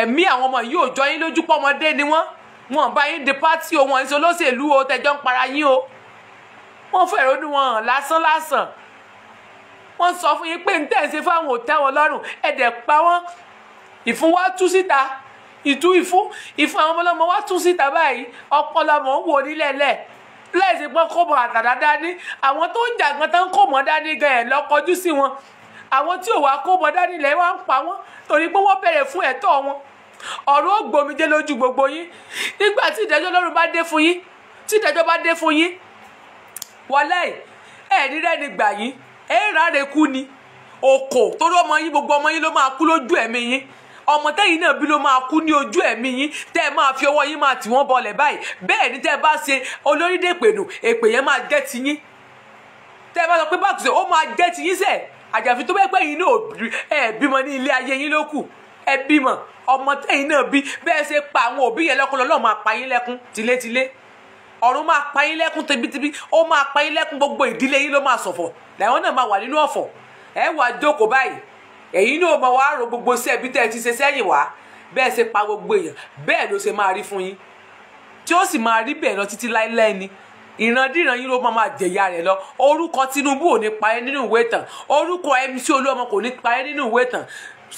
ẹ̀mí àwọn ọmọ yìí ò jọ yín lójú pọ́mọdé ni wọ́n wọn bá yín di pátì o wọn ìṣolóṣèlú o tẹjọ́ ń para yín o wọ́n fẹ̀rẹ̀ onú wọn hàn lásán lásán wọ́n sọ fún yín pé ń tẹ̀sí fáwọn ò tẹ́ wọn lọ́rùn ẹ̀dẹ̀ pa wọ́n ìfún wa tú síta ìtú ìfún ìfún àwọn ọmọlọ́mọ wa tú síta báyìí ọpọlọmọ ń wò nílẹ̀lẹ̀ lẹ́sìn pọ́n kó bọ̀ àtàdá dání àwọn tó ń jà gan tán kó mọ́ dání gan ẹ̀ lọ́kọjú sí wọn àwọn tí ò wá kó wọn dání lẹ wá ń pa wọn torí pé wọ́n bẹ̀rẹ̀ fún ẹ̀tọ́ wọn ọ̀rọ̀ ó gbòmìdé lójú gbogbo yín nígbà tí ìdájọ́ Ọlọ́run bá dé fún yín tí ìdájọ́ bá dé fún yín wọlé ẹ ní rẹni gbà yín ẹ ráre kú ni okò torí ọmọ yín gbogbo ọmọ yín ló máa kú lójú ẹ̀mí yín ọmọ tẹ́yìn náà bí ló máa kú ní ojú ẹ̀mí yín tẹ́ ẹ máa fi ọwọ́ yín máa tì wọ́n bọlẹ̀ báyìí bẹ́ẹ̀ ni tẹ́ ẹ bá ṣe olórí dèpè nù èpè yẹn máa jẹ́ tiyín tẹ́ ẹ bá sọ pé báàkì ṣe ó máa jẹ́ tiyín sẹ́ẹ̀ àjàfi tó bẹ́ẹ̀ pé yín náà ẹ̀ bímọ ní ilé ayé yín ló kù ẹ bímọ ọmọ tẹ́yìn náà bí bẹ́ẹ̀ ṣe pa àwọn òbí yẹn lẹ́kùn lọ́lọ́ máa pa yín lẹ́kùn tilétilé ọ̀run máa pa yín lẹ́kùn tibitibi ó máa pa yín lẹ́kùn gbogbo ìdílé yín ló máa ṣọ̀fọ̀ làwọn náà máa wà nínú ọ̀fọ̀ ẹ wà jókòó báyìí ẹ̀yin náà máa wá ro gbogbo sí ẹbí tẹ́ ẹ ti ṣe sẹ́yìn wá bẹ́ẹ̀ ṣe pa gbogbo èèyàn bẹ́ẹ̀ ló ṣe máa rí fún yín tí ó sì máa rí bẹ́ẹ̀ lọ títí láíláí ni ìrandíran yín ló máa máa jẹ̀yà rẹ̀ lọ orúkọ Tinubu ò ní pa ẹ́ nínú ìwé ìtàn orúkọ MC Olúọmọ kò ní pa ẹ́ nínú ìwé ìtàn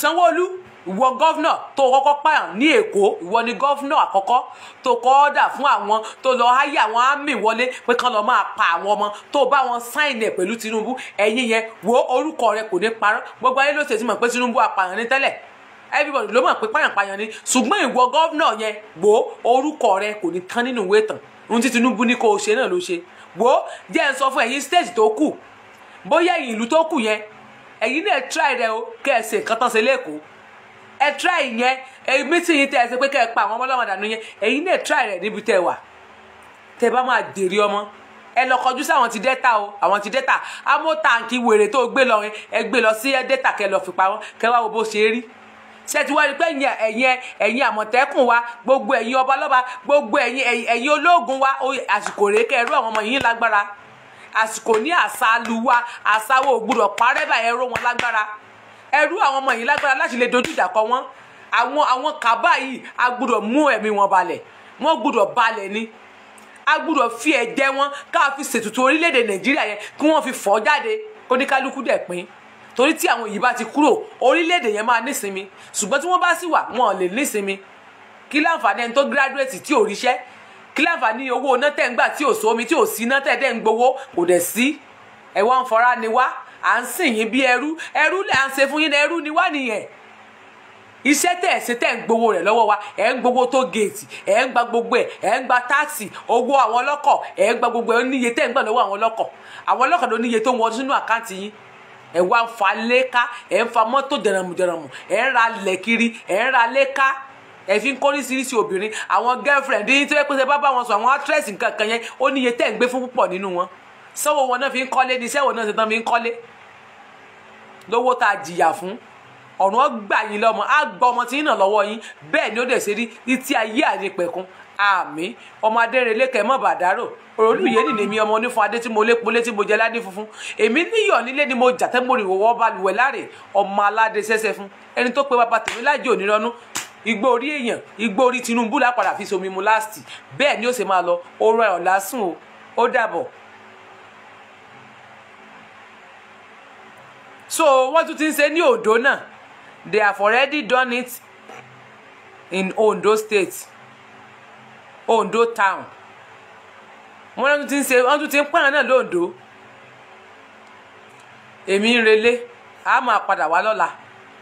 Sanwó-Olú ìwọ gọ́fúnà tó kọ́kọ́ pààyàn ní Èkó ìwọ ni gọ́fúnà àkọ́kọ́ tó kọ́ ọ́dà fún àwọn tó lọ háyé àwọn àmì wọlé pé kán lọ máa pa àwọn ọmọ tó bá wọn sáìnì ẹ̀ pẹ̀lú Tinubu ẹ̀yìn yẹn wo orúkọ rẹ kò ní parọ́ gbogbo ayé ló ṣe ti mọ̀ pé Tinubu apààyàn ní tẹ́lẹ̀ everybody ló mọ̀ pé pààyàn pààyàn ni ṣùgbọ́n ìwọ gọ́fúnà yẹn wo orúkọ rẹ kò ní tán nínú ìwé ìtàn ohun tí Tinubu ní kó o ṣe náà ló ṣe wo jẹ́ ń sọ fún ẹ̀yin state tó kù bóyá ẹ̀yin ìlú tó kù yẹn ẹ̀yin náà try rẹ o kẹ́ ẹ ṣe nǹkan tán ṣe lẹ́kọ̀ọ́ ẹ try yẹn ẹ̀yin mítì yín tẹ́ ẹ ṣe pé kẹ́ ẹ pa àwọn ọmọ ọlọ́mọ dànù yẹn ẹ̀yin náà try rẹ níbi tẹ́ wà tẹ́ bá máa dèrè ọmọ ẹ lọ kọjú sí àwọn ti dẹ́ta o àwọn ti dẹ́ta amótàǹkì wèrè tó gbé lọ yẹn ẹ gbé lọ sí dẹ́ta kẹ́ lọ fìpa wọn kẹ́ wá wo bó ṣe rí ṣe ti wá rí pé ẹ̀yin ẹ̀yin ẹ̀yin àmọ̀tẹ́kùn wa gbogbo ẹ̀yin ọbalọ́ba gbogbo ẹ̀yin ẹ̀yin ológun wa àsìkò rèé kẹrù àwọn ọmọ yìí lágbára àsìkò ní àṣàlù wa àṣàwọ̀ ògbúdọ̀ parẹ́bà ẹ̀rọ wọn lágbára ẹ̀rú àwọn ọmọ yìí lágbára láti lè dojú ìjà kọ wọn àwọn àwọn kàbá yìí a gbúdọ̀ mú ẹ̀mí wọn balẹ̀ wọn gbúdọ̀ balẹ̀ ni a gbúdọ̀ fi ẹ̀jẹ̀ wọn ká fi ṣètùtù orílẹ̀-èdè nàìjíríà yẹn kí wọ́n fi fọ́ jáde kóníkálukú dẹ̀ pín torí tí àwọn yìí bá ti kúrò orílẹ̀-èdè yẹn máa nísinmi ṣùgbọ́n tí wọ́n bá sì wà wọn ò lè nísinmi kí láǹfààní ẹni tó gíráduwétì tí ò ríṣẹ́ kí láǹfààní owó iná tẹ̀ ń gbà tí ò sómi tí ò sí iná tẹ̀ dẹ̀ ń gbowó kò dẹ̀ sí ẹ̀wọ̀n ń fọra ni wá à ń sìn yín bí ẹrú ẹrú là ń ṣe fún yín ẹrú ni wá nìyẹn iṣẹ́ tẹ̀ ṣe tẹ̀ ń gbowó rẹ̀ lọ́wọ́ wa ẹ̀ ń gbowó tó géètì ẹ̀ ń gba gbogbo ẹ̀ ẹ̀ ń gba táàsì owó àwọn ọlọ́kọ̀ ẹ̀ ń gba gbogbo ẹ̀ ó níye tẹ̀ ń gbà lọ́wọ́ àwọn ọlọ́kọ̀ àwọn ọlọ́kọ̀ ló níye tó ń wọ sínú àkáǹtì yín ẹ wá ń fa léka ẹ ń fa mọ́tò dẹ̀rẹ̀mùdẹ̀rẹ̀mù ẹ ń ra lẹ̀ kiri ẹ ń ra léka ẹ fi ń kó oríṣiríṣi obìnrin àwọn girlfriend yín tí wọ́n pèsè bá bá wọn sọ àwọn actress nǹkan kan yẹn ó níye tẹ́ ń gbé fún púpọ̀ nínú wọn sọ́wọ́ wọn náà fi ń kọ́lé ní sẹ́wọ̀n náà ṣetán fi ń kọ́lé lówó tá a jìyà fún ọ̀run ó gbà yín lọ́mọ á gbọ́ ọmọ tí yín náà lọ́wọ́ yín bẹ́ẹ̀ ni ó dẹ̀ ṣe rí ní ti ayé àyè àmì ọmọ adérelé kẹ mọ bàdárò òròlùyé nìyẹn mi ọmọ onífun adé tí mo lé polé tí mo jẹ ládé funfun èmi níyọ̀ nílé ni mo jà tẹ́ mo rìn wọ́wọ́ balùwẹ̀ láre ọmọ aládé sẹ́sẹ́ fún ẹni tó pe bàbá tèmi lájẹ ònírọ́nú igbó orí èèyàn igbó orí Tinubu lápadà fi somi mu láàsì bẹ́ẹ̀ ni ó ṣe máa lọ oorun ẹ̀ lásùn o ó dàbọ̀ so wọ́n tún ti ń ṣe ní Ondo náà they have already done it in Ondo state. Ondo town wọn náà tún ti ń ṣe wọn tún ti ń pààyàn náà lóńdó èmi ń relé a máa padà wá lọ́la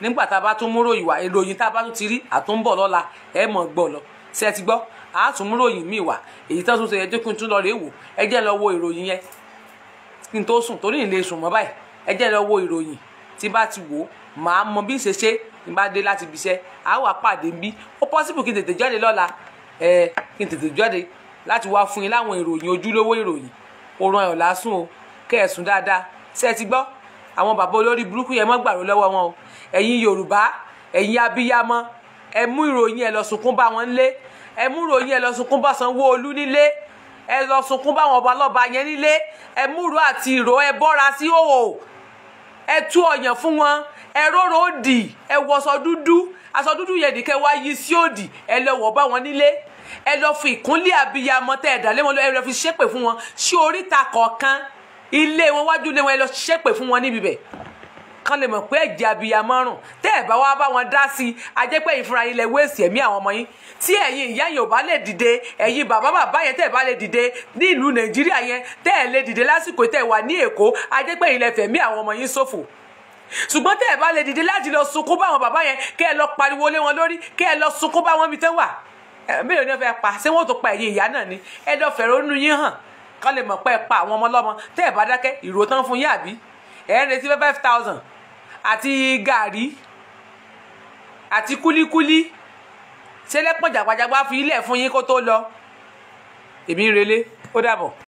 nígbà tá a bá tún múròyìn wá ìròyìn tá a bá tún ti rí àtúnbọ̀ lọ́la ẹ mọ̀ gbọ́ lọ ṣe ti gbọ́ a tún múròyìn míì wá èyí tó tún ṣe ẹjọ́ kí n tún lọ rèé wò ẹ jẹ́ lọ wo ìròyìn yẹn kí n tó sùn torí ìlé sùn mọ́ báyìí ẹ jẹ́ lọ wo ìròyìn tí bá ti wò màá mọ bí ṣe ṣe ní bá dé láti ibiṣẹ́ a wà pàdé ń bí ó pọ́sibù kí n tètè jáde lọ́la ẹ kí n tètè jáde láti wá fún yín láwọn ìròyìn ojúlówó ìròyìn òòrùn ayọ̀ lásùn o kẹ̀sùn dáadáa ṣé ẹ ti gbọ́ àwọn bàbá olórí burúkú yẹn mọ́ gbàrú lọ́wọ́ wọn o ẹ̀yin Yorùbá ẹ̀yin abiyamọ ẹ mú ìròyìn ẹ lọ sunkún bá wọn nílé ẹ mú ìròyìn ẹ lọ sunkún bá Sanwó-Olú nílé ẹ lọ sunkún báwọn ọba lọba yẹn nílé ẹ múrò àti ìró ẹ bọ́ra sí òwò ẹ tú ọ̀yàn fún wọn ẹ róró dì ẹ wọṣọ dúdú aṣọ dúdú yẹn nìkẹ́ wá yí sí òdì ẹ lọ wọ̀ bá wọn nílé ẹ lọ fi ìkúnlẹ̀ àbíyamọ tẹ́ ẹ dàlẹ́ wọn lọ ẹ lọ fi ṣépè fún wọn sí oríta kọ̀ọ̀kan ilé wọn wájú ilé wọn ẹ lọ ṣépè fún wọn níbi bẹ̀ kan lè mọ̀ pé ẹ̀jẹ̀ àbíyamọ rùn tẹ́ ẹ bá wá bá wọn dá sí i ajẹ́pẹ́ yìí fúnra yín lẹ wéèsì ẹ̀mí àwọn ọmọ yín tí ẹ̀yin ìyá yẹn ò bá lè dìde ẹ̀yin bàbá bàbá yẹn tẹ́ ẹ bá lè dìde ní ìlú nàìjíríà yẹn tẹ́ ẹ lè dìde lásìkò tẹ́ ẹ wà ní èkó ajẹ́pẹ́ yìí lẹ fẹ̀mí àwọn ọmọ yín ṣòfò ṣùgbọ́n tẹ́ ẹ̀ bá lè dìde láti lọ sunkún bá àwọn bàbá yẹn kẹ́ ẹ lọ pariwo lé wọn lórí kẹ́ ẹ lọ sunkún bá wọn bí tẹ́ wà mélòó ni wọ́n fẹ́ pa ṣé wọ́n tó pa ẹ̀yìn ìyá náà ni ẹ lọ fẹ̀rẹ̀ nínú yín hàn kọ́ lè mọ̀ pé ẹ pa àwọn ọmọ lọ́mọ tẹ́ ẹ bá dákẹ́ ìró tán fún yín àbí ẹ ń retí five thousand àti gàrí àti kúlíkúlí ṣẹlẹ́pọ̀n jàgbàjàgbà fi ilẹ̀ fún yín kó tó lọ èmi